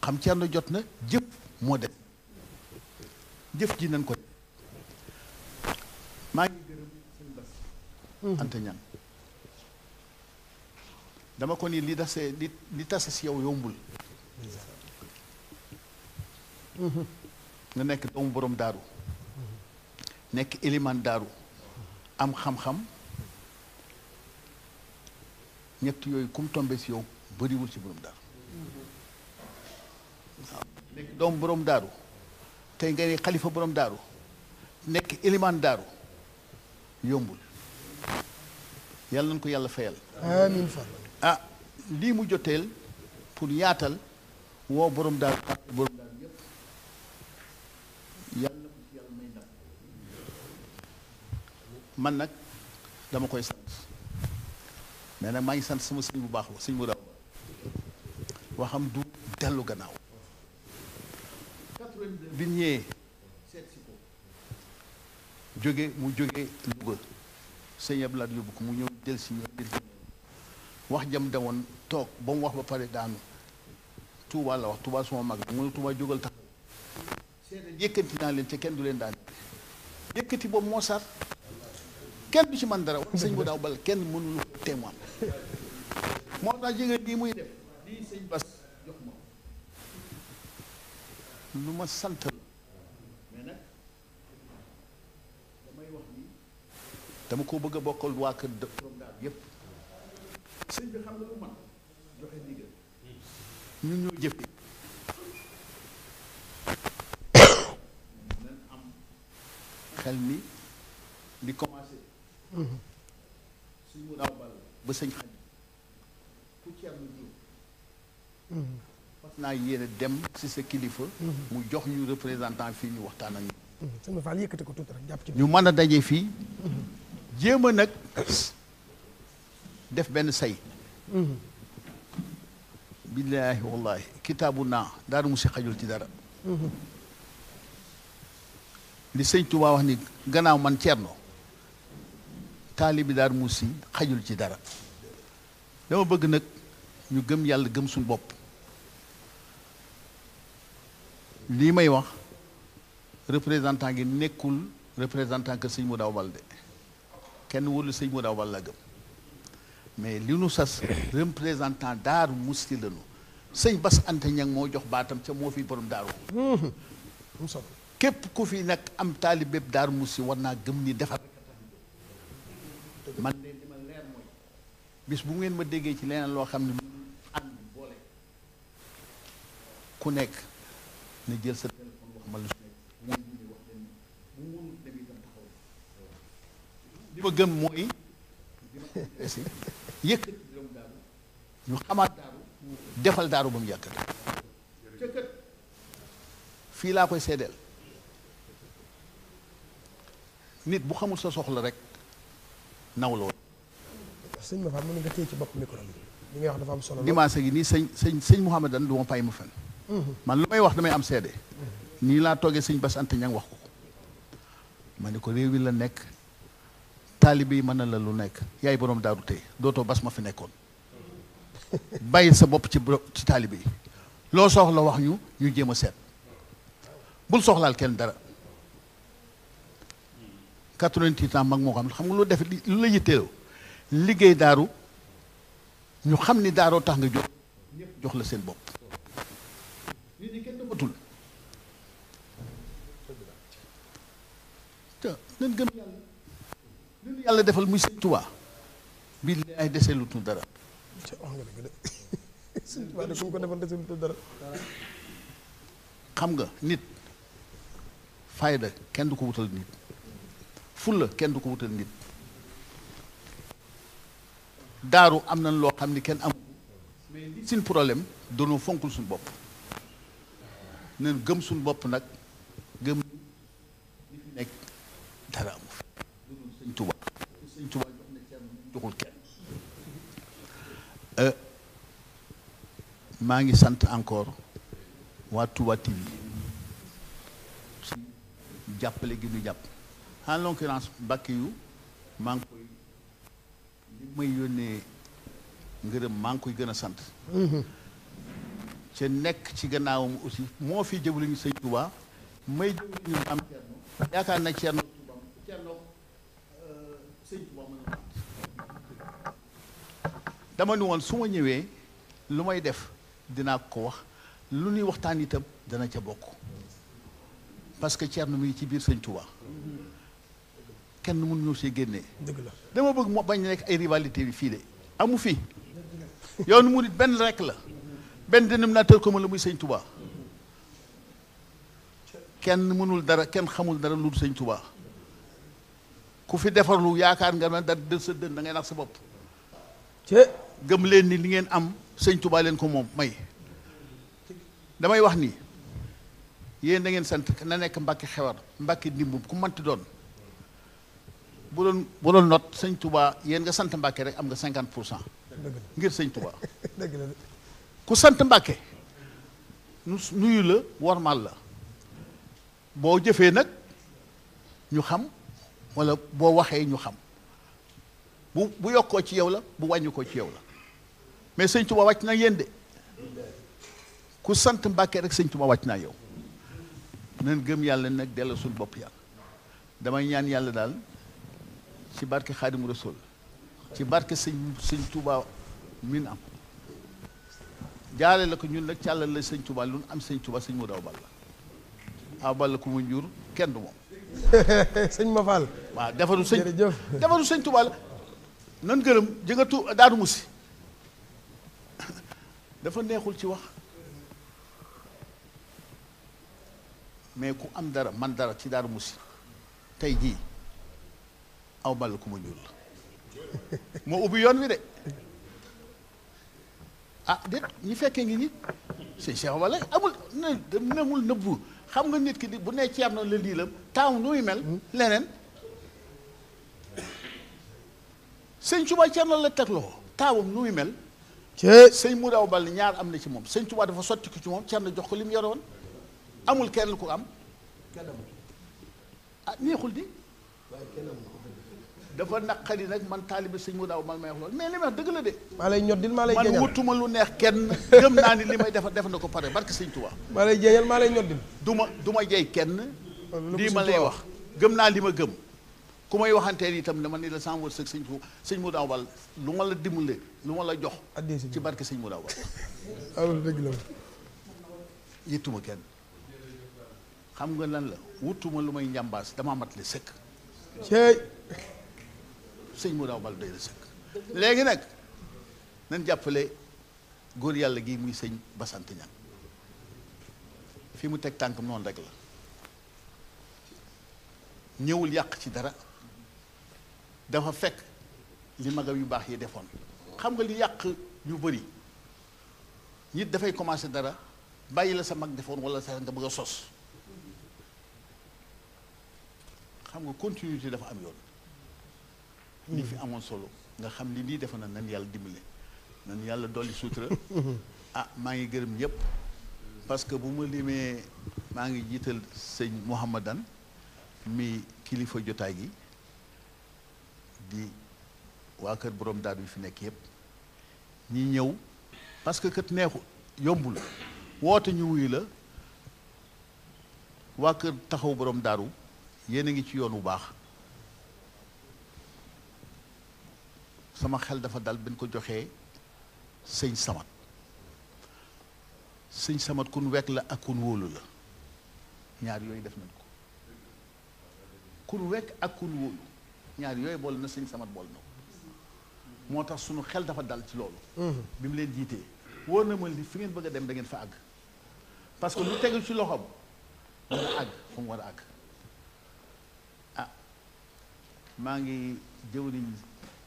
xam Cerno jot na jëf moo def jëf ji nañ ko maa ngi gërëm sëñ Bass mhm. Anta dama ko ni li dase li li tase si yow yombul mhm. nga nekk doomu borom daaru mhm. nekk éliman daaru am xam-xam ñett yooyu kum tombe si yow bëriwul si borom daaru doom borom daaru tey nga ne xalifa borom daaru nekk élimaan daaru yombul yàlla nañ ko yàlla fayal amiin fa ah lii mu joteel pour yaatal woo borom daaru borom daaru man nag dama koy sant mais nag maa ngi sant suma sëñ bu baax sëñ bu daw waxam du dellu gannaaw bi ñëwee seet si jóge mu jóge Louga sëñ Abdoulaye yóbbu ko mu ñëw del si ñëw wax jam demoon toog ba mu wax ba pare daanu Touba la wax Touba suma mag mu ne Touba jógal tax seet yëkkanti naa leen ca kenn du leen daan yëkkati boobu moo sar kenn du ci man dara wax sëñ bu daaw bal kenn mënul ko témoin moo tax jigéen bii muy def lu ma sant dama ko bëgg a bokkal waa kër borom yépp sëñ ñoo jëfe xel ni li suñu raw bal ba sëñ xaj ku ceernu jóg fas naa yéene dem si sa kilifa mu jox ñu représentant fii ñu waxtaan ak ñu sama ñu mën a daje fii jéem a nag def benn say billaahi wallaahi kitaabu naa daara mu xajul ci dara mm-hmm. li sëñ Tuubaa wax ni gannaaw man ceerno taalibi daar musi xajul ci dara dama bëgg nag ñu gëm yàlla gëm suñ bopp lii may wax représentant gi nekkul représentant que sëñ mu daw bal de kenn wóolu sëñ mu daw bal la gëm mais li nu sas représentant daaru musti lanu sëñ bas ante ñang moo jox baatam ca moo fi borom daaru képp ku fi nag am taalib bépp daaru musi war naa gëm ni defar man de li ma leer mooy bis bu ngeen ma déggee ci leneen loo xam ne ànd boole ku nekk na jël sa téléphone ma gëm mooy yëkkati dërëm daaru ñu xamaat daaru defal daaru ba mu yàkkat fii laa koy seddeel nit bu xamul sa soxla rek nawloo. sëñ ma faam mën nga téye ci bopp micro bi wax dafa am solo. dimanche gi nii sëñ sëñ sëñ Mouhamadane du ma fay ma fen mhm. man lu may wax damay am seede. Mhm. nii laa toogee sëñ Bass Anta Niang wax ko. ma ne ko réew mi la nekk. taalibe yi mën na la lu nekk yaay borom daaru tey dootoo bas ma fi nekkoon. bàyyi sa bopp ci ci taalibe yi. loo soxla wax ñu ñu jéem a seet. bul soxlaal kenn dara. quatre-vingt-huit mag moo ko am xam nga loo def lu la yitteeloo liggéey daaru ñu xam ni daaroo tax nga jox jox la seen bopp lii di kenn dëmbatul te nan gëm yàlla lunu yàlla defal muy sëñ Tuubaa bi li ay desee lutul dara xam nga nit fayda kenn du ko wutal nit fulla kenn du ko wutal nit daaru am nañ loo xam ni kenn amul mais sin problème doonoo fonkul suñu bopp nen gëm suñu bopp nag gëm li fi nekk dara amu euh, maa ngi sant encore waa Touba TV jàppale gi ñu jàpp en l'occurrence mbakk yu maa ngi koy li may yónnee ngërëm maa ngi koy gën a sant mhm. ca nekk ci gannaawam aussi moo fi jëwliñu sëñ Tuubaa may jëwliñu am yaakaar na Cerno Tuubaa Cerno euh, sëñ Tuubaa dama ni woon su ma ñëwee lu may def dinaa ko wax lu ñuy waxtaan itam dana ca bokk parce que Cerno mi ci biir sëñ Tuubaa mhm. kenn mun ñëw see génnee. dëgg la dama bëgg moo bañ nekk ay rivalité bi fii de amu fi. yoonu murit benn rekk la benn dénominateur commun la muy sëñ Touba kenn mënul dara kenn xamul dara lu sëñ Touba ku fi defarlu yaakaar nga ne da dël sa dën da nax sa bopp te gëm leen ni li ngeen am sëñ Touba leen ko moom may damay wax ni yéen da ngeen sant na nekk Mbàkke xewar Mbàkke ndimbum ku manti doon bu doon bu not sëñ Touba yéen nga sant Mbàkke rek am nga cinquante pour cent ngir sëñ Touba dëgg la ku sant Mbàkke nu nuyu la wormal la boo jëfee nag ñu xam walla boo waxee ñu xam bu bu yokkoo ci yow la bu wàññi ko ci yow la mais sëñ Touba wàcc na yéen de ku sant Mbàkke rek sëñ Touba wàcc naa yow nan gëm yàlla nag delloo suñu bopp yàlla damay ñaan yàlla daal ci barke Xaadimu Rasuul ci barke sëñ sëñ Touba min am jaare la ko ñun nag càllal la sëñ Touba lu am sëñ Touba sëñ Modou Awa Balla Awa Balla ku mu jur kenn du moom. sëñ Ma Fall. waaw defaru sëñ defaru sëñ Touba la. nan gërëm jënga tu Daaru Musi dafa neexul ci wax mais ku am dara man dara ci Daaru Musi tey jii. aw ball ma moo ubbi yoon wi de ah déet ñi fekkee ngi nit sëñ Cheikh wala amul nemul nëbbu xam nga nit ki di bu nee ceeb na la lii la taamu nu muy mel hmm. leneen sëñ Tuubaa ceeb na la teg loxo taawam nu muy mel sëñ mu daw bal ñaar am na ci moom sëñ Tuubaa dafa sotti ko ci moom ceeb na jox ko li mu yoroon amul kenn ku am ah neexul di dafa naqari nag man taalibe sëñ mu daaw man may wax loolu mais li may wax dëgg la de. maa lay ñot din maa lay jeñal man wutuma lu neex kenn gëm naa li may defar def na ko pare barke sëñ Tuubaa. maa lay jeñal maa lay ñot din. du ma du ma jey kenn. lii ma lay wax gëm naa li ma gëm. ku may waxanteel itam dama ni la sans wërsëg sëñ fu sëñ mu daaw bal lu ma la dimbale lu ma la jox. ci barke sëñ mu daaw bal. alors ah, dëgg yittuma kenn xam nga lan la wutuma lu may njàmbaas dama mat le sëkk. sëñ mu daaw bal doy na sëkk léegi nag nan jàppale góor yàlla gi muy sëñ basant ñan fi mu teg tànk moom rekk la ñëwul yàq ci dara dafa fekk li magam yu baax yi defoon xam nga li yàq yu bëri nit dafay commencé dara bàyyi la sa mag defoon wala sa nga bëgg a sos xam nga continuité dafa am yoon li fi amoon solo nga xam li lii defe na nan yàlla dimbale nan yàlla dolli sutura ah maa ngi gërëm ñëpp parce que bu ma limee maa ngi jiital sëñ Mouhamadan mi kilifa jotaay gi di waa kër borom daal bi fi nekk yëpp ñi ñëw parce que kat neexu yombul woote ñu wuyu la waa kër taxaw borom daaru yéen a ngi ci yoon wu baax sama xel dafa dal bi ko joxee sëñ samat sëñ samat kun wekk la ak kun wóolu la ñaar yooyu def nañ ko kun wekk ak kun wóolu ñaar yooyu boole na sëñ samat boole na ko moo tax suñu xel dafa dal ci loolu mhm. bi mu leen jiitee wóor na ma ni fi ngeen bëgg a dem da ngeen fa àgg parce que lu tegul ci loxoom dana àgg fu mu war a àgg ah, maa ngi jëwriñ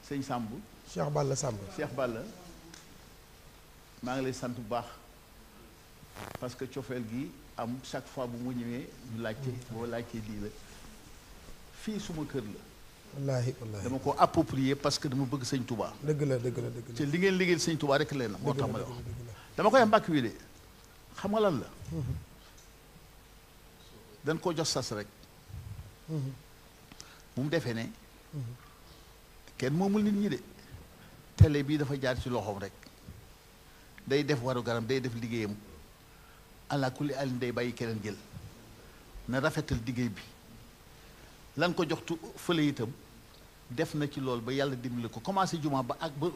sëñ Samb. Cheikh Balla Samb. Cheikh Balla maa ngi lay sant bu baax parce que cofeel gi am chaque fois bu mu ñëwee ñu laajte boo laajtee lii la fii suma kër la. wallaahi wallaahi dama ko approprier parce que dama bëgg sëñ Touba. dëgg la dëgg la dëgg la te li ngeen liggéeyal sëñ Touba rek leen la moo tax ma lay dama koy am mbàkk wi de xam nga lan la. Mm-hmm. dañ koo jox sas rek. Mm-hmm. bu mu defee ne. Mm-hmm. kenn moomul nit ñi de tele bii dafa jaar ci loxoom rek day def waru garam day def liggéeyam ala kulli alin day bàyyi keneen jël na rafetal diggéey bi lan ko jox tu fële itam def na ci lool ba yàlla dimbali ko commencé jumaa ba ak ba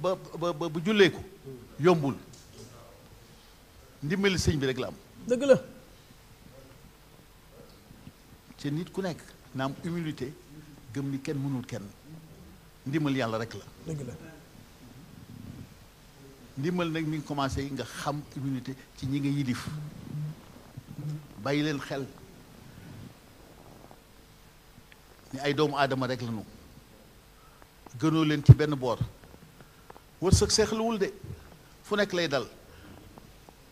ba ba ba jullee ko yombul ndimbali sëñ bi rek la am. dëgg la. te nit ku nekk na am humilité gëm ni kenn mënul kenn. ndimbal yàlla rek la. dëgg la ndimbal nag mi ngi commencé nga xam immunité ci ñi nga yilif bàyyi leen xel ni ay doomu aadama rek la ñu gënoo leen ci benn boor wërsëg seexluwul de fu nekk lay dal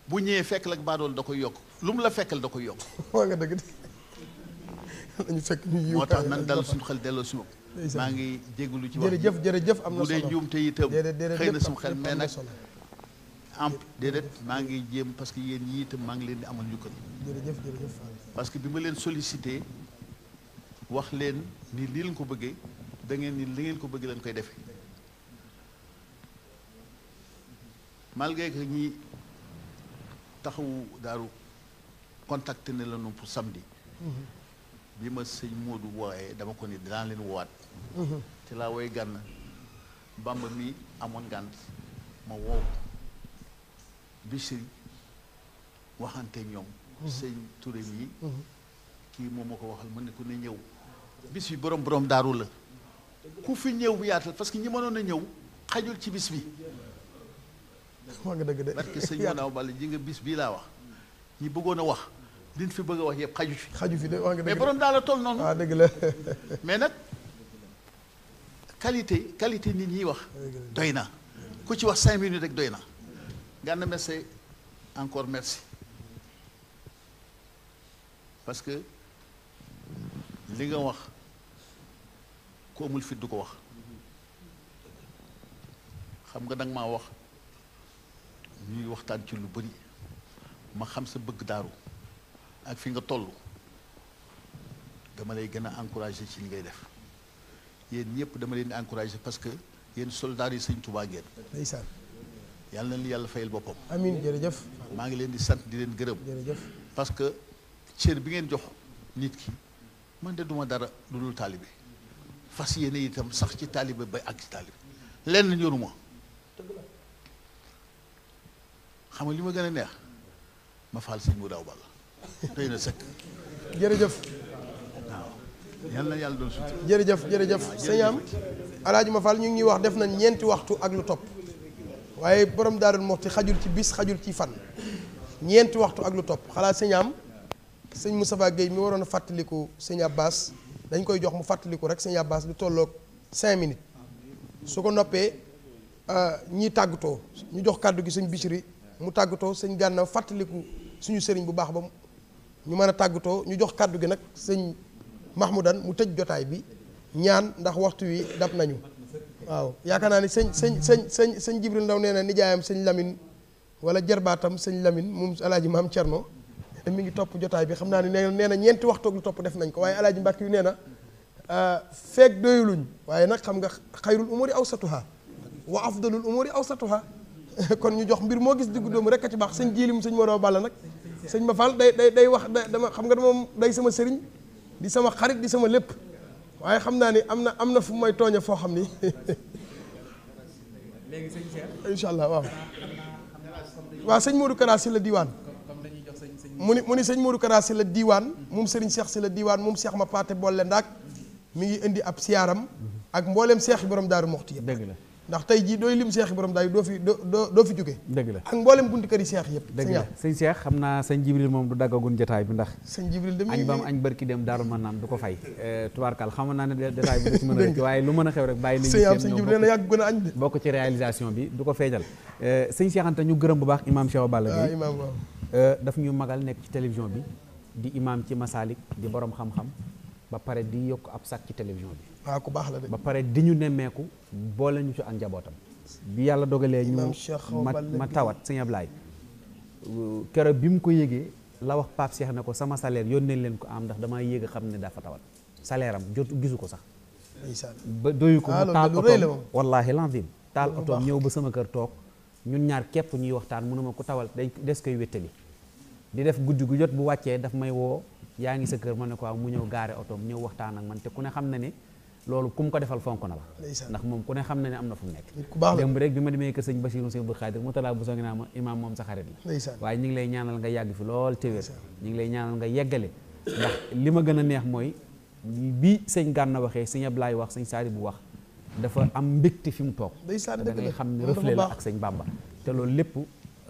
bu ñëwee fekk la ak baadool da koy yokk lu mu la fekkal da koy yokk. waa nga dëgg de. nañu fekk ñu moo tax nan dal suñu xel delloo suñu. maa ngi jégalu ci wax jërëjëf jërëjëf am na solo bu dee njuumte itam xëy na sum xel mais nag am déedéet maa ngi jéem parce que yéen yi maa ngi leen di amal njukkal jërëjëf jërëjëf parce que bi ma leen solicité wax leen ni lii lañ ko bëggee da ngeen ni li ngeen ko bëggee leen koy defee malgré que ñi taxawu daaru contacté ne la ñu pour samedi mhm. bi ma sëñ Modou wooyee dama ko ni dinaa leen woowaat ci laa woy gànn bamba mi amoon gànt ma wow ñoom sëñ Touré mii kii moom ma ko waxal mën ne ku ñëw bis bi borom borom daaru la ku fi ñëw bu yaatal parce que ñi mënoon a ñëw xajul ci bis bi maa ngi dëgg de barke sëñ Manaaw Balla ji nga bis bii laa wax ñi bëggoon a wax liñ fi bëgg a wax yëpp xaju fi xaju fi de maa ngi dëgg mais borom daal la toll noonu ah dëgg la mais nag qualité qualité nit ñi wax doy na ku ci wax cinq minutes rek doy na Gana Messere encore merci parce que li nga wax ku amul fit du ko wax xam nga danga maa wax ñuy waxtaan ci lu bari ma xam sa bëgg daaru ak fi nga toll dama lay gën a encourager ci li ngay def yéen ñëpp dama leen di encouragé parce que yéen soldats yi sëñ Tuubaa ngeen. ndeysaan. yàlla na yàlla fayal boppam. amiin jërëjëf. maa ngi leen di sant di leen gërëm. jërëjëf parce que cër bi ngeen jox nit ki man de duma dara lu dul taalibe fas yéene itam sax ci taalibe bay ak ci taalibe lenn ñoruma xam nga li ma gën a neex ma faal sëñ mu daaw balla tey na sëkk yàlla na yàlla doon sutura jërëjëf jërëjëf sëñ am alaaji ñu ngi wax def nañ ñeenti waxtu ak lu topp waaye borom daarul moxti xajul ci bis xajul ci fan ñeenti waxtu ak lu topp xalaa sëñ am sëñ Moustapha Guèye mi waroon a fàttaliku sëñ Abbas dañ koy jox mu fàttaliku rek sëñ Abbas lu tolloog cinq minutes su ko noppee euh, ñiy tàggatoo ñu jox kàddu gi sëñ Bichri mu tàggatoo sëñ Gànna fàttaliku suñu sëriñ bu baax ba ñu mën a tàggatoo ñu jox kàddu gi nag sëñ mahmudan mu tëj jotaay bi ñaan ndax waxtu wi dab nañu waaw yaakaar naa ni sëñ sëñ sëñ sëñ sëñ Jibril Ndaw nee na nijaayam sëñ Lamine wala jarbaatam sëñ Lamine moom alaaji maam Cerno mi ngi topp jotaay bi xam naa ne nee na ñeenti waxtu ak lu topp def nañ ko waaye alaaji Mbàkke yu nee na ah, feeg doyuluñ waaye nag xam nga xayrul umuri awsatuha wa afdalul umuri awsatuha kon ñu jox mbir moo gis diggu doomu rek a ci baax sëñ jiilim sëñ Modou Balla sëñ ma Fall day day day wax dama xam nga moom day sama sëriñ di sama xarit di sama lépp waaye xam naa ni am na am na fu may tooñe foo xam ni léegi sëñ Cheikh incha allah waaw waaw sëñ Modou Kara Sylla diiwaan mu ni mu ni sëñ Modou Kara la diiwaan moom sëriñ si la diiwaan moom seex ma paate boole ndaak mi ngi indi ab siyaaram ak mbooleem Cheikh yi borom Daaru Muxti yëpp dëgg la ndax tey jii dooy lim seex yi borom daay doo fi doo doo fi jóge dëgg la ak mboolem bunti kër yi seex yëpp dëgg la sëñ seex xam naa sëñ jibril moom du daggagun jotaay bi ndax sëñ jibril dem añ bam añ barki dem daaru ma naan du ko fay euh, kal xam naa ne jotaay bi du ci mën waaye lu mën a xew rek bàyyi nañu sëñ jibril na yàgg gën a añ de bokk ci réalisation bi du ko feejal euh, sëñ seex anta ñu gërëm bu baax imaam Cheikh Balla bi ah, euh, daf ñu magal nekk ci télévision bi di imaam ci masalik di boroom xam-xam ba pare di yokk ab sac ci télévision bi. Ah, ku baax la ba pare di ñu nemmeeku boole ñu ci ak njabootam. bi yàlla dogalee ñu ma ma tawat si Ablaye. Euh, keroog bi mu ko yëgee la wax Pape Cheikh ne ko sama salaire ne leen ko am ndax damaa yëg xam ne dafa tawat salaire jot gisu ko sax. ba doyu ko mu ah, taal otoom wallaahi landim taal otoom ñëw ba sama kër toog ñun ñaar képp ñuy waxtaan mënuma ku tawal dañ des koy wéttali di def guddi gu jot bu wàccee daf may woo. yaa ngi sa kër ma ne ko mu ñëw gaare otoom ñëw waxtaan ak man te ku ne xam na ni loolu kum ko defal fonk na la ndax moom ku ne xam na ne am na fu mu nekk démb rek bi ma demee kër sëñ Bachirou sëñ bu songi naa lay ñaanal nga yàgg fi lool te wér ñu ngi lay ñaanal nga yeggale li ma gën a neex mooy bi sëñ Gànna waxee sëñ Ablaay wax sañ Saari bu wax dafa am mbégte fi mu toog da ngay xam ne reflet la ak sëñ Bàmba te loolu lépp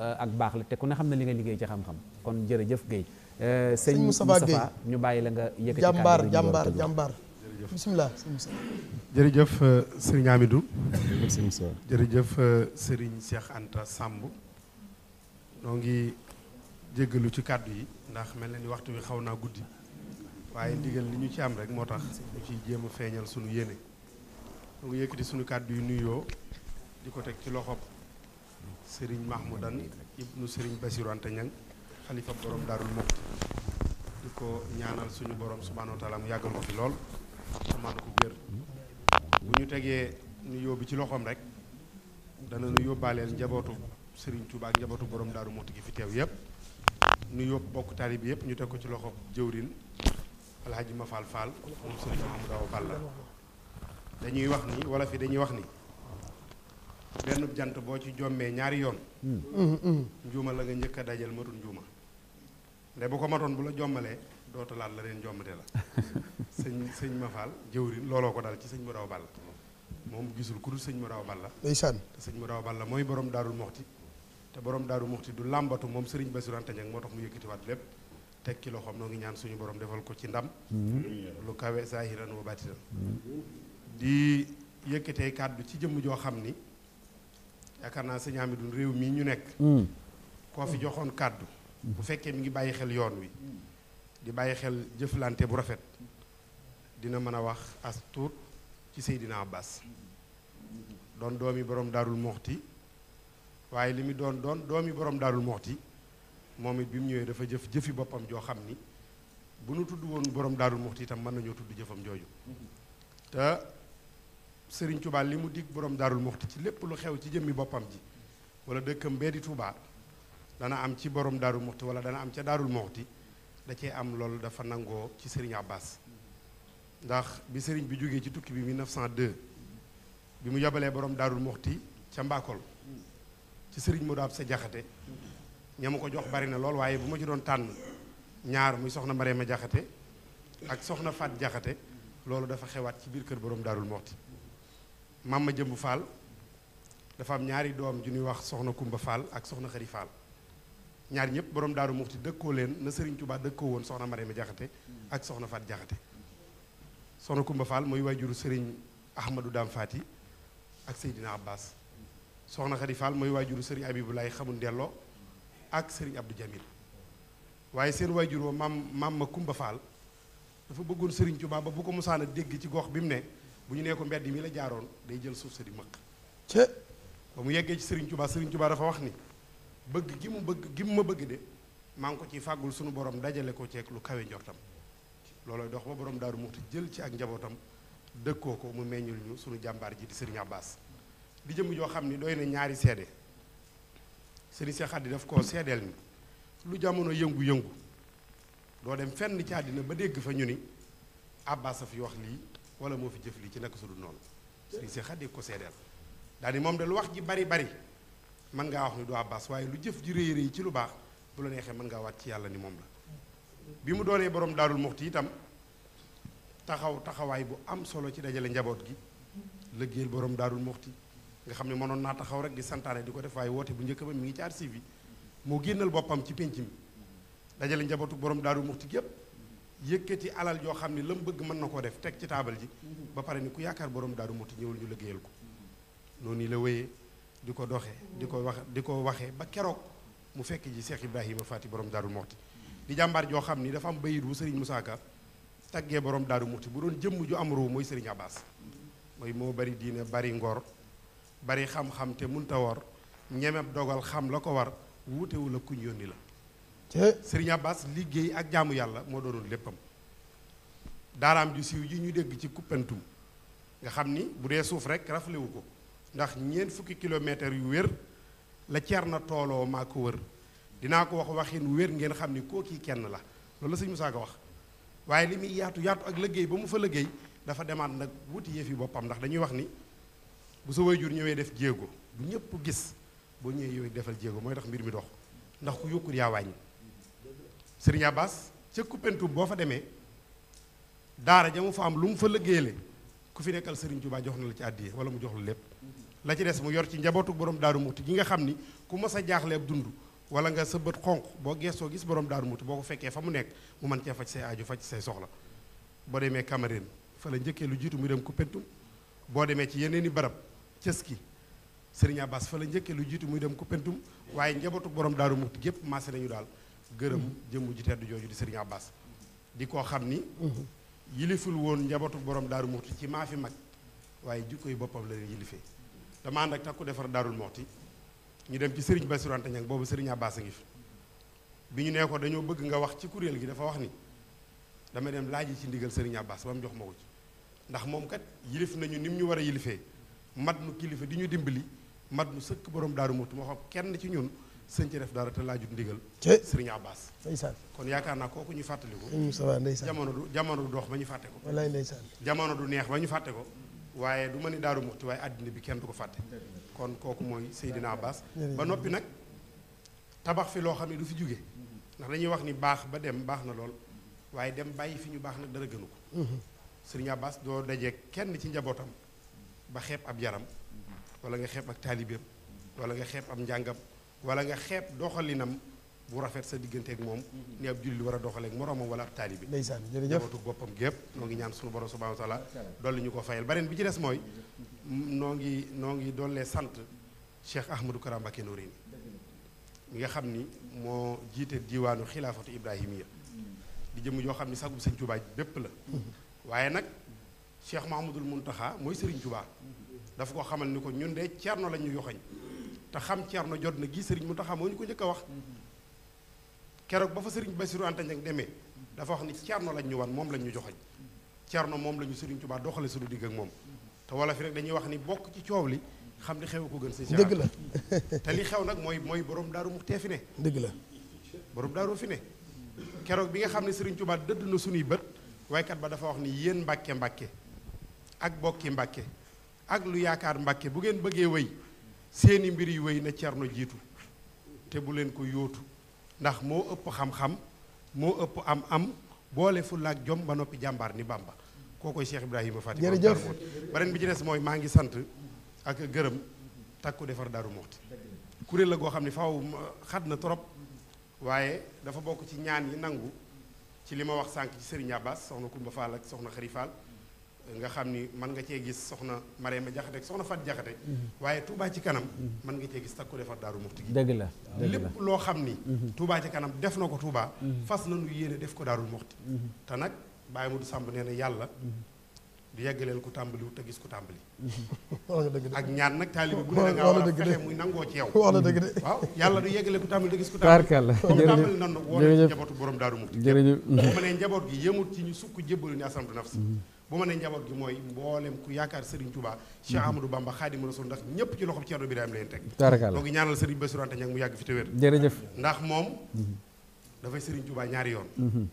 euh, ak baax la te ku ne xam ne li nga liggéey ci xam-xam kon jërëjëf Guèye Euh, sëñ Moustapha Guèye ñu bàyyi la nga yëkkati jàmbaar jàmbaar jàmbaar bisimilah sëñ Moussa jërëjëf euh, sëriñ Amidou jërëjëf sëriñ euh, Cheikh Anta Samb noo ngi jéggalu ci kàddu yi ndax mel na ni waxtu wi xaw naa guddi waaye ndigal li ñu ci am rek moo tax ñu ciy jéem a feeñal sunu yéene noo ngi yëkkati sunu kàddu yi nuyoo di ko teg ci loxob sëriñ Mahmoudan ibnu sëriñ Bassirou Anta ñan xalifa borom daarul Muxti di ko ñaanal suñu borom subhaanahu wa taala mu yàggal ko fi lool amaan ko wér bu ñu tegee nu yóbbi ci loxoom rek dana nu yóbbaaleel njabootu Serigne Touba ak njabootu borom daaru Muxti gi fi teew yëpp nu yóbbu bokk taalibe yëpp ñu teg ko ci loxo jëwrin alhaji Mafal Fall moom Serigne Mahamadou Awa Balla dañuy wax ni wala fi dañuy wax ni benn jant boo ci jommee ñaari yoon mm. Mm, mm. njuuma la nga njëkk a dajal matul njuuma nde bu ko matoon bu la jommalee dootalaat la leen jommate la sëñ sëñ ma faal jëwrin looloo ko dal ci sëñ Modaw Balla moom gisul ku dul sëñ Modaw Balla ndeysaan te sëñ Modaw Balla mooy borom daarul moxti te borom daaru muxti du làmbatu moom sëriñ Bassirou Anta Niang moo tax mu waat lépp teg ci loxoom noo ngi ñaan suñu borom defal ko ci ndam mm-hmm. lu kawe zahiran wa batinan mm-hmm. di yëkkatee kàddu ci jëmm joo xam ni yaakaar naa sëñ Amidou réew mii ñu nekk mm. koo fi joxoon kàddu bu fekkee mi ngi bàyyi xel yoon wi di bàyyi xel jëflante bu rafet dina mën a wax as ci Seydina Abbas doon doomi borom daarul moxti waaye li muy doon doon doomi borom daarul moxti moom it bi mu ñëwee dafa jëf jëfi boppam joo xam ni bu nu tudd woon boroom daarul moxti itam mën nañoo tudd jëfam jooju te Serigne Touba li mu dig borom daarul moxti ci lépp lu xew ci jëmmi boppam ji wala dëkkam bee di Touba. dana am ci borom daarul muxti wala dana am ca daarul muxti da cee am loolu dafa nangoo ci Serigne Abbas ndax bi sëriñ bi jógee ci tukki bi 1902 bi mu yabalee borom daarul muxti ca mbaakol ci Serigne Modou Absa Jaxate ña ma ko jox bari na lool waaye bu ma ci doon tànn ñaar muy soxna Marema Jaxate ak soxna Faat Jaxate loolu dafa xewaat ci biir kër borom daarul muxti Mama Jëmb Fall dafa am ñaari doom ju ñuy wax soxna Kumba Fall ak soxna Xari ñaar ñëpp borom daaru muxti dëkkoo leen na Serigne Touba dëkkoo woon soxna Marème Jaxate ak soxna Faat Jaxate soxna Kumba Fall mooy waajuru Serigne Ahmadou Dam Faati ak Seydina Abbas soxna Xadi Fall mooy waajuru Serigne Abibulaay xamul delloo ak sëriñ Abdou Jamil waaye seen waajur wa maam maam ma Kumba Fall dafa bëggoon sëriñ Touba ba bu ko musaana dégg ci gox bi mu ne bu ñu nee ko mbedd mi la jaaroon day jël suuf sa di mëq ba mu yeggee ci Serigne Touba Serigne Touba dafa wax ni bëgg gi mu bëgg gi mu ma bëgg de maa ngi ko ciy fàggul sunu borom dajale ko ceeg lu kawe njortam loolooy dox ba borom daaru muxti jël ci ak njabootam dëkkoo ko mu meññul ñu sunu jàmbaar ji di sëriñ Abbas di jëm joo xam ni doy na ñaari seede sëriñ Cheikh Khady daf koo seedeel ni lu jamono yëngu-yëngu doo dem fenn ci àddina ba dégg fa ñu ni Abbas a fi wax lii wala moo fi jëf lii ci nekk su dul noonu sëriñ Cheikh Khady ko seedeel daal ni moom de lu wax ji bari bari mën ngaa wax ni du Abbas waaye lu jëf ji rëy rëy ci lu baax bu la neexee mën ngaa waat ci yàlla ni moom la bi mu doonee borom daadul muxti itam taxaw taxawaay bu am solo ci dajale njaboot gi lëggéeyal borom daarul muxti nga xam ne mënoon naa taxaw rek di santaane di ko def waaye woote bu njëkk ba mi ngi ci archive yi moo génnal boppam ci pénc mi dajale njabootu borom daarul muxti gépp yëkkati alal yoo xam ne la mu bëgg mën na koo def teg ci taabal ji ba pare ni ku yaakaar borom daaru muxti ñëwul ñu lëggéeyal ko di ko doxee di ko wax di ko waxee ba keroog mu fekk ji Cheikh Ibrahima Faty borom Daaru Muxti di jàmbaar joo xam ni dafa am bayit wu Serigne Moussa Ka taggee borom Daaru Muxti bu doon jëmm ju am ruu mooy Serigne Abbas mooy moo bari diine bari ngor bari xam-xam te munta wor ñemeb dogal xam la ko war wuutewu la kuñ yónni la Serigne Abbas liggéey ak jaamu yàlla moo doonoon léppam daaraam ju siiw ji ñu dégg ci kuppantum nga xam ni bu dee suuf rek raflewu ko ndax ñeent fukki kilomètres yu wér la cer na tooloo maa ko wër dinaa ko wax waxin wér ngeen xam ni koo kii kenn la loolu la sëñ Musaa Ka wax waaye li muy yaatu yaatu ak liggéey ba mu fa liggéey dafa demaat nag wuti yëfi boppam ndax dañuy wax ni bu sa waajur ñëwee def jéego bu ñëpp gis boo ñëwee yow defal jéego mooy tax mbir mi dox ndax ku yokkul yaa wàññi Sëriñ Abbas ca Koupentoum boo fa demee daara ja mu fa am lu mu fa liggéeyale ku fi nekkal Sëriñ Tuubaa jox na la ci àddiya wala mu jox lépp la ci des mu yor ci njabootu borom daaru muti gi nga xam ni ku mës a jaaxle ab dund wala nga sa bët xonq boo geesoo gis borom daaru muti boo ko fekkee fa mu nekk mu mën cee faj say aaju faj say soxla boo demee Cameroun fa la njëkkee lu jiitu muy dem Koupentoum boo demee ci yeneen i barab ki Sëriñ Abbas fa la njëkkee lu jiitu muy dem Koupentoum waaye njabootu borom daaru muti gépp maase nañu daal gërëm jëmm ji teddu jooju di Sëriñ Abbas di koo xam ni mhm. woon njabootu borom daaru muti ci maa fi mag waaye jikko boppam la leen yilifee dama ànd ak takku defar daarul moxti ñu dem ci sëriñ Bassirou Anta Niang boobu sëriñ Abbas a ngi fi bi ñu nee ko dañoo bëgg nga wax ci kuréel gi dafa wax ni dama dem yi ci ndigal sëriñ Abbas ba mu jox ma ko ci ndax moom kat yilif nañu ni mu ñu war a yilifee mat mu kilifa di ñu dimbali mat nu sëkk borom daaru moxti moo xam kenn ci ñun sëñ ci def dara te laajut ndigal sëriñ Abbas ndeysaan kon yaakaar naa kooku ñu fàttaliku jamono du jamono du dox ba ñu fàtte ko wallaay ndeysaan jamono du neex ba ñu fàtte ko waaye du ma ne Daaru Muxti waaye àddina bi kenn du ko fàtte kon kooku mooy Seydina Abbas ba noppi nag tabax fi loo xam ne du fi jóge ndax dañuy wax ni baax ba dem baax na lool waaye dem bàyyi fi ñu baax nag dara gënu ko Sëriñ Abbas doo dajee kenn ci njabootam ba xeeb ab yaram wala nga xeeb ak taalibeem wala nga xeep ab njàngam wala nga xeeb doxalinam bu rafet sa digganteeg moom mm-hmm. ni ab julli war a doxaleeg moroomam wala ak taalibi ndeysaan jërëjëf njabootu boppam gépp noo ngi ñaan sunu borom subhanahu wa taala dolli ñu ko fayal beneen bi ci des mooy noo ngi noo ngi dollee sant Cheikh Ahmadou Kara Mbacké Noreyni mi nga xam ni moo jiite diwaanu xilaafatu ibrahimiya di jëm yoo xam ni sagub sëñ Tuubaa bépp la mm-hmm. waaye nag Cheikh mun Muntaxa mooy sëriñ Tuubaa mm-hmm. dafa ko xamal ni ko ñun de ceerno la ñu yoxañ te xam ceerno jot na gii sëriñ Muntaxa moo ñu wax keroog ba fa sëriñ Bassirou Anta Niang demee dafa wax ni Thierno lañ ñu wan moom lañ ñu joxoñ Thierno moom la ñu sëriñ Tuubaa doxale suñu digg ak moom te wala fi rek dañuy wax ni bokk ci coow li xam li xew ko gën si dëgg la te li xew nag mooy mooy borom daaru mu tee fi ne dëgg la borom daaru fi ne keroog bi nga xam ne sëriñ Tuubaa dëdd na suñuy bët waykat ba dafa wax ni yéen mbàkke mbàkke ak bokki mbàkke ak lu yaakaar mbàkke bu ngeen bëggee wéy seeni mbir yi wéy na Thierno jiitu te bu leen ko yóotu ndax moo ëpp xam-xam moo ëpp am-am boole fulla ak jom ba noppi jàmbaar ni Bàmba kookoy Cheikh Ibrahima Faty. jërëjëf beneen bi ci des mooy maa ngi sant ak gërëm takku defar Daaru Muxti kuréel la goo xam ne faw xat na trop waaye dafa bokk ci ñaan yi nangu ci li ma wax sànq ci Serigne Abbas soxna Kumba Fall ak soxna Xari Fall nga xam ni man nga cee gis soxna Marème Jaxate ak soxna Fat Jaxate mm-hmm. waaye Touba ci kanam mën nga cee gis takku defar Daaru Muxti gi dëgg la lépp loo xam ni mm-hmm. Touba ci kanam def na ko Touba mm-hmm. fas na nu yéene def ko Daaru Muxti te nag Baye Modou Samb nee na yàlla du yeggaleel ku tàmbaliwu te gis ku tàmbali ak ñaan nag taalibe bu ne nga war a fexe muy nangoo ci yow wax na dëgg de waaw yàlla du yeggaleel ku tàmbali te gis ku tàmbali tàmbali nan woon njabootu borom Daaru Muxti jërëjëf bu ma nee njaboot gi yëmut ci ñu sukk jébbalu ni aslamtu nafsi bu ma ne njaboot gi mooy mboolem ku yaakaar Serigne Touba Cheikh mhm. Amadou Bamba Khadim Rasoul ndax ñëpp ci loxob Ceerno Birahim leen teg moo ngi ñaanal Serigne Bassirou Anta Niang mu yàgg fi te wér jërëjëf ndax moom mhm. dafay Serigne tubaa ñaari yoon mhm.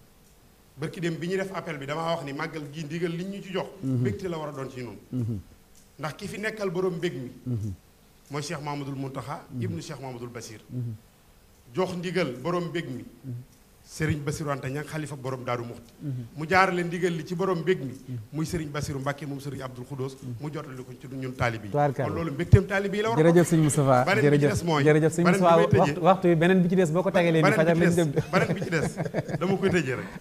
barki dem bi ñu def appel bi damaa wax ni màggal gi ndigal li ñu ci jox mbégte la war a doon ci ñun ndax ki fi nekkal boroom mbég mi mooy Cheikh Mahamadoul Mountakha ibnu Cheikh Mahamadoul basiir jox ndigal borom mbég mi Serigne Bassirou Anta Niang xalifa borom Daaru Muxti mhm. mu leen ndigal li ci borom mbég mi mhm. muy Serigne Bassirou Mbacke moom Serigne Abdoul Khoudoss mhm. mu jotali ko ci ñun taalib yi kon loolu mbégteem taalib yi la war jërëjëf Serigne Moustapha jërëjëf waxtu bi beneen bi ci des boo ko tegalee nii fajar lañ jëm beneen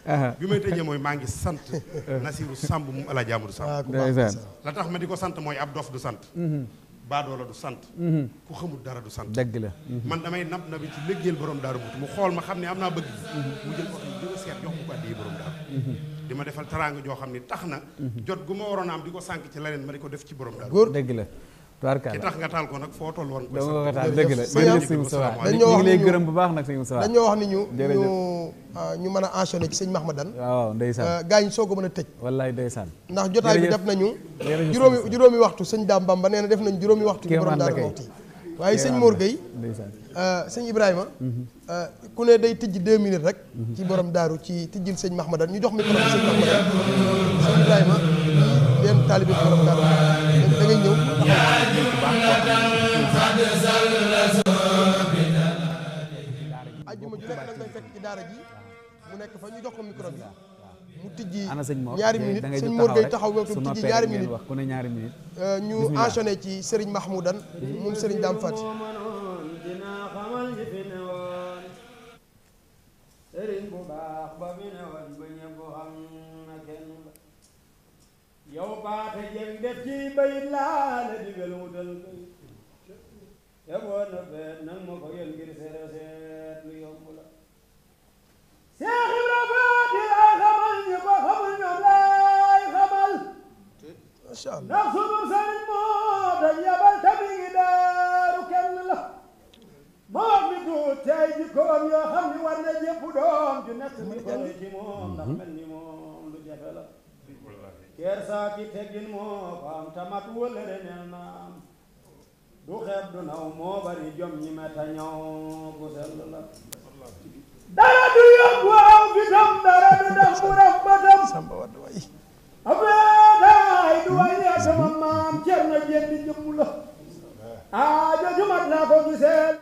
bi may tëjee mooy maa ngi sant Nasirou Samb mu Alaaji Amadou Samb la tax ma di ko sant mooy ab dof du sant baadoola du sant mhm. ku xamul dara du sant dëgg la mhm. man damay nab na bi ci liggéeyal borom daaru mu xool ma xam ne am naa bëgg mhm. mu jël oto yi jëga seet jox ko addi borom daaru di ma defal taraanga joo xam ne tax na jot gu ma waroon am di ko sànk ci leneen ma di ko def ci borom daaru góor dëgg la tubaarkaala ki tax nga taal ko nag foo toll woon. dama ko taal dëgg la jërëjëf sëñ Moussa dañu wax ni ñu bu baax nag sëñ Moussa dañoo wax ni ñu ñu ah, ñu mën a enchaîné ci sëñ Mahmadan waaw ndeysaan gaañ soo ko mën a tëj wallaay ndeysaan ndax jotaay bi def nañu juróomi juróomi waxtu sëñ Daam ba nee na def nañ juróomi waxtu yu borom daal waxtu waaye sëñ Mor Gueye euh, sëñ Ibrahima mhm. euh, ku ne day tijj deux minutes rek mhm. ci borom daaru ci tijjil sëñ Mahmadan ñu jox micro bi sëñ Mahmadan sëñ Ibrahima leen euh, taalibi borom daaru ñëw ajjuma ju nekk danga koy fekk ci daara ji mu nekk fa ñu jox ko micro bi mu tijji ñaari minute sëñ Mor Gueye taxaw nga mu tijji ñaari minute ñu enchaîné ci Serigne Mahmoudan moom Serigne Dame Fati sëriñ bu baax ba mu ne woon ba ñëpp xam yow baata jëng def ci bayit laa la digal wutal bay yaboon na feet nang ma ko yel ngir seere seet lu yomb la Seex Ibra Faat laa xamal ñu ko xamul ñoom laay xamal ndax sunu sëriñ moo dañ yabal tamit ngi daaru kenn la ma ni tuut tey jikkoom yoo xam ni war na jëpp doom ju nekk mi ko ci moom ndax mhm. ni moom lu jafe la kersaa ki teggin moo ko tamat wëllëre nel na du xeeb du naw moo bari jom ñi meta ñaw ku la dara du yokk waaw bitam dara du tax mu raf batam samba wadd way abeetaay du wàññi sama maam cer na jéndi jëmm la aajo jumat naa ko giseel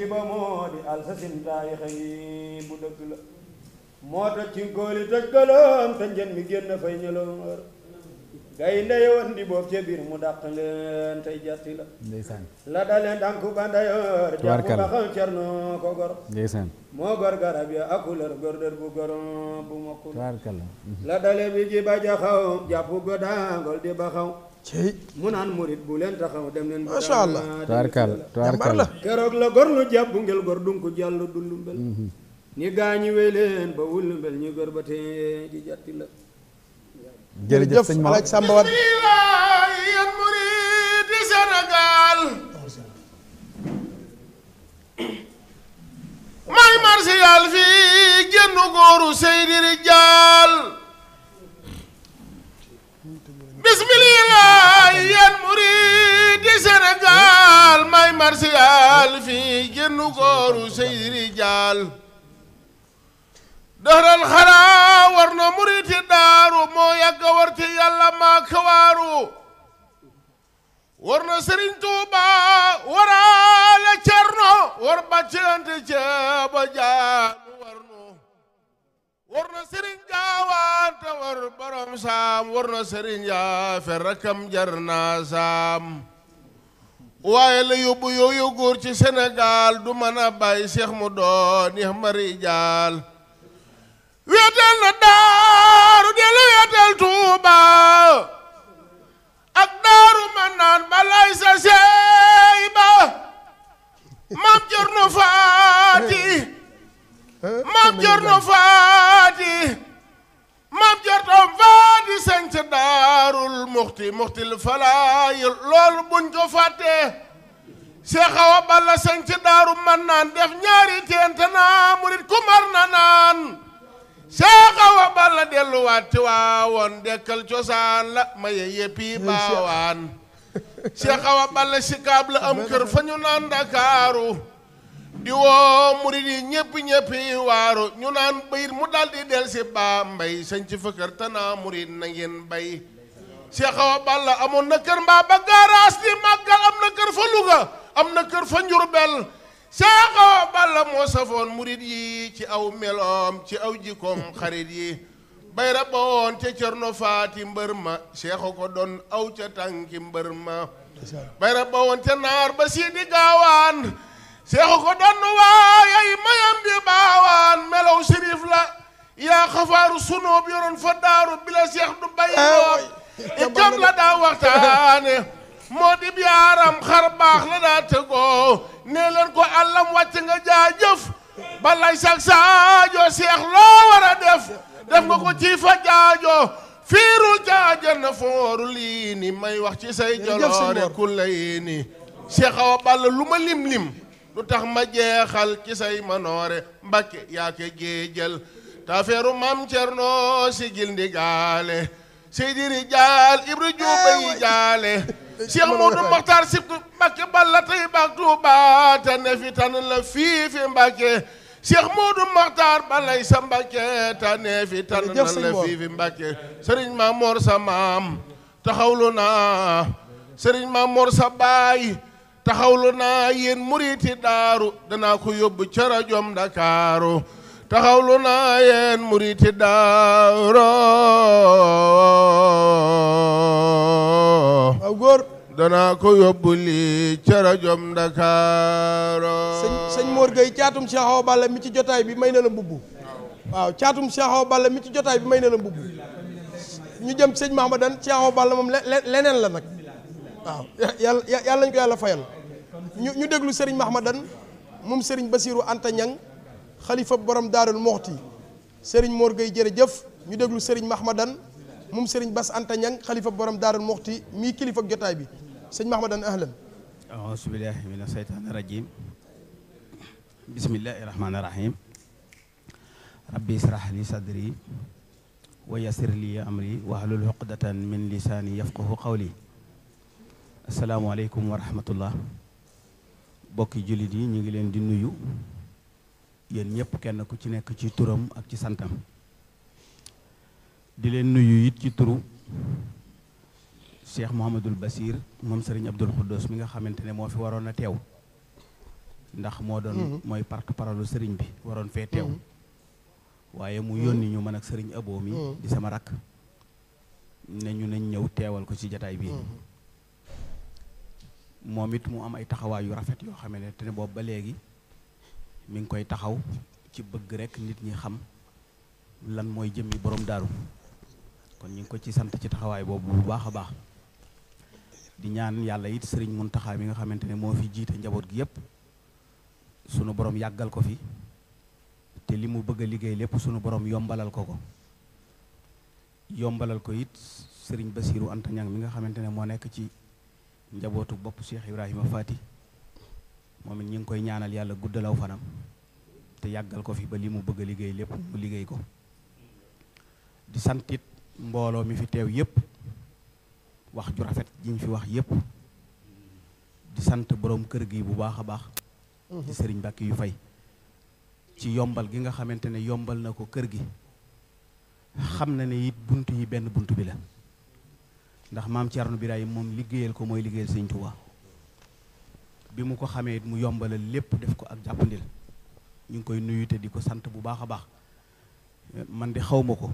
ji ba moo di al sa sintaayi xëy bu dëgg la moo tax ci góoli toj galoom njën mi génn fay ñëloor gaynde yoon di boof ca biir mu dàq leen tey jàtti la la daleen dànku ba ndayoor jàpp ba xam cerno ko gor moo gor garab ya akulër gor dër bu gor bu mokkul la dale bi ji ba jaxaw jàpp go di ba xaw mu naan murit bu leen taxaw dem leen macha allah tubaarkalla tubaarkalla keroog la gor lu jàpp ngel gor dun ko jàll dullu mbel ñi mhm. gaañi wéy leen ba wullu mbel gor ba tee ji jàtti la jërëjëf sëñ Maam Samba Wade yéen may marsiyal fii génn góoru seydi rijaal bismillah yéen muridi Sénégal may marsiyaal fii génnu góoru sey rijaal doxal xaraa war na muriti daaru moo yàgg war maa kawaaru war na Sëriñ Tuuba waraale Cerno war bàccante ceeba jaar war na sëriñ jaawaanta war borom saam war na sëriñ yaafe rakkam jar naa saam waaye la yóbbu yooyu ci senegal du mën a bàyyi seex mu doon yeex mari jaal wéetal na daaru dellu wéetal tuuba ak daaru man naan balay sa sey ba maam jër nu faati maam jorno faati maam jortoom faati sanc daarul muxti muxtil falaay loolu buñ ko fàttee Seex Awa Balla sanc daaru man naan def ñaari teente naa murit ku na naan Seex Awa Balla delluwaat ci waawoon dekkal cosaan la maye yéppi baawaan Seex Awa Balla si kaab la am fa ñu naan Ndakaaru di woo yi ñëpp ñëpp yi waaru ñu naan bayit mu daldi del si baa mbay sañ ci fëkkër tanaa murid na ngeen bay Cheikh Awa Balla amoon na kër mbaa ba garaas di màggal am na kër fa Louga am na kër fa Njurbel Cheikh Awa Balla moo safoon murid yi ci aw meloom ci aw jikkoom xarit yi bay raba woon ca Cerno Faati mbër ma Cheikh ko doon aw ca tànki mbër ma bay raba woon ca naar ba sii di gaawaan seexu ko donn waayay mayam di baawaan melaw sérif la yaa xafaaru sunoob yoroon fa daaru bi seex du bay loob ah, itam e la daa waxtaane moo dib yaaram xar baax la daa tëggoo nee leen ko àllam wàcc nga jaajëf balay sax seex loo war def def nga ko ci fa jaajoo fiirul jaajan na fooru lii ni may wax ci say joloore ku lay ni balla lu ma lim-lim lu tax ma jeexal ci say manoore mbakke yaa ke géejal tafeeru maam Cerno si gil ndi gaale seydiri jaal ibra juuba yi jaale Seex Moodu Maxtaar si mbakke balla tey bak Tuubaa te ne tan la fii mbakke Seex Moodu Maxtaar balay sa mbakke te ne tan la fii mbakke sëriñ Maamoor sa maam taxawlu naa sëriñ Maamoor sa baay taxawlu naa yéen muriti daaru danaa ko yóbbu ca rajoom Ndakaaru taxawlu naa yéen muriti daaru waaw góor danaa ko yóbbu lii ca rajoom Ndakaaru sëñ sëñ Mor Gueye caatum Cheikh Awa Balla mi ci jotaay bi may na la waaw caatum Cheikh Awa Balla mi ci jotaay bi may na la ñu jëm sëñ Mahamadan Cheikh Awa Balla moom leneen la nag waaw yàlla yàlla ñu ko yàlla fayal ñu ñu déglu Serigne Mahmadan moom Serigne Bassirou Anta Niang xalifa borom Daarul Moxti Serigne Mor Gueye jërëjëf ñu déglu Serigne Mahmadan moom Serigne Bass Anta Niang xalifa borom Daarul Moxti mii kilifa ak jotaay bi sëñ Mahmadan ahlan aouzu billahi mina sheytaani rajim bismillahi rahmaani rahim rabbi israh li sadri wa yassir li amri wahlul uqdatan min lisaani yafqahu qawli asalaamaaleykum wa rahmatullah bokki jullit yi ñu ngi leen di nuyu yéen ñëpp kenn ku ci nekk ci turam ak ci santam di leen nuyu it ci turu Cheikh Mouhamadul basiir moom Serigne Abdoul Khoudous mi nga xamante ne moo fi waroon a teew ndax moo doon mhm. mooy porte paralu Serigne bi waroon fee teew mhm. waaye mu yónni ñu mën ak Serigne Abo mi mhm. di sama rakk ne ñu nañ ñëw teewal ko ci jataay bi moom it mu am ay taxawaay yu rafet yoo xam ne te ne boobu ba léegi mi ngi koy taxaw ci bëgg rekk nit ñi xam lan mooy jëmmi boroom daaru kon ñu ngi ko ci sant ci taxawaay boobu bu baax a baax di ñaan yàlla yit sëriñ Muntaxa mi nga xamante ne moo fi jiite njaboot gi yépp sunu borom yàggal ko fi te li mu bëgg a liggéey lépp sunu borom yombalal ko ko yombalal ko it sëriñ Basiiru Anta Ñaŋ mi nga xamante ne moo nekk ci njabootu bopp Cheikh Ibrahima Fati moom it ñu ngi koy ñaanal yàlla guddalaw fanam te yàggal ko fi ba li mu bëgg a liggéey lépp mu liggéey ko di santit mbooloo mi fi teew yépp wax ju rafet jiñ fi wax yépp di sant boroom kër gi bu baax a baax mhm. sëriñ Mbàkke yu fay ci yombal gi nga xamante ne yombal na ko kër gi xam na ni it bunt yi benn bunt bi la ndax maam Thierno Birahim moom liggéeyal ko mooy liggéeyal sëñ Touba bi mu ko xamee mu yombalal lépp def ko ak jàppandil ñu ngi koy nuyu di ko sant bu baax a baax man di xawma ko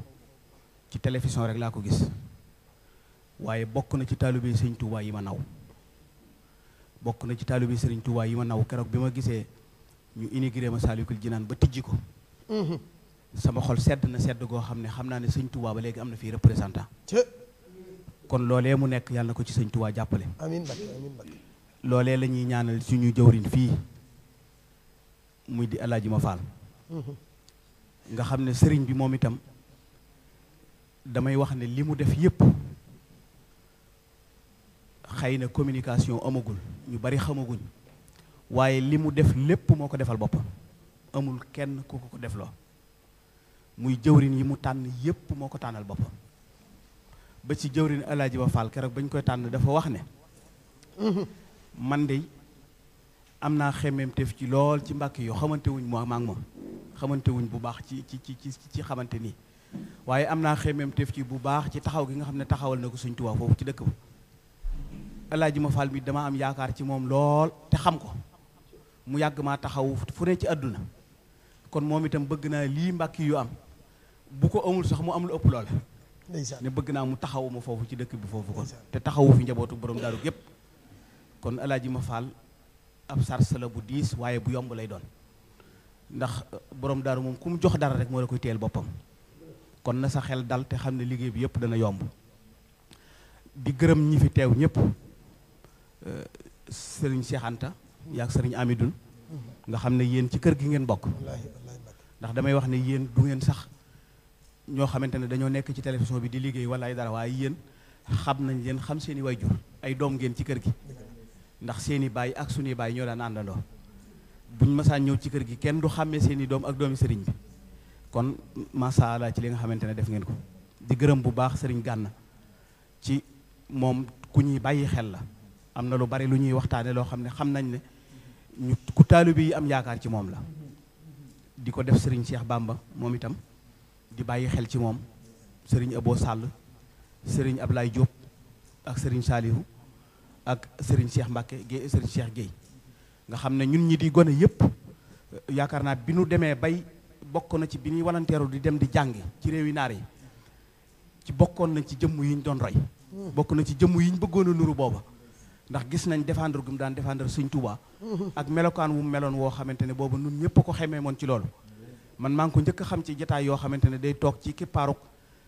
ci télévision rek laa ko gis waaye bokk na ci taalibe sëñ Touba yi ma naw bokk na ci taalibe sëriñ Touba yi ma naw keroog bi ma gisee ñu inauguré ma Saalikul Jinaan ba tijji ko. Mhm. sama xol sedd na sedd goo xam ne xam naa ne sëñ Touba ba léegi am na fii représentant. kon loolee mu nekk yàlla na ko ci sëñ waa jàppale. amiin Mbakke amiin Mbakke. loolee la ñuy ñaanal suñu jëwriñ fii muy di El Hadj Mafal. Mm-hmm. nga xam ne sëriñ bi moom itam damay wax ne li mu def yépp xëy na communication amagul ñu bari xamaguñ waaye li mu def lépp moo ko defal boppam amul kenn ku ko ko defloo muy jëwriñ yi mu tànn yépp moo ko tànnal boppam. ba ci jëwrin alaaji ba faal keroog ba koy tànn dafa wax ne man de am naa teef ci lool ci mbàkk yoo xamante wuñ moo maak moom xamante wuñ bu baax ci ci ci ci xamante nii waaye am naa xemmemteef ci bu baax ci taxaw gi nga xam ne taxawal na ko suñ tubaab foofu ci dëkk ba alaaji ma faal mi dama am yaakaar ci moom lool te xam ko mu yàgg maa taxawu fu ne ci àdduna kon moom itam bëgg naa lii mbàkk yu am bu ko amul sax mu am lu ëpp loole ne bëgg naa mu taxawu foofu ci dëkk bi foofu kon te taxawu fi njabootu borom daaru gépp kon alaaji ma faal ab sars bu diis waaye bu yomb lay doon ndax eh, borom daaru moom ku mu jox dara rek moo la koy teel boppam kon na sa xel dal te xam ne liggéey bi yëpp dana yomb di gërëm ñi fi teew ñëpp eh, sëriñ Cheikh Anta sëriñ Amidoun mm-hmm. nga xam ne yéen ci kër gi ngeen bokk ndax damay wax ne yéen du ngeen sax ñoo xamante ne dañoo nekk ci télévision bi di liggéey wala ay dara waaye yéen xam nañ leen xam seeni way wayjur ay doom ngeen ci kër gi ndax seeni i baay ak suñuy baay ñoo daan àndandoo buñ masaan ñëw ci kër gi kenn du xàmmee seen i doom ak doomi sëriñ bi kon macha allah ci li nga xamante ne def ngeen ko di gërëm bu baax sëriñ gànn ci moom ku ñuy bàyyi xel la am na lu bari lu ñuy waxtaane loo xam ne xam nañ ne ñu ku taalibe yi am yaakaar ci moom la di ko def sëriñ Cheikh Bamba moom itam di bàyyi xel ci moom sëriñ Abo sàll sëriñ Ablaye Diop ak sëriñ Salihu ak sëriñ Cheikh Mbacke Guèye sëriñ Cheikh Guèye nga xam ne ñun ñi di gone yëpp yaakaar naa bi nu demee bay bokk na ci bi ñuy walanteeru di dem di jàngi ci réewi naar yi ci bokkoon nañ ci jëmm yi ñu doon roy. bokk na ci jëmm yi ñu bëggoon nuru booba. ndax gis nañ défendre gu mu daan défendre Sëñ Tuubaa ak melokaan wu meloon woo xamante ne boobu nun ñëpp ko xemee moon ci loolu man maa ngi ko njëkk xam ci jataay yoo xamante ne day toog ci kippaaruk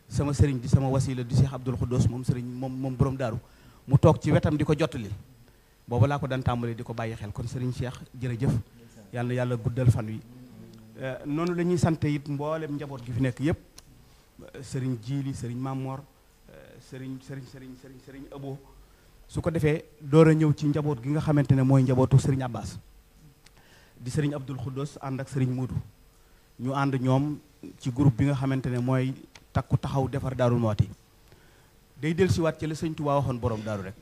sama sëriñ di sama wasila di Cheikh Abdoul Khoudous moom sëriñ moom moom borom daaru mu toog ci wetam di ko jottali booba laa ko daan tàmbali di ko bàyyi xel kon sëriñ Cheikh jërëjëf yàlla yàlla guddal fan wi euh, noonu la ñuy sant it mboolem njaboot gi fi nekk yëpp euh, sëriñ Jiili sëriñ Mamor euh, sëriñ sëriñ sëriñ sëriñ sëriñ Abo su ko defee door a ñëw ci njaboot gi nga xamante ne mooy njabootu sëriñ Abbas di sëriñ Abdoul Khoudous ànd ak sëriñ Moodu ñu ànd ñoom ci groupe bi nga xamante ne mooy takku taxaw defar daarul mooti day del siwaat ci la sëñ Tuubaa waxoon borom daaru rek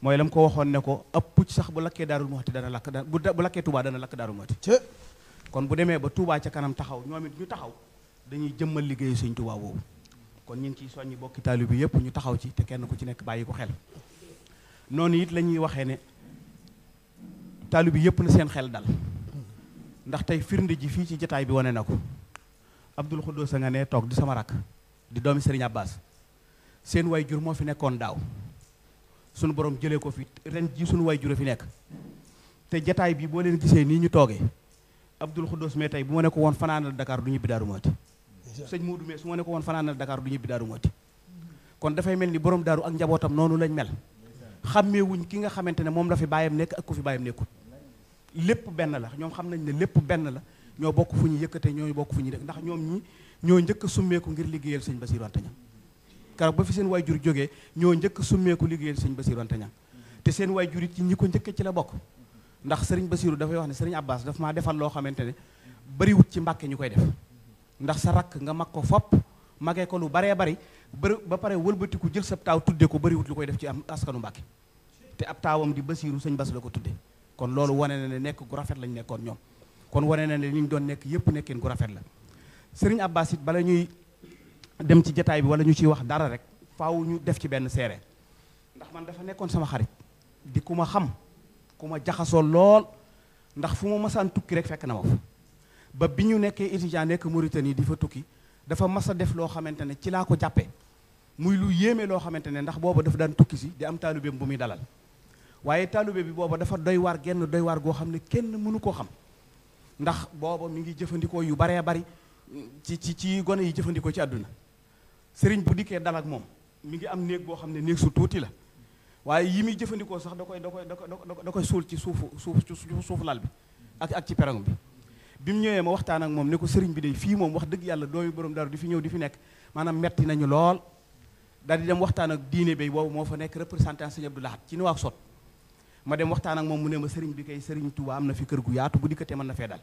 mooy lam ko waxoon ne ko ëpp ci sax bu lakkee daarul mooti dana lakk bu lakkee Tuubaa dana lakk daarul mooti kon bu demee ba Tuubaa ca kanam taxaw ñoom it ñu taxaw dañuy jëmmal liggéeyu sëñ Tuubaa kon ñu ngi ciy soññi bokki taalibe bi yëpp ñu taxaw ci te kenn ku ci nekk bàyyi ko xel noonu it la ñuy waxee ne taalibe bi yëpp na seen xel dal ndax tey firnde ji fii ci jataay bi wane na ko Abdul Xuddus a nga nee toog di sama rakk di doomi Serigne Abbas seen way jur moo fi nekkoon daaw sunu borom jëlee ko fi ren ji sunu way jur a fi nekk te jataay bi boo leen gisee nii ñu toogee Abdul Xuddus mais tey bu ma ne ko woon fanaanal dakaar du ñibbi daaru mooti sëñ Muudu mais su ma ne ko woon fanaanal Dakar du ñibbi daaru mooti kon dafay mel ni borom daaru ak njabootam noonu lañ mel xàmmeewuñ ki nga xamante ne moom la fi nekk ak ku fi bàyyam nekkul lépp benn la ñoom xam nañ ne lépp benn la ñoo bokk fu ñu yëkkate ñoo bokk fu ñu dëkk ndax ñoom ñi ñoo njëkk summeeku ngir liggéeyal sëñ Bassirou Anta Niang ba fi seen waajur jógee ñoo njëkk summeeku liggéeyal sëñ Bassirou Anta Niang te seen waajur jur ci ñi ko njëkk ci la bokk ndax sëriñ Bassirou dafay wax ne sëriñ Abbas dafa maa defal loo xamante ne bariwut ci mbàkke ñu koy def ndax sa rakk nga mag ko fopp magee ko lu baree bari bëri ba pare wëlbatiku jël sa taaw tudde ko bariwut lu koy def ci am askanu mbàkke te ab taawam di Bassirou sëñ Bass la ko tudde kon loolu wane na ne nekk gu rafet lañ nekkoon ñoom kon wane na ne li ñu doon nekk yëpp nekkin gu rafet la sëriñ Abbas it bala ñuy dem ci jataay bi wala ñu ciy wax dara rek faaw ñu def ci benn seere ndax man dafa nekkoon sama xarit di ku ma xam ku ma jaxasoo lool ndax fu ma masaan tukki rek fekk na ma ba bi ñu nekkee étudiant nekk nii di fa tukki dafa mas a def loo xamante ne ci laa ko jàppee muy lu yéeme loo xamante ne ndax booba dafa daan tukki si di am taalubéem bu muy dalal waaye taalibe bi booba dafa doy waar genn doy waar goo xam ne kenn mënu koo xam ndax booba mi ngi jëfandikoo yu baree bari ci ci ci gone yi jëfandikoo ci àdduna sëriñ bu dikkee dal ak moom mi ngi am néeg boo xam ne néeg su tuuti la waaye yi muy jëfandikoo sax da koy da koy da koy da koy suul ci suufu suuf suuf lal bi ak ak ci perong bi bi mu ñëwee ma waxtaan ak moom ne ko sëriñ bi de fii moom wax dëgg yàlla doomi borom daru di fi ñëw di fi nekk maanaam metti nañu lool daal di dem waxtaan ak diine bay boobu moo fa nekk représentant sëñ Abdou Lahad ci Nouakchott ma dem waxtaan ak moom mu ne ma sëriñ bi kay sëriñ Touba am na fi kër guyaatu yaatu bu dikkatee mën na fee dal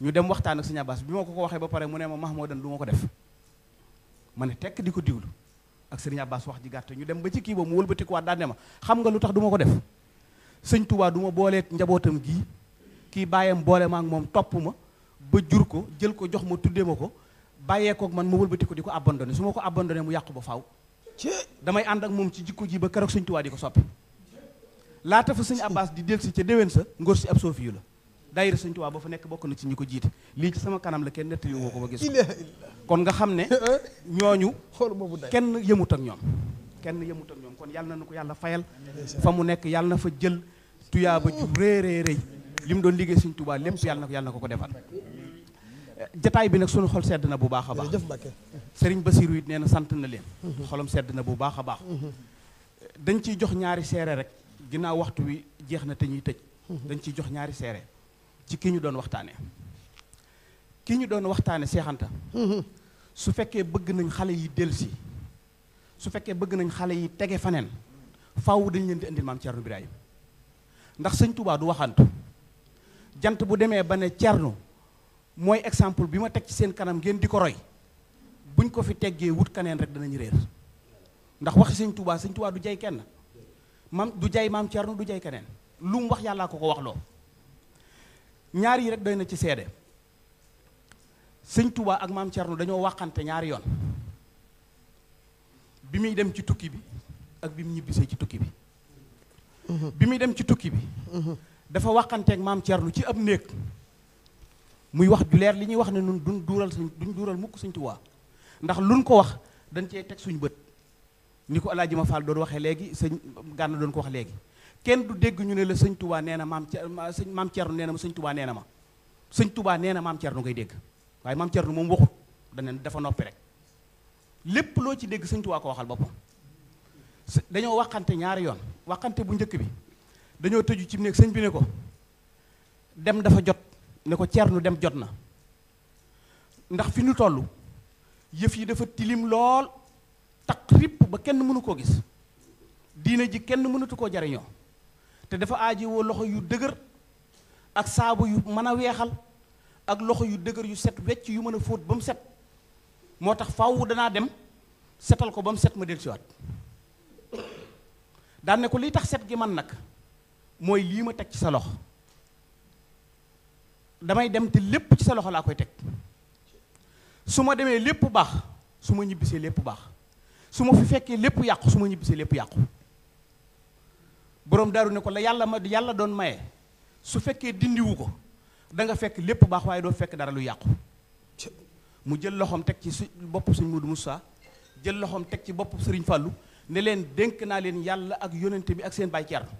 ñu dem waxtaan ak sëñ Abbas bi ma ko ko waxee ba pare mu ne ma Mahmoudan du ma ko def ma ne tekk di ko diglu ak sëriñ Abbas wax ji gàtt ñu dem ba ci kii boobu mu wëlbatikuwaat daan ne ma xam nga lu tax du ma ko def sëñ Touba du ma booleeg njabootam gii kii bàyyam boole ma ak moom topp ma ba jur ko jël ko jox ma tuddee ma ko bàyyee koog man ma wëlbatiku di ko abandonné su ma ko abandonné mu yàqu ba faaw. ci ànd ak moom ci jikko ji ba keroog sëñ di ko soppi laata fa suñ Abbas di dellusi ca déwén sa ngor si ab soo yu la daayira sëñ Tuubaa ba fa nekk bokk na ci ñu ko jiite lii ci sama kanam la kenn nettali woo ko ba gis kon nga xam ne ñooñu kenn yëmut ak ñoom kenn yëmut ak ñoom kon yàlla na nu ko yàlla fayal fa mu nekk yàlla na fa jël tuyaaba ju réeree rëy li mu doon liggéey sëñ Tuubaa lépp yàlla na ko yàlla na ko ko defal eh, jataay bi nag suñu xol sedd na bu baax a baax sëriñ Basiru it nee na sant na leen mhm. xolam sedd na bu baax a baax mhm. eh, dañ ciy jox ñaari seere rek ginnaaw waxtu wi jeex na te ñuy tëj dañ ciy jox ñaari seere ci kii ñu doon waxtaane kii ñu doon waxtaane seexanta mhm. su fekkee bëgg nañ xale yi delsi su fekkee bëgg nañ xale yi tege faneen faaw dañ leen di indil maam Cerno Birahim ndax sëñ Tuubaa du waxantu jant bu demee ba ne Cerno mooy exemple bi ma teg ci seen kanam ngeen di ko roy buñ ko fi teggee wut kaneen rek danañ réer ndax waxi sëñ Tuubaa sëñ Tuubaa du jay kenn maam du jay maam Thierno du jay keneen lu wax yàllaa ko ko wax loo ñaar yi rek doy na ci seede sëñ Touba ak maam Thierno dañoo waxante ñaari yoon bi muy dem ci tukki bi ak bi mu ñibbisee ci tukki bi. Mm-hmm. bi muy dem ci tukki bi. Mm-hmm. dafa waxanteeg maam Thierno ci ab néeg muy wax ju leer li ñuy wax ne nun duñ duural suñ duñ duural mukk sëñtuwaa ndax luñ ko wax dañ cee teg suñu bët. ni ko alaaji ma faal doon waxee léegi sëñ gànna doon ko wax léegi kenn du dégg ñu ne la sëñ tubaa nee na maam sëñ maam cerno nee na ma sëñ tubaa nee na ma sëñ tubaa nee na maam cerno ngay dégg waaye maam cerno moom waxut daneen dafa noppi rek lépp loo ci dégg sëñ tubaa ko waxal boppam dañoo waxante ñaari yoon waxante bu njëkk bi dañoo tëju ci néeg sëñ bi ne ko dem dafa jot ne ko cernu dem jot na ndax fi ñu toll yëf yi dafa tilim lool taq ripp ba kenn mënu koo gis diine ji kenn mënatu koo jariñoo te dafa aaji woo loxo yu dëgër ak saabu yu mën a weexal ak loxo yu dëgër yu set wecc yu mën a fóot ba mu set moo tax faaw danaa dem setal ko ba mu set ma dellusiwaat daan ne ko liy tax set gi man nag mooy lii ma teg ci sa loxo damay dem te lépp ci sa loxo laa koy teg su ma demee lépp baax su ma ñibbisee lépp baax su ma fi fekkee lépp yàqu su ma ñibbisee lépp yàqu borom daaru ne ko la yàlla ma yàlla doon maye su fekkee dindiwu ko da nga fekk lépp baax waaye doo fekk dara lu yàqu mu jël loxoom teg ci su bopp suñ Modou Moussa jël loxoom teg ci bopp Serigne Fallou ne leen dénk naa leen yàlla ak yonente bi ak seen baay Ceerno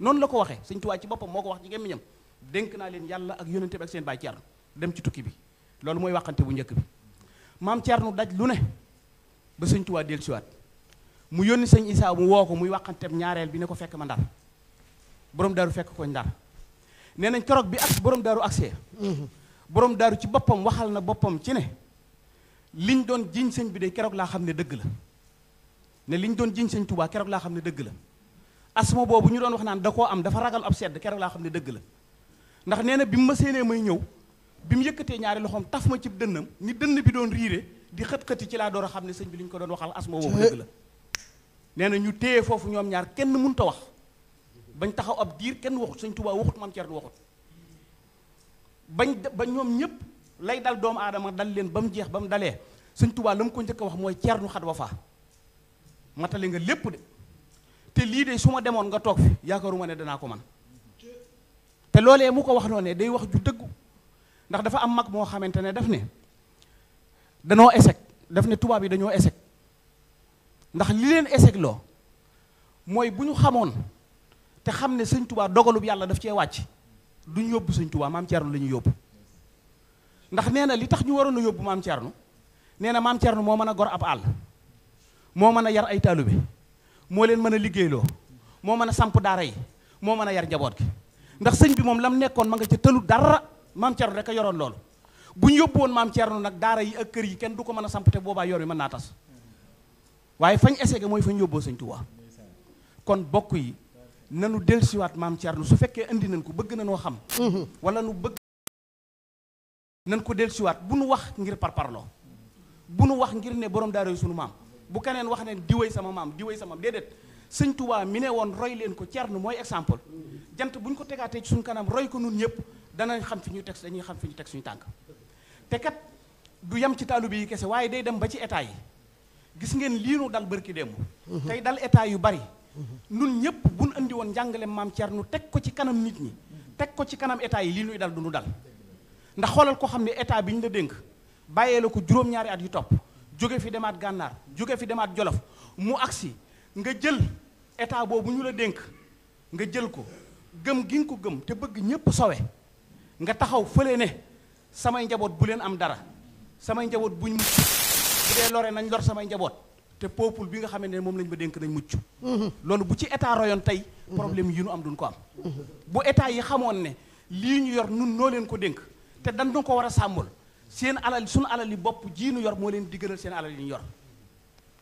noonu la ko waxee Sëñ Tuubaa ci boppam moo ko wax ci ñam dénk naa leen yàlla ak yonente bi ak seen baay Ceerno dem ci tukki bi loolu mooy waxante bu njëkk bi maam Ceerno daj lu ne ba sëñ Tuubaa dellusiwaat mu yónni sëñ Isaa mu woo ko muy waxanteem ñaareel bi ne ko fekk ma ndar borom daaru fekk ko ndar nee nañ keroog bi ak borom daaru accès borom daaru ci boppam waxal na boppam ci ne liñ doon jiñ sëñ bi de keroog laa xam ne dëgg la ne liñ doon jiñ sëñ Tuubaa keroog laa xam ne dëgg la asma boobu ñu doon wax naan da koo am dafa ragal ab sedd keroog laa xam ne dëgg la ndax nee na bi mu ma seenee may ñëw bi mu yëkkatee ñaari loxoom taf ma ci dënnam ni dënn bi doon riire di xët-xëti ci laa door a xam ne sëñ bi li ñu ko doon waxal asma woowu dëgg la nee na ñu téye foofu ñoom ñaar kenn mënut a wax bañ taxaw ab diir kenn waxut sëñ Tuubaa waxut Maam Cerno waxut bañ ba ñoom ñëpp lay dal doomu aadama dal leen ba mu jeex ba mu dalee sëñ la mu ko njëkk wax mooy Cerno xat wa faa matale nga lépp de te lii de su ma demoon nga toog fi yaakaaruma ne danaa ko man te loolee mu ko wax noonu ne day wax ju dëggu ndax dafa am mag moo xamante ne daf ne danoo échec daf ne tubaab yi dañoo échec ndax li leen échec loo mooy bu ñu xamoon te xam ne sëñ tubaa dogalub yàlla daf cee wàcc duñ yóbbu sëñ tubaa maam Thierno la ñu yóbbu ndax nee na li tax ñu waroon a yóbbu maam Thierno nee na maam nu moo mën a gor ab àll moo mën a yar ay bi moo leen mën a liggéeyloo moo mën a samp daara yi moo mën a yar njaboot gi ndax sëñ bi moom lam nekkoon ma nga ca tëlu dara maam Thierno rek a yoroon loolu. bu ñu yóbbu woon maam Thierno nag daara yi ak kër yi kenn du ko mën a samp te boobaa yor wi mën naa tas waaye fañ essayé mooy fañ yóbboo sëñ Tuubaa kon bokk yi nanu dellusiwaat maam Thierno su fekkee indi nañ ko bëgg nanoo xam wala nu bëgg nan ko dellusiwaat bu nu wax ngir parparloo bu nu wax ngir ne borom daara yu sunu maam bu keneen wax ne diwéy sama maam diwéy sama maam déedéet sëñ Tuubaa mi ne woon roy leen ko Thierno mooy exemple jant bu ñu ko tegaatee ci suñu kanam roy ko nun ñëpp danañ xam fi ñuy teg dañuy xam fi ñu teg suñu tànk te du yem ci taalibe yi kese waaye day dem ba ci état yi gis ngeen lii nu dal bërki démb mhm. tey dal état yu bari mhm. nun ñëpp buñ andi woon njàngale maam Thierno nu teg ko ci kanam nit ñi teg ko ci kanam état yi lii nuy dal du nu dal ndax xoolal koo xam ne état bi ñu la dénk bàyyee la ko juróom-ñaari at yu topp jóge fi demaat gànnaar jóge fi demaat jolof mu agsi nga jël état boobu ñu la dénk nga jël ko gëm gi nga ko gëm te bëgg ñëpp sowe nga taxaw fële ne samay njaboot bu leen am dara samay njaboot buñ mucc bu dee lore nañ lor samay njaboot te peuple bi nga xamante ne moom lañ ma dénk nañ mucc loolu bu ci état royoon tey problème yi nu am duñ ko am bu état yi xamoon ne lii ñu yor nun noo leen ko dénk te dan duñ ko war a sàmmul seen alal suñu alal yi bopp jii ñu yor moo leen di gënal seen alal yi ñu yor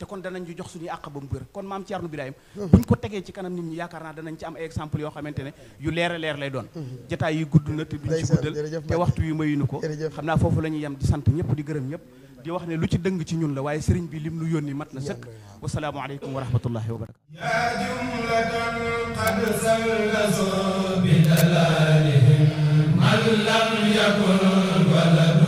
te kon danañ ñu jox suñuy àq ba mu wér kon maam Thierno Birahim buñ ko tegee ci kanam nit ñi yaakaar naa danañ ci am exemple yoo xamante ne yu leer a leer lay doon jataay yi gudd na te duñ ci guddal te waxtu yu mayuñu ko xam naa foofu la ñuy yem di sant ñëpp di gërëm ñëpp di wax ne lu ci dëng ci ñun la waaye sëriñ bi lim lu yónni mat na sëkk wasalaamu aleykum wa rahmatullahi wa barakatu